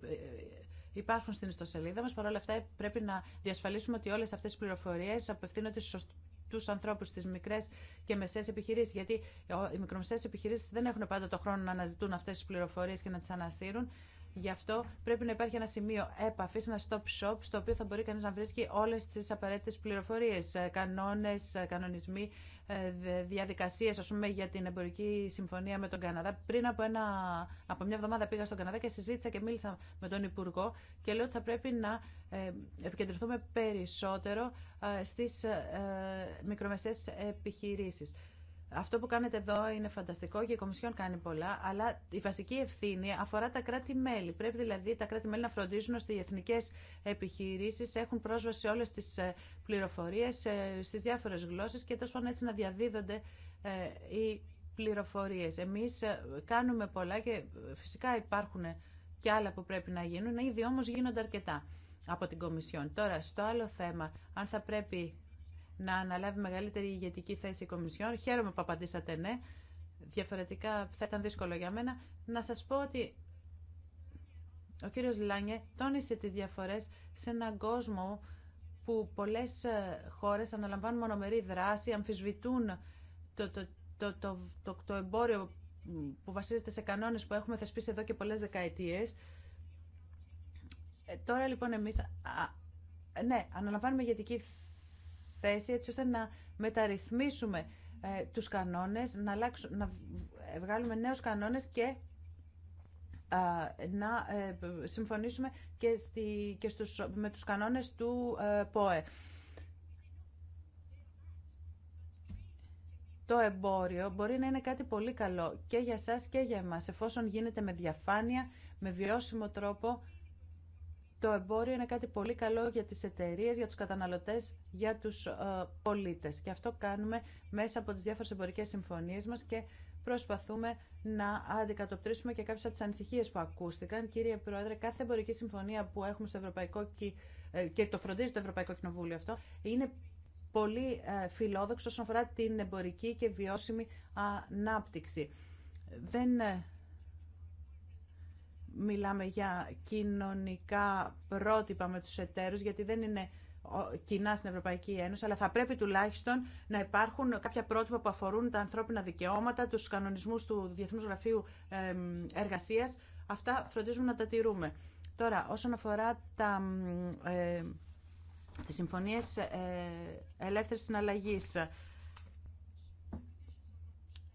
υπάρχουν στην ιστοσελίδα μας. Παρ' αυτά πρέπει να διασφαλίσουμε ότι όλες αυτές τις πληροφορίες απευθύνονται στους τους ανθρώπους, τις μικρές και μεσές επιχειρήσεις, γιατί οι μικρομεσαίες επιχειρήσεις δεν έχουν πάντα το χρόνο να αναζητούν αυτές τις πληροφορίες και να τις ανασύρουν. Γι' αυτό πρέπει να υπάρχει ένα σημείο έπαφη, ένα stop shop, στο οποίο θα μπορεί κανεί να βρίσκει όλε τι απαραίτητε πληροφορίε, ε, κανόνε, ε, κανονισμοί, ε, διαδικασίε, α πούμε, για την εμπορική συμφωνία με τον Καναδά. Πριν από, ένα, από μια εβδομάδα πήγα στον Καναδά και συζήτησα και μίλησα με τον Υπουργό και λέω ότι θα πρέπει να επικεντρωθούμε περισσότερο στι μικρομεσαίες επιχειρήσει. Αυτό που κάνετε εδώ είναι φανταστικό και η Κομισιόν κάνει πολλά, αλλά η βασική ευθύνη αφορά τα κράτη-μέλη. Πρέπει δηλαδή τα κράτη-μέλη να φροντίζουν ώστε οι εθνικέ επιχειρήσει έχουν πρόσβαση σε όλε τι ε, πληροφορίε, ε, στι διάφορε γλώσσε και τόσο έτσι να διαδίδονται ε, οι πληροφορίε. Εμεί κάνουμε πολλά και φυσικά υπάρχουν και άλλα που πρέπει να γίνουν, ήδη όμω γίνονται αρκετά από την Κομισιόν. Τώρα, στο άλλο θέμα, αν θα πρέπει να αναλάβει μεγαλύτερη ηγετική θέση η Κομισιόν. Χαίρομαι που απαντήσατε ναι. Διαφορετικά θα ήταν δύσκολο για μένα. Να σας πω ότι ο κύριος Λάνιε τόνισε τις διαφορές σε έναν κόσμο που πολλές ε, χώρες αναλαμβάνουν μονομερή δράση, αμφισβητούν το, το, το, το, το, το εμπόριο που βασίζεται σε κανόνες που έχουμε θεσπίσει εδώ και πολλές δεκαετίες. Ε, τώρα λοιπόν εμείς, ναι, αναλαμβάνουμε ηγετική θέση έτσι ώστε να μεταρρυθμίσουμε ε, τους κανόνες, να, να βγάλουμε νέους κανόνες και να ε, συμφωνήσουμε και, στη, και στους, με τους κανόνες του ε, ΠΟΕ. Το εμπόριο μπορεί να είναι κάτι πολύ καλό και για σας και για εμάς, εφόσον γίνεται με διαφάνεια, με βιώσιμο τρόπο, το εμπόριο είναι κάτι πολύ καλό για τις εταιρείες, για τους καταναλωτές, για τους ε, πολίτες. Και αυτό κάνουμε μέσα από τις διάφορες εμπορικές συμφωνίες μας και προσπαθούμε να αντικατοπτρίσουμε και κάποιες από τις ανησυχίες που ακούστηκαν. Κύριε Πρόεδρε, κάθε εμπορική συμφωνία που έχουμε στο Ευρωπαϊκό ε, και το φροντίζει το Ευρωπαϊκό Κοινοβούλιο αυτό, είναι πολύ ε, φιλόδοξο όσον αφορά την εμπορική και βιώσιμη ανάπτυξη. Δεν μιλάμε για κοινωνικά πρότυπα με τους εταίρους, γιατί δεν είναι κοινά στην Ευρωπαϊκή Ένωση, αλλά θα πρέπει τουλάχιστον να υπάρχουν κάποια πρότυπα που αφορούν τα ανθρώπινα δικαιώματα, τους κανονισμούς του Διεθνούς Γραφείου Εργασίας. Αυτά φροντίζουμε να τα τηρούμε. Τώρα, όσον αφορά τα, ε, τις συμφωνίες ε, ελεύθερης συναλλαγής,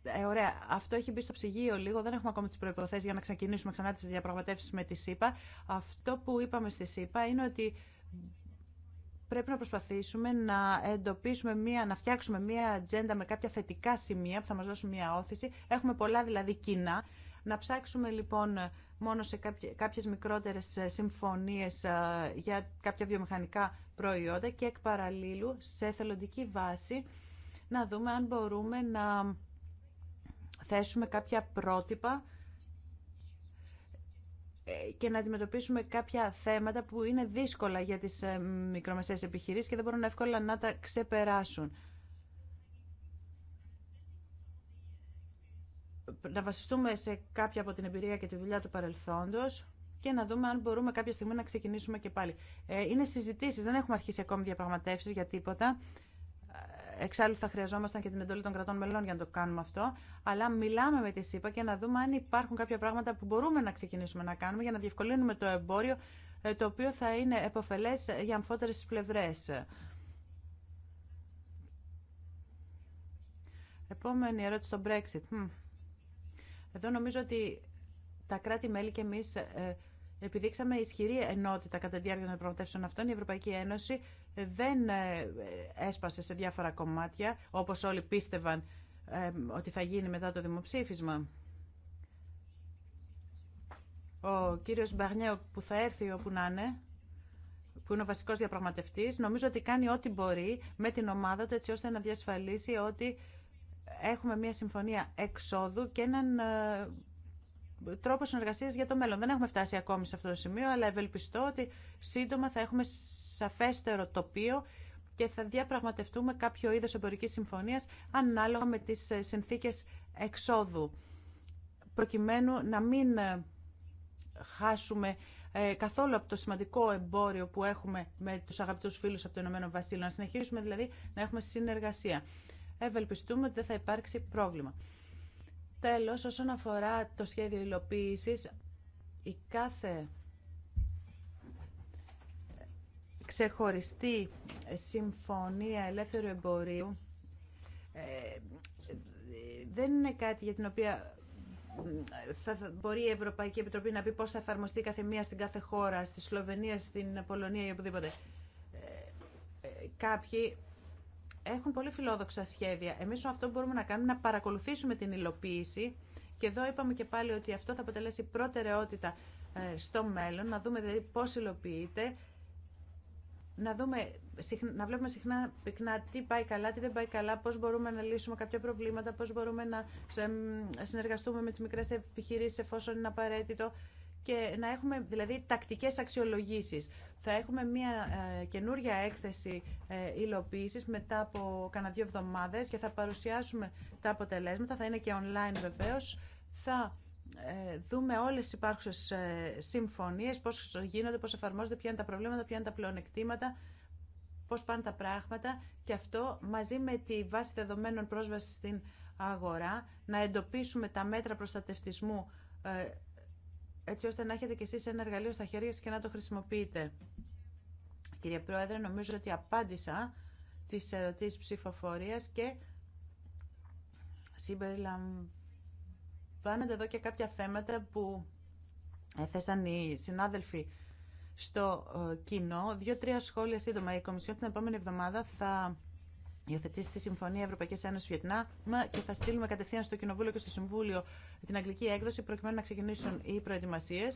ε, ωραία, αυτό έχει μπει στο ψυγείο λίγο. Δεν έχουμε ακόμα τι προποθέσει για να ξεκινήσουμε ξανά τι διαπραγματεύσει με τη ΣΥΠΑ. Αυτό που είπαμε στη ΣΥΠΑ είναι ότι πρέπει να προσπαθήσουμε να εντοπίσουμε μία, να φτιάξουμε μία ατζέντα με κάποια θετικά σημεία που θα μα δώσουν μία όθηση. Έχουμε πολλά δηλαδή κοινά. Να ψάξουμε λοιπόν μόνο σε κάποιε μικρότερε ε, συμφωνίε ε, για κάποια βιομηχανικά προϊόντα και εκ παραλίλου σε εθελοντική βάση να δούμε αν μπορούμε να θέσουμε κάποια πρότυπα ε, και να αντιμετωπίσουμε κάποια θέματα που είναι δύσκολα για τις ε, μικρομεσαίες επιχειρήσεις και δεν μπορούν εύκολα να τα ξεπεράσουν. Να βασιστούμε σε κάποια από την εμπειρία και τη δουλειά του παρελθόντος και να δούμε αν μπορούμε κάποια στιγμή να ξεκινήσουμε και πάλι. Ε, είναι συζητήσεις, δεν έχουμε αρχίσει ακόμη διαπραγματεύσεις για τίποτα. Εξάλλου θα χρειαζόμασταν και την εντολή των κρατών μελών για να το κάνουμε αυτό. Αλλά μιλάμε με τη ΣΥΠΑ και να δούμε αν υπάρχουν κάποια πράγματα που μπορούμε να ξεκινήσουμε να κάνουμε για να διευκολύνουμε το εμπόριο, ε, το οποίο θα είναι επωφελές για αμφότερες πλευρές. Επόμενη ερώτηση στο Brexit. Εδώ νομίζω ότι τα κράτη-μέλη και εμείς ε, ε, επιδείξαμε ισχυρή ενότητα κατά τη διάρκεια των διαπραγματεύσεων αυτών. Η Ευρωπαϊκή Ένωση δεν ε, έσπασε σε διάφορα κομμάτια, όπως όλοι πίστευαν ε, ότι θα γίνει μετά το δημοψήφισμα. Ο κύριος Μπαγνέο που θα έρθει όπου να είναι, που είναι ο βασικός διαπραγματευτής, νομίζω ότι κάνει ό,τι μπορεί με την ομάδα του έτσι ώστε να διασφαλίσει ότι έχουμε μια συμφωνία εξόδου και έναν ε, τρόπο συνεργασίας για το μέλλον. Δεν έχουμε φτάσει ακόμη σε αυτό το σημείο, αλλά ευελπιστώ ότι σύντομα θα έχουμε σαφέστερο τοπίο και θα διαπραγματευτούμε κάποιο είδος εμπορικής συμφωνίας ανάλογα με τις ε, συνθήκες εξόδου προκειμένου να μην ε, χάσουμε ε, καθόλου από το σημαντικό εμπόριο που έχουμε με τους αγαπητούς φίλους από το Ηνωμένο Βασίλειο, να συνεχίσουμε δηλαδή να έχουμε συνεργασία. Ευελπιστούμε ότι δεν θα υπάρξει πρόβλημα. Τέλος, όσον αφορά το σχέδιο υλοποίησης, η κάθε ξεχωριστή ε, συμφωνία ελεύθερου εμπορίου ε, δεν είναι κάτι για την οποία ε, θα μπορεί η Ευρωπαϊκή Επιτροπή να πει πώς θα εφαρμοστεί κάθε μία στην κάθε χώρα, στη Σλοβενία, στην Πολωνία ή οπουδήποτε. Κάποιοι έχουν πολύ φιλόδοξα σχέδια. Εμείς αυτό που μπορούμε να κάνουμε να παρακολουθήσουμε την υλοποίηση και εδώ είπαμε και πάλι ότι αυτό θα αποτελέσει προτεραιότητα στο μέλλον, να δούμε δηλαδή πώς υλοποιείται να, δούμε, να βλέπουμε συχνά πυκνά τι πάει καλά, τι δεν πάει καλά, πώς μπορούμε να λύσουμε κάποια προβλήματα, πώς μπορούμε να συνεργαστούμε με τις μικρές επιχειρήσεις εφόσον είναι απαραίτητο και να έχουμε δηλαδή τακτικές αξιολογήσεις. Θα έχουμε μια ε, καινούρια έκθεση ε, μετά από κανένα δύο εβδομάδες και θα παρουσιάσουμε τα αποτελέσματα, θα είναι και online βεβαίως. Θα ε, δούμε όλες τις υπάρχουσες ε, συμφωνίες, πώς γίνονται, πώς εφαρμόζονται, ποια είναι τα προβλήματα, ποια είναι τα πλεονεκτήματα, πώς πάνε τα πράγματα και αυτό μαζί με τη βάση δεδομένων πρόσβασης στην αγορά, να εντοπίσουμε τα μέτρα προστατευτισμού ε, έτσι ώστε να έχετε κι εσείς ένα εργαλείο στα χέρια σας και να το χρησιμοποιείτε. Κύριε Πρόεδρε, νομίζω ότι απάντησα τις ερωτήσεις ψηφοφορίας και συμπεριλαμβάνω Πάνονται εδώ και κάποια θέματα που έθεσαν οι συνάδελφοι στο ε, κοινό. Δύο-τρία σχόλια σύντομα. Η Κομισιόν την επόμενη εβδομάδα θα υιοθετήσει τη Συμφωνία Ευρωπαϊκή Ένωση Βιετνάμ και θα στείλουμε κατευθείαν στο Κοινοβούλιο και στο Συμβούλιο την αγγλική έκδοση προκειμένου να ξεκινήσουν οι προετοιμασίε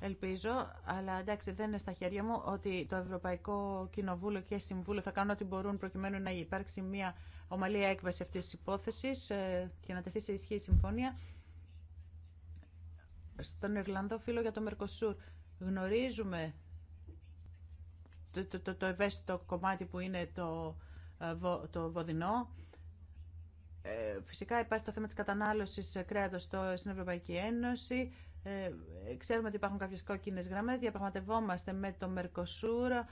Ελπίζω, αλλά εντάξει δεν είναι στα χέρια μου ότι το Ευρωπαϊκό Κοινοβούλιο και Συμβούλιο θα κάνουν ό,τι μπορούν προκειμένου να υπάρξει μια ομαλή έκβαση αυτής της υπόθεσης ε, και να τεθεί σε ισχύ η συμφωνία. Στον Ιρλανδό φίλο για το Μερκοσούρ γνωρίζουμε το, το, το, ευαίσθητο κομμάτι που είναι το, ε, το βοδινό. Ε, φυσικά υπάρχει το θέμα της κατανάλωσης κρέατος στην Ευρωπαϊκή Ένωση. Ε, ε, ξέρουμε ότι υπάρχουν κάποιες κόκκινες γραμμές, διαπραγματευόμαστε με το Μερκοσούρα,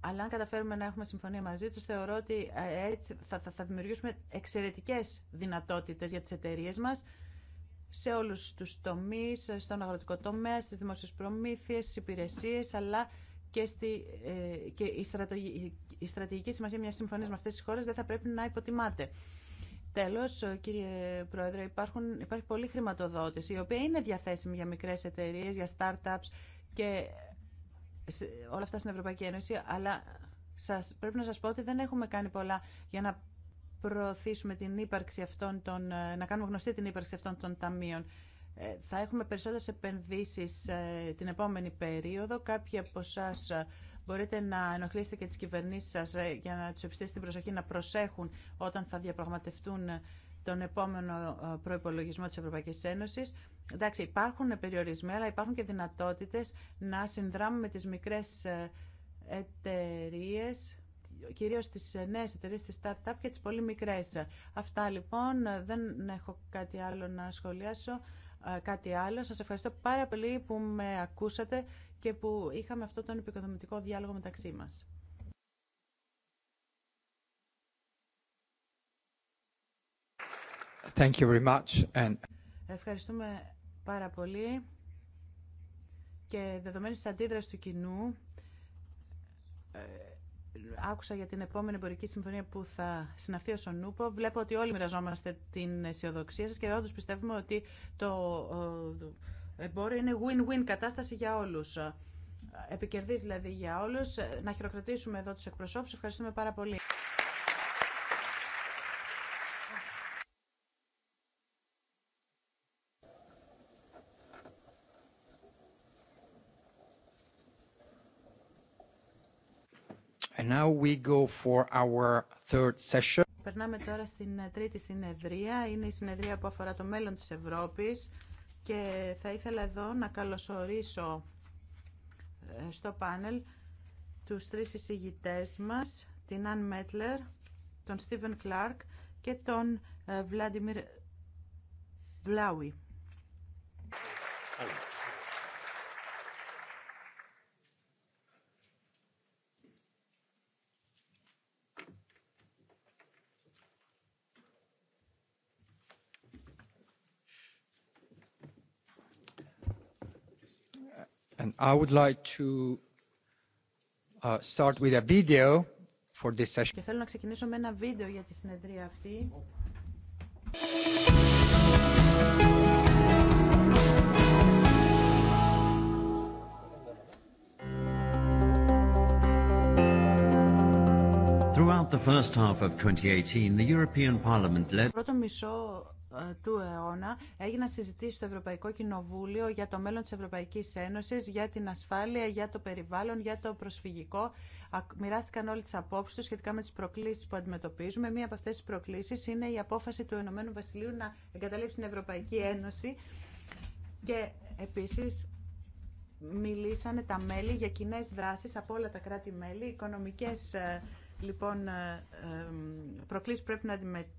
αλλά αν καταφέρουμε να έχουμε συμφωνία μαζί τους, θεωρώ ότι ε, έτσι θα, θα, θα δημιουργήσουμε εξαιρετικές δυνατότητες για τις εταιρείε μας σε όλους τους τομείς, στον αγροτικό τομέα, στις δημόσιες προμήθειες, στις υπηρεσίες, αλλά και, στη, και η, στρατηγική, η στρατηγική σημασία μιας συμφωνίας με αυτές τις χώρες δεν θα πρέπει να υποτιμάται. Τέλος, κύριε Πρόεδρε, υπάρχουν, υπάρχει πολλή χρηματοδότηση, η οποία είναι διαθέσιμη για μικρές εταιρείες, για startups και όλα αυτά στην Ευρωπαϊκή Ένωση, αλλά σας, πρέπει να σας πω ότι δεν έχουμε κάνει πολλά για να προωθήσουμε την ύπαρξη αυτών των, ε, να κάνουμε γνωστή την ύπαρξη αυτών των ταμείων. Ε, θα έχουμε περισσότερες επενδύσεις ε, την επόμενη περίοδο. Κάποιοι από μπορείτε να ενοχλήσετε και τις κυβερνήσεις σας ε, για να τους επιστήσετε την προσοχή να προσέχουν όταν θα διαπραγματευτούν τον επόμενο ε, προϋπολογισμό της Ευρωπαϊκής Ένωσης. Εντάξει, υπάρχουν περιορισμοί, αλλά υπάρχουν και δυνατότητες να συνδράμουμε τις μικρές ε, εταιρείε, κυρίως τις νέες εταιρείε, τις start-up και τις πολύ μικρές. Αυτά λοιπόν, δεν έχω κάτι άλλο να σχολιάσω, κάτι άλλο. Σας ευχαριστώ πάρα πολύ που με ακούσατε και που είχαμε αυτό τον επικοδομητικό διάλογο μεταξύ μας. Ευχαριστούμε πάρα πολύ και δεδομένης της αντίδρασης του κοινού ε, άκουσα για την επόμενη εμπορική συμφωνία που θα συναφεί ο Νούπο. Βλέπω ότι όλοι μοιραζόμαστε την αισιοδοξία σας και όντως πιστεύουμε ότι το εμποριο είναι win-win κατάσταση για όλους. Ε, Επικερδής δηλαδή για όλους. Ε, να χειροκροτήσουμε εδώ τους εκπροσώπους. Ευχαριστούμε πάρα πολύ. And now we go for our third session. Περνάμε τώρα στην ε, τρίτη συνεδρία. Είναι η συνεδρία που αφορά το μέλλον της Ευρώπης και θα ήθελα εδώ να καλωσορίσω ε, στο πάνελ τους τρεις εισηγητές μας, την Αν Μέτλερ, τον Στίβεν Κλάρκ και τον Βλάντιμιρ ε, Βλάουι. I would like to start with a video for this session. Και θέλω να ξεκινήσω με ένα βίντεο για τη συνεδρία αυτή. Throughout the first half of 2018, the European Parliament led ε, του αιώνα έγιναν συζητήσει στο Ευρωπαϊκό Κοινοβούλιο για το μέλλον της Ευρωπαϊκής Ένωσης, για την ασφάλεια, για το περιβάλλον, για το προσφυγικό. Μοιράστηκαν όλοι τις απόψεις τους σχετικά με τις προκλήσεις που αντιμετωπίζουμε. Μία από αυτές τις προκλήσεις είναι η απόφαση του Ηνωμένου Βασιλείου να εγκαταλείψει την Ευρωπαϊκή Ένωση και επίσης μιλήσανε τα μέλη για κοινέ δράσεις από όλα τα κράτη-μέλη, οικονομικές ε, λοιπόν ε, προκλήσεις πρέπει να αντιμετωπίσουν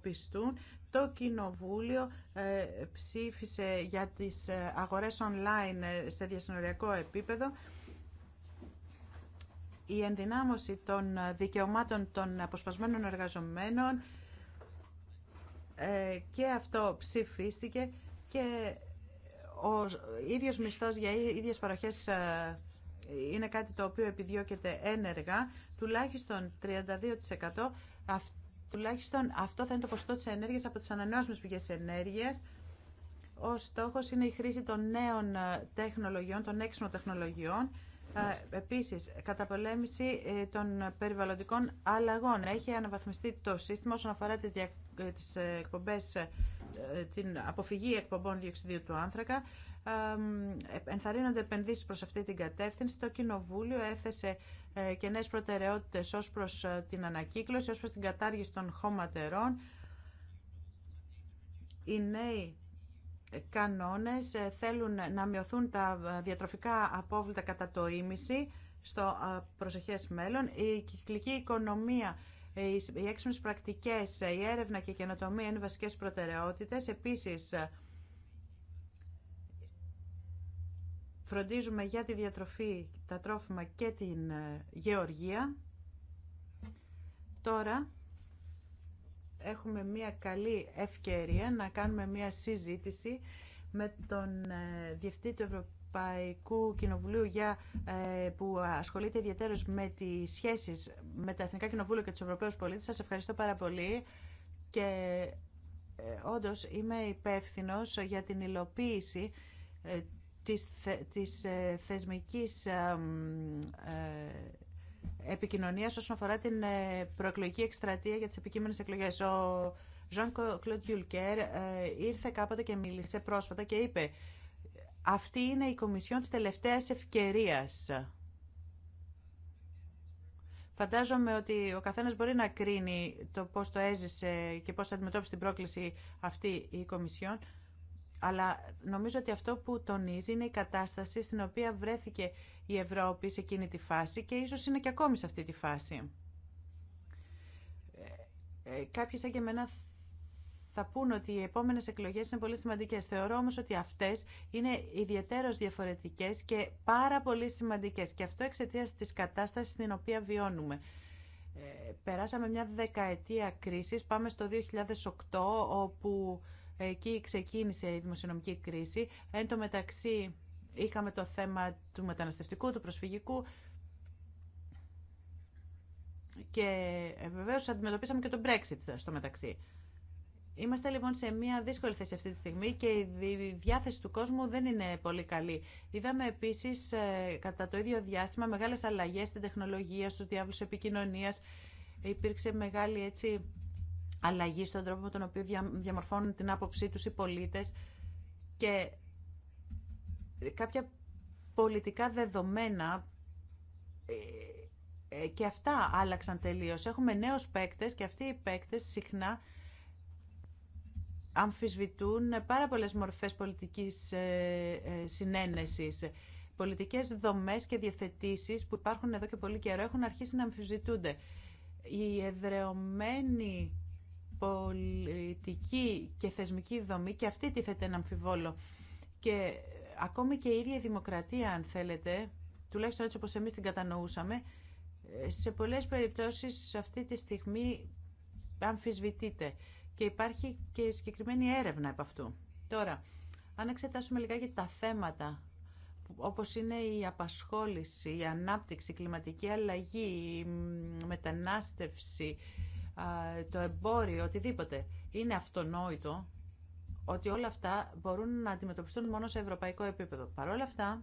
πιστούν. Το Κοινοβούλιο ε, ψήφισε για τις ε, αγορές online ε, σε διασυνοριακό επίπεδο. Η ενδυνάμωση των δικαιωμάτων των αποσπασμένων εργαζομένων και αυτό ψηφίστηκε και ο ίδιος μισθός για ίδιες παροχές είναι κάτι το οποίο επιδιώκεται ένεργα, τουλάχιστον 32% τουλάχιστον αυτό θα είναι το ποσοστό της ενέργειας από τις ανανεώσιμες πηγές ενέργειας. Ο στόχος είναι η χρήση των νέων ε, τεχνολογιών, των έξυπνων τεχνολογιών. Ε, επίσης, καταπολέμηση ε, των περιβαλλοντικών αλλαγών. Έχει αναβαθμιστεί το σύστημα όσον αφορά τις, δια... τις εκπομπές, την αποφυγή εκπομπών διοξιδίου του άνθρακα. Ενθαρρύνονται επενδύσεις προς αυτή την κατεύθυνση. Το Κοινοβούλιο έθεσε ε, και νέες προτεραιότητες ως προς ε, την ανακύκλωση, ως προς την κατάργηση των χωματερών. Οι νέοι κανόνες ε, θέλουν να μειωθούν τα διατροφικά απόβλητα κατά το ίμιση στο προσεχές μέλλον. Η κυκλική οικονομία, οι έξυπνες πρακτικές, η έρευνα και η καινοτομία είναι βασικές προτεραιότητες. Επίσης, Φροντίζουμε για τη διατροφή, τα τρόφιμα και την ε, γεωργία. Τώρα έχουμε μια καλή ευκαιρία να κάνουμε μια συζήτηση με τον ε, Διευθύντη του Ευρωπαϊκού Κοινοβουλίου για, ε, που ασχολείται ιδιαίτερως με τις σχέσεις με τα Εθνικά Κοινοβούλια και τους Ευρωπαίους πολίτες. Σας ευχαριστώ πάρα πολύ και όντως είμαι υπεύθυνο για την υλοποίηση της, της ε, θεσμικής ε, επικοινωνίας όσον αφορά την ε, προεκλογική εκστρατεία για τις επικείμενες εκλογές. Ο Ζαν Κλοντιούλκερ ήρθε κάποτε και μίλησε πρόσφατα και είπε «Αυτή είναι η Κομισιόν της τελευταίας ευκαιρίας». Φαντάζομαι ότι ο καθένας μπορεί να κρίνει το πώς το έζησε και πώς αντιμετώπισε την πρόκληση αυτή η Κομισιόν. Αλλά νομίζω ότι αυτό που τονίζει είναι η κατάσταση στην οποία βρέθηκε η Ευρώπη σε εκείνη τη φάση και ίσως είναι και ακόμη σε αυτή τη φάση. Ε, ε, κάποιοι σαν και εμένα θα πούν ότι οι επόμενες εκλογές είναι πολύ σημαντικές. Θεωρώ όμως ότι αυτές είναι ιδιαίτερως διαφορετικές και πάρα πολύ σημαντικές. Και αυτό εξαιτία της κατάστασης στην οποία βιώνουμε. Ε, περάσαμε μια δεκαετία κρίσης, πάμε στο 2008, όπου Εκεί ξεκίνησε η δημοσιονομική κρίση. Εν τω μεταξύ είχαμε το θέμα του μεταναστευτικού, του προσφυγικού και ε, βεβαίως αντιμετωπίσαμε και τον Brexit στο μεταξύ. Είμαστε λοιπόν σε μια δύσκολη θέση αυτή τη στιγμή και η διάθεση του κόσμου δεν είναι πολύ καλή. Είδαμε επίση ε, κατά το ίδιο διάστημα μεγάλε αλλαγέ στην τεχνολογία, στου διάβλου επικοινωνία. Υπήρξε μεγάλη έτσι αλλαγή στον τρόπο με τον οποίο διαμορφώνουν την άποψή τους οι πολίτες και κάποια πολιτικά δεδομένα ε, ε, και αυτά άλλαξαν τελείως. Έχουμε νέους παίκτες και αυτοί οι παίκτες συχνά αμφισβητούν πάρα πολλές μορφές πολιτικής ε, συνένεσης. Πολιτικές δομές και διευθετήσεις που υπάρχουν εδώ και πολύ καιρό έχουν αρχίσει να αμφισβητούνται. Η εδρεωμένη πολιτική και θεσμική δομή και αυτή τίθεται ένα αμφιβόλο. Και ακόμη και η ίδια δημοκρατία, αν θέλετε, τουλάχιστον έτσι όπως εμείς την κατανοούσαμε, σε πολλές περιπτώσεις αυτή τη στιγμή αμφισβητείται και υπάρχει και συγκεκριμένη έρευνα από αυτού. Τώρα, αν εξετάσουμε λιγάκι τα θέματα όπως είναι η απασχόληση, η ανάπτυξη, η κλιματική αλλαγή, η μετανάστευση, το εμπόριο, οτιδήποτε. Είναι αυτονόητο ότι όλα αυτά μπορούν να αντιμετωπιστούν μόνο σε ευρωπαϊκό επίπεδο. Παρ' όλα αυτά,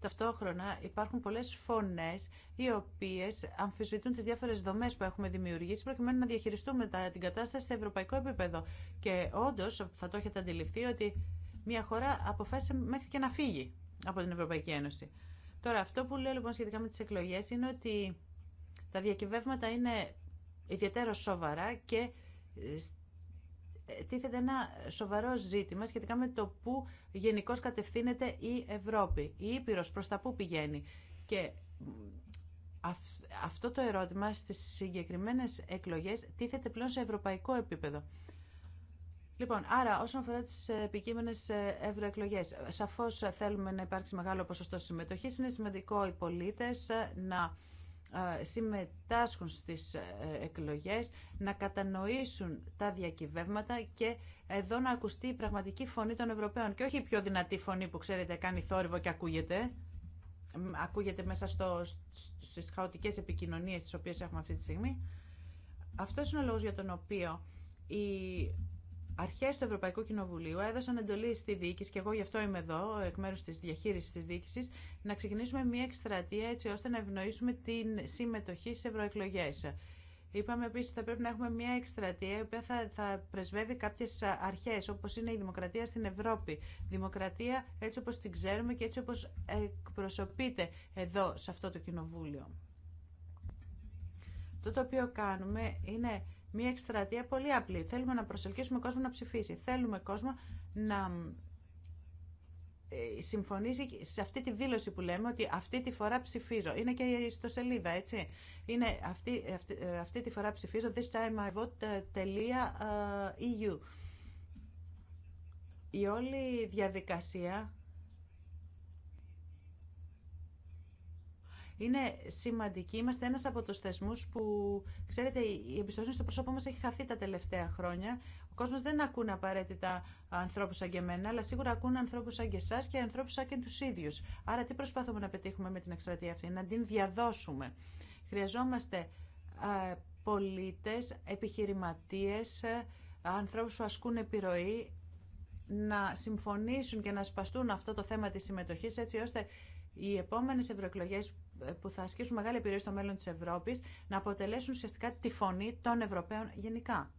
ταυτόχρονα υπάρχουν πολλές φωνές οι οποίες αμφισβητούν τις διάφορες δομές που έχουμε δημιουργήσει προκειμένου να διαχειριστούμε την κατάσταση σε ευρωπαϊκό επίπεδο. Και όντως θα το έχετε αντιληφθεί ότι μια χώρα αποφάσισε μέχρι και να φύγει από την Ευρωπαϊκή Ένωση. Τώρα αυτό που λέω λοιπόν σχετικά με τις εκλογές είναι ότι τα διακυβεύματα είναι ιδιαίτερα σοβαρά και ε, τίθεται ένα σοβαρό ζήτημα σχετικά με το πού γενικώ κατευθύνεται η Ευρώπη, η Ήπειρος, προς τα πού πηγαίνει. Και αυτό το ερώτημα στις συγκεκριμένες εκλογές τίθεται πλέον σε ευρωπαϊκό επίπεδο. Λοιπόν, άρα όσον αφορά τις ε, επικείμενες ε, ευρωεκλογέ, σαφώς θέλουμε να υπάρξει μεγάλο ποσοστό συμμετοχή. Είναι σημαντικό οι πολίτε να συμμετάσχουν στις ε, εκλογές, να κατανοήσουν τα διακυβεύματα και εδώ να ακουστεί η πραγματική φωνή των Ευρωπαίων και όχι η πιο δυνατή φωνή που ξέρετε κάνει θόρυβο και ακούγεται. Ακούγεται μέσα στο, στις χαοτικές επικοινωνίες τις οποίες έχουμε αυτή τη στιγμή. Αυτό είναι ο λόγος για τον οποίο η Αρχέ του Ευρωπαϊκού Κοινοβουλίου έδωσαν εντολή στη διοίκηση, και εγώ γι' αυτό είμαι εδώ, εκ μέρους τη διαχείριση τη διοίκηση, να ξεκινήσουμε μια εκστρατεία έτσι ώστε να ευνοήσουμε την συμμετοχή στι ευρωεκλογέ. Είπαμε επίση ότι θα πρέπει να έχουμε μια εκστρατεία η οποία θα, θα πρεσβεύει κάποιε αρχέ, όπω είναι η δημοκρατία στην Ευρώπη. Δημοκρατία έτσι όπω την ξέρουμε και έτσι όπω εκπροσωπείται εδώ σε αυτό το κοινοβούλιο. το οποίο κάνουμε είναι Μία εκστρατεία πολύ απλή. Θέλουμε να προσελκύσουμε κόσμο να ψηφίσει. Θέλουμε κόσμο να ε, συμφωνήσει σε αυτή τη δήλωση που λέμε ότι αυτή τη φορά ψηφίζω. Είναι και η ιστοσελίδα, έτσι. Είναι αυτή, αυτή, ε, αυτή τη φορά ψηφίζω this time I ε, e Η όλη διαδικασία είναι σημαντική. Είμαστε ένας από τους θεσμούς που, ξέρετε, η εμπιστοσύνη στο πρόσωπό μας έχει χαθεί τα τελευταία χρόνια. Ο κόσμος δεν ακούνε απαραίτητα ανθρώπους σαν και εμένα, αλλά σίγουρα ακούνε ανθρώπους σαν και εσά και ανθρώπους σαν και τους ίδιους. Άρα τι προσπαθούμε να πετύχουμε με την εκστρατεία αυτή, να την διαδώσουμε. Χρειαζόμαστε πολίτες, επιχειρηματίες, ε, ανθρώπους που ασκούν επιρροή, να συμφωνήσουν και να σπαστούν αυτό το θέμα της συμμετοχής έτσι ώστε οι επόμενες ευρωεκλογές που θα ασκήσουν μεγάλη επιρροή στο μέλλον της Ευρώπης να αποτελέσουν ουσιαστικά τη φωνή των Ευρωπαίων γενικά.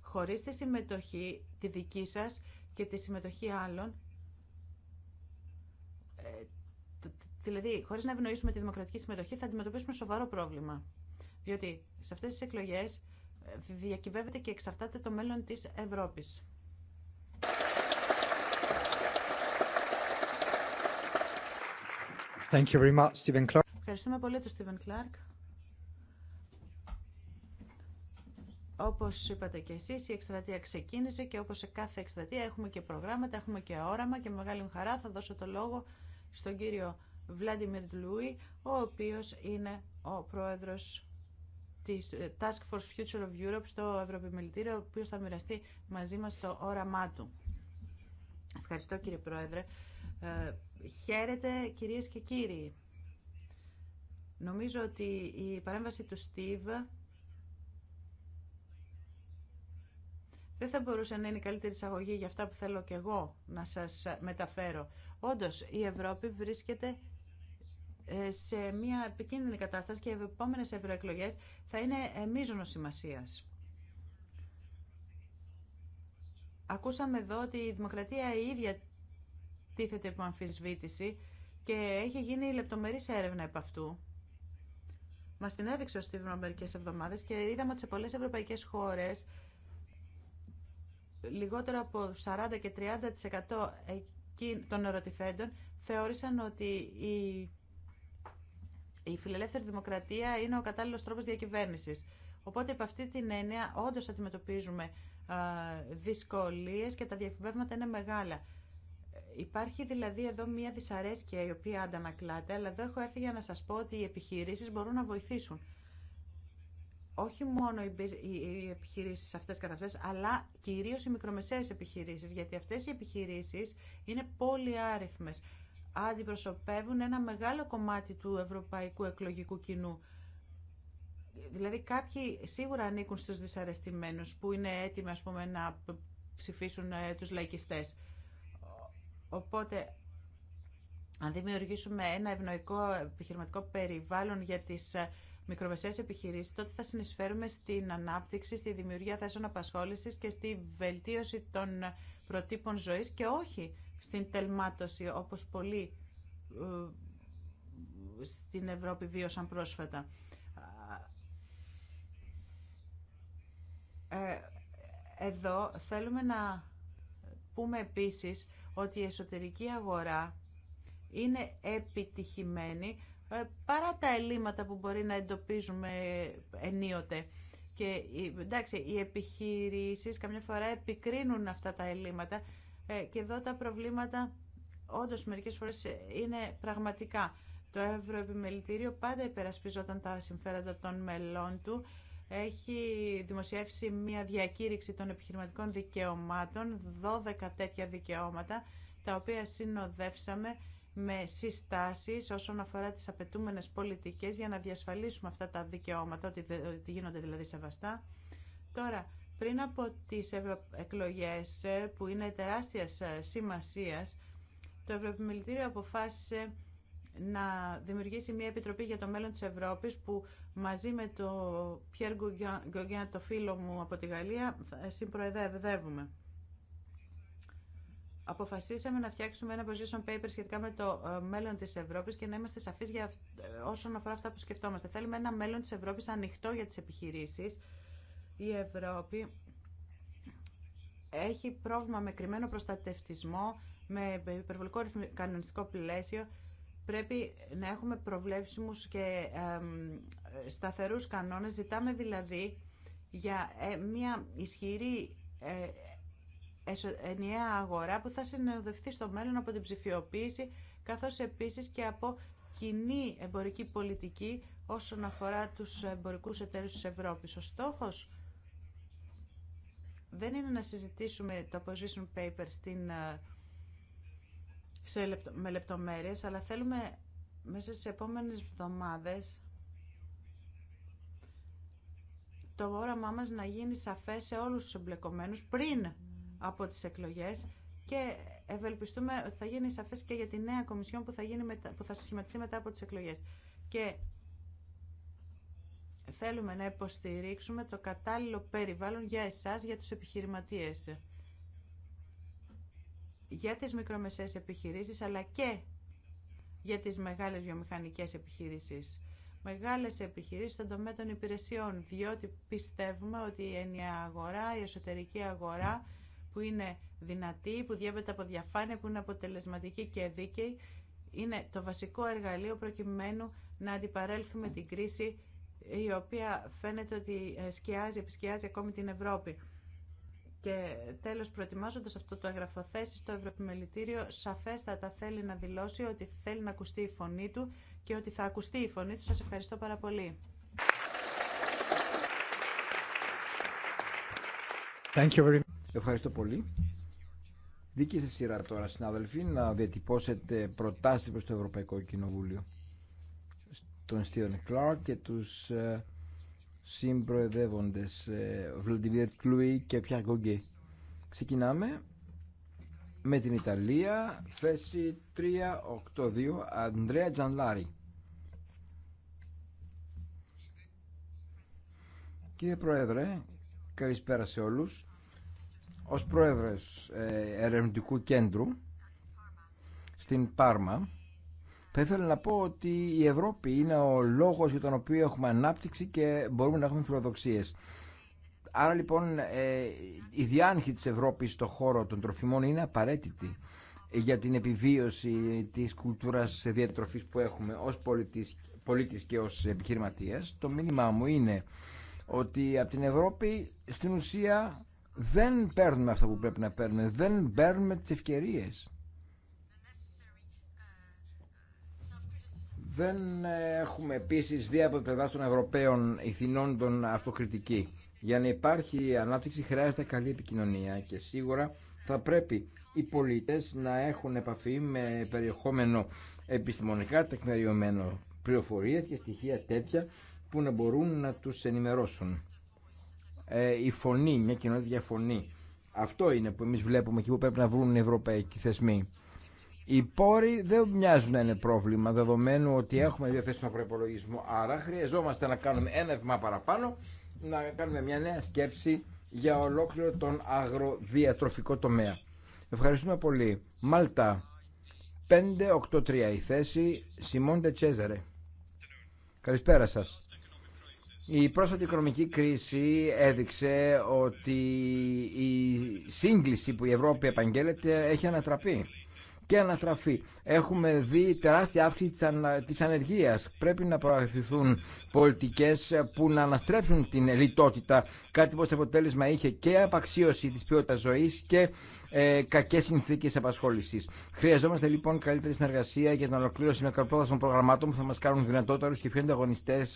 Χωρίς τη συμμετοχή τη δική σας και τη συμμετοχή άλλων, ε, δηλαδή χωρίς να ευνοήσουμε τη δημοκρατική συμμετοχή, θα αντιμετωπίσουμε σοβαρό πρόβλημα. Διότι σε αυτές τις εκλογές ε, διακυβεύεται και εξαρτάται το μέλλον της Ευρώπης. Thank you very much, Stephen Clark. Ευχαριστούμε πολύ τον Στίβεν Κλάρκ. Όπως είπατε και εσείς, η εκστρατεία ξεκίνησε και όπως σε κάθε εκστρατεία έχουμε και προγράμματα, έχουμε και όραμα και με μεγάλη χαρά θα δώσω το λόγο στον κύριο Βλάντιμιρ Λούι, ο οποίος είναι ο πρόεδρος της ε, Task Force Future of Europe στο Ευρωπημελητήριο, ο οποίος θα μοιραστεί μαζί μα το όραμά του. Ευχαριστώ κύριε Πρόεδρε. Ε, χαίρετε κυρίες και κύριοι. Νομίζω ότι η παρέμβαση του ΣΤΙΒ δεν θα μπορούσε να είναι η καλύτερη εισαγωγή για αυτά που θέλω και εγώ να σας μεταφέρω. Όντως, η Ευρώπη βρίσκεται ε, σε μια επικίνδυνη κατάσταση και οι επόμενε ευρωεκλογέ θα είναι ε, μείζονο σημασία. Ακούσαμε εδώ ότι η δημοκρατία η ίδια τίθεται υπό αμφισβήτηση και έχει γίνει λεπτομερής έρευνα επ' αυτού. Μα την έδειξε ο Στίβνο μερικέ εβδομάδε και είδαμε ότι σε πολλέ ευρωπαϊκέ χώρε λιγότερο από 40 και 30% των ερωτηθέντων θεώρησαν ότι η, η φιλελεύθερη δημοκρατία είναι ο κατάλληλος τρόπος διακυβέρνηση. Οπότε, από αυτή την έννοια, όντω αντιμετωπίζουμε δυσκολίε και τα διακυβεύματα είναι μεγάλα. Υπάρχει δηλαδή εδώ μια δυσαρέσκεια η οποία αντανακλάται, αλλά εδώ έχω έρθει για να σας πω ότι οι επιχειρήσεις μπορούν να βοηθήσουν. Όχι μόνο οι επιχειρήσεις αυτές καθ' αυτές, αλλά κυρίως οι μικρομεσαίες επιχειρήσεις, γιατί αυτές οι επιχειρήσεις είναι πολύ άριθμες. Αντιπροσωπεύουν ένα μεγάλο κομμάτι του ευρωπαϊκού εκλογικού κοινού. Δηλαδή κάποιοι σίγουρα ανήκουν στους δυσαρεστημένους που είναι έτοιμοι ας πούμε, να ψηφίσουν ε, τους λαϊκιστές. Οπότε, αν δημιουργήσουμε ένα ευνοϊκό επιχειρηματικό περιβάλλον για τις ε, μικρομεσαίες επιχειρήσεις, τότε θα συνεισφέρουμε στην ανάπτυξη, στη δημιουργία θέσεων απασχόλησης και στη βελτίωση των προτύπων ζωής και όχι στην τελμάτωση, όπως πολλοί ε, στην Ευρώπη βίωσαν πρόσφατα. Ε, εδώ θέλουμε να πούμε επίσης ότι η εσωτερική αγορά είναι επιτυχημένη ε, παρά τα ελλείμματα που μπορεί να εντοπίζουμε ενίοτε. Και εντάξει, οι επιχειρήσεις καμιά φορά επικρίνουν αυτά τα ελλείμματα ε, και εδώ τα προβλήματα όντως μερικές φορές είναι πραγματικά. Το Ευρωεπιμελητήριο πάντα υπερασπίζονταν τα συμφέροντα των μελών του έχει δημοσιεύσει μια διακήρυξη των επιχειρηματικών δικαιωμάτων, 12 τέτοια δικαιώματα, τα οποία συνοδεύσαμε με συστάσεις όσον αφορά τις απαιτούμενες πολιτικές για να διασφαλίσουμε αυτά τα δικαιώματα, ότι, γίνονται δηλαδή σεβαστά. Τώρα, πριν από τις εκλογές ε, που είναι τεράστιας ε, σημασίας, το Ευρωεπιμελητήριο αποφάσισε να δημιουργήσει μια επιτροπή για το μέλλον της Ευρώπης που μαζί με το Πιέρ Γκογιάν, το φίλο μου από τη Γαλλία, συμπροεδεύουμε. Αποφασίσαμε να φτιάξουμε ένα position paper σχετικά με το ε, μέλλον της Ευρώπης και να είμαστε σαφείς για ε, όσον αφορά αυτά που σκεφτόμαστε. Θέλουμε ένα μέλλον της Ευρώπης ανοιχτό για τις επιχειρήσεις. Η Ευρώπη έχει πρόβλημα με κρυμμένο προστατευτισμό, με υπερβολικό κανονιστικό πλαίσιο Πρέπει να έχουμε προβλέψιμους και σταθερούς κανόνες. Ζητάμε δηλαδή για ε, μια ισχυρή ε, ενιαία αγορά που θα συνοδευτεί στο μέλλον από την ψηφιοποίηση καθώς επίσης και από κοινή εμπορική πολιτική όσον αφορά τους εμπορικούς εταίρους της Ευρώπης. Ο στόχος δεν είναι να συζητήσουμε το position paper στην ε, σε, με λεπτομέρειες, αλλά θέλουμε μέσα στις επόμενες εβδομάδες το όραμά μας να γίνει σαφές σε όλους τους εμπλεκομένους πριν από τις εκλογές και ευελπιστούμε ότι θα γίνει σαφές και για τη νέα κομισιόν που θα, γίνει μετά, που θα σχηματιστεί μετά από τις εκλογές. Και θέλουμε να υποστηρίξουμε το κατάλληλο περιβάλλον για εσάς, για τους επιχειρηματίες για τις μικρομεσαίες επιχειρήσεις αλλά και για τις μεγάλες βιομηχανικές επιχειρήσεις. Μεγάλες επιχειρήσεις στον τομέα των υπηρεσιών, διότι πιστεύουμε ότι η ενιαία αγορά, η εσωτερική αγορά που είναι δυνατή, που διέπεται από διαφάνεια, που είναι αποτελεσματική και δίκαιη, είναι το βασικό εργαλείο προκειμένου να αντιπαρέλθουμε την κρίση η οποία φαίνεται ότι ε, σκιάζει, επισκιάζει ακόμη την Ευρώπη. Και τέλος, προετοιμάζοντα αυτό το έγγραφο θέση, το Ευρωεπιμελητήριο σαφέστατα θέλει να δηλώσει ότι θέλει να ακουστεί η φωνή του και ότι θα ακουστεί η φωνή του. Σας ευχαριστώ πάρα πολύ. Thank you very much. Ευχαριστώ πολύ. Δική σε σειρά τώρα, συναδελφοί, να διατυπώσετε προτάσεις προς το Ευρωπαϊκό Κοινοβούλιο. Τον Στίον Κλάρκ και τους ε, συμπροεδεύοντες ε, Βλαντιμίρ Κλουί και Πια Γκογκέ. Ξεκινάμε με την Ιταλία, θέση 382, Αντρέα Τζανλάρη. Κύριε Πρόεδρε, καλησπέρα σε όλους. Ως Πρόεδρος ε, Ερευνητικού Κέντρου στην Πάρμα, θα ήθελα να πω ότι η Ευρώπη είναι ο λόγος για τον οποίο έχουμε ανάπτυξη και μπορούμε να έχουμε φιλοδοξίες. Άρα λοιπόν ε, η διάνοχη της Ευρώπης στον χώρο των τροφιμών είναι απαραίτητη για την επιβίωση της κουλτούρας διατροφής που έχουμε ως πολιτής, πολίτης και ως επιχειρηματίας. Το μήνυμά μου είναι ότι από την Ευρώπη στην ουσία δεν παίρνουμε αυτά που πρέπει να παίρνουμε, δεν παίρνουμε τις ευκαιρίες Δεν έχουμε επίσης δει από πλευρά των Ευρωπαίων ηθινών των αυτοκριτική. Για να υπάρχει ανάπτυξη χρειάζεται καλή επικοινωνία και σίγουρα θα πρέπει οι πολίτες να έχουν επαφή με περιεχόμενο επιστημονικά τεκμεριωμένο πληροφορίες και στοιχεία τέτοια που να μπορούν να τους ενημερώσουν. Ε, η φωνή, μια κοινότητα φωνή. Αυτό είναι που εμείς βλέπουμε και που πρέπει να βρουν οι ευρωπαϊκοί θεσμοί. Οι πόροι δεν μοιάζουν να είναι πρόβλημα δεδομένου ότι έχουμε διαθέσει τον προπολογισμό. Άρα χρειαζόμαστε να κάνουμε ένα βήμα παραπάνω, να κάνουμε μια νέα σκέψη για ολόκληρο τον αγροδιατροφικό τομέα. Ευχαριστούμε πολύ. Μάλτα 583 η θέση Σιμόντε Τσέζερε. Καλησπέρα σας. Η πρόσφατη οικονομική κρίση έδειξε ότι η σύγκληση που η Ευρώπη επαγγέλλεται έχει ανατραπεί και αναστραφεί. Έχουμε δει τεράστια αύξηση της ανεργίας. Πρέπει να προαγηθηθούν πολιτικές που να αναστρέψουν την λιτότητα. Κάτι που αποτέλεσμα είχε και απαξίωση της ποιότητας ζωής και ε, κακές συνθήκες απασχόλησης. Χρειαζόμαστε λοιπόν καλύτερη συνεργασία για την ολοκλήρωση των προγραμμάτων που θα μας κάνουν δυνατότερους και πιο ανταγωνιστέ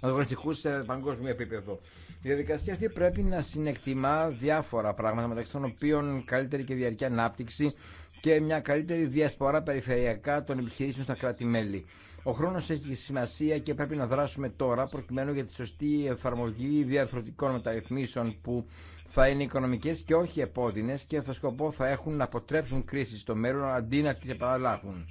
ανταγωνιστικού σε παγκόσμιο επίπεδο. Η διαδικασία αυτή πρέπει να συνεκτιμά διάφορα πράγματα μεταξύ των οποίων καλύτερη και διαρκή ανάπτυξη και μια καλύτερη διασπορά περιφερειακά των επιχειρήσεων στα κράτη-μέλη. Ο χρόνος έχει σημασία και πρέπει να δράσουμε τώρα προκειμένου για τη σωστή εφαρμογή διαρθρωτικών μεταρρυθμίσεων που θα είναι οικονομικέ και όχι επώδυνες και θα σκοπό θα έχουν να αποτρέψουν κρίση στο μέλλον αντί να τι επαναλάβουν.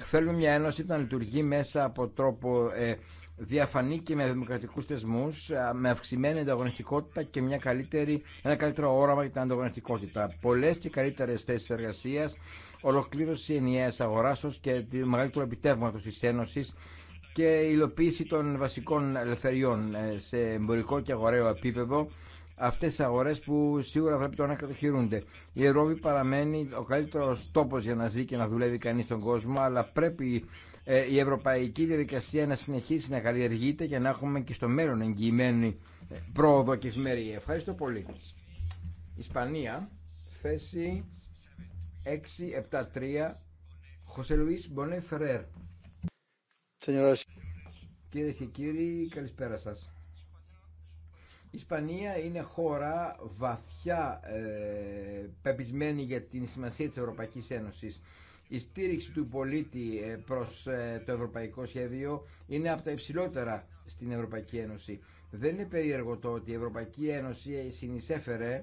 Θέλουμε μια ένωση που να λειτουργεί μέσα από τρόπο ε, διαφανή και με δημοκρατικούς θεσμού με αυξημένη ανταγωνιστικότητα και μια καλύτερη, ένα καλύτερο όραμα για την ανταγωνιστικότητα. Πολλέ και καλύτερε θέσει εργασία, ολοκλήρωση ενιαία αγορά και τη μεγαλύτερο επιτεύγματο τη Ένωση και υλοποίηση των βασικών ελευθεριών ε, σε εμπορικό και αγοραίο επίπεδο, αυτέ τις αγορέ που σίγουρα πρέπει τώρα να κατοχυρούνται. Η Ευρώπη παραμένει ο καλύτερο τόπο για να ζει και να δουλεύει κανεί στον κόσμο, αλλά πρέπει ε, η ευρωπαϊκή διαδικασία να συνεχίσει να καλλιεργείται για να έχουμε και στο μέλλον εγγυημένη ε, πρόοδο και ευημερία. Ευχαριστώ πολύ. Ισπανία, θέση 6-7-3, Χωσέ Λουίς Μπονέ Φερέρ. Κυρίε και κύριοι, καλησπέρα σα. Η Ισπανία είναι χώρα βαθιά ε, πεπισμένη για την σημασία της Ευρωπαϊκής Ένωσης η στήριξη του πολίτη ε, προς ε, το ευρωπαϊκό σχέδιο είναι από τα υψηλότερα στην Ευρωπαϊκή Ένωση. Δεν είναι περίεργο το ότι η Ευρωπαϊκή Ένωση συνεισέφερε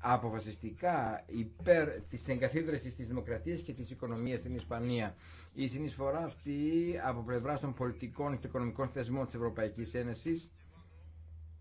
αποφασιστικά υπέρ της εγκαθίδρυσης της δημοκρατίας και της οικονομίας στην Ισπανία. Η συνεισφορά αυτή από πλευρά των πολιτικών και οικονομικών θεσμών της Ευρωπαϊκής Ένωσης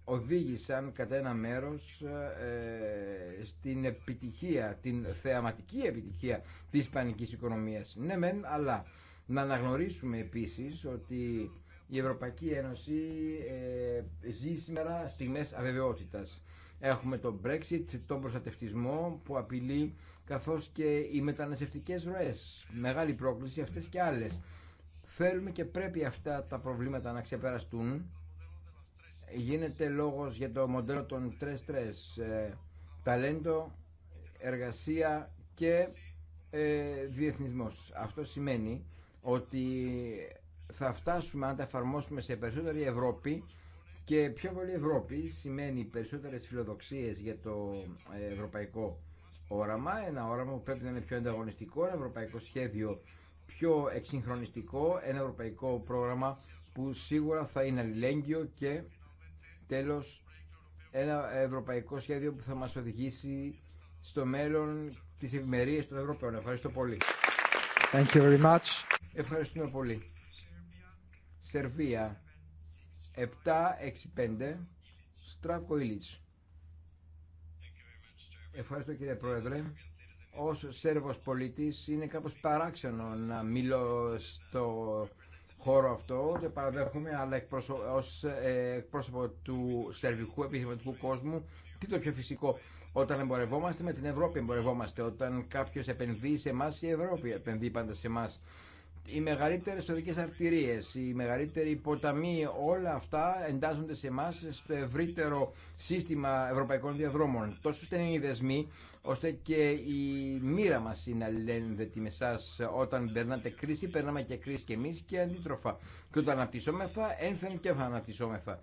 οδήγησαν κατά ένα μέρος ε, στην επιτυχία, την θεαματική επιτυχία της πανικής οικονομίας. Ναι μεν, αλλά να αναγνωρίσουμε επίσης ότι η Ευρωπαϊκή Ένωση ε, ζει σήμερα στιγμές αβεβαιότητας. Έχουμε το Brexit, τον προστατευτισμό που απειλεί, καθώς και οι μεταναστευτικές ροές. Μεγάλη πρόκληση αυτές και άλλες. Θέλουμε και πρέπει αυτά τα προβλήματα να ξεπεραστούν γίνεται λόγος για το μοντέλο των 3-3 ε, ταλέντο, εργασία και ε, διεθνισμός. Αυτό σημαίνει ότι θα φτάσουμε αν τα εφαρμόσουμε σε περισσότερη Ευρώπη και πιο πολύ Ευρώπη σημαίνει περισσότερες φιλοδοξίες για το ε, ευρωπαϊκό όραμα, ένα όραμα που πρέπει να είναι πιο ανταγωνιστικό, ένα ευρωπαϊκό σχέδιο πιο εξυγχρονιστικό, ένα ευρωπαϊκό πρόγραμμα που σίγουρα θα είναι αλληλέγγυο και τέλος ένα ευρωπαϊκό σχέδιο που θα μας οδηγήσει στο μέλλον τις ευημερίες των Ευρωπαίων. Ευχαριστώ πολύ. Thank you very much. Ευχαριστούμε πολύ. Σερβία 765 Στράβκο Ιλίτς. Ευχαριστώ κύριε Πρόεδρε. Ως Σέρβος πολίτης είναι κάπως παράξενο να μιλώ στο χώρο αυτό. Δεν παραδέχομαι, αλλά ως ε, εκπρόσωπο του σερβικού επιχειρηματικού κόσμου, τι το πιο φυσικό. Όταν εμπορευόμαστε με την Ευρώπη, εμπορευόμαστε. Όταν κάποιο επενδύει σε εμά, η Ευρώπη επενδύει πάντα σε εμά οι μεγαλύτερε οδικέ αρτηρίες, οι μεγαλύτεροι ποταμοί, όλα αυτά εντάσσονται σε εμά στο ευρύτερο σύστημα ευρωπαϊκών διαδρόμων. Τόσο είναι οι δεσμοί, ώστε και η μοίρα μα μας αλληλένδετη με εσά όταν περνάτε κρίση, περνάμε και κρίση και εμεί και αντίτροφα. Και όταν αναπτυσσόμεθα, ένθεν και θα αναπτυσσόμεθα.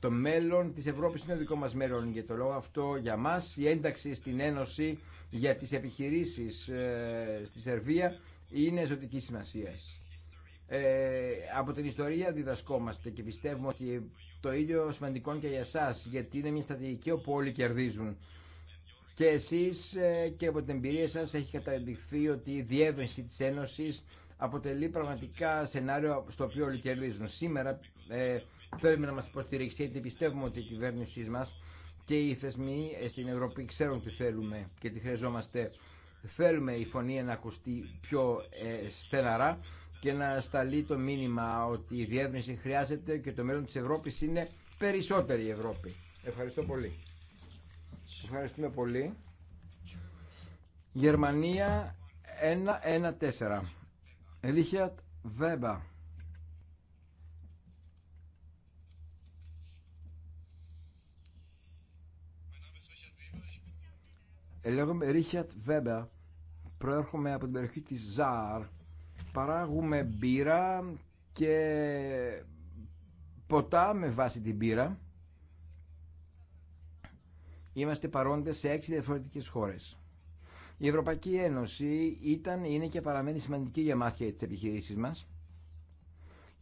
Το μέλλον της Ευρώπης είναι ο δικό μας μέλλον. Για το λόγο αυτό, για μας, η ένταξη στην Ένωση για τις επιχειρήσεις ε, στη Σερβία είναι ζωτική σημασία. Ε, από την ιστορία διδασκόμαστε και πιστεύουμε ότι το ίδιο σημαντικό και για εσά, γιατί είναι μια στρατηγική όπου όλοι κερδίζουν. Και εσείς ε, και από την εμπειρία σα έχει καταδειχθεί ότι η διεύρυνση τη Ένωση αποτελεί πραγματικά σενάριο στο οποίο όλοι κερδίζουν. Σήμερα ε, θέλουμε να μα υποστηρίξει γιατί πιστεύουμε ότι η κυβέρνησή μα και οι θεσμοί ε, στην Ευρώπη ξέρουν τι θέλουμε και τι χρειαζόμαστε. Θέλουμε η φωνή να ακουστεί πιο ε, στεναρά και να σταλεί το μήνυμα ότι η διεύνηση χρειάζεται και το μέλλον της Ευρώπης είναι περισσότερη η Ευρώπη. Ευχαριστώ πολύ. Ευχαριστούμε πολύ. Γερμανία 1-1-4. Ελίχιατ Βέμπα. Λέγομαι Ρίχιατ Βέμπερ. Προέρχομαι από την περιοχή της Ζάρ. Παράγουμε μπύρα και ποτά με βάση την μπύρα. Είμαστε παρόντες σε έξι διαφορετικές χώρες. Η Ευρωπαϊκή Ένωση ήταν, είναι και παραμένει σημαντική για μας και τις επιχειρήσεις μας,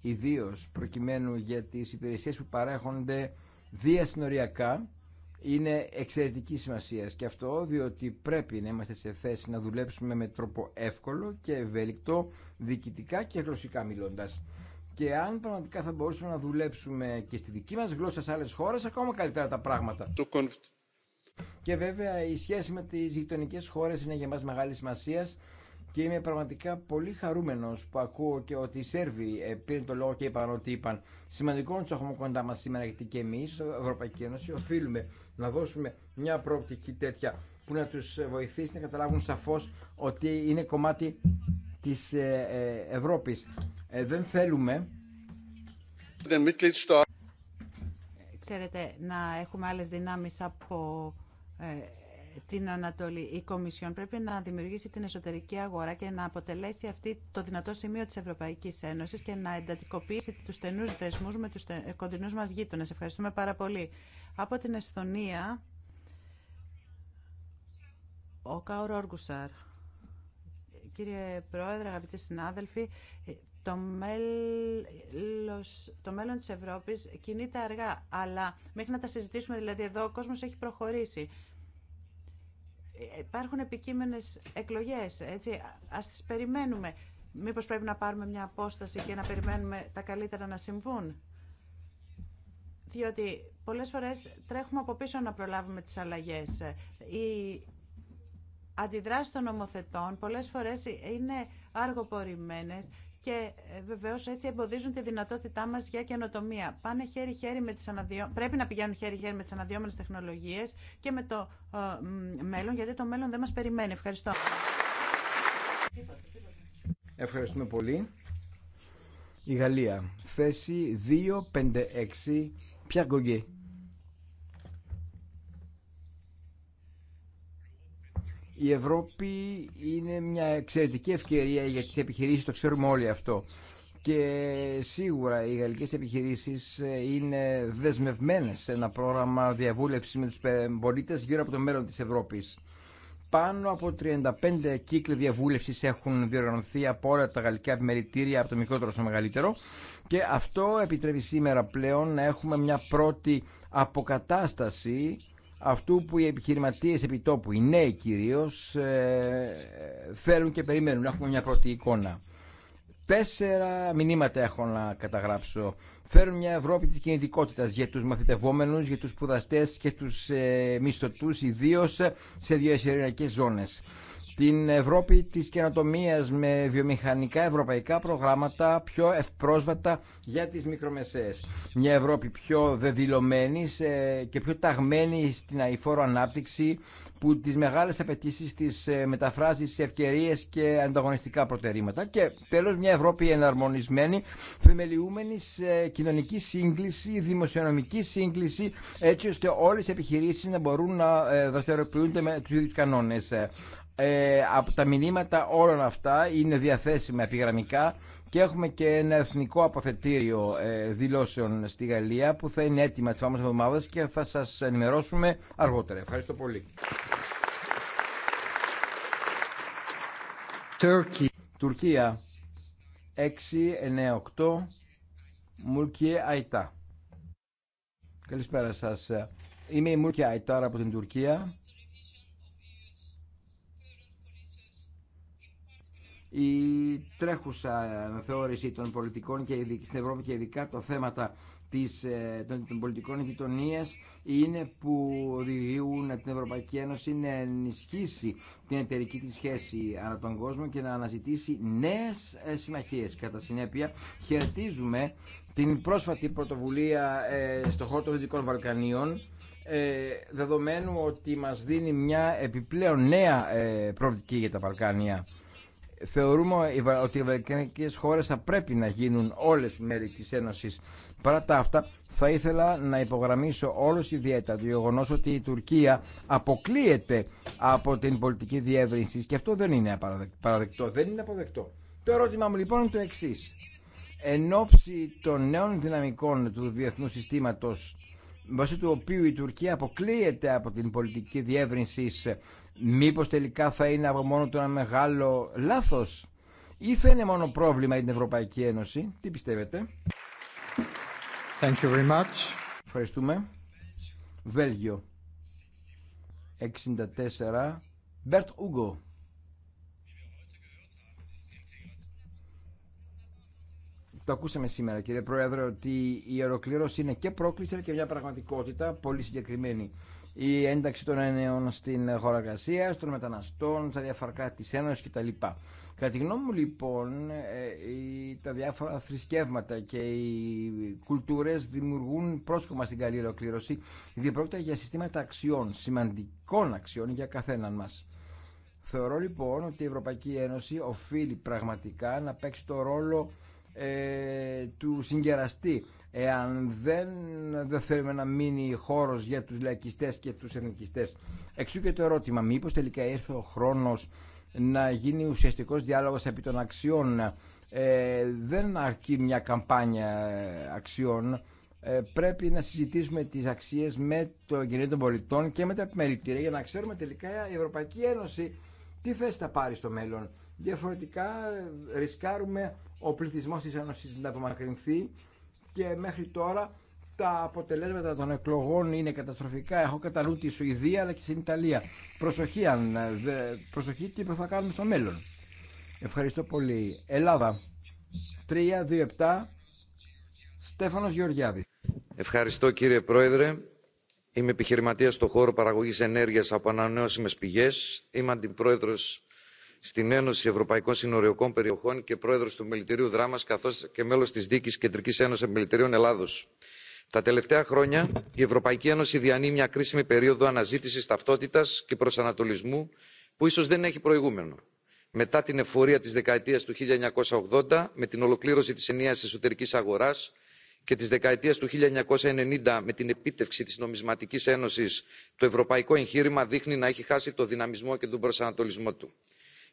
ιδίως προκειμένου για τις υπηρεσίες που παρέχονται διασυνοριακά είναι εξαιρετική σημασία και αυτό διότι πρέπει να είμαστε σε θέση να δουλέψουμε με τρόπο εύκολο και ευέλικτο διοικητικά και γλωσσικά μιλώντας. Και αν πραγματικά θα μπορούσαμε να δουλέψουμε και στη δική μας γλώσσα σε άλλες χώρες, ακόμα καλύτερα τα πράγματα. Και βέβαια η σχέση με τις γειτονικές χώρες είναι για μας μεγάλη σημασία και είμαι πραγματικά πολύ χαρούμενο που ακούω και ότι οι Σέρβοι ε, πήραν το λόγο και είπαν ότι είπαν σημαντικό να του έχουμε κοντά μα σήμερα γιατί και εμεί, η Ευρωπαϊκή Ένωση, οφείλουμε να δώσουμε μια προοπτική τέτοια που να του βοηθήσει να καταλάβουν σαφώ ότι είναι κομμάτι τη ε, ε, Ευρώπη. Δεν θέλουμε. Ξέρετε, να έχουμε άλλες δυνάμεις από την Ανατολή. Η Κομισιόν πρέπει να δημιουργήσει την εσωτερική αγορά και να αποτελέσει αυτή το δυνατό σημείο τη Ευρωπαϊκή Ένωση και να εντατικοποιήσει του στενού δεσμού με του κοντινού μας γείτονε. Ευχαριστούμε πάρα πολύ. Από την Εσθονία, ο Κάουρο Κύριε Πρόεδρε, αγαπητοί συνάδελφοι, το, μέλλον της Ευρώπης κινείται αργά, αλλά μέχρι να τα συζητήσουμε, δηλαδή εδώ ο κόσμος έχει προχωρήσει. Υπάρχουν επικείμενες εκλογές, έτσι, ας τις περιμένουμε. Μήπως πρέπει να πάρουμε μια απόσταση και να περιμένουμε τα καλύτερα να συμβούν. Διότι πολλές φορές τρέχουμε από πίσω να προλάβουμε τις αλλαγές. Οι αντιδράση των νομοθετών πολλές φορές είναι αργοπορημένες και ε, βεβαίως έτσι εμποδίζουν τη δυνατότητά μας για καινοτομία. Πάνε χέρι -χέρι με τις Πρέπει να πηγαίνουν χέρι-χέρι με τις αναδυόμενε τεχνολογίες και με το ε, μέλλον, γιατί το μέλλον δεν μας περιμένει. Ευχαριστώ. Ευχαριστούμε πολύ. Η Γαλλία. Θέση 256. πια Η Ευρώπη είναι μια εξαιρετική ευκαιρία για τις επιχειρήσεις, το ξέρουμε όλοι αυτό. Και σίγουρα οι γαλλικές επιχειρήσεις ε, είναι δεσμευμένες σε ένα πρόγραμμα διαβούλευσης με τους πολίτε γύρω από το μέλλον της Ευρώπης. Πάνω από 35 κύκλοι διαβούλευση έχουν διοργανωθεί από όλα τα γαλλικά επιμελητήρια, από το μικρότερο στο μεγαλύτερο. Και αυτό επιτρέπει σήμερα πλέον να έχουμε μια πρώτη αποκατάσταση αυτού που οι επιχειρηματίε επιτόπου, οι νέοι ε, θέλουν και περιμένουν. Έχουμε μια πρώτη εικόνα. Τέσσερα μηνύματα έχω να καταγράψω. Φέρουν μια Ευρώπη της κινητικότητας για τους μαθητευόμενους, για τους σπουδαστέ και τους ε, μισθωτούς, ιδίως σε διασυριακές ζώνες την Ευρώπη της καινοτομίας με βιομηχανικά ευρωπαϊκά προγράμματα πιο ευπρόσβατα για τις μικρομεσαίες. Μια Ευρώπη πιο δεδηλωμένη και πιο ταγμένη στην αηφόρο ανάπτυξη που τις μεγάλες απαιτήσει της ε, μεταφράζει σε ευκαιρίες και ανταγωνιστικά προτερήματα. Και τέλος μια Ευρώπη εναρμονισμένη, θεμελιούμενη σε κοινωνική σύγκληση, δημοσιονομική σύγκληση, έτσι ώστε όλες οι επιχειρήσεις να μπορούν να ε, δραστηριοποιούνται με τους ίδιους κανόνες. Ε, από τα μηνύματα όλων αυτά είναι διαθέσιμα επιγραμμικά και έχουμε και ένα εθνικό αποθετήριο ε, δηλώσεων στη Γαλλία που θα είναι έτοιμα τις επόμενες εβδομάδες και θα σας ενημερώσουμε αργότερα. Ευχαριστώ πολύ. Turkey. Τουρκία 698 Μουλκιέ Αϊτά Καλησπέρα σας. Είμαι η Μουλκιέ Αϊτάρα από την Τουρκία η τρέχουσα θεώρηση των πολιτικών και στην Ευρώπη και ειδικά το θέματα της, ε, των, των πολιτικών γειτονία είναι που οδηγούν την Ευρωπαϊκή Ένωση να ενισχύσει την εταιρική της σχέση ανά τον κόσμο και να αναζητήσει νέες ε, συμμαχίες. Κατά συνέπεια, χαιρετίζουμε την πρόσφατη πρωτοβουλία ε, στον χώρο των Δυτικών Βαλκανίων ε, δεδομένου ότι μας δίνει μια επιπλέον νέα ε, για τα Βαλκάνια θεωρούμε ότι οι βαλκανικές χώρες θα πρέπει να γίνουν όλες μέρη της Ένωσης. Παρά τα αυτά, θα ήθελα να υπογραμμίσω όλος ιδιαίτερα το γεγονό ότι η Τουρκία αποκλείεται από την πολιτική διεύρυνση και αυτό δεν είναι παραδεκτό, δεν είναι αποδεκτό. Το ερώτημα μου λοιπόν είναι το εξή. Εν ώψη των νέων δυναμικών του διεθνού συστήματος βάσει του οποίου η Τουρκία αποκλείεται από την πολιτική διεύρυνση μήπως τελικά θα είναι από μόνο του ένα μεγάλο λάθος ή θα είναι μόνο πρόβλημα για την Ευρωπαϊκή Ένωση. Τι πιστεύετε. Thank you very much. Ευχαριστούμε. Βέλγιο. 64. Μπέρτ Ούγκο. Το ακούσαμε σήμερα κύριε Πρόεδρε ότι η ολοκλήρωση είναι και πρόκληση αλλά και μια πραγματικότητα πολύ συγκεκριμένη. Η ένταξη των ενέων στην χώρα των μεταναστών, στα διάφορα τη Ένωση κτλ. Κατά τη γνώμη μου λοιπόν ε, τα διάφορα θρησκεύματα και οι κουλτούρες δημιουργούν πρόσκομα στην καλή ολοκλήρωση διότι για συστήματα αξιών, σημαντικών αξιών για καθέναν μας. Θεωρώ λοιπόν ότι η Ευρωπαϊκή Ένωση οφείλει πραγματικά να παίξει το ρόλο ε, του συγκεραστεί. Εάν δεν, δεν θέλουμε να μείνει χώρος για τους λαϊκιστές και τους εθνικιστές. Εξού και το ερώτημα, μήπως τελικά ήρθε ο χρόνος να γίνει ουσιαστικός διάλογος επί των αξιών. Ε, δεν αρκεί μια καμπάνια αξιών. Ε, πρέπει να συζητήσουμε τις αξίες με το κοινό των πολιτών και με τα επιμελητήρια για να ξέρουμε τελικά η Ευρωπαϊκή Ένωση τι θέση θα πάρει στο μέλλον. Διαφορετικά ε, ρισκάρουμε ο πληθυσμό τη Ένωση να απομακρυνθεί και μέχρι τώρα τα αποτελέσματα των εκλογών είναι καταστροφικά. Έχω κατά νου τη Σουηδία αλλά και στην Ιταλία. Προσοχή, αν, ε, προσοχή τι θα κάνουμε στο μέλλον. Ευχαριστώ πολύ. Ελλάδα 3-2-7 Στέφανος Γεωργιάδη. Ευχαριστώ κύριε Πρόεδρε. Είμαι επιχειρηματία στον χώρο Παραγωγή ενέργεια από ανανεώσιμε πηγέ, Είμαι αντιπρόεδρο στην Ένωση Ευρωπαϊκών Συνοριακών Περιοχών και πρόεδρο του Μελιτηρίου Δράμα, καθώ και μέλο τη Δίκη Κεντρική Ένωση Επιμελητηρίων Ελλάδο. Τα τελευταία χρόνια, η Ευρωπαϊκή Ένωση διανύει μια κρίσιμη περίοδο αναζήτηση ταυτότητα και προσανατολισμού που ίσω δεν έχει προηγούμενο. Μετά την εφορία τη δεκαετία του 1980, με την ολοκλήρωση τη ενιαία εσωτερική αγορά και τη δεκαετία του 1990, με την επίτευξη τη νομισματική ένωση, το ευρωπαϊκό εγχείρημα δείχνει να έχει χάσει το δυναμισμό και τον προσανατολισμό του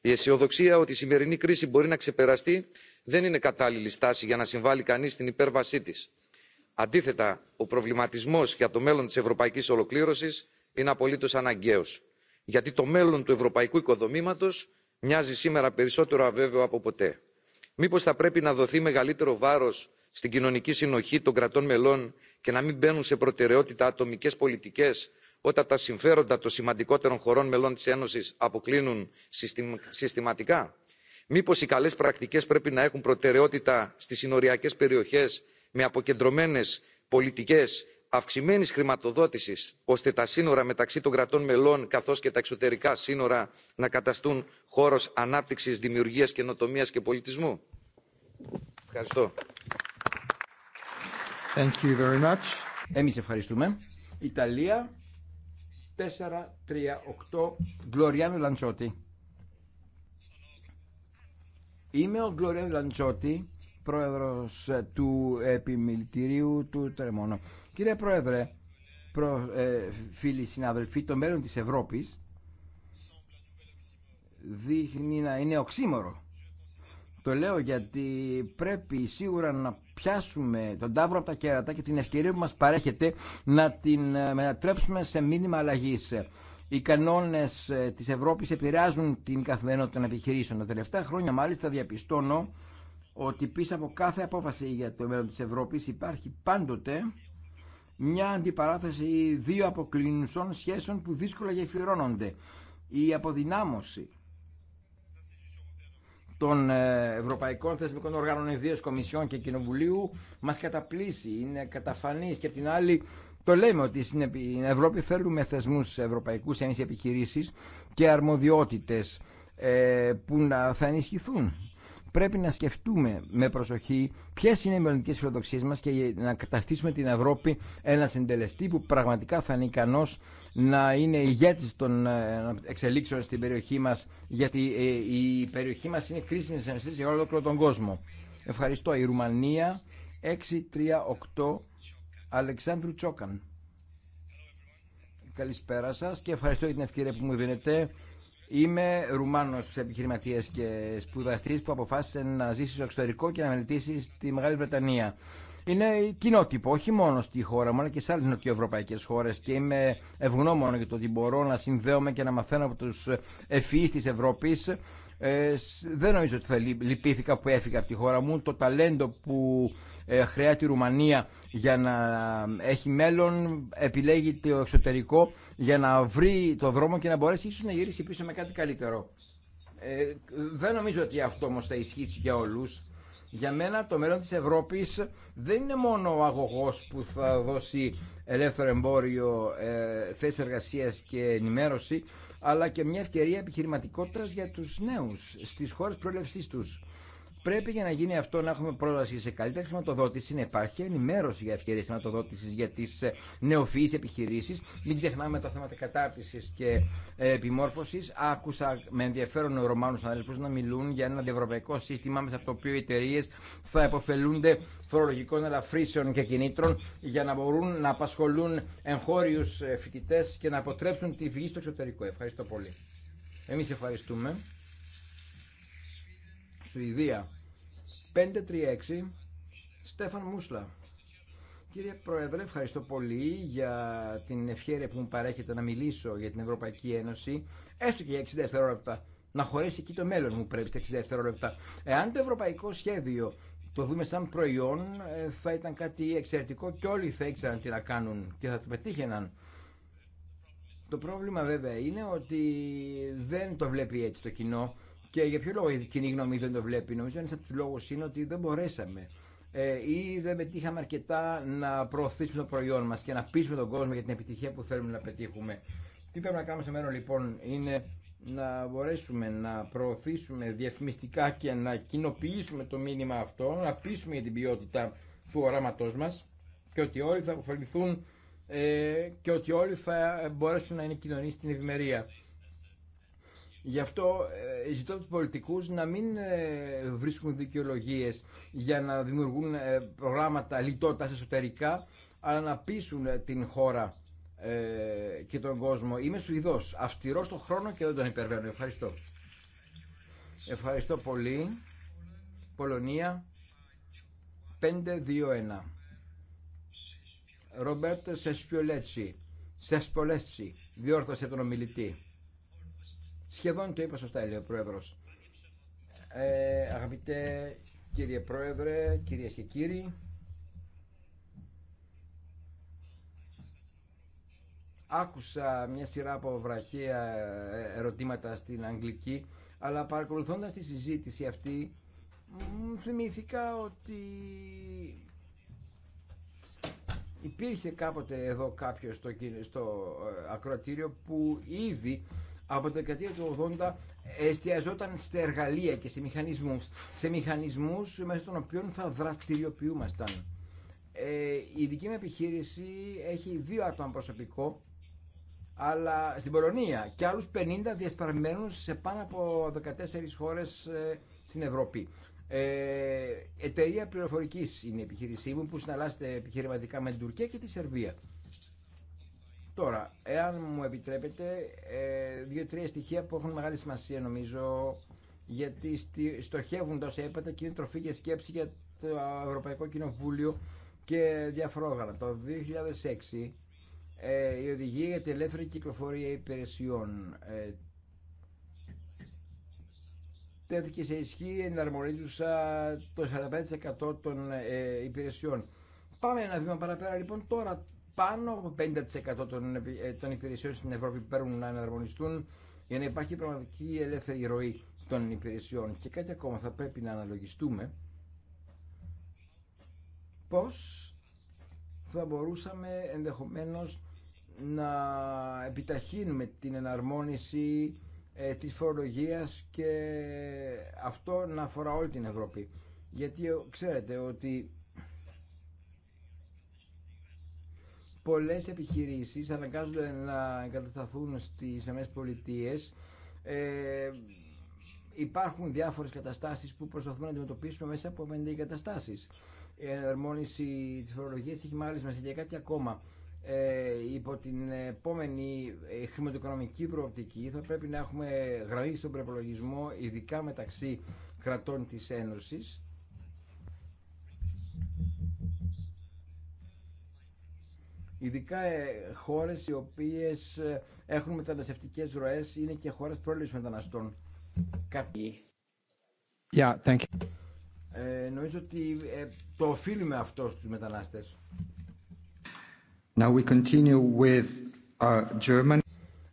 η αισιοδοξία ότι η σημερινή κρίση μπορεί να ξεπεραστεί δεν είναι κατάλληλη στάση για να συμβάλλει κανείς στην υπέρβασή της. αντίθετα ο προβληματισμός για το μέλλον της ευρωπαϊκής ολοκλήρωσης είναι απολύτως αναγκαίος γιατί το μέλλον του ευρωπαϊκού οικοδομήματος μοιάζει σήμερα περισσότερο αβέβαιο από ποτέ. μήπως θα πρέπει να δοθεί μεγαλύτερο βάρος στην κοινωνική συνοχή των κρατών μελών και να μην μπαίνουν σε προτεραιότητα ατομικές πολιτικές όταν τα συμφέροντα των σημαντικότερων χωρών μελών της ένωσης αποκλίνουν συστηματικά; μήπως οι καλές πρακτικές πρέπει να έχουν προτεραιότητα στις συνοριακές περιοχές με αποκεντρωμένες πολιτικές αυξημένης χρηματοδότησης ώστε τα σύνορα μεταξύ των κρατών μελών καθώς και τα εξωτερικά σύνορα να καταστούν χώρος ανάπτυξης δημιουργίας καινοτομία και πολιτισμού; ευχαριστώ. Thank you very much. Εμείς ευχαριστούμε. Ιταλία, 438 Γκλωριάνου Λαντσότη. Είμαι ο Γκλωριάνου Λαντσότη, πρόεδρος ε, του επιμελητηρίου του Τρεμόνο. Κύριε Πρόεδρε, προ, ε, φίλοι συναδελφοί, το μέλλον της Ευρώπης δείχνει να είναι οξύμορο. Το λέω γιατί πρέπει σίγουρα να πιάσουμε τον τάβρο από τα κέρατα και την ευκαιρία που μας παρέχεται να την ε, μετατρέψουμε σε μήνυμα αλλαγή. Οι κανόνε ε, τη Ευρώπη επηρεάζουν την καθημερινότητα των επιχειρήσεων. Τα τελευταία χρόνια, μάλιστα, διαπιστώνω ότι πίσω από κάθε απόφαση για το μέλλον τη Ευρώπη υπάρχει πάντοτε μια αντιπαράθεση δύο αποκλίνουσων σχέσεων που δύσκολα γεφυρώνονται. Η αποδυνάμωση των ε, Ευρωπαϊκών Θεσμικών Οργάνων Ιδίω Κομισιών και Κοινοβουλίου μα καταπλήσει, είναι καταφανή. Και απ' την άλλη, το λέμε ότι στην Ευρώπη θέλουμε θεσμού ευρωπαϊκού, σε επιχειρήσει και αρμοδιότητε ε, που να θα ενισχυθούν πρέπει να σκεφτούμε με προσοχή ποιε είναι οι μελλοντικέ φιλοδοξίε μα και να καταστήσουμε την Ευρώπη ένα συντελεστή που πραγματικά θα είναι ικανό να είναι ηγέτη των ε, εξελίξεων στην περιοχή μα, γιατί ε, η περιοχή μα είναι κρίσιμη συνεργασία για όλο τον κόσμο. Ευχαριστώ. Η Ρουμανία 638 Αλεξάνδρου Τσόκαν. Καλησπέρα σας και ευχαριστώ για την ευκαιρία που μου δίνετε Είμαι Ρουμάνος επιχειρηματίας και σπουδαστή που αποφάσισε να ζήσει στο εξωτερικό και να μελετήσει στη Μεγάλη Βρετανία. Είναι κοινότυπο, όχι μόνο στη χώρα μου, αλλά και σε άλλε νοτιοευρωπαϊκέ χώρε. Και είμαι ευγνώμων για το ότι μπορώ να συνδέομαι και να μαθαίνω από του ευφυεί τη Ευρώπη ε, δεν νομίζω ότι θα λυπήθηκα που έφυγα από τη χώρα μου. Το ταλέντο που ε, χρειά Ρουμανία για να έχει μέλλον επιλέγει το εξωτερικό για να βρει το δρόμο και να μπορέσει ίσως να γυρίσει πίσω με κάτι καλύτερο. Ε, δεν νομίζω ότι αυτό όμως θα ισχύσει για όλους. Για μένα το μέλλον της Ευρώπης δεν είναι μόνο ο αγωγός που θα δώσει ελεύθερο εμπόριο, ε, θέσεις και ενημέρωση, αλλά και μια ευκαιρία επιχειρηματικότητας για τους νέους στις χώρε προέλευσή τους. Πρέπει για να γίνει αυτό να έχουμε πρόσβαση σε καλύτερη χρηματοδότηση, να υπάρχει ενημέρωση για ευκαιρίε χρηματοδότηση για τι ε, νεοφυεί επιχειρήσει. Μην ξεχνάμε τα θέματα κατάρτιση και ε, επιμόρφωση. Άκουσα με ενδιαφέρον Ρωμάνου αδελφού να μιλούν για ένα διευρωπαϊκό σύστημα μέσα από το οποίο οι εταιρείε θα υποφελούνται φορολογικών ελαφρύσεων και κινήτρων για να μπορούν να απασχολούν εγχώριου ε, φοιτητέ και να αποτρέψουν τη φυγή στο εξωτερικό. Ευχαριστώ πολύ. Εμεί ευχαριστούμε. Σουηδία. 536 Στέφαν Μούσλα Κύριε Πρόεδρε, ευχαριστώ πολύ για την ευχαίρεια που μου παρέχετε να μιλήσω για την Ευρωπαϊκή Ένωση. Έστω και για 60 δευτερόλεπτα. Να χωρέσει εκεί το μέλλον μου πρέπει στα 60 δευτερόλεπτα. Εάν το ευρωπαϊκό σχέδιο το δούμε σαν προϊόν, ε, θα ήταν κάτι εξαιρετικό και όλοι θα ήξεραν τι να κάνουν και θα το πετύχαιναν. Το πρόβλημα βέβαια είναι ότι δεν το βλέπει έτσι το κοινό. Και για ποιο λόγο η κοινή γνώμη δεν το βλέπει. Νομίζω ένα από του λόγου είναι ότι δεν μπορέσαμε ε, ή δεν πετύχαμε αρκετά να προωθήσουμε το προϊόν μα και να πείσουμε τον κόσμο για την επιτυχία που θέλουμε να πετύχουμε. Τι πρέπει να κάνουμε στο μέλλον λοιπόν είναι να μπορέσουμε να προωθήσουμε διαφημιστικά και να κοινοποιήσουμε το μήνυμα αυτό, να πείσουμε για την ποιότητα του οράματό μα και ότι όλοι θα αποφεληθούν ε, και ότι όλοι θα μπορέσουν να είναι κοινωνίες στην ευημερία. Γι' αυτό ε, ζητώ από τους πολιτικούς να μην ε, βρίσκουν δικαιολογίε για να δημιουργούν ε, προγράμματα λιτότητας εσωτερικά, αλλά να πείσουν την χώρα και τον κόσμο. Είμαι Σουηδό. αυστηρός στον χρόνο και δεν τον υπερβαίνω. Ευχαριστώ. Ευχαριστώ πολύ. 521. 2 Ρομπέρτ Σεσπιολέτσι. Σεσπολέτσι. Διόρθωσε τον ομιλητή. Σχεδόν το είπα σωστά, λέει ο Πρόεδρος. Ε, αγαπητέ κύριε Πρόεδρε, κύριε και κύριοι, άκουσα μια σειρά από βραχεία ε, ερωτήματα στην Αγγλική, αλλά παρακολουθώντας τη συζήτηση αυτή, θυμήθηκα ότι υπήρχε κάποτε εδώ κάποιος στο, στο ε, ακροατήριο που ήδη από την δεκαετία του 80 εστιαζόταν σε εργαλεία και σε μηχανισμούς, σε μηχανισμούς μέσα των οποίων θα δραστηριοποιούμασταν. Ε, η δική μου επιχείρηση έχει δύο άτομα προσωπικό, αλλά στην Πολωνία και άλλους 50 διασπαρμένους σε πάνω από 14 χώρες ε, στην Ευρώπη. Ε, εταιρεία πληροφορική είναι η επιχείρησή μου που συναλλάσσεται επιχειρηματικά με την Τουρκία και τη Σερβία. Τώρα, εάν μου επιτρέπετε, ε, δύο-τρία στοιχεία που έχουν μεγάλη σημασία νομίζω, γιατί στοχεύουν τόσο έπατα και είναι τροφή και σκέψη για το Ευρωπαϊκό Κοινοβούλιο και διαφρόγαρα. Το 2006 ε, η οδηγία για την ελεύθερη κυκλοφορία υπηρεσιών ε, τέθηκε σε ισχύ εναρμονίζουσα το 45% των ε, υπηρεσιών. Πάμε ένα βήμα παραπέρα λοιπόν τώρα πάνω από 50% ε, των, υπηρεσιών στην Ευρώπη παίρνουν να εναρμονιστούν για να υπάρχει πραγματική ελεύθερη ροή των υπηρεσιών. Και κάτι ακόμα θα πρέπει να αναλογιστούμε πώς θα μπορούσαμε ενδεχομένως να επιταχύνουμε την εναρμόνιση ε, της φορολογίας και αυτό να αφορά όλη την Ευρώπη. Γιατί ξέρετε ότι Πολλέ επιχειρήσεις αναγκάζονται να εγκατασταθούν στις ΗΠΑ. Ε, υπάρχουν διάφορες καταστάσεις που προσπαθούμε να αντιμετωπίσουμε μέσα από καταστάσεις. Η ενερμόνιση της φορολογίας έχει μάλιστα και κάτι ακόμα. Ε, υπό την επόμενη ε, χρηματοοικονομική προοπτική θα πρέπει να έχουμε γραμμή στον προπολογισμό ειδικά μεταξύ κρατών της Ένωσης Ειδικά ε, χώρε οι οποίες ε, έχουν μεταναστευτικέ ροέ είναι και χώρε πρόληψης μεταναστών. Κάποιοι. Yeah, thank you. Ε, νομίζω ότι ε, το οφείλουμε αυτό στου μεταναστέ. Now we continue with uh, German.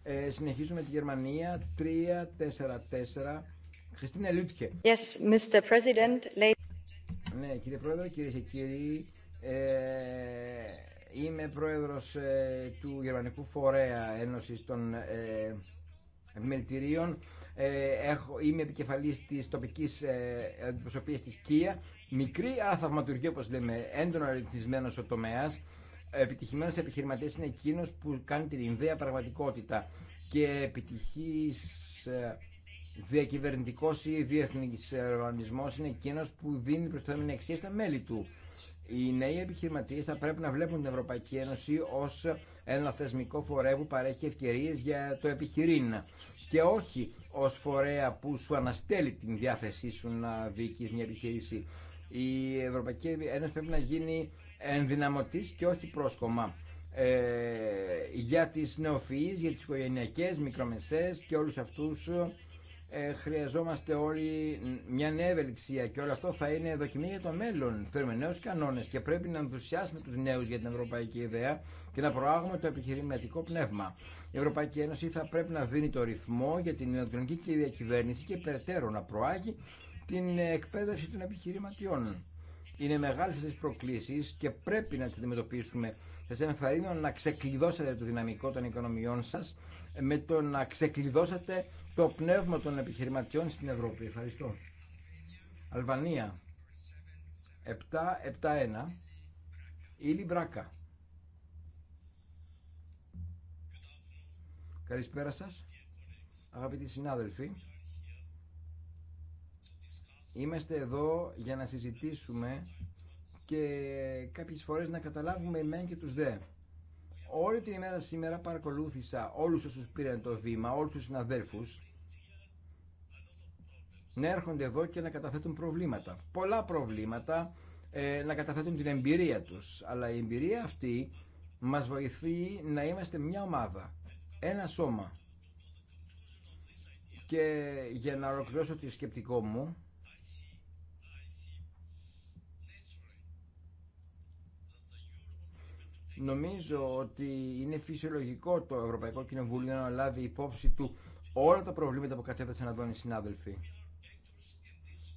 Ε, συνεχίζουμε τη Γερμανία 3-4-4. Χριστίνα Λούτκε. Yes, Mr. President. Ladies. Ναι, κύριε Πρόεδρε, κυρίε και κύριοι, ε, Είμαι πρόεδρος ε, του Γερμανικού Φορέα Ένωσης των ε, Μελτηρίων. Ε, έχω, είμαι επικεφαλής της τοπικής ε, αντιπροσωπείας της ΚΙΑ. Μικρή, αλλά θαυματουργή όπως λέμε, έντονα ρυθμισμένος ο τομέας. Επιτυχημένος επιχειρηματές είναι εκείνο που κάνει την ιδέα πραγματικότητα και επιτυχής διακυβερνητικό ή διεθνής οργανισμό, είναι εκείνο που δίνει προστιθέμενη αξία στα μέλη του. Οι νέοι επιχειρηματίε θα πρέπει να βλέπουν την Ευρωπαϊκή Ένωση ω ένα θεσμικό φορέα που παρέχει ευκαιρίε για το επιχειρήν και όχι ω φορέα που σου αναστέλει την διάθεσή σου να διοικεί μια επιχείρηση. Η Ευρωπαϊκή Ένωση πρέπει να γίνει ενδυναμωτής και όχι πρόσκομα. Ε, για τις νεοφυείς, για τις οικογενειακές, μικρομεσές και όλους αυτούς ε, χρειαζόμαστε όλοι μια νέα ευελιξία και όλο αυτό θα είναι δοκιμή για το μέλλον. Θέλουμε νέου κανόνε και πρέπει να ενθουσιάσουμε του νέου για την ευρωπαϊκή ιδέα και να προάγουμε το επιχειρηματικό πνεύμα. Η Ευρωπαϊκή Ένωση θα πρέπει να δίνει το ρυθμό για την ηλεκτρονική και διακυβέρνηση και περαιτέρω να προάγει την εκπαίδευση των επιχειρηματιών. Είναι μεγάλε αυτέ προκλήσει και πρέπει να τι αντιμετωπίσουμε. Σα ενθαρρύνω να ξεκλειδώσετε το δυναμικό των οικονομιών σα με το να ξεκλειδώσετε το πνεύμα των επιχειρηματιών στην Ευρώπη. Ευχαριστώ. Αλβανία 7-7-1 Ήλι Μπράκα. Καλησπέρα σας αγαπητοί συνάδελφοι. Είμαστε εδώ για να συζητήσουμε και κάποιες φορές να καταλάβουμε εμένα και τους δε όλη την ημέρα σήμερα παρακολούθησα όλους όσους πήραν το βήμα, όλους τους συναδέλφους να έρχονται εδώ και να καταθέτουν προβλήματα. Πολλά προβλήματα ε, να καταθέτουν την εμπειρία τους. Αλλά η εμπειρία αυτή μας βοηθεί να είμαστε μια ομάδα, ένα σώμα. Και για να ολοκληρώσω το σκεπτικό μου, Νομίζω ότι είναι φυσιολογικό το Ευρωπαϊκό Κοινοβούλιο να λάβει υπόψη του όλα τα προβλήματα που κατέθεσαν εδώ οι συνάδελφοι.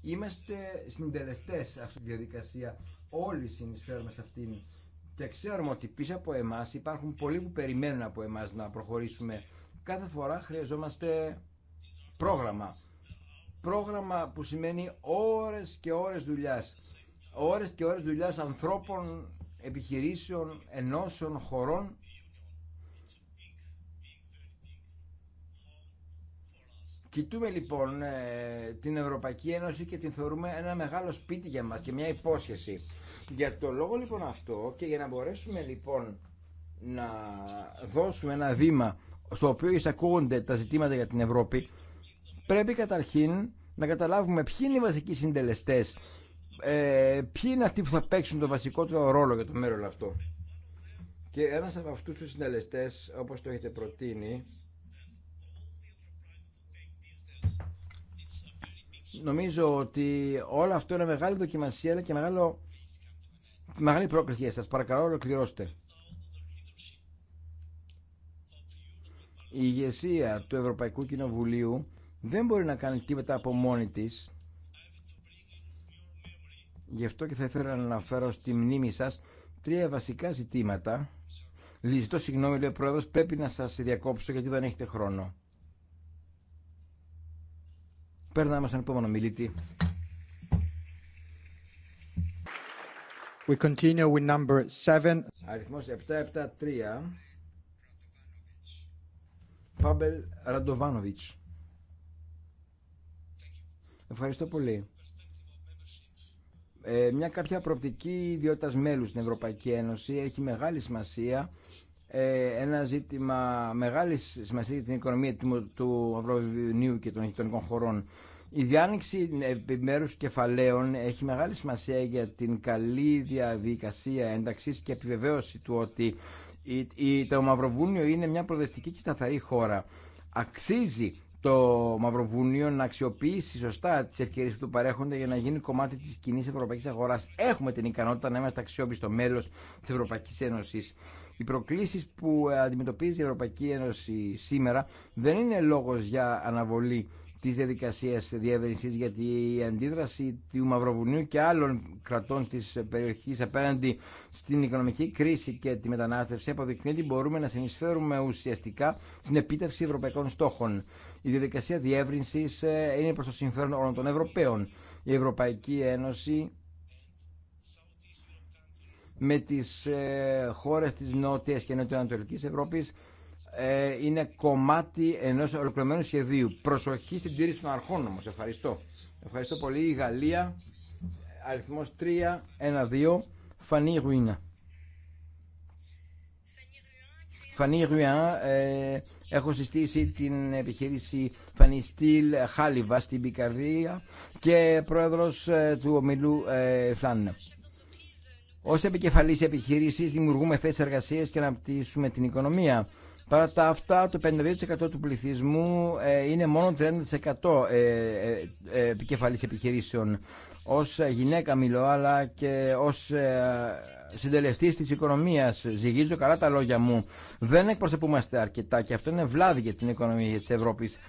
Είμαστε συντελεστέ σε αυτή τη διαδικασία. Όλοι συνεισφέρουμε σε αυτήν. Και ξέρουμε ότι πίσω από εμά υπάρχουν πολλοί που περιμένουν από εμά να προχωρήσουμε. Κάθε φορά χρειαζόμαστε πρόγραμμα. Πρόγραμμα που σημαίνει ώρες και ώρες δουλειάς. Ώρες και ώρες δουλειά ανθρώπων επιχειρήσεων, ενώσεων, χωρών Κοιτούμε λοιπόν ε, την Ευρωπαϊκή Ένωση και την θεωρούμε ένα μεγάλο σπίτι για μας και μια υπόσχεση. Για το λόγο λοιπόν αυτό και για να μπορέσουμε λοιπόν να δώσουμε ένα βήμα στο οποίο εισακούγονται τα ζητήματα για την Ευρώπη πρέπει καταρχήν να καταλάβουμε ποιοι είναι οι βασικοί συντελεστές ε, ποιοι είναι αυτοί που θα παίξουν το βασικότερο ρόλο για το μέλλον αυτό. Και ένας από αυτούς τους συντελεστές, όπως το έχετε προτείνει, νομίζω ότι όλο αυτό είναι μεγάλη δοκιμασία αλλά και μεγάλο, μεγάλη πρόκληση για σας. Παρακαλώ, ολοκληρώστε. Η ηγεσία του Ευρωπαϊκού Κοινοβουλίου δεν μπορεί να κάνει τίποτα από μόνη της Γι' αυτό και θα ήθελα να αναφέρω στη μνήμη σας τρία βασικά ζητήματα. Λυζητώ συγγνώμη, λέει ο Πρόεδρος, πρέπει να σας διακόψω γιατί δεν έχετε χρόνο. Περνάμε στον επόμενο μιλήτη. We continue with number seven. Αριθμός 773. Πάμπελ Ραντοβάνοβιτς. Ευχαριστώ πολύ. Ε, μια κάποια προοπτική ιδιότητα μέλου στην Ευρωπαϊκή Ένωση έχει μεγάλη σημασία ε, ένα ζήτημα μεγάλη σημασία για την οικονομία του Μαυροβουνίου και των γειτονικών χωρών. Η διάνοιξη ε, επιμέρους κεφαλαίων έχει μεγάλη σημασία για την καλή διαδικασία ένταξης και επιβεβαίωση του ότι το Μαυροβούνιο είναι μια προοδευτική και σταθερή χώρα. Αξίζει το Μαυροβούνιο να αξιοποιήσει σωστά τι ευκαιρίε που του παρέχονται για να γίνει κομμάτι τη κοινή ευρωπαϊκή αγορά. Έχουμε την ικανότητα να είμαστε αξιόπιστο μέλο τη Ευρωπαϊκή Ένωση. Οι προκλήσει που αντιμετωπίζει η Ευρωπαϊκή Ένωση σήμερα δεν είναι λόγο για αναβολή Τη διαδικασία διεύρυνσης γιατί η αντίδραση του Μαυροβουνίου και άλλων κρατών της περιοχής απέναντι στην οικονομική κρίση και τη μετανάστευση αποδεικνύει ότι μπορούμε να συνεισφέρουμε ουσιαστικά στην επίτευξη ευρωπαϊκών στόχων. Η διαδικασία διεύρυνσης ε, είναι προ το συμφέρον όλων των Ευρωπαίων. Η Ευρωπαϊκή Ένωση με τις ε, χώρες της Νότιας και Νοτιοανατολικής Ευρώπης ε, είναι κομμάτι ενό ολοκληρωμένου σχεδίου. Προσοχή στην τήρηση των αρχών όμω. Ευχαριστώ. Ευχαριστώ πολύ. Η Γαλλία, αριθμός 312, Φανή Ρουίνα. Φανή Ρουίνα. ε, έχω συστήσει την επιχείρηση Φανή Στυλ Χάλιβα στην Πικαρδία και πρόεδρο ε, του ομιλού ε, Φλάν. Ως επικεφαλής επιχείρησης δημιουργούμε θέσεις εργασία και αναπτύσσουμε την οικονομία. Παρά τα αυτά, το 52% του πληθυσμού ε, είναι μόνο 30% ε, ε, επικεφαλής επιχειρήσεων. Ως γυναίκα μιλώ, αλλά και ως συντελεστής της οικονομίας ζυγίζω καλά τα λόγια μου. Δεν εκπροσωπούμαστε αρκετά και αυτό είναι βλάβη για την οικονομία της Ευρώπης.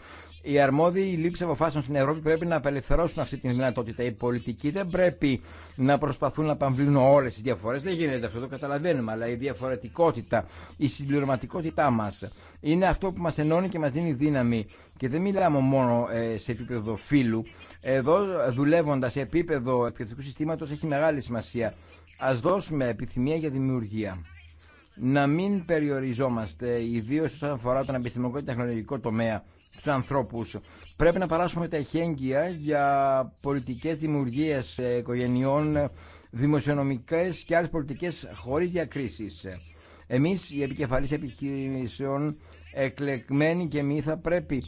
Οι αρμόδιοι λήψη αποφάσεων στην Ευρώπη πρέπει να απελευθερώσουν αυτή τη δυνατότητα. Οι πολιτικοί δεν πρέπει να προσπαθούν να παμβλύνουν όλε τι διαφορέ. Δεν γίνεται αυτό, το καταλαβαίνουμε. Αλλά η διαφορετικότητα, η συμπληρωματικότητά μα είναι αυτό που μα ενώνει και μα δίνει δύναμη. Και δεν μιλάμε μόνο ε, σε επίπεδο φύλου. Εδώ δουλεύοντα σε επίπεδο επικοινωνικού συστήματο έχει μεγάλη σημασία. Α δώσουμε επιθυμία για δημιουργία να μην περιοριζόμαστε, ιδίω όσον αφορά τον επιστημονικό και τεχνολογικό τομέα, του ανθρώπους. Πρέπει να παράσουμε τα χέγγυα για πολιτικές δημιουργίες οικογενειών, δημοσιονομικές και άλλες πολιτικές χωρίς διακρίσεις. Εμείς οι επικεφαλής επιχειρήσεων εκλεγμένοι και εμείς θα πρέπει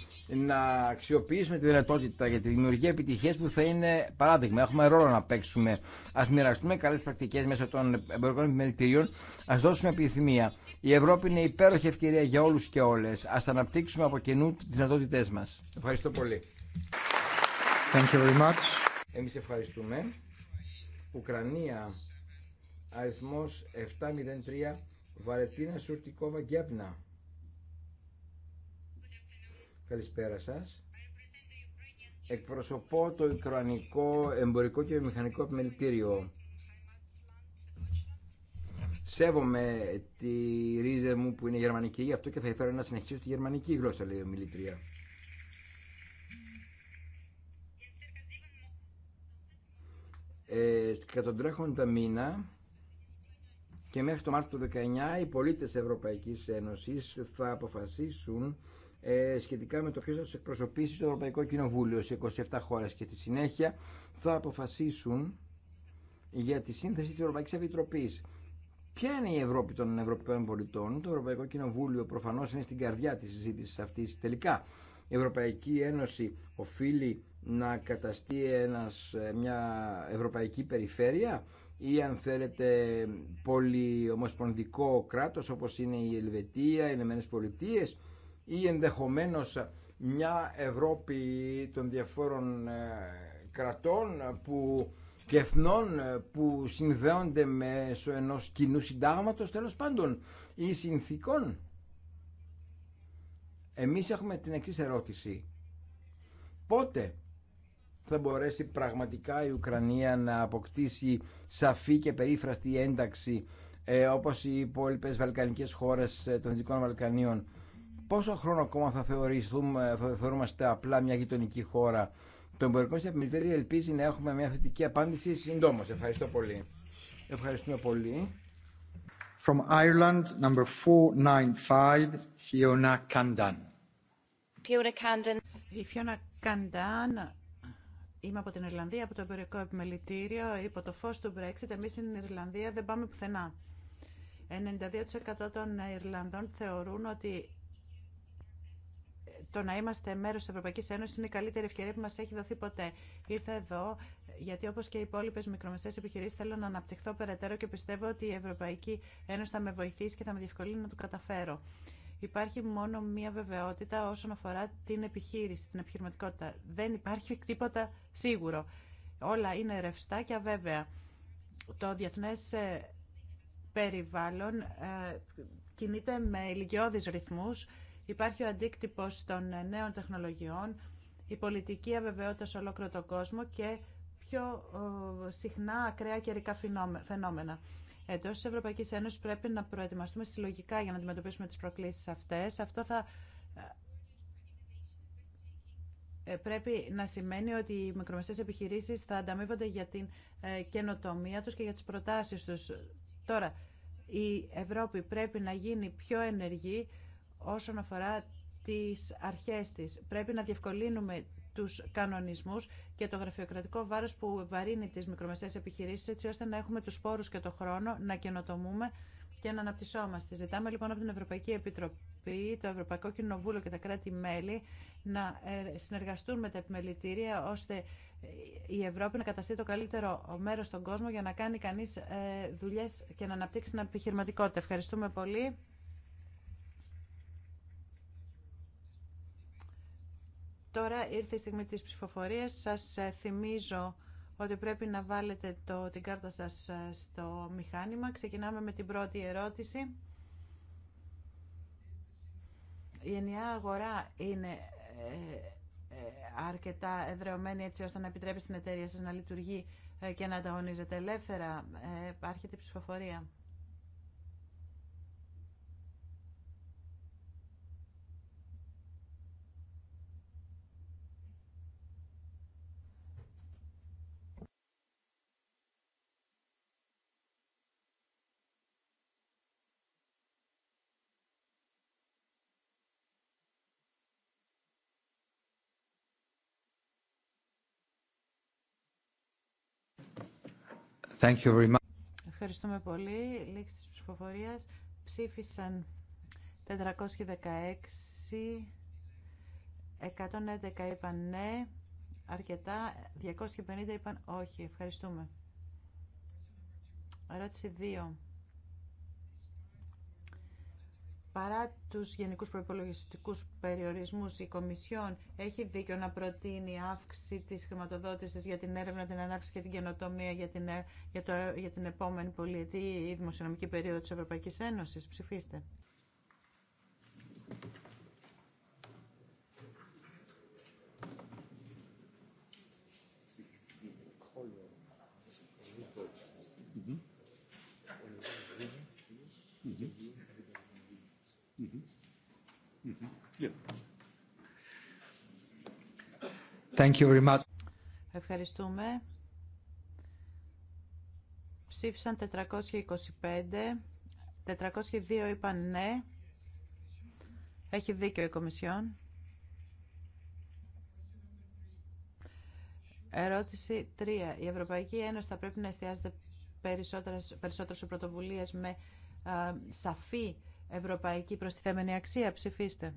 να αξιοποιήσουμε τη δυνατότητα για τη δημιουργία επιτυχίας που θα είναι παράδειγμα. Έχουμε ρόλο να παίξουμε. Ας μοιραστούμε καλές πρακτικές μέσω των εμπορικών επιμελητηρίων. Ας δώσουμε επιθυμία. Η Ευρώπη είναι υπέροχη ευκαιρία για όλους και όλες. Ας αναπτύξουμε από κοινού τις δυνατότητές μας. Ευχαριστώ πολύ. Thank you very much. Εμείς ευχαριστούμε. Ουκρανία, αριθμός 703, Βαρετίνα Σουρτικόβα Γκέπνα. Καλησπέρα σας. Εκπροσωπώ το Ουκρανικό Εμπορικό και Μηχανικό Επιμελητήριο Σέβομαι τη ρίζα μου που είναι γερμανική, γι' αυτό και θα ήθελα να συνεχίσω τη γερμανική γλώσσα, λέει ο μιλήτρια. Ε, κατά τον τρέχοντα μήνα και μέχρι το Μάρτιο του 19 οι πολίτες Ευρωπαϊκής Ένωσης θα αποφασίσουν ε, σχετικά με το ποιος θα τους εκπροσωπήσει στο Ευρωπαϊκό Κοινοβούλιο σε 27 χώρες και στη συνέχεια θα αποφασίσουν για τη σύνθεση της Ευρωπαϊκής Επιτροπής Ποια είναι η Ευρώπη των Ευρωπαίων πολιτών. Το Ευρωπαϊκό Κοινοβούλιο προφανώς είναι στην καρδιά της συζήτηση αυτής. Τελικά, η Ευρωπαϊκή Ένωση οφείλει να καταστεί ένας, ε, μια ευρωπαϊκή περιφέρεια ή αν θέλετε πολυομοσπονδικό κράτος όπως είναι η αν θελετε πολυ ομοσπονδικο κρατος οπως ειναι η ελβετια οι Ηνωμένες Πολιτείες ή ενδεχομένως μια Ευρώπη των διαφόρων ε, κρατών που και εθνών ε, που συνδέονται μέσω ενός κοινού συντάγματος τέλος πάντων ή συνθήκων. Εμείς έχουμε την εξής ερώτηση. Πότε θα μπορέσει πραγματικά η Ουκρανία να αποκτήσει σαφή και περίφραστη ένταξη ε, όπως οι υπόλοιπες βαλκανικές χώρες ε, των Δυτικών Βαλκανίων. Πόσο χρόνο ακόμα θα θεωρούμε, θα θα απλά μια γειτονική χώρα το Εμπορικό Επιμελητήριο ελπίζει να έχουμε μια θετική απάντηση συντόμω. Ευχαριστώ πολύ. Ευχαριστούμε πολύ. From Ireland, number 495, Fiona Fiona Kandan. Η Fiona Kandan, είμαι από την Ιρλανδία, από το Εμπορικό Επιμελητήριο, υπό το φως του Brexit. Εμείς στην Ιρλανδία δεν πάμε πουθενά. 92% των Ιρλανδών θεωρούν ότι το να είμαστε μέρο τη Ευρωπαϊκή Ένωση είναι η καλύτερη ευκαιρία που μα έχει δοθεί ποτέ. Ήρθα εδώ γιατί όπω και οι υπόλοιπε μικρομεσαίες επιχειρήσει θέλω να αναπτυχθώ περαιτέρω και πιστεύω ότι η Ευρωπαϊκή Ένωση θα με βοηθήσει και θα με διευκολύνει να το καταφέρω. Υπάρχει μόνο μία βεβαιότητα όσον αφορά την επιχείρηση, την επιχειρηματικότητα. Δεν υπάρχει τίποτα σίγουρο. Όλα είναι ρευστά και αβέβαια. Το διεθνέ ε, περιβάλλον ε, κινείται με ηλικιώδεις ρυθμούς Υπάρχει ο αντίκτυπος των ε, νέων τεχνολογιών, η πολιτική αβεβαιότητα σε ολόκληρο τον κόσμο και πιο συχνά ακραία καιρικά φαινόμενα. Εντό τη Ευρωπαϊκή Ένωση πρέπει να προετοιμαστούμε συλλογικά για να αντιμετωπίσουμε τι προκλήσει αυτέ. Αυτό θα ε, ε, πρέπει να σημαίνει ότι οι μικρομεσαίες επιχειρήσει θα ανταμείβονται για την καινοτομία του και για τι προτάσει του. Τώρα, η Ευρώπη πρέπει να γίνει πιο ενεργή όσον αφορά τις αρχές της. Πρέπει να διευκολύνουμε τους κανονισμούς και το γραφειοκρατικό βάρος που βαρύνει τις μικρομεσαίες επιχειρήσεις έτσι ώστε να έχουμε τους πόρους και το χρόνο να καινοτομούμε και να αναπτυσσόμαστε. Ζητάμε λοιπόν από την Ευρωπαϊκή Επιτροπή, το Ευρωπαϊκό Κοινοβούλιο και τα κράτη-μέλη να ε, συνεργαστούν με τα επιμελητήρια ώστε η Ευρώπη να καταστεί το καλύτερο μέρος στον κόσμο για να κάνει κανείς ε, δουλειές και να αναπτύξει την επιχειρηματικότητα. Ευχαριστούμε πολύ. Τώρα ήρθε η στιγμή της ψηφοφορίας. Σας ε, θυμίζω ότι πρέπει να βάλετε το, την κάρτα σας ε, στο μηχάνημα. Ξεκινάμε με την πρώτη ερώτηση. Η ενιαία αγορά είναι ε, αρκετά εδρεωμένη έτσι ώστε να επιτρέπει στην εταιρεία σας να λειτουργεί και να ανταγωνίζεται ελεύθερα. Υπάρχει την ψηφοφορία. Thank you very much. Ευχαριστούμε πολύ. Λήξη της ψηφοφορίας. Ψήφισαν 416, 111 είπαν ναι, αρκετά, 250 είπαν όχι. Ευχαριστούμε. Ερώτηση 2. Παρά τους γενικούς προϋπολογιστικούς περιορισμούς, η Κομισιόν έχει δίκιο να προτείνει αύξηση της χρηματοδότησης για την έρευνα, την ανάπτυξη και την καινοτομία για την, ε, για το, ε, για την επόμενη πολιετή ή δημοσιονομική περίοδο της Ευρωπαϊκής Ένωσης. Ψηφίστε. Ευχαριστούμε. Ψήφισαν 425, 402 είπαν ναι. Έχει δίκιο η Κομισιόν. Ερώτηση 3. Η Ευρωπαϊκή Ένωση θα πρέπει να εστιάζεται περισσότερες, περισσότερο σε πρωτοβουλίες με σαφή ευρωπαϊκή προστιθέμενη αξία. Ψηφίστε.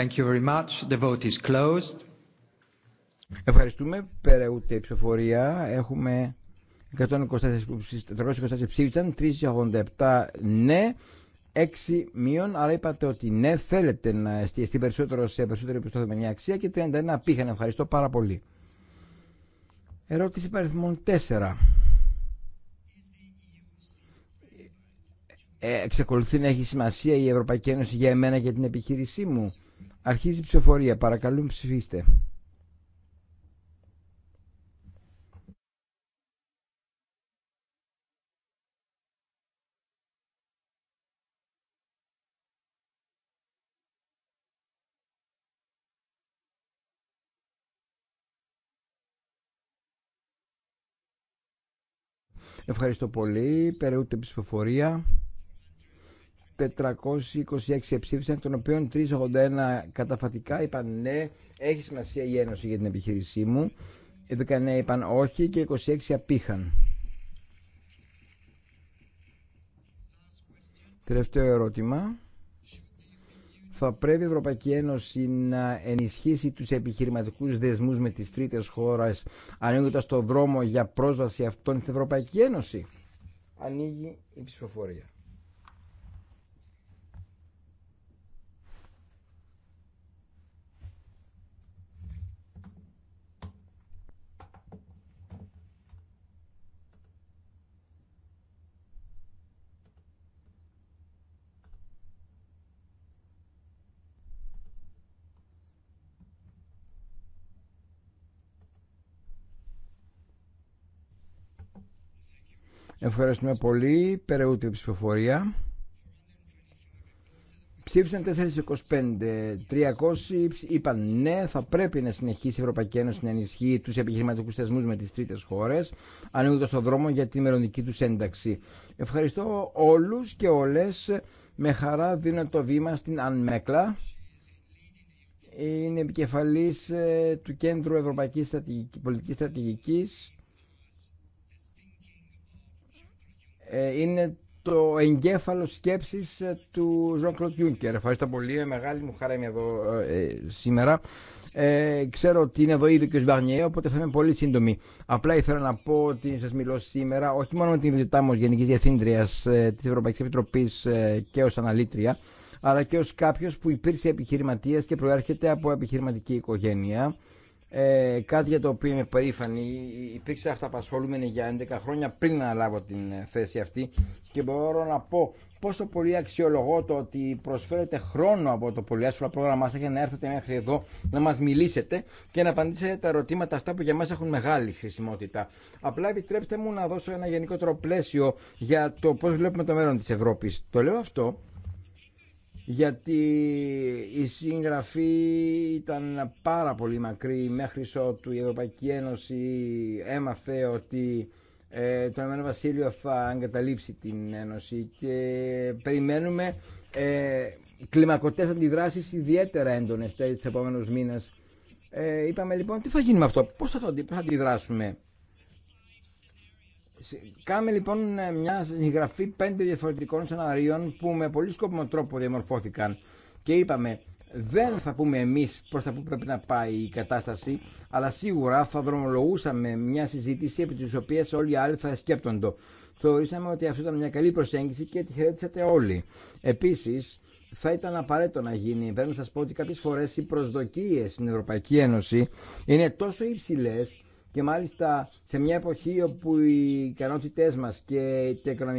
Thank you very much. The vote is closed. Ευχαριστούμε. η ψηφοφορία. Έχουμε 124 ψήφισαν, 387 ναι, 6 μείον. Άρα είπατε ότι ναι, θέλετε να εστιαστεί περισσότερο σε περισσότερη προστιθέμενη αξία και 31 πήγαν. Ευχαριστώ πάρα πολύ. Ερώτηση παριθμών 4. Ε, εξακολουθεί να έχει σημασία η Ευρωπαϊκή Ένωση για εμένα και την επιχείρησή μου Αρχίζει η ψηφοφορία. Παρακαλούμε, ψηφίστε. Ευχαριστώ πολύ. Περαιούται ψηφοφορία. 426 ψήφισαν, των οποίων 381 καταφατικά είπαν ναι, έχει σημασία η Ένωση για την επιχείρησή μου. 19 είπαν όχι και 26 απήχαν. Τελευταίο ερώτημα. Θα πρέπει η Ευρωπαϊκή Ένωση να ενισχύσει τους επιχειρηματικούς δεσμούς με τις τρίτες χώρες ανοίγοντας το δρόμο για πρόσβαση αυτών στην Ευρωπαϊκή Ένωση. Ανοίγει η ψηφοφορία. Ευχαριστούμε πολύ. Περαιούται ψηφοφορία. Ψήφισαν 425. 300 είπαν ναι, θα πρέπει να συνεχίσει η Ευρωπαϊκή Ένωση να ενισχύει του επιχειρηματικού θεσμού με τι τρίτε χώρε, ανοίγοντα τον δρόμο για τη μελλοντική του ένταξη. Ευχαριστώ όλου και όλε. Με χαρά δίνω το βήμα στην ΑΝΜΕΚΛΑ. Είναι επικεφαλής ε, του Κέντρου Ευρωπαϊκής Στρατηγικής, Πολιτικής Στρατηγικής Ε, είναι το εγκέφαλο σκέψης ε, του Ζων Κλοντ Γιούνκερ. Ευχαριστώ πολύ, ε, μεγάλη μου χαρά είμαι εδώ σήμερα. Ε, ξέρω ότι είναι εδώ ήδη και ο Σβαρνιέ, οπότε θα είμαι πολύ σύντομη. Απλά ήθελα να πω ότι σα μιλώ σήμερα όχι μόνο με την ιδιωτά μου Γενική Διευθύντρια ε, τη Ευρωπαϊκή Επιτροπή και ω αναλήτρια, αλλά και ω κάποιο που υπήρξε επιχειρηματία και προέρχεται από επιχειρηματική οικογένεια. Ε, κάτι για το οποίο είμαι περήφανη. Υπήρξα αυταπασχολούμενη για 11 χρόνια πριν να λάβω την ε, θέση αυτή και μπορώ να πω πόσο πολύ αξιολογώ το ότι προσφέρετε χρόνο από το πολυάσχολο πρόγραμμά σα για να έρθετε μέχρι εδώ να μας μιλήσετε και να απαντήσετε τα ερωτήματα αυτά που για μας έχουν μεγάλη χρησιμότητα. Απλά επιτρέψτε μου να δώσω ένα γενικότερο πλαίσιο για το πώ βλέπουμε το μέλλον τη Ευρώπη. Το λέω αυτό γιατί η συγγραφή ήταν πάρα πολύ μακρύ μέχρι ότου η Ευρωπαϊκή Ένωση έμαθε ότι ε, το Ηνωμένο Βασίλειο θα εγκαταλείψει την Ένωση και περιμένουμε ε, κλιμακωτές αντιδράσεις ιδιαίτερα έντονες τις επόμενους μήνες. Ε, είπαμε λοιπόν τι θα γίνει με αυτό, πώς θα το αντιδράσουμε. Κάναμε λοιπόν ε, μια συγγραφή πέντε διαφορετικών σενάριων που με πολύ σκόπιμο τρόπο διαμορφώθηκαν και είπαμε δεν θα πούμε εμείς προς τα που πρέπει να πάει η κατάσταση αλλά σίγουρα θα δρομολογούσαμε μια συζήτηση επί της οποίας όλοι οι άλλοι θα σκέπτονται. Θεωρήσαμε ότι αυτό ήταν μια καλή προσέγγιση και τη χαιρέτησατε όλοι. Επίσης θα ήταν απαραίτητο να γίνει. Πρέπει να σας πω ότι κάποιες φορές οι προσδοκίες στην Ευρωπαϊκή Ένωση είναι τόσο υψηλέ και μάλιστα σε μια εποχή όπου οι ικανότητές μα και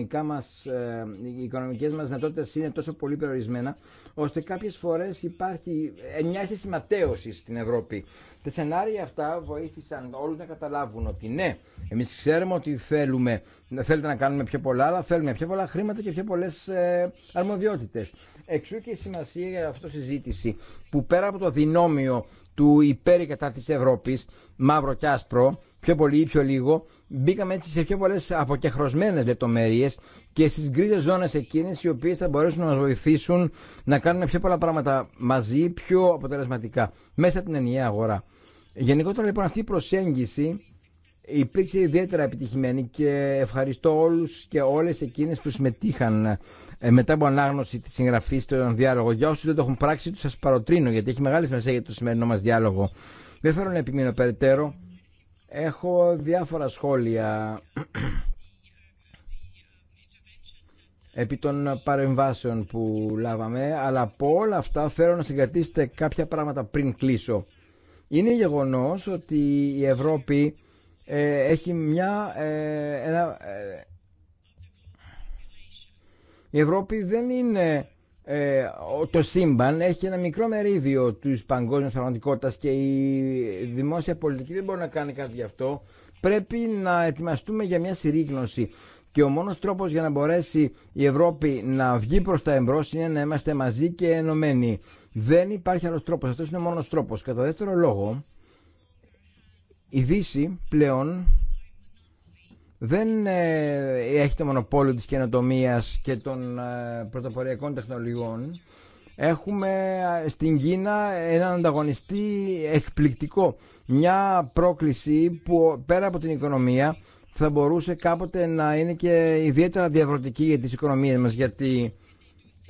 τα μας, ε, οι οικονομικέ μα δυνατότητε είναι τόσο πολύ περιορισμένα, ώστε κάποιε φορέ υπάρχει ε, μια αίσθηση ματέωσης στην Ευρώπη. Τα σενάρια αυτά βοήθησαν όλου να καταλάβουν ότι ναι, εμεί ξέρουμε ότι θέλουμε, θέλετε να κάνουμε πιο πολλά, αλλά θέλουμε πιο πολλά χρήματα και πιο πολλέ ε, αρμοδιότητε. Εξού και η σημασία για αυτή τη συζήτηση, που πέρα από το δυνόμιο του υπέρ κατά της Ευρώπης, μαύρο και άσπρο, πιο πολύ ή πιο λίγο, μπήκαμε έτσι σε πιο πολλές αποκεχρωσμένες λεπτομέρειες και στις γκρίζες ζώνες εκείνες οι οποίες θα μπορέσουν να μας βοηθήσουν να κάνουμε πιο πολλά πράγματα μαζί, πιο αποτελεσματικά, μέσα από την ενιαία αγορά. Γενικότερα λοιπόν αυτή η προσέγγιση υπήρξε ιδιαίτερα επιτυχημένη και ευχαριστώ όλους και όλες εκείνες που συμμετείχαν ε, μετά από ανάγνωση της συγγραφή των διάλογο. Για όσους δεν το έχουν πράξει τους σας παροτρύνω γιατί έχει μεγάλη σημασία για το σημερινό μας διάλογο. Δεν θέλω να επιμείνω περαιτέρω. Έχω διάφορα σχόλια επί των παρεμβάσεων που λάβαμε, αλλά από όλα αυτά θέλω να συγκρατήσετε κάποια πράγματα πριν κλείσω. Είναι γεγονός ότι η Ευρώπη ε, έχει μια... Ε, ένα, ε, η Ευρώπη δεν είναι το σύμπαν, έχει ένα μικρό μερίδιο της παγκόσμιας πραγματικότητας και η δημόσια πολιτική δεν μπορεί να κάνει κάτι γι' αυτό. Πρέπει να ετοιμαστούμε για μια συρρήγνωση και ο μόνος τρόπος για να μπορέσει η Ευρώπη να βγει προς τα εμπρός είναι να είμαστε μαζί και ενωμένοι. Δεν υπάρχει άλλος τρόπος, αυτό είναι ο μόνος τρόπος. Κατά δεύτερο λόγο, η Δύση πλέον δεν ε, έχει το μονοπόλιο της καινοτομίας και των ε, πρωτοποριακών τεχνολογιών. Έχουμε ε, στην Κίνα έναν ανταγωνιστή εκπληκτικό. Μια πρόκληση που πέρα από την οικονομία θα μπορούσε κάποτε να είναι και ιδιαίτερα διαβροτική για τις οικονομίες μας γιατί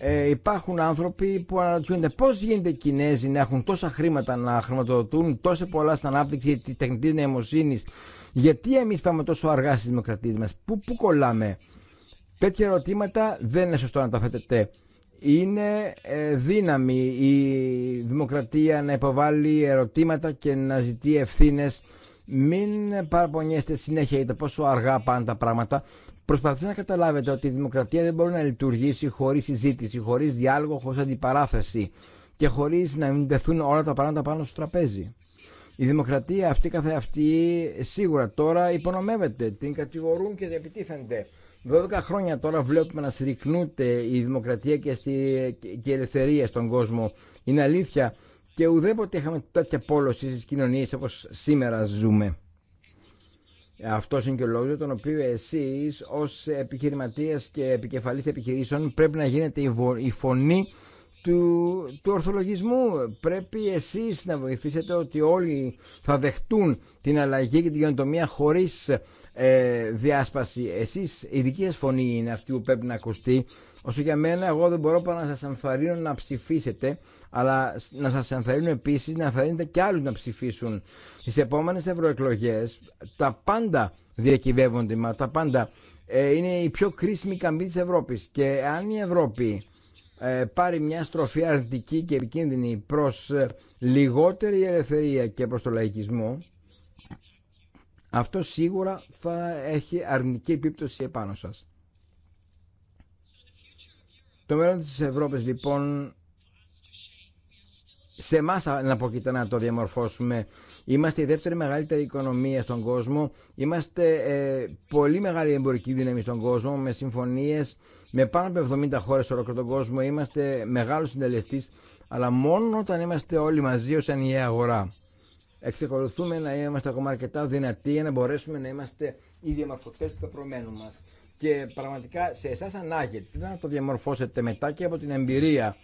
ε, υπάρχουν άνθρωποι που αναρωτιούνται πώς γίνεται οι Κινέζοι να έχουν τόσα χρήματα να χρηματοδοτούν τόσα πολλά στην ανάπτυξη της τεχνητής νοημοσύνης γιατί εμείς πάμε τόσο αργά στις δημοκρατίες μας πού, πού κολλάμε τέτοια ερωτήματα δεν είναι σωστό να τα θέτετε είναι ε, δύναμη η δημοκρατία να υποβάλει ερωτήματα και να ζητεί ευθύνε. μην παραπονιέστε συνέχεια είτε πόσο αργά πάνε τα πράγματα Προσπαθείτε να καταλάβετε ότι η δημοκρατία δεν μπορεί να λειτουργήσει χωρί συζήτηση, χωρί διάλογο, χωρί αντιπαράθεση και χωρί να μην τεθούν όλα τα πράγματα πάνω στο τραπέζι. Η δημοκρατία αυτή καθεαυτή σίγουρα τώρα υπονομεύεται, την κατηγορούν και την επιτίθενται. 12 χρόνια τώρα βλέπουμε να συρρυκνούνται η δημοκρατία και, στη, και η ελευθερία στον κόσμο. Είναι αλήθεια και ουδέποτε είχαμε τέτοια πόλωση στι κοινωνίε όπω σήμερα ζούμε. Αυτό είναι και ο λόγο για τον οποίο εσεί ω επιχειρηματίε και επικεφαλή επιχειρήσεων πρέπει να γίνετε η φωνή του, του ορθολογισμού. Πρέπει εσεί να βοηθήσετε ότι όλοι θα δεχτούν την αλλαγή και την γενοτομία χωρίς ε, διάσπαση. Εσείς, η δική σα φωνή είναι αυτή που πρέπει να ακουστεί Όσο για μένα, εγώ δεν μπορώ παρά να σας ενθαρρύνω να ψηφίσετε, αλλά να σας ενθαρρύνω επίσης να ενθαρρύνετε και άλλους να ψηφίσουν. Στις επόμενες ευρωεκλογέ, τα πάντα διακυβεύονται, μα τα πάντα ε, είναι η πιο κρίσιμη καμπή της Ευρώπης. Και αν η Ευρώπη ε, πάρει μια στροφή αρνητική και επικίνδυνη προς ε, λιγότερη ελευθερία και προς το λαϊκισμό, αυτό σίγουρα θα έχει αρνητική επίπτωση επάνω σας. Το μέλλον της Ευρώπης λοιπόν σε εμά να να το διαμορφώσουμε. Είμαστε η δεύτερη μεγαλύτερη οικονομία στον κόσμο. Είμαστε ε, πολύ μεγάλη εμπορική δύναμη στον κόσμο με συμφωνίε με πάνω από 70 χώρε σε ολόκληρο τον κόσμο. Είμαστε μεγάλο συντελεστή. αλλά μόνο όταν είμαστε όλοι μαζί ω ενιαία αγορά. Εξεκολουθούμε να είμαστε ακόμα αρκετά δυνατοί για να μπορέσουμε να είμαστε οι διαμορφωτέ του πεπρωμένου μα. Και πραγματικά σε εσάς ανάγεται να το διαμορφώσετε μετά και από την εμπειρία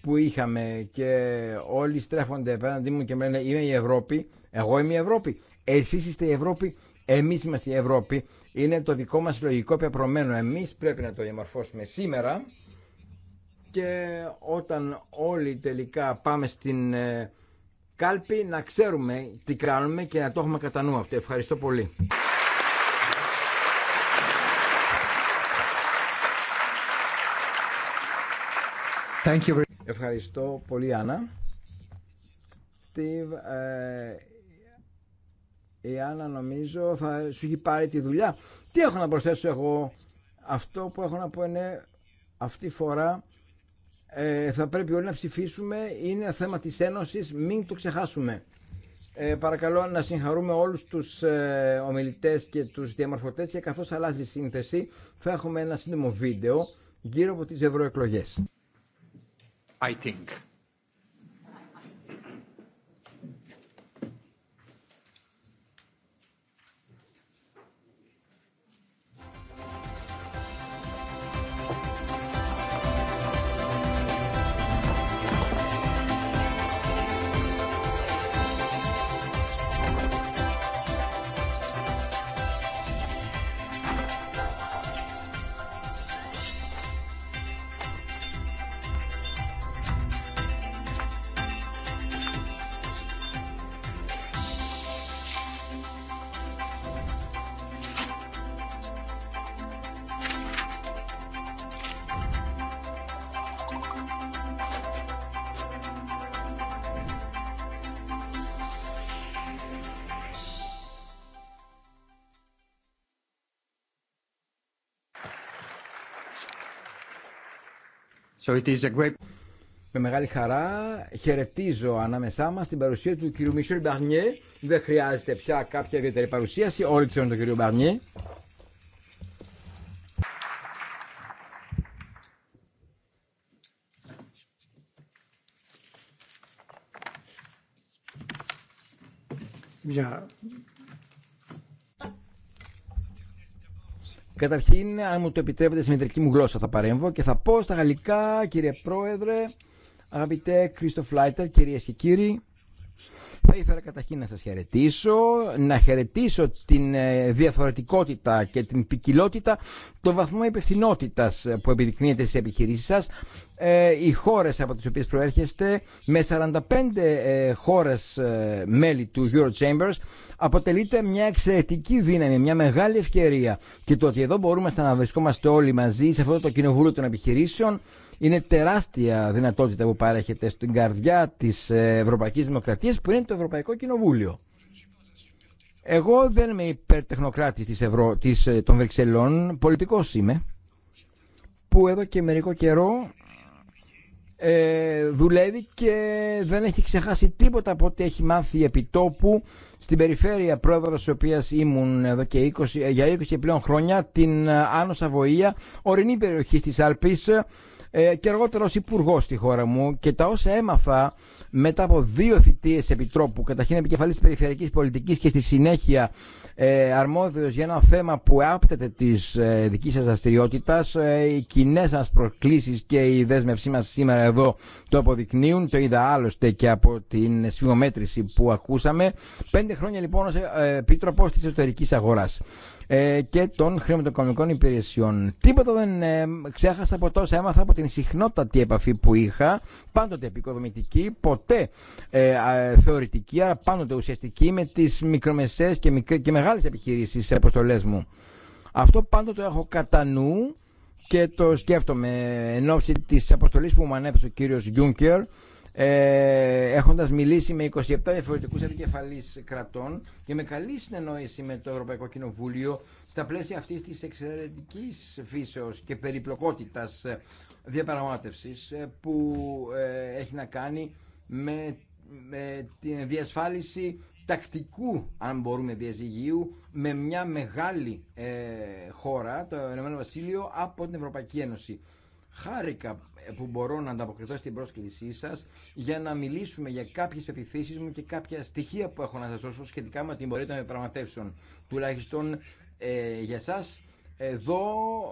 που είχαμε και όλοι στρέφονται απέναντί μου και μου λένε είμαι η Ευρώπη, εγώ είμαι η Ευρώπη, εσείς είστε η Ευρώπη, εμείς είμαστε η Ευρώπη. Είναι το δικό μας λογικό πεπρωμένο. Εμείς πρέπει να το διαμορφώσουμε σήμερα και όταν όλοι τελικά πάμε στην ε, κάλπη να ξέρουμε τι κάνουμε και να το έχουμε κατά νου αυτό. Ευχαριστώ πολύ. Thank you. Ευχαριστώ πολύ, Άννα. Στίβ, ε, η Άννα νομίζω θα σου έχει πάρει τη δουλειά. Τι έχω να προσθέσω εγώ. Αυτό που έχω να πω είναι αυτή φορά ε, θα πρέπει όλοι να ψηφίσουμε. Είναι θέμα της Ένωσης, μην το ξεχάσουμε. Ε, παρακαλώ να συγχαρούμε όλους τους ε, ομιλητές και τους διαμορφωτές και καθώς αλλάζει η σύνθεση θα έχουμε ένα σύντομο βίντεο γύρω από τις ευρωεκλογές. I think. Με μεγάλη χαρά χαιρετίζω ανάμεσά μας την παρουσία του κυρίου Μισελ Μπαρνιέ. Δεν χρειάζεται πια κάποια ιδιαίτερη παρουσίαση. Όλοι ξέρουν τον κύριο Μπαρνιέ. Καταρχήν, αν μου το επιτρέπετε, στη μητρική μου γλώσσα θα παρέμβω και θα πω στα γαλλικά, κύριε Πρόεδρε, αγαπητέ Κρίστοφ Λάιτερ, κυρίε και κύριοι, θα ήθελα καταρχήν να σας χαιρετήσω, να χαιρετήσω την ε, διαφορετικότητα και την ποικιλότητα, το βαθμό υπευθυνότητα που επιδεικνύεται στις επιχειρήσεις σας. Ε, οι χώρες από τις οποίες προέρχεστε, με 45 ε, χώρες μέλη του Euro Chambers, αποτελείται μια εξαιρετική δύναμη, μια μεγάλη ευκαιρία. Και το ότι εδώ μπορούμε να βρισκόμαστε όλοι μαζί σε αυτό το κοινοβούλιο των επιχειρήσεων, είναι τεράστια δυνατότητα που παρέχεται στην καρδιά της ε, Ευρωπαϊκής Δημοκρατίας που είναι το Ευρωπαϊκό Κοινοβούλιο. Εγώ δεν είμαι υπερτεχνοκράτης της Ευρω... της... Ε, των Βρυξελών, πολιτικός είμαι, που εδώ και μερικό καιρό ε, δουλεύει και δεν έχει ξεχάσει τίποτα από ό,τι έχει μάθει επί τόπου στην περιφέρεια πρόεδρος της οποίας ήμουν εδώ και 20, ε, για 20 και πλέον χρόνια την Άνω Σαβοία, ορεινή περιοχή της Άλπης ε, και αργότερα υπουργό στη χώρα μου και τα όσα έμαθα μετά από δύο θητείες επιτρόπου, καταρχήν επικεφαλής περιφερειακής πολιτικής και στη συνέχεια ε, αρμόδιος για ένα θέμα που άπτεται της ε, δικής σας δραστηριότητα, ε, οι κοινέ σας προκλήσεις και η δέσμευσή μας σήμερα εδώ το αποδεικνύουν, το είδα άλλωστε και από την σφιγομέτρηση που ακούσαμε. Πέντε χρόνια λοιπόν ως ε, επίτροπος της εσωτερικής αγοράς. Ε, και των χρηματοοικονομικών υπηρεσιών. Τίποτα δεν ε, ξέχασα από τόσα έμαθα από την συχνότατη επαφή που είχα, πάντοτε επικοδομητική, ποτέ ε, θεωρητική, αλλά πάντοτε ουσιαστική με τις μικρομεσαίες και, και μεγάλες επιχειρήσεις σε αποστολές μου. Αυτό πάντοτε έχω κατά νου και το σκέφτομαι εν ώψη της αποστολής που μου ανέφερε ο κύριος Γιούνκερ ε, έχοντας μιλήσει με 27 διαφορετικούς επικεφαλής κρατών και με καλή συνεννόηση με το Ευρωπαϊκό Κοινοβούλιο στα πλαίσια αυτής της εξαιρετικής φύσεως και περιπλοκότητας ε, διαπραγμάτευσης ε, που ε, έχει να κάνει με, με την διασφάλιση τακτικού, αν μπορούμε, διαζυγίου με μια μεγάλη χώρα, το Ηνωμένο Βασίλειο, από την Ευρωπαϊκή Ένωση. Χάρηκα ε, που μπορώ να ανταποκριθώ στην πρόσκλησή σα για να μιλήσουμε για κάποιε επιθέσει μου και κάποια στοιχεία που έχω να σα δώσω σχετικά με την πορεία των διαπραγματεύσεων. Τουλάχιστον ε, για εσά, εδώ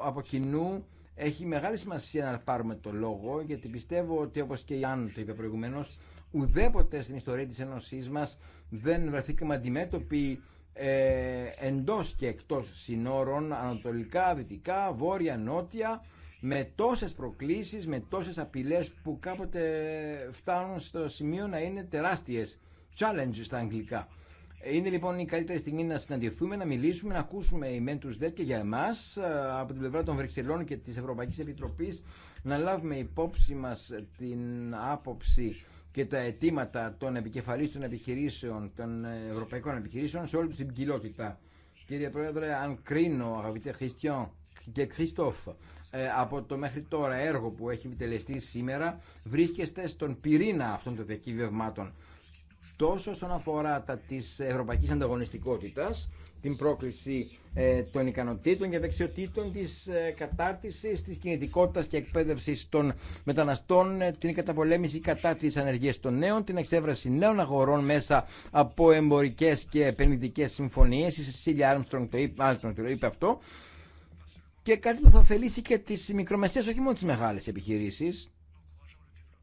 από κοινού έχει μεγάλη σημασία να πάρουμε το λόγο γιατί πιστεύω ότι όπως και η Άννα το είπε προηγουμένω, ουδέποτε στην ιστορία της Ένωσής μας δεν βρεθήκαμε αντιμέτωποι ε, εντός και εκτός συνόρων ανατολικά, δυτικά, βόρεια, νότια με τόσες προκλήσεις, με τόσες απειλές που κάποτε φτάνουν στο σημείο να είναι τεράστιες challenges στα αγγλικά. Είναι λοιπόν η καλύτερη στιγμή να συναντηθούμε, να μιλήσουμε, να ακούσουμε οι mentors και για εμάς ε, από την πλευρά των Βρυξελών και της Ευρωπαϊκής Επιτροπής να λάβουμε υπόψη μας την άποψη και τα αιτήματα των επικεφαλής των επιχειρήσεων, των ευρωπαϊκών επιχειρήσεων σε όλη την ποικιλότητα. Κύριε Πρόεδρε, αν κρίνω αγαπητέ Χριστιαν και Χριστόφ ε, από το μέχρι τώρα έργο που έχει επιτελεστεί σήμερα βρίσκεστε στον πυρήνα αυτών των διακύβευμάτων τόσο όσον αφορά τα της ευρωπαϊκής ανταγωνιστικότητας την πρόκληση ε, των ικανοτήτων και δεξιοτήτων της ε, κατάρτισης, της κινητικότητας και εκπαίδευσης των μεταναστών, την καταπολέμηση κατά της ανεργίας των νέων, την εξέβραση νέων αγορών μέσα από εμπορικές και επενδυτικές συμφωνίες. Η Σίλια Άρμστρονγκ το είπε αυτό και κάτι που θα θελήσει και τις μικρομεσαίες, όχι μόνο τις μεγάλες επιχειρήσεις,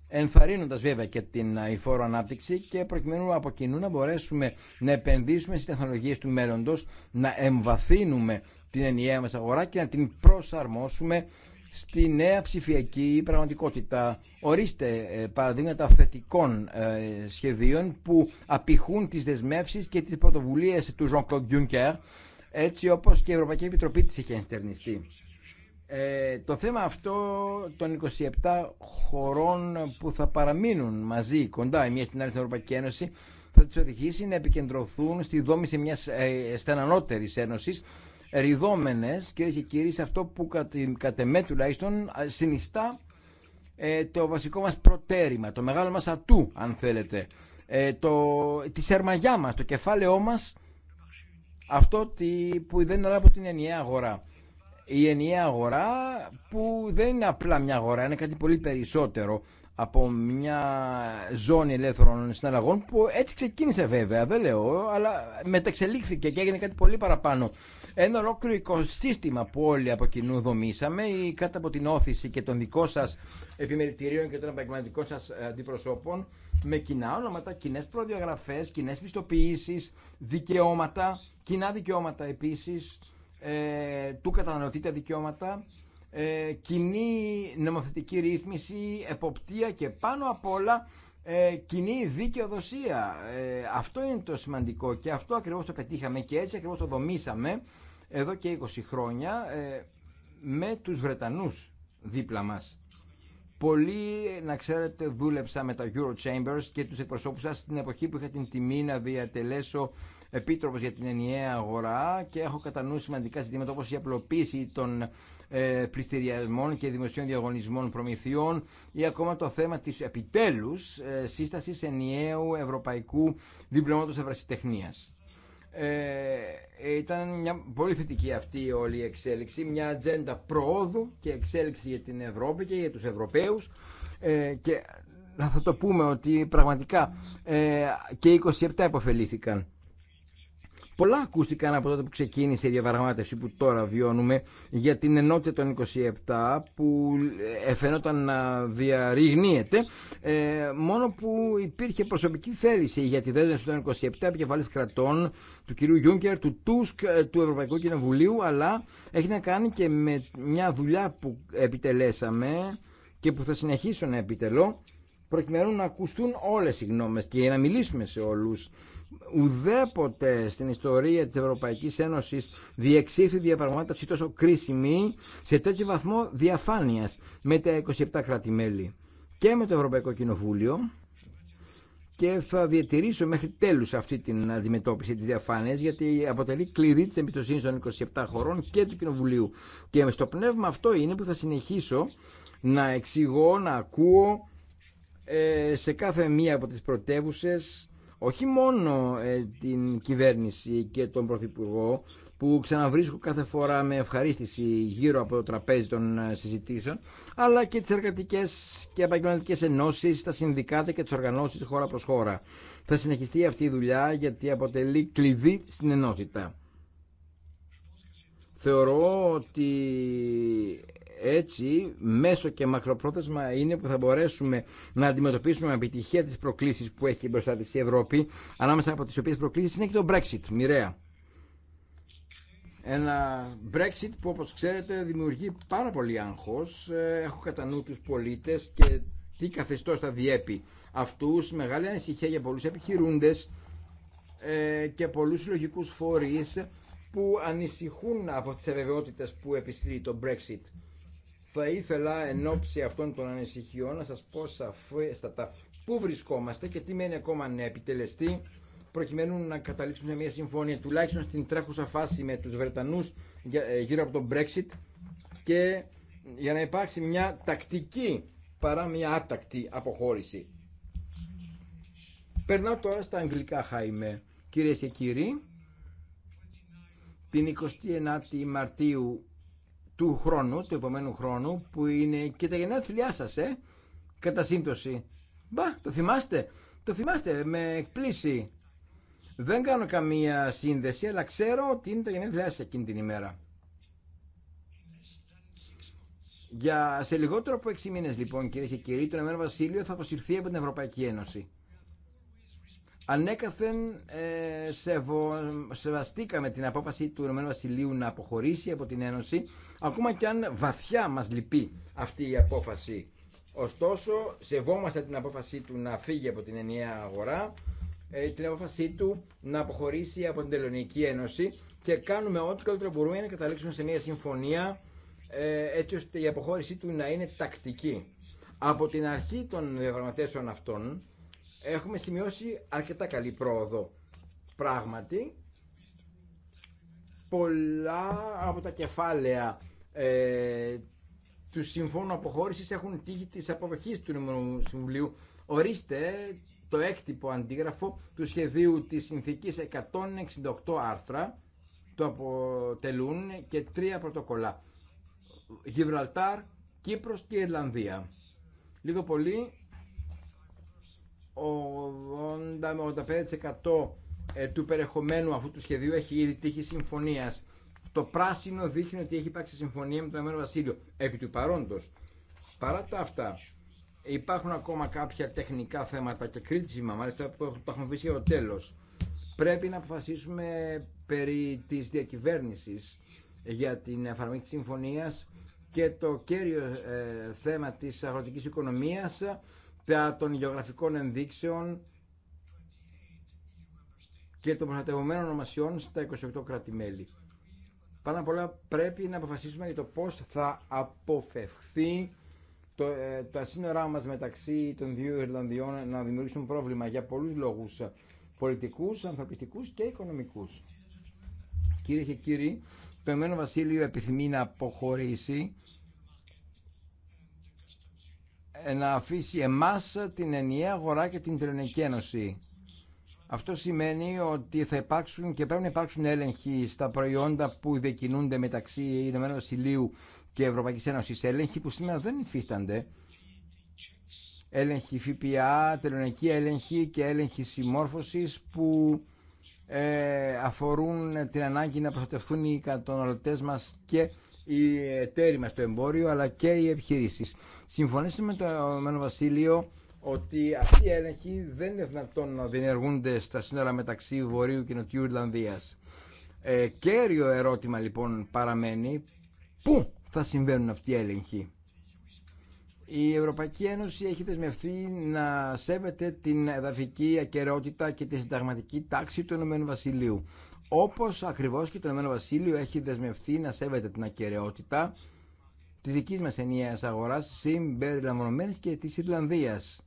ενθαρρύνοντας βέβαια και την υφόρο ε, ανάπτυξη και προκειμένου από κοινού να μπορέσουμε να επενδύσουμε στις τεχνολογίες του μέλλοντος, να εμβαθύνουμε την ενιαία μας αγορά και να την προσαρμόσουμε στη νέα ψηφιακή πραγματικότητα. Ορίστε ε, παραδείγματα θετικών ε, σχεδίων που απηχούν τις δεσμεύσεις και τις πρωτοβουλίες του Jean-Claude Juncker έτσι όπως και η Ευρωπαϊκή Επιτροπή της είχε ενστερνιστεί. Ε, το θέμα αυτό των 27 χωρών που θα παραμείνουν μαζί κοντά η μία στην άλλη στην Ευρωπαϊκή Ένωση θα τους οδηγήσει να επικεντρωθούν στη δόμηση μιας ε, στενανότερης ένωσης ριδόμενες κυρίες και κύριοι σε αυτό που κατ' εμέ τουλάχιστον συνιστά ε, το βασικό μας προτέρημα, το μεγάλο μας ατού αν θέλετε, ε, το, τη σερμαγιά μας, το κεφάλαιό μας αυτό που δεν είναι από την ενιαία αγορά. Η ενιαία αγορά που δεν είναι απλά μια αγορά, είναι κάτι πολύ περισσότερο από μια ζώνη ελεύθερων συναλλαγών που έτσι ξεκίνησε βέβαια, δεν λέω, αλλά μεταξελίχθηκε και έγινε κάτι πολύ παραπάνω. Ένα ολόκληρο οικοσύστημα που όλοι από κοινού δομήσαμε ή κάτω από την όθηση και των δικών σας επιμελητηρίων και των επαγγελματικών σας αντιπροσώπων με κοινά όνοματα, κοινέ προδιαγραφές, κοινέ πιστοποιήσεις, δικαιώματα, κοινά δικαιώματα επίσης, ε, του καταναλωτή τα δικαιώματα, ε, κοινή νομοθετική ρύθμιση, εποπτεία και πάνω απ' όλα ε, κοινή δικαιοδοσία. Ε, αυτό είναι το σημαντικό και αυτό ακριβώς το πετύχαμε και έτσι ακριβώς το δομήσαμε εδώ και 20 χρόνια με τους Βρετανούς δίπλα μας. Πολύ να ξέρετε, δούλεψα με τα Euro Chambers και τους εκπροσώπους στην εποχή που είχα την τιμή να διατελέσω επίτροπος για την ενιαία αγορά και έχω κατά νου σημαντικά ζητήματα όπως η απλοποίηση των ε, πληστηριασμών και δημοσίων διαγωνισμών προμηθειών ή ακόμα το θέμα της επιτέλους ε, σύστασης ενιαίου ευρωπαϊκού διπλωμάτων ευρασιτεχνίας. Ε, ήταν μια πολύ θετική αυτή όλη η εξέλιξη, μια ατζέντα προόδου και εξέλιξη για την Ευρώπη και για τους Ευρωπαίους ε, και θα το πούμε ότι πραγματικά ε, και 27 υποφελήθηκαν Πολλά ακούστηκαν από τότε που ξεκίνησε η διαπραγμάτευση που τώρα βιώνουμε για την ενότητα των 27 που εφαινόταν να διαρριγνύεται ε, μόνο που υπήρχε προσωπική θέληση για τη δέσμευση των 27 επικεφαλή κρατών του κυρίου Γιούγκερ, του Τούσκ, ε, του Ευρωπαϊκού Κοινοβουλίου αλλά έχει να κάνει και με μια δουλειά που επιτελέσαμε και που θα συνεχίσω να επιτελώ προκειμένου να ακουστούν όλες οι γνώμες και να μιλήσουμε σε όλους ουδέποτε στην ιστορία της Ευρωπαϊκής Ένωσης διεξήφθη διαπραγμάτευση τόσο κρίσιμη σε τέτοιο βαθμό διαφάνειας με τα 27 κράτη-μέλη και με το Ευρωπαϊκό Κοινοβούλιο και θα διατηρήσω μέχρι τέλους αυτή την αντιμετώπιση της διαφάνειας γιατί αποτελεί κλειδί της εμπιστοσύνης των 27 χωρών και του Κοινοβουλίου και στο πνεύμα αυτό είναι που θα συνεχίσω να εξηγώ, να ακούω ε, σε κάθε μία από τις πρωτεύουσες όχι μόνο ε, την κυβέρνηση και τον Πρωθυπουργό που ξαναβρίσκω κάθε φορά με ευχαρίστηση γύρω από το τραπέζι των ε, συζητήσεων, αλλά και τις εργατικές και επαγγελματικέ ενώσεις, τα συνδικάτα και τις οργανώσεις χώρα προς χώρα. Θα συνεχιστεί αυτή η δουλειά γιατί αποτελεί κλειδί στην ενότητα. Θεωρώ ότι έτσι μέσο και μακροπρόθεσμα είναι που θα μπορέσουμε να αντιμετωπίσουμε με επιτυχία τις προκλήσεις που έχει μπροστά της η Ευρώπη ανάμεσα από τις οποίες προκλήσεις είναι και το Brexit, μοιραία. Ένα Brexit που όπως ξέρετε δημιουργεί πάρα πολύ άγχος. Ε, έχω κατά νου τους πολίτες και τι καθεστώς θα διέπει αυτούς. Μεγάλη ανησυχία για πολλούς επιχειρούντες ε, και πολλούς συλλογικού φορείς που ανησυχούν από τις αβεβαιότητες που επιστρεί το Brexit. Θα ήθελα εν ώψη αυτών των ανησυχιών να σας πω σαφέστατα πού βρισκόμαστε και τι μένει ακόμα να επιτελεστεί προκειμένου να καταλήξουμε μια συμφωνία τουλάχιστον στην τρέχουσα φάση με τους Βρετανούς ε, γύρω από τον Brexit και για να υπάρξει μια τακτική παρά μια άτακτη αποχώρηση. Περνάω τώρα στα αγγλικά, Χάιμε. Κυρίες και κύριοι, την 29η Μαρτίου του χρόνου, του επομένου χρόνου, που είναι και τα γενέθλιά σας, ε, κατά σύμπτωση. Μπα, το θυμάστε, το θυμάστε, με εκπλήσει. Δεν κάνω καμία σύνδεση, αλλά ξέρω ότι είναι τα γενέθλιά σας εκείνη την ημέρα. Για σε λιγότερο από 6 μήνες λοιπόν κυρίε και κύριοι, το Ηνωμένο Βασίλειο θα αποσυρθεί από την Ευρωπαϊκή Ένωση. Ανέκαθεν ε, σεβαστήκαμε την απόφαση του Ηνωμένου Βασιλείου να αποχωρήσει από την Ένωση, ακόμα κι αν βαθιά μας λυπεί αυτή η απόφαση. Ωστόσο, σεβόμαστε την απόφαση του να φύγει από την ενιαία αγορά, ε, την απόφαση του να αποχωρήσει από την Τελωνική Ένωση και κάνουμε ό,τι καλύτερο μπορούμε να καταλήξουμε σε μια συμφωνία ε, έτσι ώστε η αποχώρησή του να είναι τακτική. Από την αρχή των διαπραγματεύσεων αυτών, έχουμε σημειώσει αρκετά καλή πρόοδο. Πράγματι, πολλά από τα κεφάλαια ε, του Συμφώνου αποχώρηση έχουν τύχει τη αποδοχή του Νομιμονού Συμβουλίου. Ορίστε το έκτυπο αντίγραφο του σχεδίου της συνθήκης 168 άρθρα το αποτελούν και τρία πρωτοκολλά. Γιβραλτάρ, Κύπρος και Ιρλανδία. Λίγο πολύ 80 με 85% του περιεχομένου αυτού του σχεδίου έχει ήδη τύχει συμφωνίας. Το πράσινο δείχνει ότι έχει υπάρξει συμφωνία με τον Ηνωμένο Βασίλειο. Επί του παρόντος, παρά τα αυτά, υπάρχουν ακόμα κάποια τεχνικά θέματα και κρίτησιμα, μάλιστα που τα έχουμε πει το τέλος. Πρέπει να αποφασίσουμε περί της διακυβέρνησης για την εφαρμογή τη συμφωνία και το κέριο ε, θέμα της αγροτικής οικονομίας των γεωγραφικών ενδείξεων και των προστατευμένων ονομασιών στα 28 κράτη-μέλη. Πάνω απ' όλα πρέπει να αποφασίσουμε για το πώς θα αποφευχθεί το, ε, τα σύνορά μας μεταξύ των δύο Ιρλανδιών να δημιουργήσουν πρόβλημα για πολλούς λόγους πολιτικούς, ανθρωπιστικούς και οικονομικούς. Κυρίε και κύριοι, το Εμένο Βασίλειο επιθυμεί να αποχωρήσει ε, να αφήσει εμάς την ενιαία αγορά και την Τελωνική Ένωση. Αυτό σημαίνει ότι θα υπάρξουν και πρέπει να υπάρξουν έλεγχοι στα προϊόντα που διακινούνται μεταξύ Ηνωμένου Βασιλείου και Ευρωπαϊκής Ένωσης. Έλεγχοι που σήμερα δεν υφίστανται. Έλεγχοι ΦΠΑ, τελωνική έλεγχη και έλεγχοι συμμόρφωσης που ε, αφορούν την ανάγκη να προστατευτούν οι καταναλωτές μας και οι εταίροι μας στο εμπόριο αλλά και οι επιχείρησει. Συμφωνήσαμε με το Βασίλειο ότι αυτοί οι έλεγχοι δεν είναι δυνατόν να διενεργούνται στα σύνορα μεταξύ Βορείου και Νοτιού Ιρλανδίας. Ε, κέριο ερώτημα λοιπόν παραμένει πού θα συμβαίνουν αυτοί οι έλεγχοι. Η Ευρωπαϊκή Ένωση έχει δεσμευθεί να σέβεται την εδαφική ακαιρεότητα και τη συνταγματική τάξη του Ηνωμένου Βασιλείου. Όπως ακριβώς και το Ηνωμένο Βασίλειο έχει δεσμευθεί να σέβεται την ακαιρεότητα της δική μα ενιαία αγορά, συμπεριλαμβανομένη και τη Ιρλανδίας.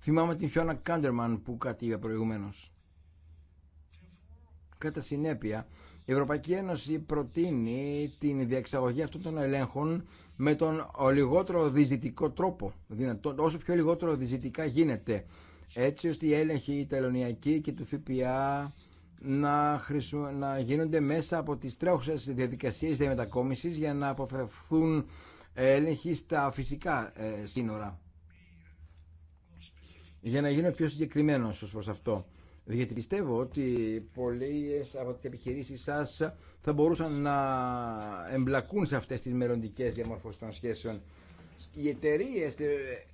Θυμάμαι την Φιώνα Κάντερμαν που κάτι προηγουμένω. Κατά συνέπεια, η Ευρωπαϊκή Ένωση προτείνει την διεξαγωγή αυτών των ελέγχων με τον λιγότερο διζητικό τρόπο, όσο πιο λιγότερο διζητικά γίνεται, έτσι ώστε οι έλεγχοι η τελωνιακοί και του ΦΠΑ να, να γίνονται μέσα από τις τρέχουσες διαδικασίες διαμετακόμισης για να αποφευθούν έλεγχοι στα φυσικά ε, σύνορα. Για να γίνω πιο συγκεκριμένος ως προς αυτό γιατί πιστεύω ότι πολλέ από τι επιχειρήσεις σας θα μπορούσαν να εμπλακούν σε αυτές τις μελλοντικέ διαμορφώσει των σχέσεων. Οι εταιρείε ε,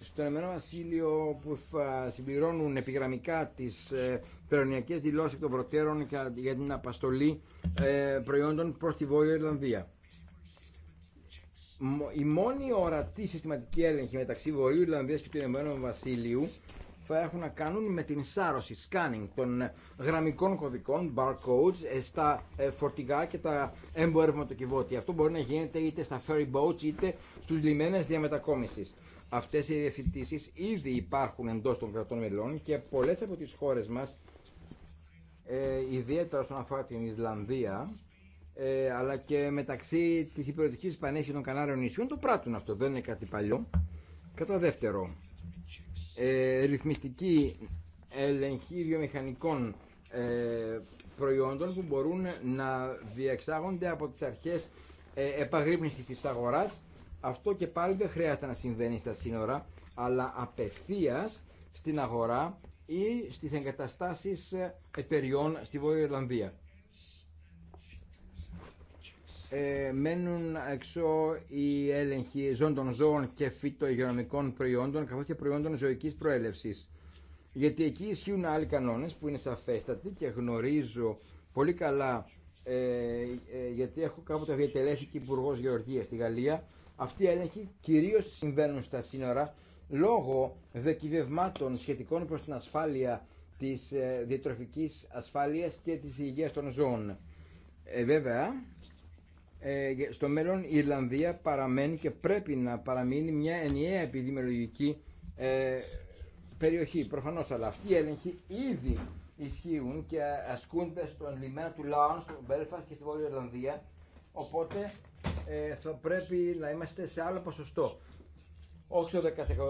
στο Ενωμένο Βασίλειο που θα συμπληρώνουν επιγραμμικά τις ε, τελωνιακέ δηλώσει των προτέρων για την απαστολή ε, προϊόντων προ τη Βόρεια Ιρλανδία. Η μόνη ορατή συστηματική έλεγχη μεταξύ Βορείου Ιρλανδία και του Ηνωμένου Βασίλειου θα έχουν να κάνουν με την σάρωση, scanning των ε, γραμμικών κωδικών, barcodes, ε, στα ε, φορτηγά και τα εμποερματοκιβώτια. Αυτό μπορεί να γίνεται είτε στα ferry boats είτε στους λιμένες διαμετακόμισης. Αυτές οι διευθυντήσεις ήδη υπάρχουν εντός των κρατών μελών και πολλές από τις χώρες μας, ε, ιδιαίτερα όσον αφορά την Ισλανδία, ε, αλλά και μεταξύ της υπηρετικής Ισπανίας και των Κανάριων νησιών το πράττουν αυτό, δεν είναι κάτι παλιό. Κατά δεύτερο, ε, ρυθμιστική ελεγχή βιομηχανικών ε, προϊόντων που μπορούν να διεξάγονται από τις αρχές ε, επαγρύπνησης της αγοράς. Αυτό και πάλι δεν χρειάζεται να συμβαίνει στα σύνορα, αλλά απευθείας στην αγορά ή στις εγκαταστάσεις ε, εταιριών στη Βόρεια Ιρλανδία ε, μένουν έξω οι έλεγχοι ζών των ζώων και φυτογειονομικών προϊόντων καθώς και προϊόντων ζωικής προέλευσης. Γιατί εκεί ισχύουν άλλοι κανόνες που είναι σαφέστατοι και γνωρίζω πολύ καλά ε, ε γιατί έχω κάποτε διατελέσει και υπουργό Γεωργία στη Γαλλία. Αυτοί οι έλεγχοι κυρίως συμβαίνουν στα σύνορα λόγω δεκιβευμάτων σχετικών προς την ασφάλεια της ε, διατροφικής ασφάλειας και της υγείας των ζώων. Ε, βέβαια, ε, στο μέλλον η Ιρλανδία παραμένει και πρέπει να παραμείνει μια ενιαία επιδημιολογική ε, περιοχή. Προφανώς αλλά αυτοί οι έλεγχοι ήδη ισχύουν και ασκούνται στον λιμένα του Λάον, στο Μπέλφαστ και στη Βόρεια Ιρλανδία. Οπότε ε, θα πρέπει να είμαστε σε άλλο ποσοστό. Όχι στο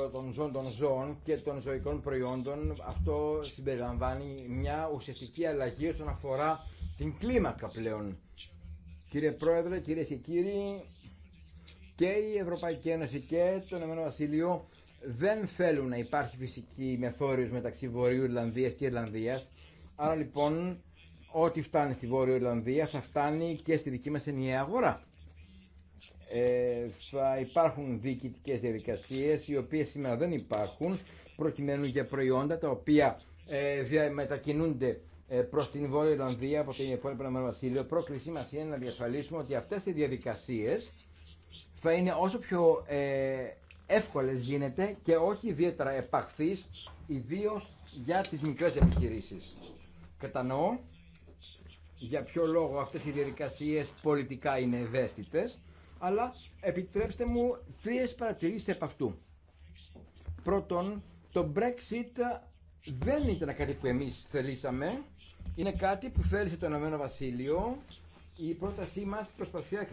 10% των ζώων των ζώων και των ζωικών προϊόντων. Αυτό συμπεριλαμβάνει μια ουσιαστική αλλαγή όσον αφορά την κλίμακα πλέον. Κύριε Πρόεδρε, κυρίε και κύριοι, και η Ευρωπαϊκή Ένωση και το Ηνωμένο Βασίλειο δεν θέλουν να υπάρχει φυσική μεθόριος μεταξύ Βορείου Ιρλανδία και Ιρλανδίας. Άρα λοιπόν, ό,τι φτάνει στη Βόρεια Ιρλανδία θα φτάνει και στη δική μα ενιαία αγορά. Ε, θα υπάρχουν διοικητικέ διαδικασίε οι οποίε σήμερα δεν υπάρχουν προκειμένου για προϊόντα τα οποία ε, μετακινούνται ε, προ την Βόρεια Ιρλανδία από την υπόλοιπη Βασίλειο. Πρόκλησή μα είναι να διασφαλίσουμε ότι αυτέ οι διαδικασίε θα είναι όσο πιο ε, εύκολε γίνεται και όχι ιδιαίτερα επαχθεί, ιδίω για τι μικρέ επιχειρήσει. Κατανοώ για ποιο λόγο αυτές οι διαδικασίες πολιτικά είναι ευαίσθητες, αλλά επιτρέψτε μου τρεις παρατηρήσεις επ' αυτού. Πρώτον, το Brexit δεν ήταν κάτι που εμείς θελήσαμε, είναι κάτι που θέλησε το Ενωμένο Βασίλειο. Η πρότασή μα προσπαθεί ε,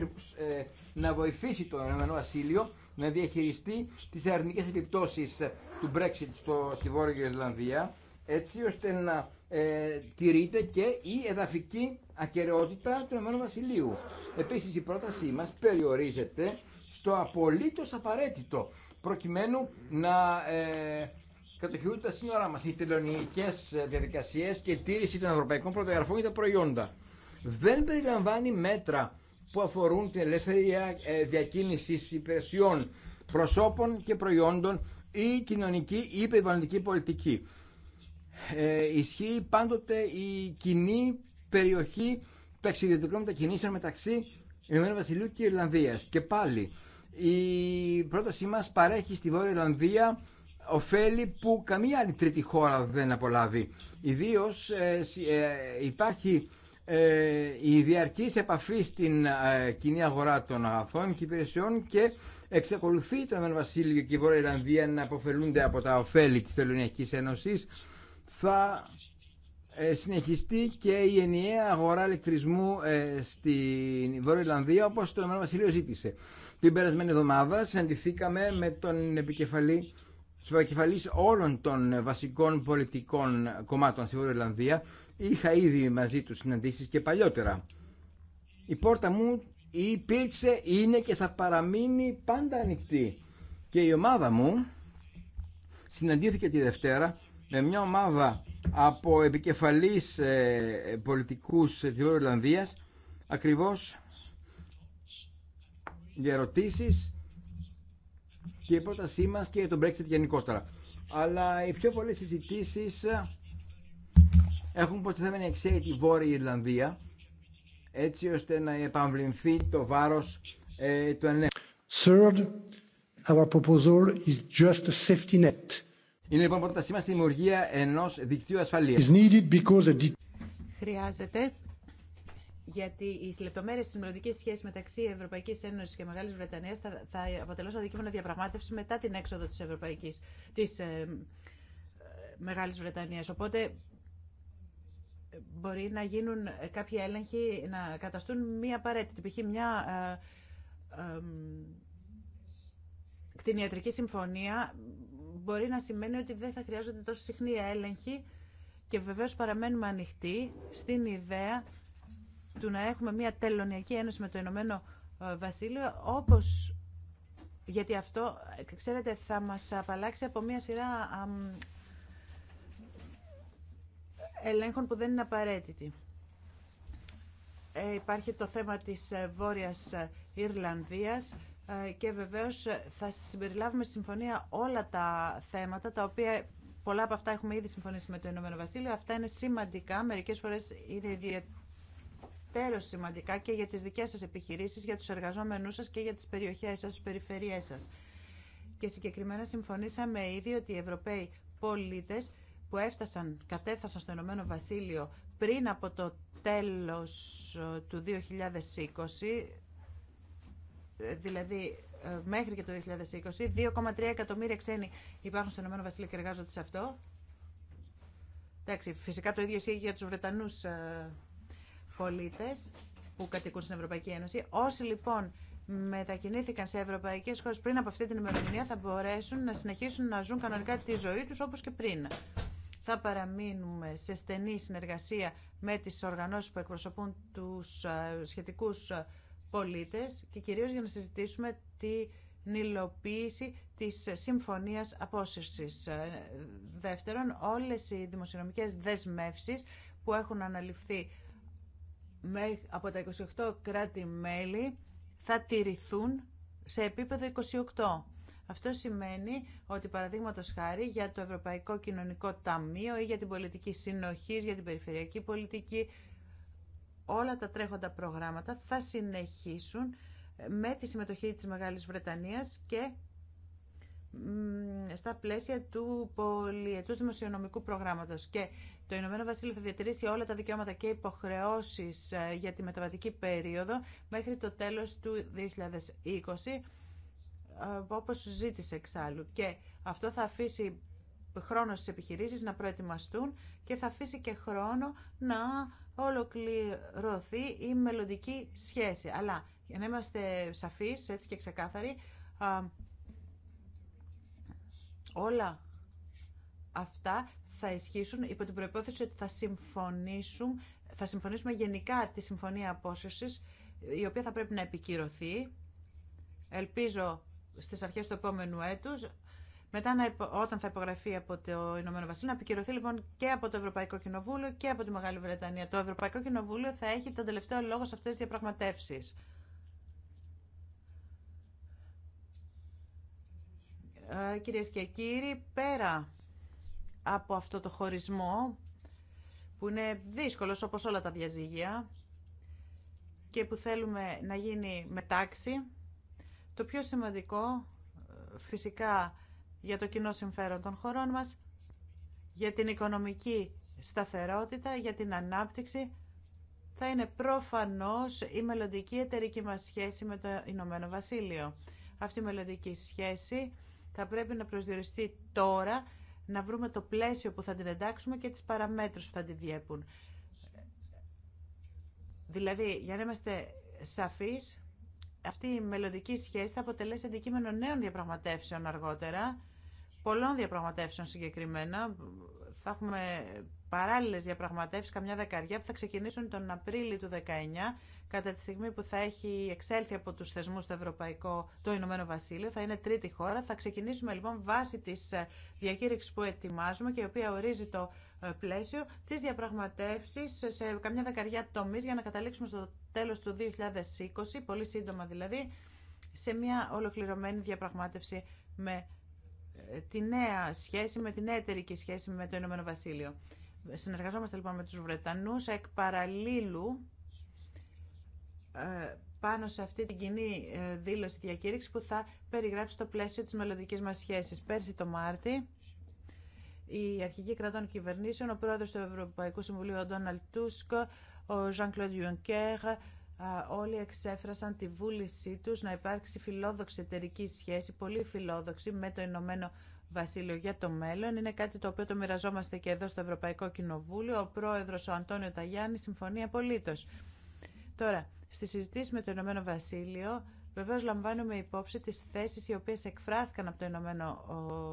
να βοηθήσει το Ενωμένο Βασίλειο να διαχειριστεί τις αρνητικέ επιπτώσεις ε, του Brexit στο, στη Βόρεια Ιρλανδία έτσι ώστε να ε, τηρείται και η εδαφική ακεραιότητα του Ηνωμένου Βασιλείου. Επίσης η πρότασή μα περιορίζεται στο απολύτω απαραίτητο προκειμένου να ε, κατοχυρούνται τα σύνορά μα, οι τελωνιακέ ε, διαδικασίε και η τήρηση των ευρωπαϊκών προδιαγραφών για τα προϊόντα. Δεν περιλαμβάνει μέτρα που αφορούν την ελεύθερη ε, διακίνηση υπηρεσιών, προσώπων και προϊόντων ή κοινωνική ή περιβαλλοντική πολιτική. Ε, ισχύει πάντοτε η κοινή περιοχή ταξιδιωτικών μετακινήσεων μεταξύ Ηνωμένου Βασιλείου και Ιρλανδίας. Και πάλι, η πρότασή μα παρέχει στη Βόρεια Ιρλανδία ωφέλη που καμία άλλη τρίτη χώρα δεν απολάβει. Ιδίως ε, ε, υπάρχει ε, η διαρκή επαφή στην κοινή αγορά των αγαθών και υπηρεσιών και εξακολουθεί το Ηνωμένο Βασίλειο και η Βόρεια Ιρλανδία να αποφελούνται από τα ωφέλη της Τελωνιακή Ένωσης θα συνεχιστεί και η ενιαία αγορά ηλεκτρισμού στην Βόρεια Ιρλανδία όπως το Βασίλειο ζήτησε. Την περασμένη εβδομάδα συναντηθήκαμε με τον επικεφαλή επικεφαλεί όλων των βασικών πολιτικών κομμάτων στη Βόρεια Ιρλανδία. Είχα ήδη μαζί του συναντήσει και παλιότερα. Η πόρτα μου υπήρξε, είναι και θα παραμείνει πάντα ανοιχτή. Και η ομάδα μου συναντήθηκε τη Δευτέρα με μια ομάδα από επικεφαλής ε, πολιτικούς της Βόρειας Ιρλανδίας ακριβώς για ερωτήσεις και η πρότασή μα και για τον Brexit γενικότερα. Αλλά οι πιο πολλέ συζητήσει ε, έχουν προστιθέμενη αξία τη Βόρεια Ιρλανδία έτσι ώστε να επαμβληθεί το βάρος ε, του ελέγχου. Third, our proposal is just a safety net. Είναι λοιπόν πρότασή μα τη δημιουργία ενό δικτύου ασφαλείας. Χρειάζεται γιατί οι λεπτομέρειε τη μελλοντική σχέση μεταξύ Ευρωπαϊκή Ένωση και Μεγάλη Βρετανία θα, θα αποτελούσαν αντικείμενο διαπραγμάτευση μετά την έξοδο τη Ευρωπαϊκή της, ε, Μεγάλη Βρετανία. Οπότε μπορεί να γίνουν κάποιοι έλεγχοι να καταστούν μια απαραιτητη Π.χ. μια ε, ε, κτηνιατρική συμφωνία μπορεί να σημαίνει ότι δεν θα χρειάζονται τόσο συχνή έλεγχη και βεβαίως παραμένουμε ανοιχτοί στην ιδέα του να έχουμε μια τελωνιακή ένωση με το Ηνωμένο ε, Βασίλειο, όπως γιατί αυτό, ξέρετε, θα μας απαλλάξει από μια σειρά ελέγχων που δεν είναι Ε, Υπάρχει το θέμα της ε, Βόρειας ε, Ιρλανδίας και βεβαίως θα συμπεριλάβουμε στη συμφωνία όλα τα θέματα τα οποία πολλά από αυτά έχουμε ήδη συμφωνήσει με το Ηνωμένο Βασίλειο. Αυτά είναι σημαντικά, μερικές φορές είναι ιδιαίτερο σημαντικά και για τις δικές σας επιχειρήσεις, για τους εργαζόμενούς σας και για τις περιοχές σας, τις περιφερειές σας. Και συγκεκριμένα συμφωνήσαμε ήδη ότι οι Ευρωπαίοι πολίτες που έφτασαν, κατέφθασαν στο Ηνωμένο Βασίλειο πριν από το τέλος ε, του 2020, ε, δηλαδή ε, μέχρι και το 2020, 2,3 εκατομμύρια ξένοι υπάρχουν στο Ηνωμένο Βασίλειο και εργάζονται σε αυτό. Εντάξει, φυσικά το ίδιο ισχύει για τους Βρετανούς πολίτες που κατοικούν στην Ευρωπαϊκή Ένωση. Όσοι λοιπόν μετακινήθηκαν σε ευρωπαϊκέ χώρε πριν από αυτή την ημερομηνία θα μπορέσουν να συνεχίσουν να ζουν κανονικά τη ζωή του όπω και πριν. Θα παραμείνουμε σε στενή συνεργασία με τι οργανώσει που εκπροσωπούν του ε, σχετικού ε, πολίτε και κυρίω για να συζητήσουμε την υλοποίηση της συμφωνίας απόσυρσης. Ε, δεύτερον, όλες οι δημοσιονομικές δεσμεύσεις που έχουν αναλυφθεί από τα 28 κράτη-μέλη θα τηρηθούν σε επίπεδο 28. Αυτό σημαίνει ότι παραδείγματο χάρη για το Ευρωπαϊκό Κοινωνικό Ταμείο ή για την πολιτική συνοχής, για την περιφερειακή πολιτική, όλα τα τρέχοντα προγράμματα θα συνεχίσουν με τη συμμετοχή της Μεγάλης Βρετανίας και στα πλαίσια του πολιετούς δημοσιονομικού προγράμματος. Και το Ηνωμένο Βασίλειο θα διατηρήσει όλα τα δικαιώματα και υποχρεώσεις ε, για τη μεταβατική περίοδο μέχρι το τέλος του 2020, ε, όπως ζήτησε εξάλλου. Και αυτό θα αφήσει χρόνο στις επιχειρήσεις να προετοιμαστούν και θα αφήσει και χρόνο να ολοκληρωθεί η μελλοντική σχέση. Αλλά για να είμαστε σαφείς έτσι και ξεκάθαροι, Όλα αυτά θα ισχύσουν υπό την προϋπόθεση ότι θα, συμφωνήσουν, θα συμφωνήσουμε γενικά τη συμφωνία απόσυρσης η οποία θα πρέπει να επικυρωθεί. Ελπίζω στις αρχές του επόμενου έτους, μετά όταν θα υπογραφεί από το Ηνωμένο Βασίλειο, να επικυρωθεί λοιπόν και από το Ευρωπαϊκό Κοινοβούλιο και από τη Μεγάλη Βρετανία. Το Ευρωπαϊκό Κοινοβούλιο θα έχει τον τελευταίο λόγο σε αυτές τις διαπραγματεύσεις. Ε, κυρίες και κύριοι, πέρα από αυτό το χωρισμό που είναι δύσκολος όπως όλα τα διαζύγια και που θέλουμε να γίνει μετάξι, το πιο σημαντικό ε, φυσικά για το κοινό συμφέρον των χωρών μας, για την οικονομική σταθερότητα, για την ανάπτυξη, θα είναι προφανώς η μελλοντική εταιρική μας σχέση με το Ηνωμένο Βασίλειο. Αυτή η μελλοντική σχέση θα πρέπει να προσδιοριστεί τώρα, να βρούμε το πλαίσιο που θα την εντάξουμε και τις παραμέτρους που θα τη διέπουν. Δηλαδή, για να είμαστε σαφείς, αυτή η μελλοντική σχέση θα αποτελέσει αντικείμενο νέων διαπραγματεύσεων αργότερα, πολλών διαπραγματεύσεων συγκεκριμένα. Θα έχουμε παράλληλες διαπραγματεύσεις, καμιά δεκαριά, που θα ξεκινήσουν τον Απρίλιο του 2019 κατά τη στιγμή που θα έχει εξέλθει από τους θεσμούς το, Ευρωπαϊκό, το Ηνωμένο Βασίλειο, θα είναι τρίτη χώρα. Θα ξεκινήσουμε λοιπόν βάσει της ε, διακήρυξης που ετοιμάζουμε και η οποία ορίζει το ε, πλαίσιο τις διαπραγματεύσεις σε καμιά δεκαριά τομεί για να καταλήξουμε στο τέλος του 2020, πολύ σύντομα δηλαδή, σε μια ολοκληρωμένη διαπραγμάτευση με ε, τη νέα σχέση, με την έτερη σχέση με το Ηνωμένο Βασίλειο. Συνεργαζόμαστε λοιπόν με τους Βρετανούς εκ παραλίλου ε, πάνω σε αυτή την κοινή ε, δήλωση διακήρυξη που θα περιγράψει το πλαίσιο της μελλοντικής μας σχέσης. Πέρσι το Μάρτι, η αρχική κρατών κυβερνήσεων, ο πρόεδρος του Ευρωπαϊκού Συμβουλίου, ο Ντόναλτ Τούσκ, ο Ζαν Κλοντ Ιουνκέρ, όλοι εξέφρασαν τη βούλησή τους να υπάρξει φιλόδοξη εταιρική σχέση, πολύ φιλόδοξη, με το Ηνωμένο Βασίλειο για το μέλλον. Είναι κάτι το οποίο το μοιραζόμαστε και εδώ στο Ευρωπαϊκό Κοινοβούλιο. Ο πρόεδρος, ο Αντώνιο Ταγιάννη, συμφωνεί απολύτω. Τώρα, στη συζήτηση με το Ηνωμένο Βασίλειο, βεβαίω λαμβάνουμε υπόψη τι θέσει οι οποίε εκφράστηκαν από το Ηνωμένο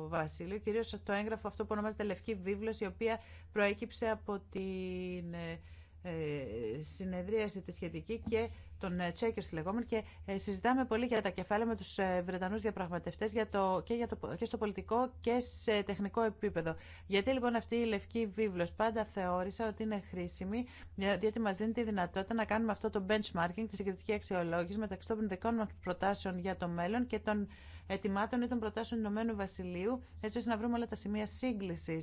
Βασίλειο, κυρίω το έγγραφο αυτό που ονομάζεται Λευκή Βίβλο, η οποία προέκυψε από την ε, ε, συνεδρίαση τη σχετική και των Τσέκερς λεγόμενων και ε, συζητάμε πολύ για τα κεφάλαια με τους ε, Βρετανούς διαπραγματευτές για το, και, για το, και στο πολιτικό και σε τεχνικό επίπεδο. Γιατί λοιπόν αυτή η λευκή βίβλος πάντα θεώρησα ότι είναι χρήσιμη ε, διότι μας δίνει τη δυνατότητα να κάνουμε αυτό το benchmarking, τη συγκριτική αξιολόγηση μεταξύ των δικών μας προτάσεων για το μέλλον και των ετοιμάτων ή των προτάσεων Ηνωμένου Βασιλείου, έτσι ώστε να βρούμε όλα τα σημεία σύγκληση.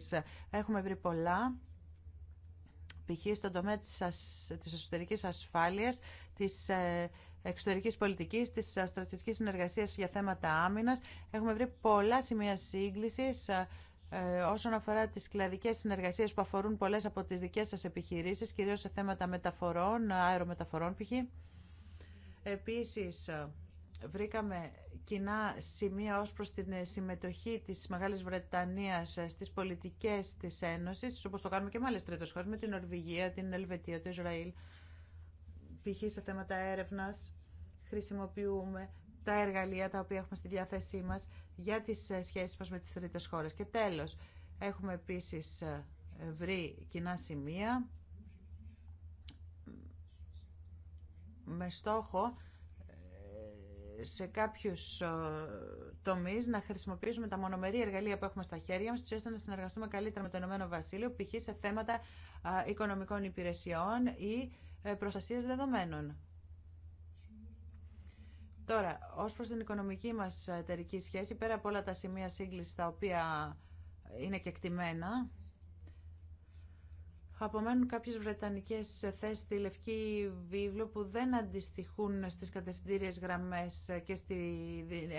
Έχουμε βρει πολλά π.χ. στον τομέα της, της εσωτερικής ασφάλειας, της ε, εξωτερικής πολιτικής, της στρατιωτικής συνεργασίας για θέματα άμυνας. Έχουμε βρει πολλά σημεία σύγκλησης ε, ε, όσον αφορά τις κλαδικές συνεργασίες που αφορούν πολλές από τις δικές σας επιχειρήσεις, κυρίως σε θέματα μεταφορών, αερομεταφορών π.χ. Επίσης, βρήκαμε κοινά σημεία ως προς την συμμετοχή της Μεγάλης Βρετανίας στις πολιτικές της Ένωσης, όπως το κάνουμε και με άλλες τρίτες χώρες, με την Νορβηγία, την Ελβετία, το Ισραήλ. Π.χ. σε θέματα έρευνας χρησιμοποιούμε τα εργαλεία τα οποία έχουμε στη διάθεσή μας για τις σχέσεις μας με τις τρίτες χώρες. Και τέλος, έχουμε επίσης ε, βρει κοινά σημεία με στόχο σε κάποιους ε, τομείς να χρησιμοποιήσουμε τα μονομερή εργαλεία που έχουμε στα χέρια μας, ώστε να συνεργαστούμε καλύτερα με το Ηνωμένο Βασίλειο, π.χ. σε θέματα οικονομικών υπηρεσιών ή ε, προστασίας δεδομένων. Τώρα, ως προς την οικονομική μας εταιρική σχέση, πέρα από όλα τα σημεία σύγκλησης τα οποία είναι κεκτημένα, Απομένουν κάποιες βρετανικές θέσεις στη Λευκή Βίβλο που δεν αντιστοιχούν στις κατευθυντήριες γραμμές και στη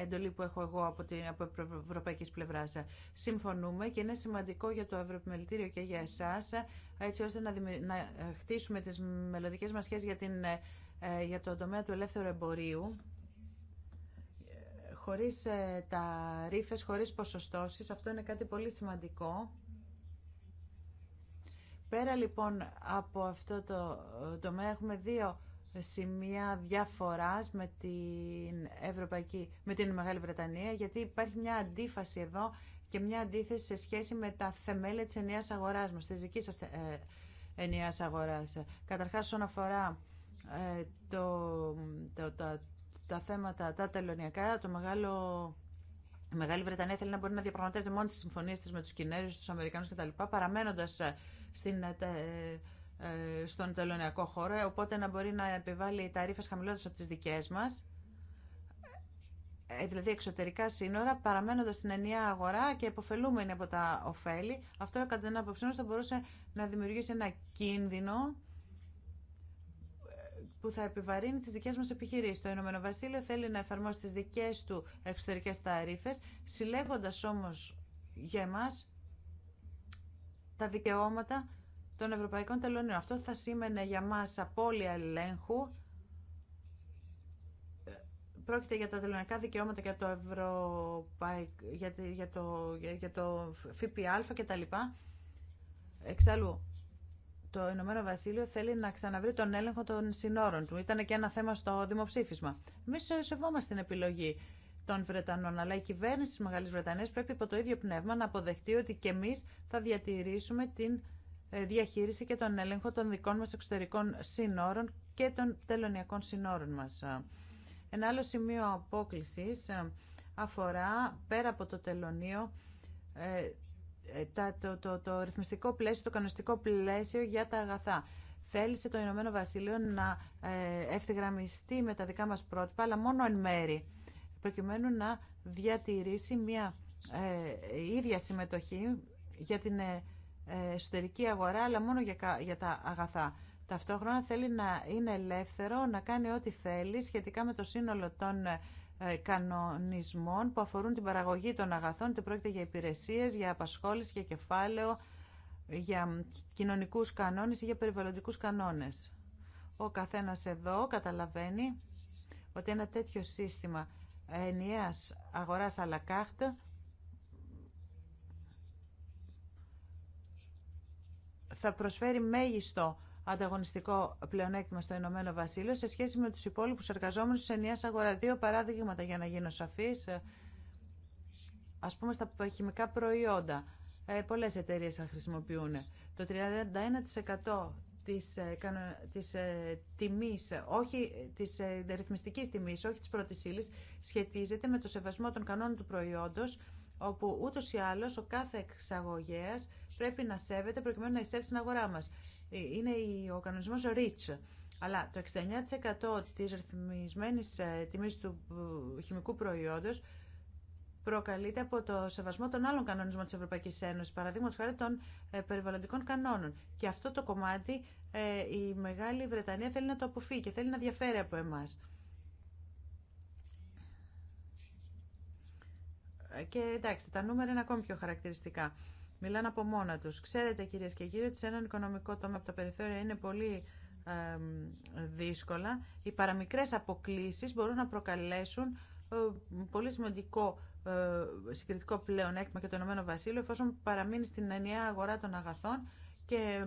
εντολή που έχω εγώ από την από ευρωπαϊκή πλευρά. Συμφωνούμε και είναι σημαντικό για το Ευρωπημελητήριο και για εσάς έτσι ώστε να, να χτίσουμε τις μελλοντικέ μας σχέσεις για, την... Ε, για το τομέα του ελεύθερου εμπορίου χωρίς ε, τα ρήφες, χωρίς ποσοστώσεις. Αυτό είναι κάτι πολύ σημαντικό Πέρα λοιπόν από αυτό το ε, τομέα έχουμε δύο σημεία διαφοράς με την, Ευρωπαϊκή, με την Μεγάλη Βρετανία γιατί υπάρχει μια αντίφαση εδώ και μια αντίθεση σε σχέση με τα θεμέλια της ενιαίας αγοράς μας, της δικής σας ε, ενιαίας αγοράς. Καταρχάς, όσον αφορά ε, το, το, τα, τα, θέματα τα τελωνιακά, το μεγάλο... Η Μεγάλη Βρετανία θέλει να μπορεί να διαπραγματεύεται μόνο τι συμφωνίε τη με του Κινέζου, του Αμερικανού κτλ. παραμένοντα στην, ε, ε, στον τελωνιακό χώρο, ε, οπότε να μπορεί να επιβάλλει ταρίφες χαμηλότερες από τις δικές μας, δηλαδή εξωτερικά σύνορα, παραμένοντας στην ενιαία αγορά και υποφελούμενοι από τα ωφέλη. Αυτό κατά την άποψή μας θα μπορούσε να δημιουργήσει ένα κίνδυνο που θα επιβαρύνει τις δικές μας επιχειρήσεις. Το Ηνωμένο Βασίλειο θέλει να εφαρμόσει τις δικές του εξωτερικές ταρίφες, συλλέγοντας όμως για εμάς τα δικαιώματα των Ευρωπαϊκών Τελωνίων. Αυτό θα σήμαινε για μας απώλεια ελέγχου. Πρόκειται για τα τελωνικά δικαιώματα για το, Ευρωπαϊκ... για, το... για το ΦΠΑ και τα λοιπά. Εξάλλου, το Ηνωμένο Βασίλειο θέλει να ξαναβρει τον έλεγχο των συνόρων του. Ήταν και ένα θέμα στο δημοψήφισμα. Εμεί σεβόμαστε την επιλογή των Βρετανών. Αλλά η κυβέρνηση της Μεγάλης Βρετανίας πρέπει υπό το ίδιο πνεύμα να αποδεχτεί ότι και εμείς θα διατηρήσουμε την ε, διαχείριση και τον έλεγχο των δικών μας εξωτερικών σύνορων και των τελωνιακών σύνορων μας. Ένα άλλο σημείο απόκλησης ε, αφορά πέρα από το τελωνίο ε, το, το, το ρυθμιστικό πλαίσιο, το κανονιστικό πλαίσιο για τα αγαθά. Θέλησε το Ηνωμένο Βασίλειο να ευθυγραμμιστεί με τα δικά μας πρότυπα, αλλά μόνο εν μέρη προκειμένου να διατηρήσει μια ε, ίδια συμμετοχή για την ε, εσωτερική αγορά, αλλά μόνο για τα αγαθά. Ταυτόχρονα θέλει να είναι ελεύθερο, να κάνει ό,τι θέλει σχετικά με το σύνολο των ε, κανονισμών που αφορούν την παραγωγή των αγαθών, είτε πρόκειται για υπηρεσίες, για απασχόληση, για κεφάλαιο, για κοινωνικούς κανόνες ή για περιβαλλοντικούς κανόνες. Ο καθένας εδώ καταλαβαίνει ότι ένα τέτοιο σύστημα ενιαίας αγοράς αλακάχτ θα προσφέρει μέγιστο ανταγωνιστικό πλεονέκτημα στο Ηνωμένο Βασίλειο σε σχέση με τους υπόλοιπους εργαζόμενους της ενιαίας αγορά. Δύο παράδειγματα για να γίνω σαφής. Ας πούμε στα χημικά προϊόντα. Ε, πολλές εταιρείες θα χρησιμοποιούν. Το 31% της, ε, της ε, τιμής, όχι της ε, ρυθμιστικής τιμής, όχι της πρώτης ύλης, σχετίζεται με το σεβασμό των κανόνων του προϊόντος, όπου ούτως ή άλλως ο κάθε εξαγωγέας πρέπει να σέβεται προκειμένου να εισέλθει στην αγορά μας. Είναι ο κανονισμός REACH. Αλλά το 69% της ρυθμισμένης τιμής του χημικού προϊόντος προκαλείται από το σεβασμό των άλλων κανονισμών της Ευρωπαϊκής Ένωσης, παραδείγματος χάρη των περιβαλλοντικών κανόνων. Και αυτό το κομμάτι ε, η Μεγάλη Βρετανία θέλει να το αποφύγει και θέλει να διαφέρει από εμάς. Και εντάξει, τα νούμερα είναι ακόμη πιο χαρακτηριστικά. Μιλάνε από μόνα τους. Ξέρετε κυρίες και κύριοι ότι σε έναν οικονομικό τόμο από τα περιθώρια είναι πολύ ε, δύσκολα. Οι παραμικρές αποκλήσεις μπορούν να προκαλέσουν ε, πολύ σημαντικό ε, συγκριτικό πλέον και το Ηνωμένο Βασίλειο εφόσον παραμείνει στην ενιαία αγορά των αγαθών και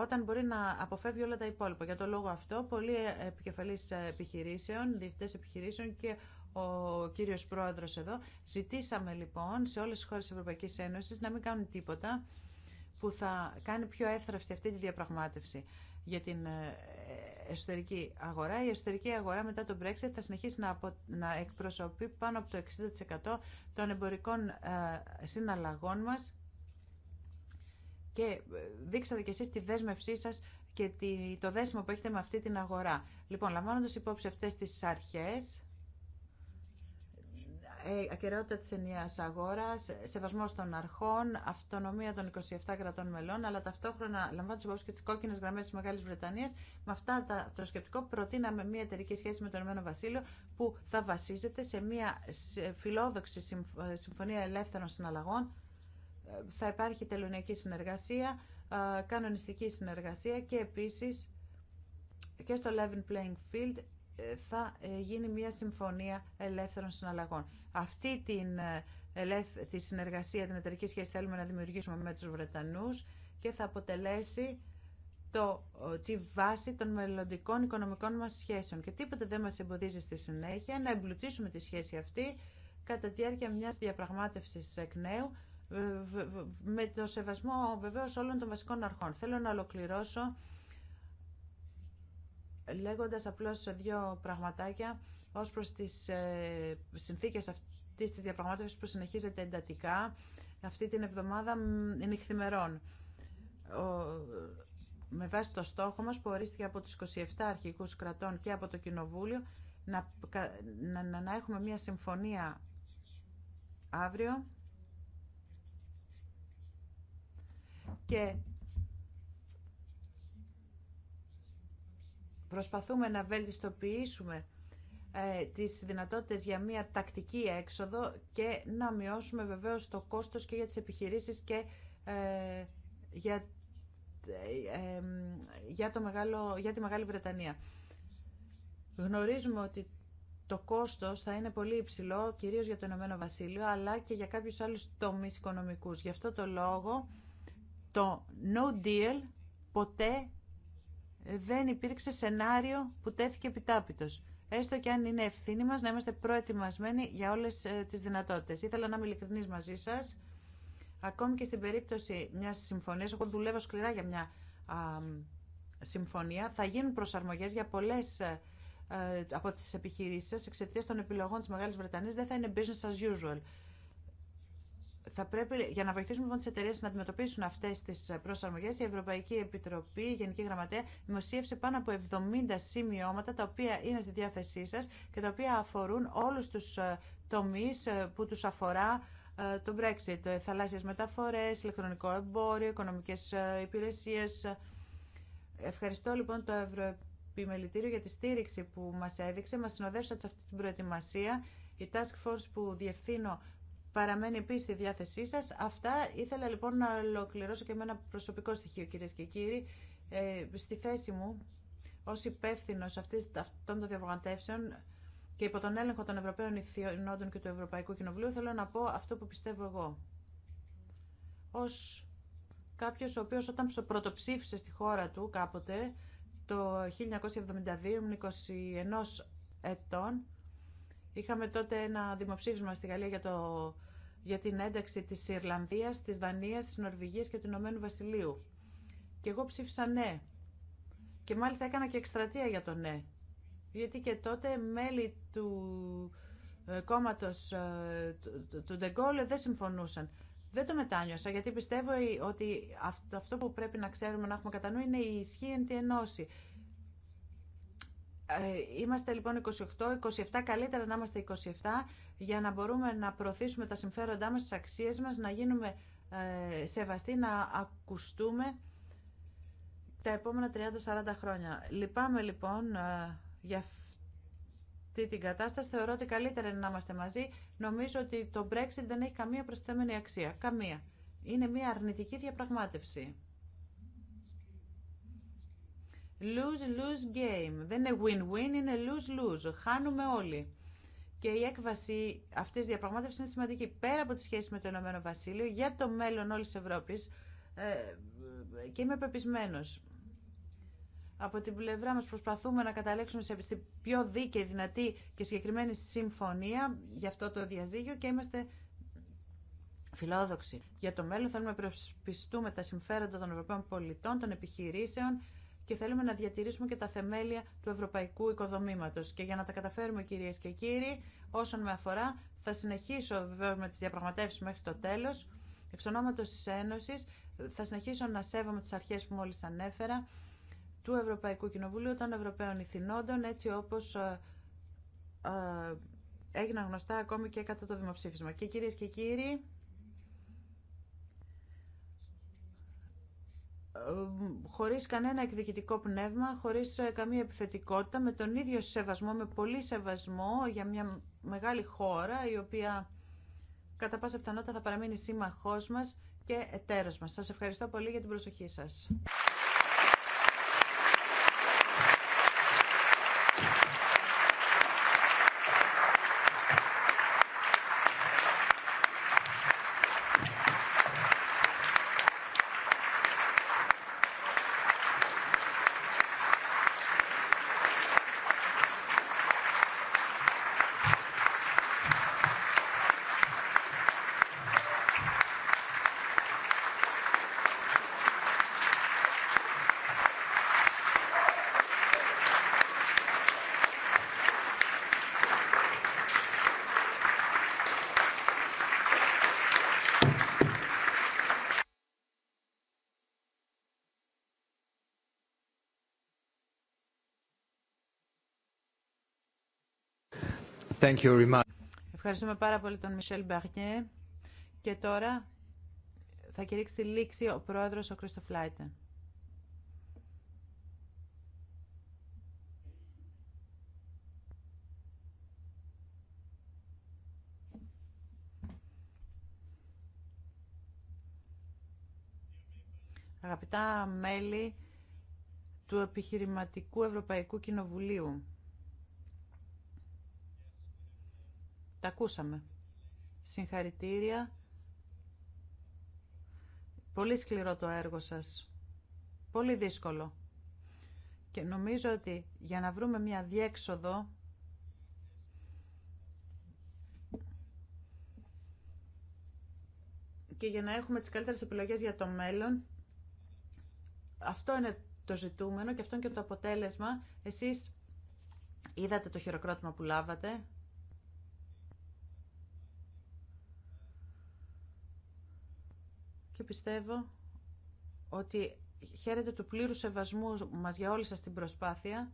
όταν μπορεί να αποφεύγει όλα τα υπόλοιπα. Για τον λόγο αυτό, πολλοί ε, επικεφαλής ε, επιχειρήσεων, διευθυντές επιχειρήσεων και ο κύριος πρόεδρος εδώ, ζητήσαμε λοιπόν σε όλες τις χώρες της Ευρωπαϊκής Ένωσης να μην κάνουν τίποτα που θα κάνει πιο εύθραυστη αυτή τη διαπραγμάτευση για την ε, εσωτερική αγορά. Η εσωτερική αγορά μετά τον Brexit θα συνεχίσει να, απο... να εκπροσωπεί πάνω από το 60% των εμπορικών συναλλαγών μας και ε, δείξατε κι εσείς τη δέσμευσή σας και το δέσιμο που έχετε με αυτή την αγορά. Λοιπόν, λαμβάνοντας υπόψη αυτές τις αρχές, ε, ακεραιότητα της ενιαίας αγοράς, σεβασμός των αρχών, αυτονομία των 27 κρατών μελών, αλλά ταυτόχρονα λαμβάνοντας υπόψη και τις κόκκινες γραμμές της Μεγάλης Βρετανίας, με αυτά τα, το προτείναμε μια εταιρική σχέση με το Ηνωμένο Βασίλειο που θα βασίζεται σε μια φιλόδοξη ε, συμφωνία ελεύθερων συναλλαγών θα υπάρχει τελωνιακή συνεργασία, κανονιστική συνεργασία και επίσης και στο Levin Playing Field ε, θα ε, γίνει μια συμφωνία ελεύθερων συναλλαγών. Αυτή την, ε, τη συνεργασία, την εταιρική σχέση θέλουμε να δημιουργήσουμε με τους Βρετανούς και θα αποτελέσει το, τη βάση των μελλοντικών οικονομικών μας σχέσεων. Και τίποτε δεν μας εμποδίζει στη συνέχεια να εμπλουτίσουμε τη σχέση αυτή κατά τη διάρκεια μιας διαπραγμάτευσης εκ νέου ε, με το σεβασμό βεβαίως όλων των βασικών αρχών. Θέλω να ολοκληρώσω λέγοντας απλώς δύο πραγματάκια ως προς τις ε, συνθήκες αυτής της διαπραγμάτευσης που συνεχίζεται εντατικά αυτή την εβδομάδα νυχθημερών. Με βάση το στόχο μας που ορίστηκε από τις 27 αρχικούς κρατών και από το Κοινοβούλιο να, να, να έχουμε μια συμφωνία αύριο και προσπαθούμε να βελτιστοποιήσουμε ε, τις δυνατότητες για μια τακτική έξοδο και να μειώσουμε βεβαίως το κόστος και για τις επιχειρήσεις και ε, για, ε, για, το μεγάλο, για τη Μεγάλη Βρετανία. Γνωρίζουμε ότι το κόστος θα είναι πολύ υψηλό, κυρίως για το Ηνωμένο Βασίλειο, αλλά και για κάποιους άλλους τομείς οικονομικούς. Γι' αυτό το λόγο το no deal ποτέ δεν υπήρξε σενάριο που τέθηκε επιτάπητος. Έστω και αν είναι ευθύνη μας να είμαστε προετοιμασμένοι για όλες ε, τις δυνατότητες. Ήθελα να είμαι ειλικρινής μαζί σας. Ακόμη και στην περίπτωση μιας συμφωνίας, εγώ δουλεύω σκληρά για μια α, συμφωνία, θα γίνουν προσαρμογές για πολλές ε, ε, από τις επιχειρήσεις σας εξαιτία των επιλογών της Μεγάλης Βρετανίας. Δεν θα είναι business as usual θα πρέπει, για να βοηθήσουμε λοιπόν, τι εταιρείε να αντιμετωπίσουν αυτέ τι προσαρμογέ, η Ευρωπαϊκή Επιτροπή, η Γενική Γραμματέα, δημοσίευσε πάνω από 70 σημειώματα τα οποία είναι στη διάθεσή σα και τα οποία αφορούν όλου του ε, τομεί ε, που του αφορά ε, το Brexit. Θαλάσσιες μεταφορέ, ηλεκτρονικό εμπόριο, οικονομικέ υπηρεσίε. Ευχαριστώ λοιπόν το Ευρωεπιμελητήριο για τη στήριξη που μα έδειξε. Μα συνοδεύσατε σε αυτή την προετοιμασία. Η Task Force που διευθύνω παραμένει επίση στη διάθεσή σα. Αυτά ήθελα λοιπόν να ολοκληρώσω και με ένα προσωπικό στοιχείο κυρίε και κύριοι. Ε, στη θέση μου ω υπεύθυνο αυτών των διαπραγματεύσεων και υπό τον έλεγχο των Ευρωπαίων Ιθινόντων και του Ευρωπαϊκού Κοινοβουλίου θέλω να πω αυτό που πιστεύω εγώ. Ω κάποιο ο οποίο όταν πρωτοψήφισε στη χώρα του κάποτε το 1972 ήμουν 21 ετών Είχαμε τότε ένα δημοψήφισμα στη Γαλλία για, το, για την ένταξη της Ιρλανδίας, της Δανίας, της Νορβηγίας και του Ηνωμένου Βασιλείου. Και εγώ ψήφισα ναι. Και μάλιστα έκανα και εκστρατεία για το ναι. Γιατί και τότε μέλη του ε, κόμματος ε, του, Ντεγκόλε δεν συμφωνούσαν. Δεν το μετάνιωσα γιατί πιστεύω ότι αυτό που πρέπει να ξέρουμε να έχουμε κατά νου είναι η ισχύ εν τη ενώση. Ε, είμαστε λοιπόν 28, 27, καλύτερα να είμαστε 27 για να μπορούμε να προωθήσουμε τα συμφέροντά μας, τις αξίες μας, να γίνουμε ε, σεβαστοί, να ακουστούμε τα επόμενα 30-40 χρόνια. Λυπάμαι λοιπόν ε, για αυτή την κατάσταση. Θεωρώ ότι καλύτερα είναι να είμαστε μαζί. Νομίζω ότι το Brexit δεν έχει καμία προσθέμενη αξία. Καμία. Είναι μια αρνητική διαπραγμάτευση lose-lose game. Δεν είναι win-win, είναι lose-lose. Χάνουμε όλοι. Και η έκβαση αυτή τη διαπραγμάτευση είναι σημαντική πέρα από τη σχέση με το Ηνωμένο Βασίλειο για το μέλλον όλη τη Ευρώπη. Ε, και είμαι πεπισμένο. Από την πλευρά μα προσπαθούμε να καταλέξουμε σε πιο δίκαιη, δυνατή και συγκεκριμένη συμφωνία για αυτό το διαζύγιο και είμαστε φιλόδοξοι. Για το μέλλον θέλουμε να προσπιστούμε τα συμφέροντα των Ευρωπαίων πολιτών, των επιχειρήσεων και θέλουμε να διατηρήσουμε και τα θεμέλια του ευρωπαϊκού οικοδομήματος. Και για να τα καταφέρουμε κύριε και κύριοι, όσον με αφορά, θα συνεχίσω βεβαίω με τις διαπραγματεύσεις μέχρι το τέλος. Εξ ονόματο τη Ένωσης θα συνεχίσω να σέβομαι τις αρχές που μόλι ανέφερα του Ευρωπαϊκού Κοινοβουλίου των Ευρωπαίων Ιθινόντων, έτσι όπω ε, ε, έγιναν γνωστά ακόμη και κατά το δημοψήφισμα. Και κύριε και κύριοι, χωρίς κανένα εκδικητικό πνεύμα, χωρίς ε, καμία επιθετικότητα, με τον ίδιο σεβασμό, με πολύ σεβασμό για μια μεγάλη χώρα η οποία κατά πάσα πιθανότητα θα παραμείνει σύμμαχός μας και εταίρος μας. Σας ευχαριστώ πολύ για την προσοχή σας. Thank you very much. Ευχαριστούμε πάρα πολύ τον Μισελ Μπαρνιέ. Και τώρα θα κηρύξει τη λήξη ο πρόεδρος ο Κρίστοφ Λάιτεν. Αγαπητά μέλη του Επιχειρηματικού Ευρωπαϊκού Κοινοβουλίου, ακούσαμε. Συγχαρητήρια. Πολύ σκληρό το έργο σας. Πολύ δύσκολο. Και νομίζω ότι για να βρούμε μια διέξοδο και για να έχουμε τις καλύτερες επιλογές για το μέλλον, αυτό είναι το ζητούμενο και αυτό είναι και το αποτέλεσμα. Εσείς είδατε το χειροκρότημα που λάβατε, πιστεύω ότι χαίρετε του πλήρου σεβασμού μας για όλη σας την προσπάθεια.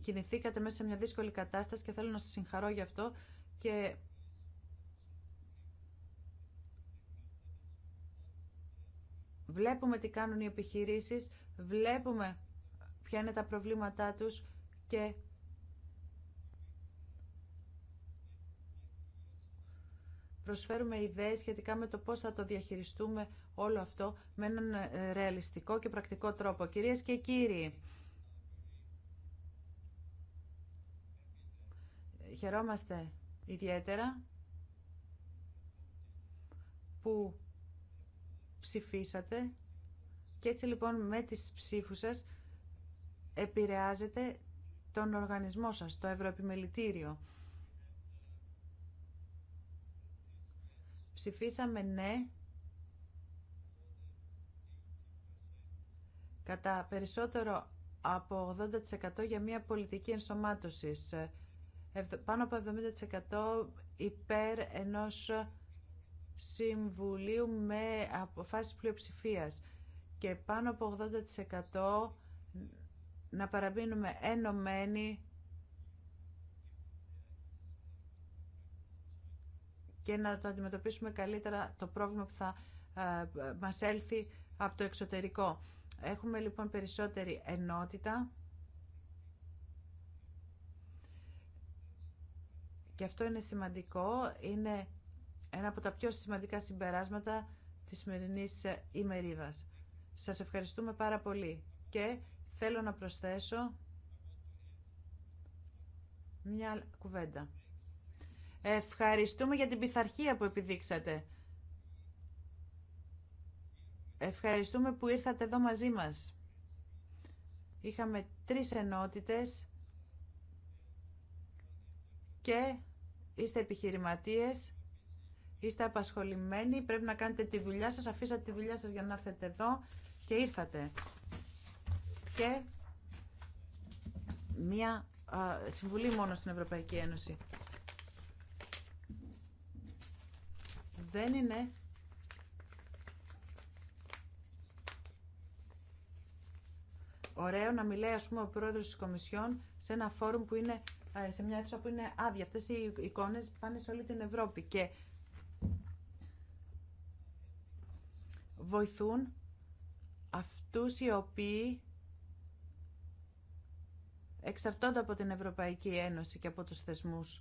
Κινηθήκατε μέσα σε μια δύσκολη κατάσταση και θέλω να σας συγχαρώ γι' αυτό και βλέπουμε τι κάνουν οι επιχειρήσεις, βλέπουμε ποια είναι τα προβλήματά τους και προσφέρουμε ιδέες σχετικά με το πώς θα το διαχειριστούμε όλο αυτό με έναν ε, ρεαλιστικό και πρακτικό τρόπο. Κυρίες και κύριοι, χαιρόμαστε ιδιαίτερα που ψηφίσατε και έτσι λοιπόν με τις ψήφους σας επηρεάζετε τον οργανισμό σας, το Ευρωεπιμελητήριο. Ψηφίσαμε ναι κατά περισσότερο από 80% για μια πολιτική ενσωμάτωσης, πάνω από 70% υπέρ ενός συμβουλίου με αποφάσεις πλειοψηφίας και πάνω από 80% να παραμείνουμε ενωμένοι και να το αντιμετωπίσουμε καλύτερα το πρόβλημα που θα ε, μας έλθει από το εξωτερικό. Έχουμε λοιπόν περισσότερη ενότητα και αυτό είναι σημαντικό, είναι ένα από τα πιο σημαντικά συμπεράσματα της σημερινής ε, ημερίδας. Σας ευχαριστούμε πάρα πολύ και θέλω να προσθέσω μια κουβέντα. Ευχαριστούμε για την πειθαρχία που επιδείξατε. Ευχαριστούμε που ήρθατε εδώ μαζί μας. Είχαμε τρεις ενότητες και είστε επιχειρηματίες, είστε απασχολημένοι, πρέπει να κάνετε τη δουλειά σας, αφήσατε τη δουλειά σας για να έρθετε εδώ και ήρθατε. Και μία συμβουλή μόνο στην Ευρωπαϊκή Ένωση. δεν είναι ωραίο να μιλάει ο πρόεδρος της Κομισιόν σε ένα φόρουμ που είναι σε μια αίθουσα που είναι άδεια. Αυτές οι εικόνες πάνε σε όλη την Ευρώπη και βοηθούν αυτούς οι οποίοι εξαρτώνται από την Ευρωπαϊκή Ένωση και από τους θεσμούς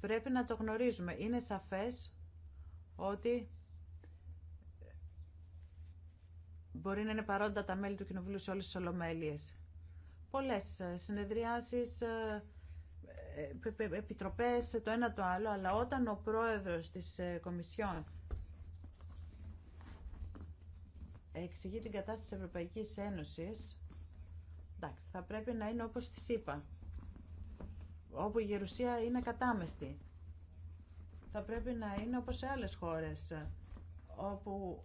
Πρέπει να το γνωρίζουμε. Είναι σαφές ότι μπορεί να είναι παρόντα τα μέλη του Κοινοβουλίου σε όλες τις ολομέλειες. Πολλές ε, συνεδριάσεις, ε, ε, επιτροπές, το ένα το άλλο, αλλά όταν ο πρόεδρος της Κομισιόν εξηγεί την κατάσταση της Ευρωπαϊκής Ένωσης, εντάξει, θα πρέπει να είναι όπως της είπα όπου η γερουσία είναι κατάμεστη. Θα πρέπει να είναι όπως σε άλλες χώρες, όπου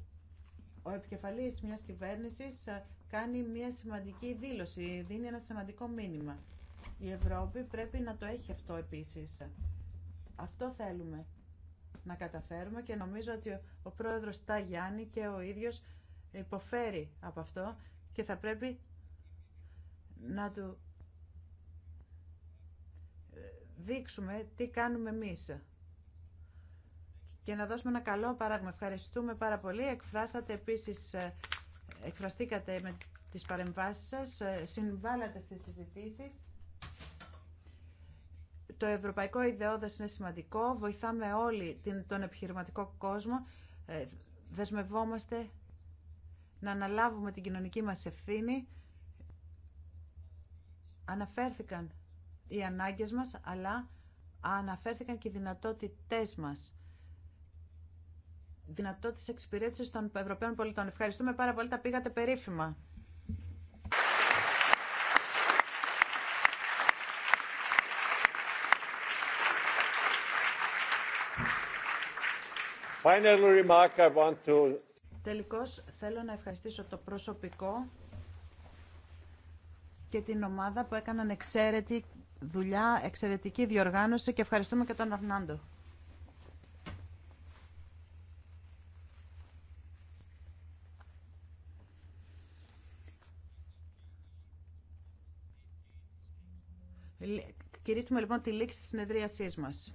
ο επικεφαλής μιας κυβέρνησης κάνει μια σημαντική δήλωση, δίνει ένα σημαντικό μήνυμα. Η Ευρώπη πρέπει να το έχει αυτό επίσης. Αυτό θέλουμε να καταφέρουμε και νομίζω ότι ο πρόεδρος Ταγιάννη και ο ίδιος υποφέρει από αυτό και θα πρέπει να του δείξουμε τι κάνουμε εμείς και να δώσουμε ένα καλό παράδειγμα. Ευχαριστούμε πάρα πολύ. Εκφράσατε επίσης, ε, εκφραστήκατε με τις παρεμβάσεις σας, ε, συμβάλλατε στις συζητήσεις. Το ευρωπαϊκό ιδεώδες είναι σημαντικό. Βοηθάμε όλοι τον επιχειρηματικό κόσμο. Ε, δεσμευόμαστε να αναλάβουμε την κοινωνική μας ευθύνη. Αναφέρθηκαν οι ανάγκες μας, αλλά αναφέρθηκαν και οι δυνατότητές μας. Δυνατότητες εξυπηρέτησης των Ευρωπαίων πολιτών. Ευχαριστούμε πάρα πολύ, τα πήγατε περίφημα. Τελικώς, θέλω να ευχαριστήσω το προσωπικό και την ομάδα που έκαναν εξαίρετη δουλειά, εξαιρετική διοργάνωση και ευχαριστούμε και τον Αρνάντο. Κηρύττουμε λοιπόν τη λήξη της συνεδρίασής μας.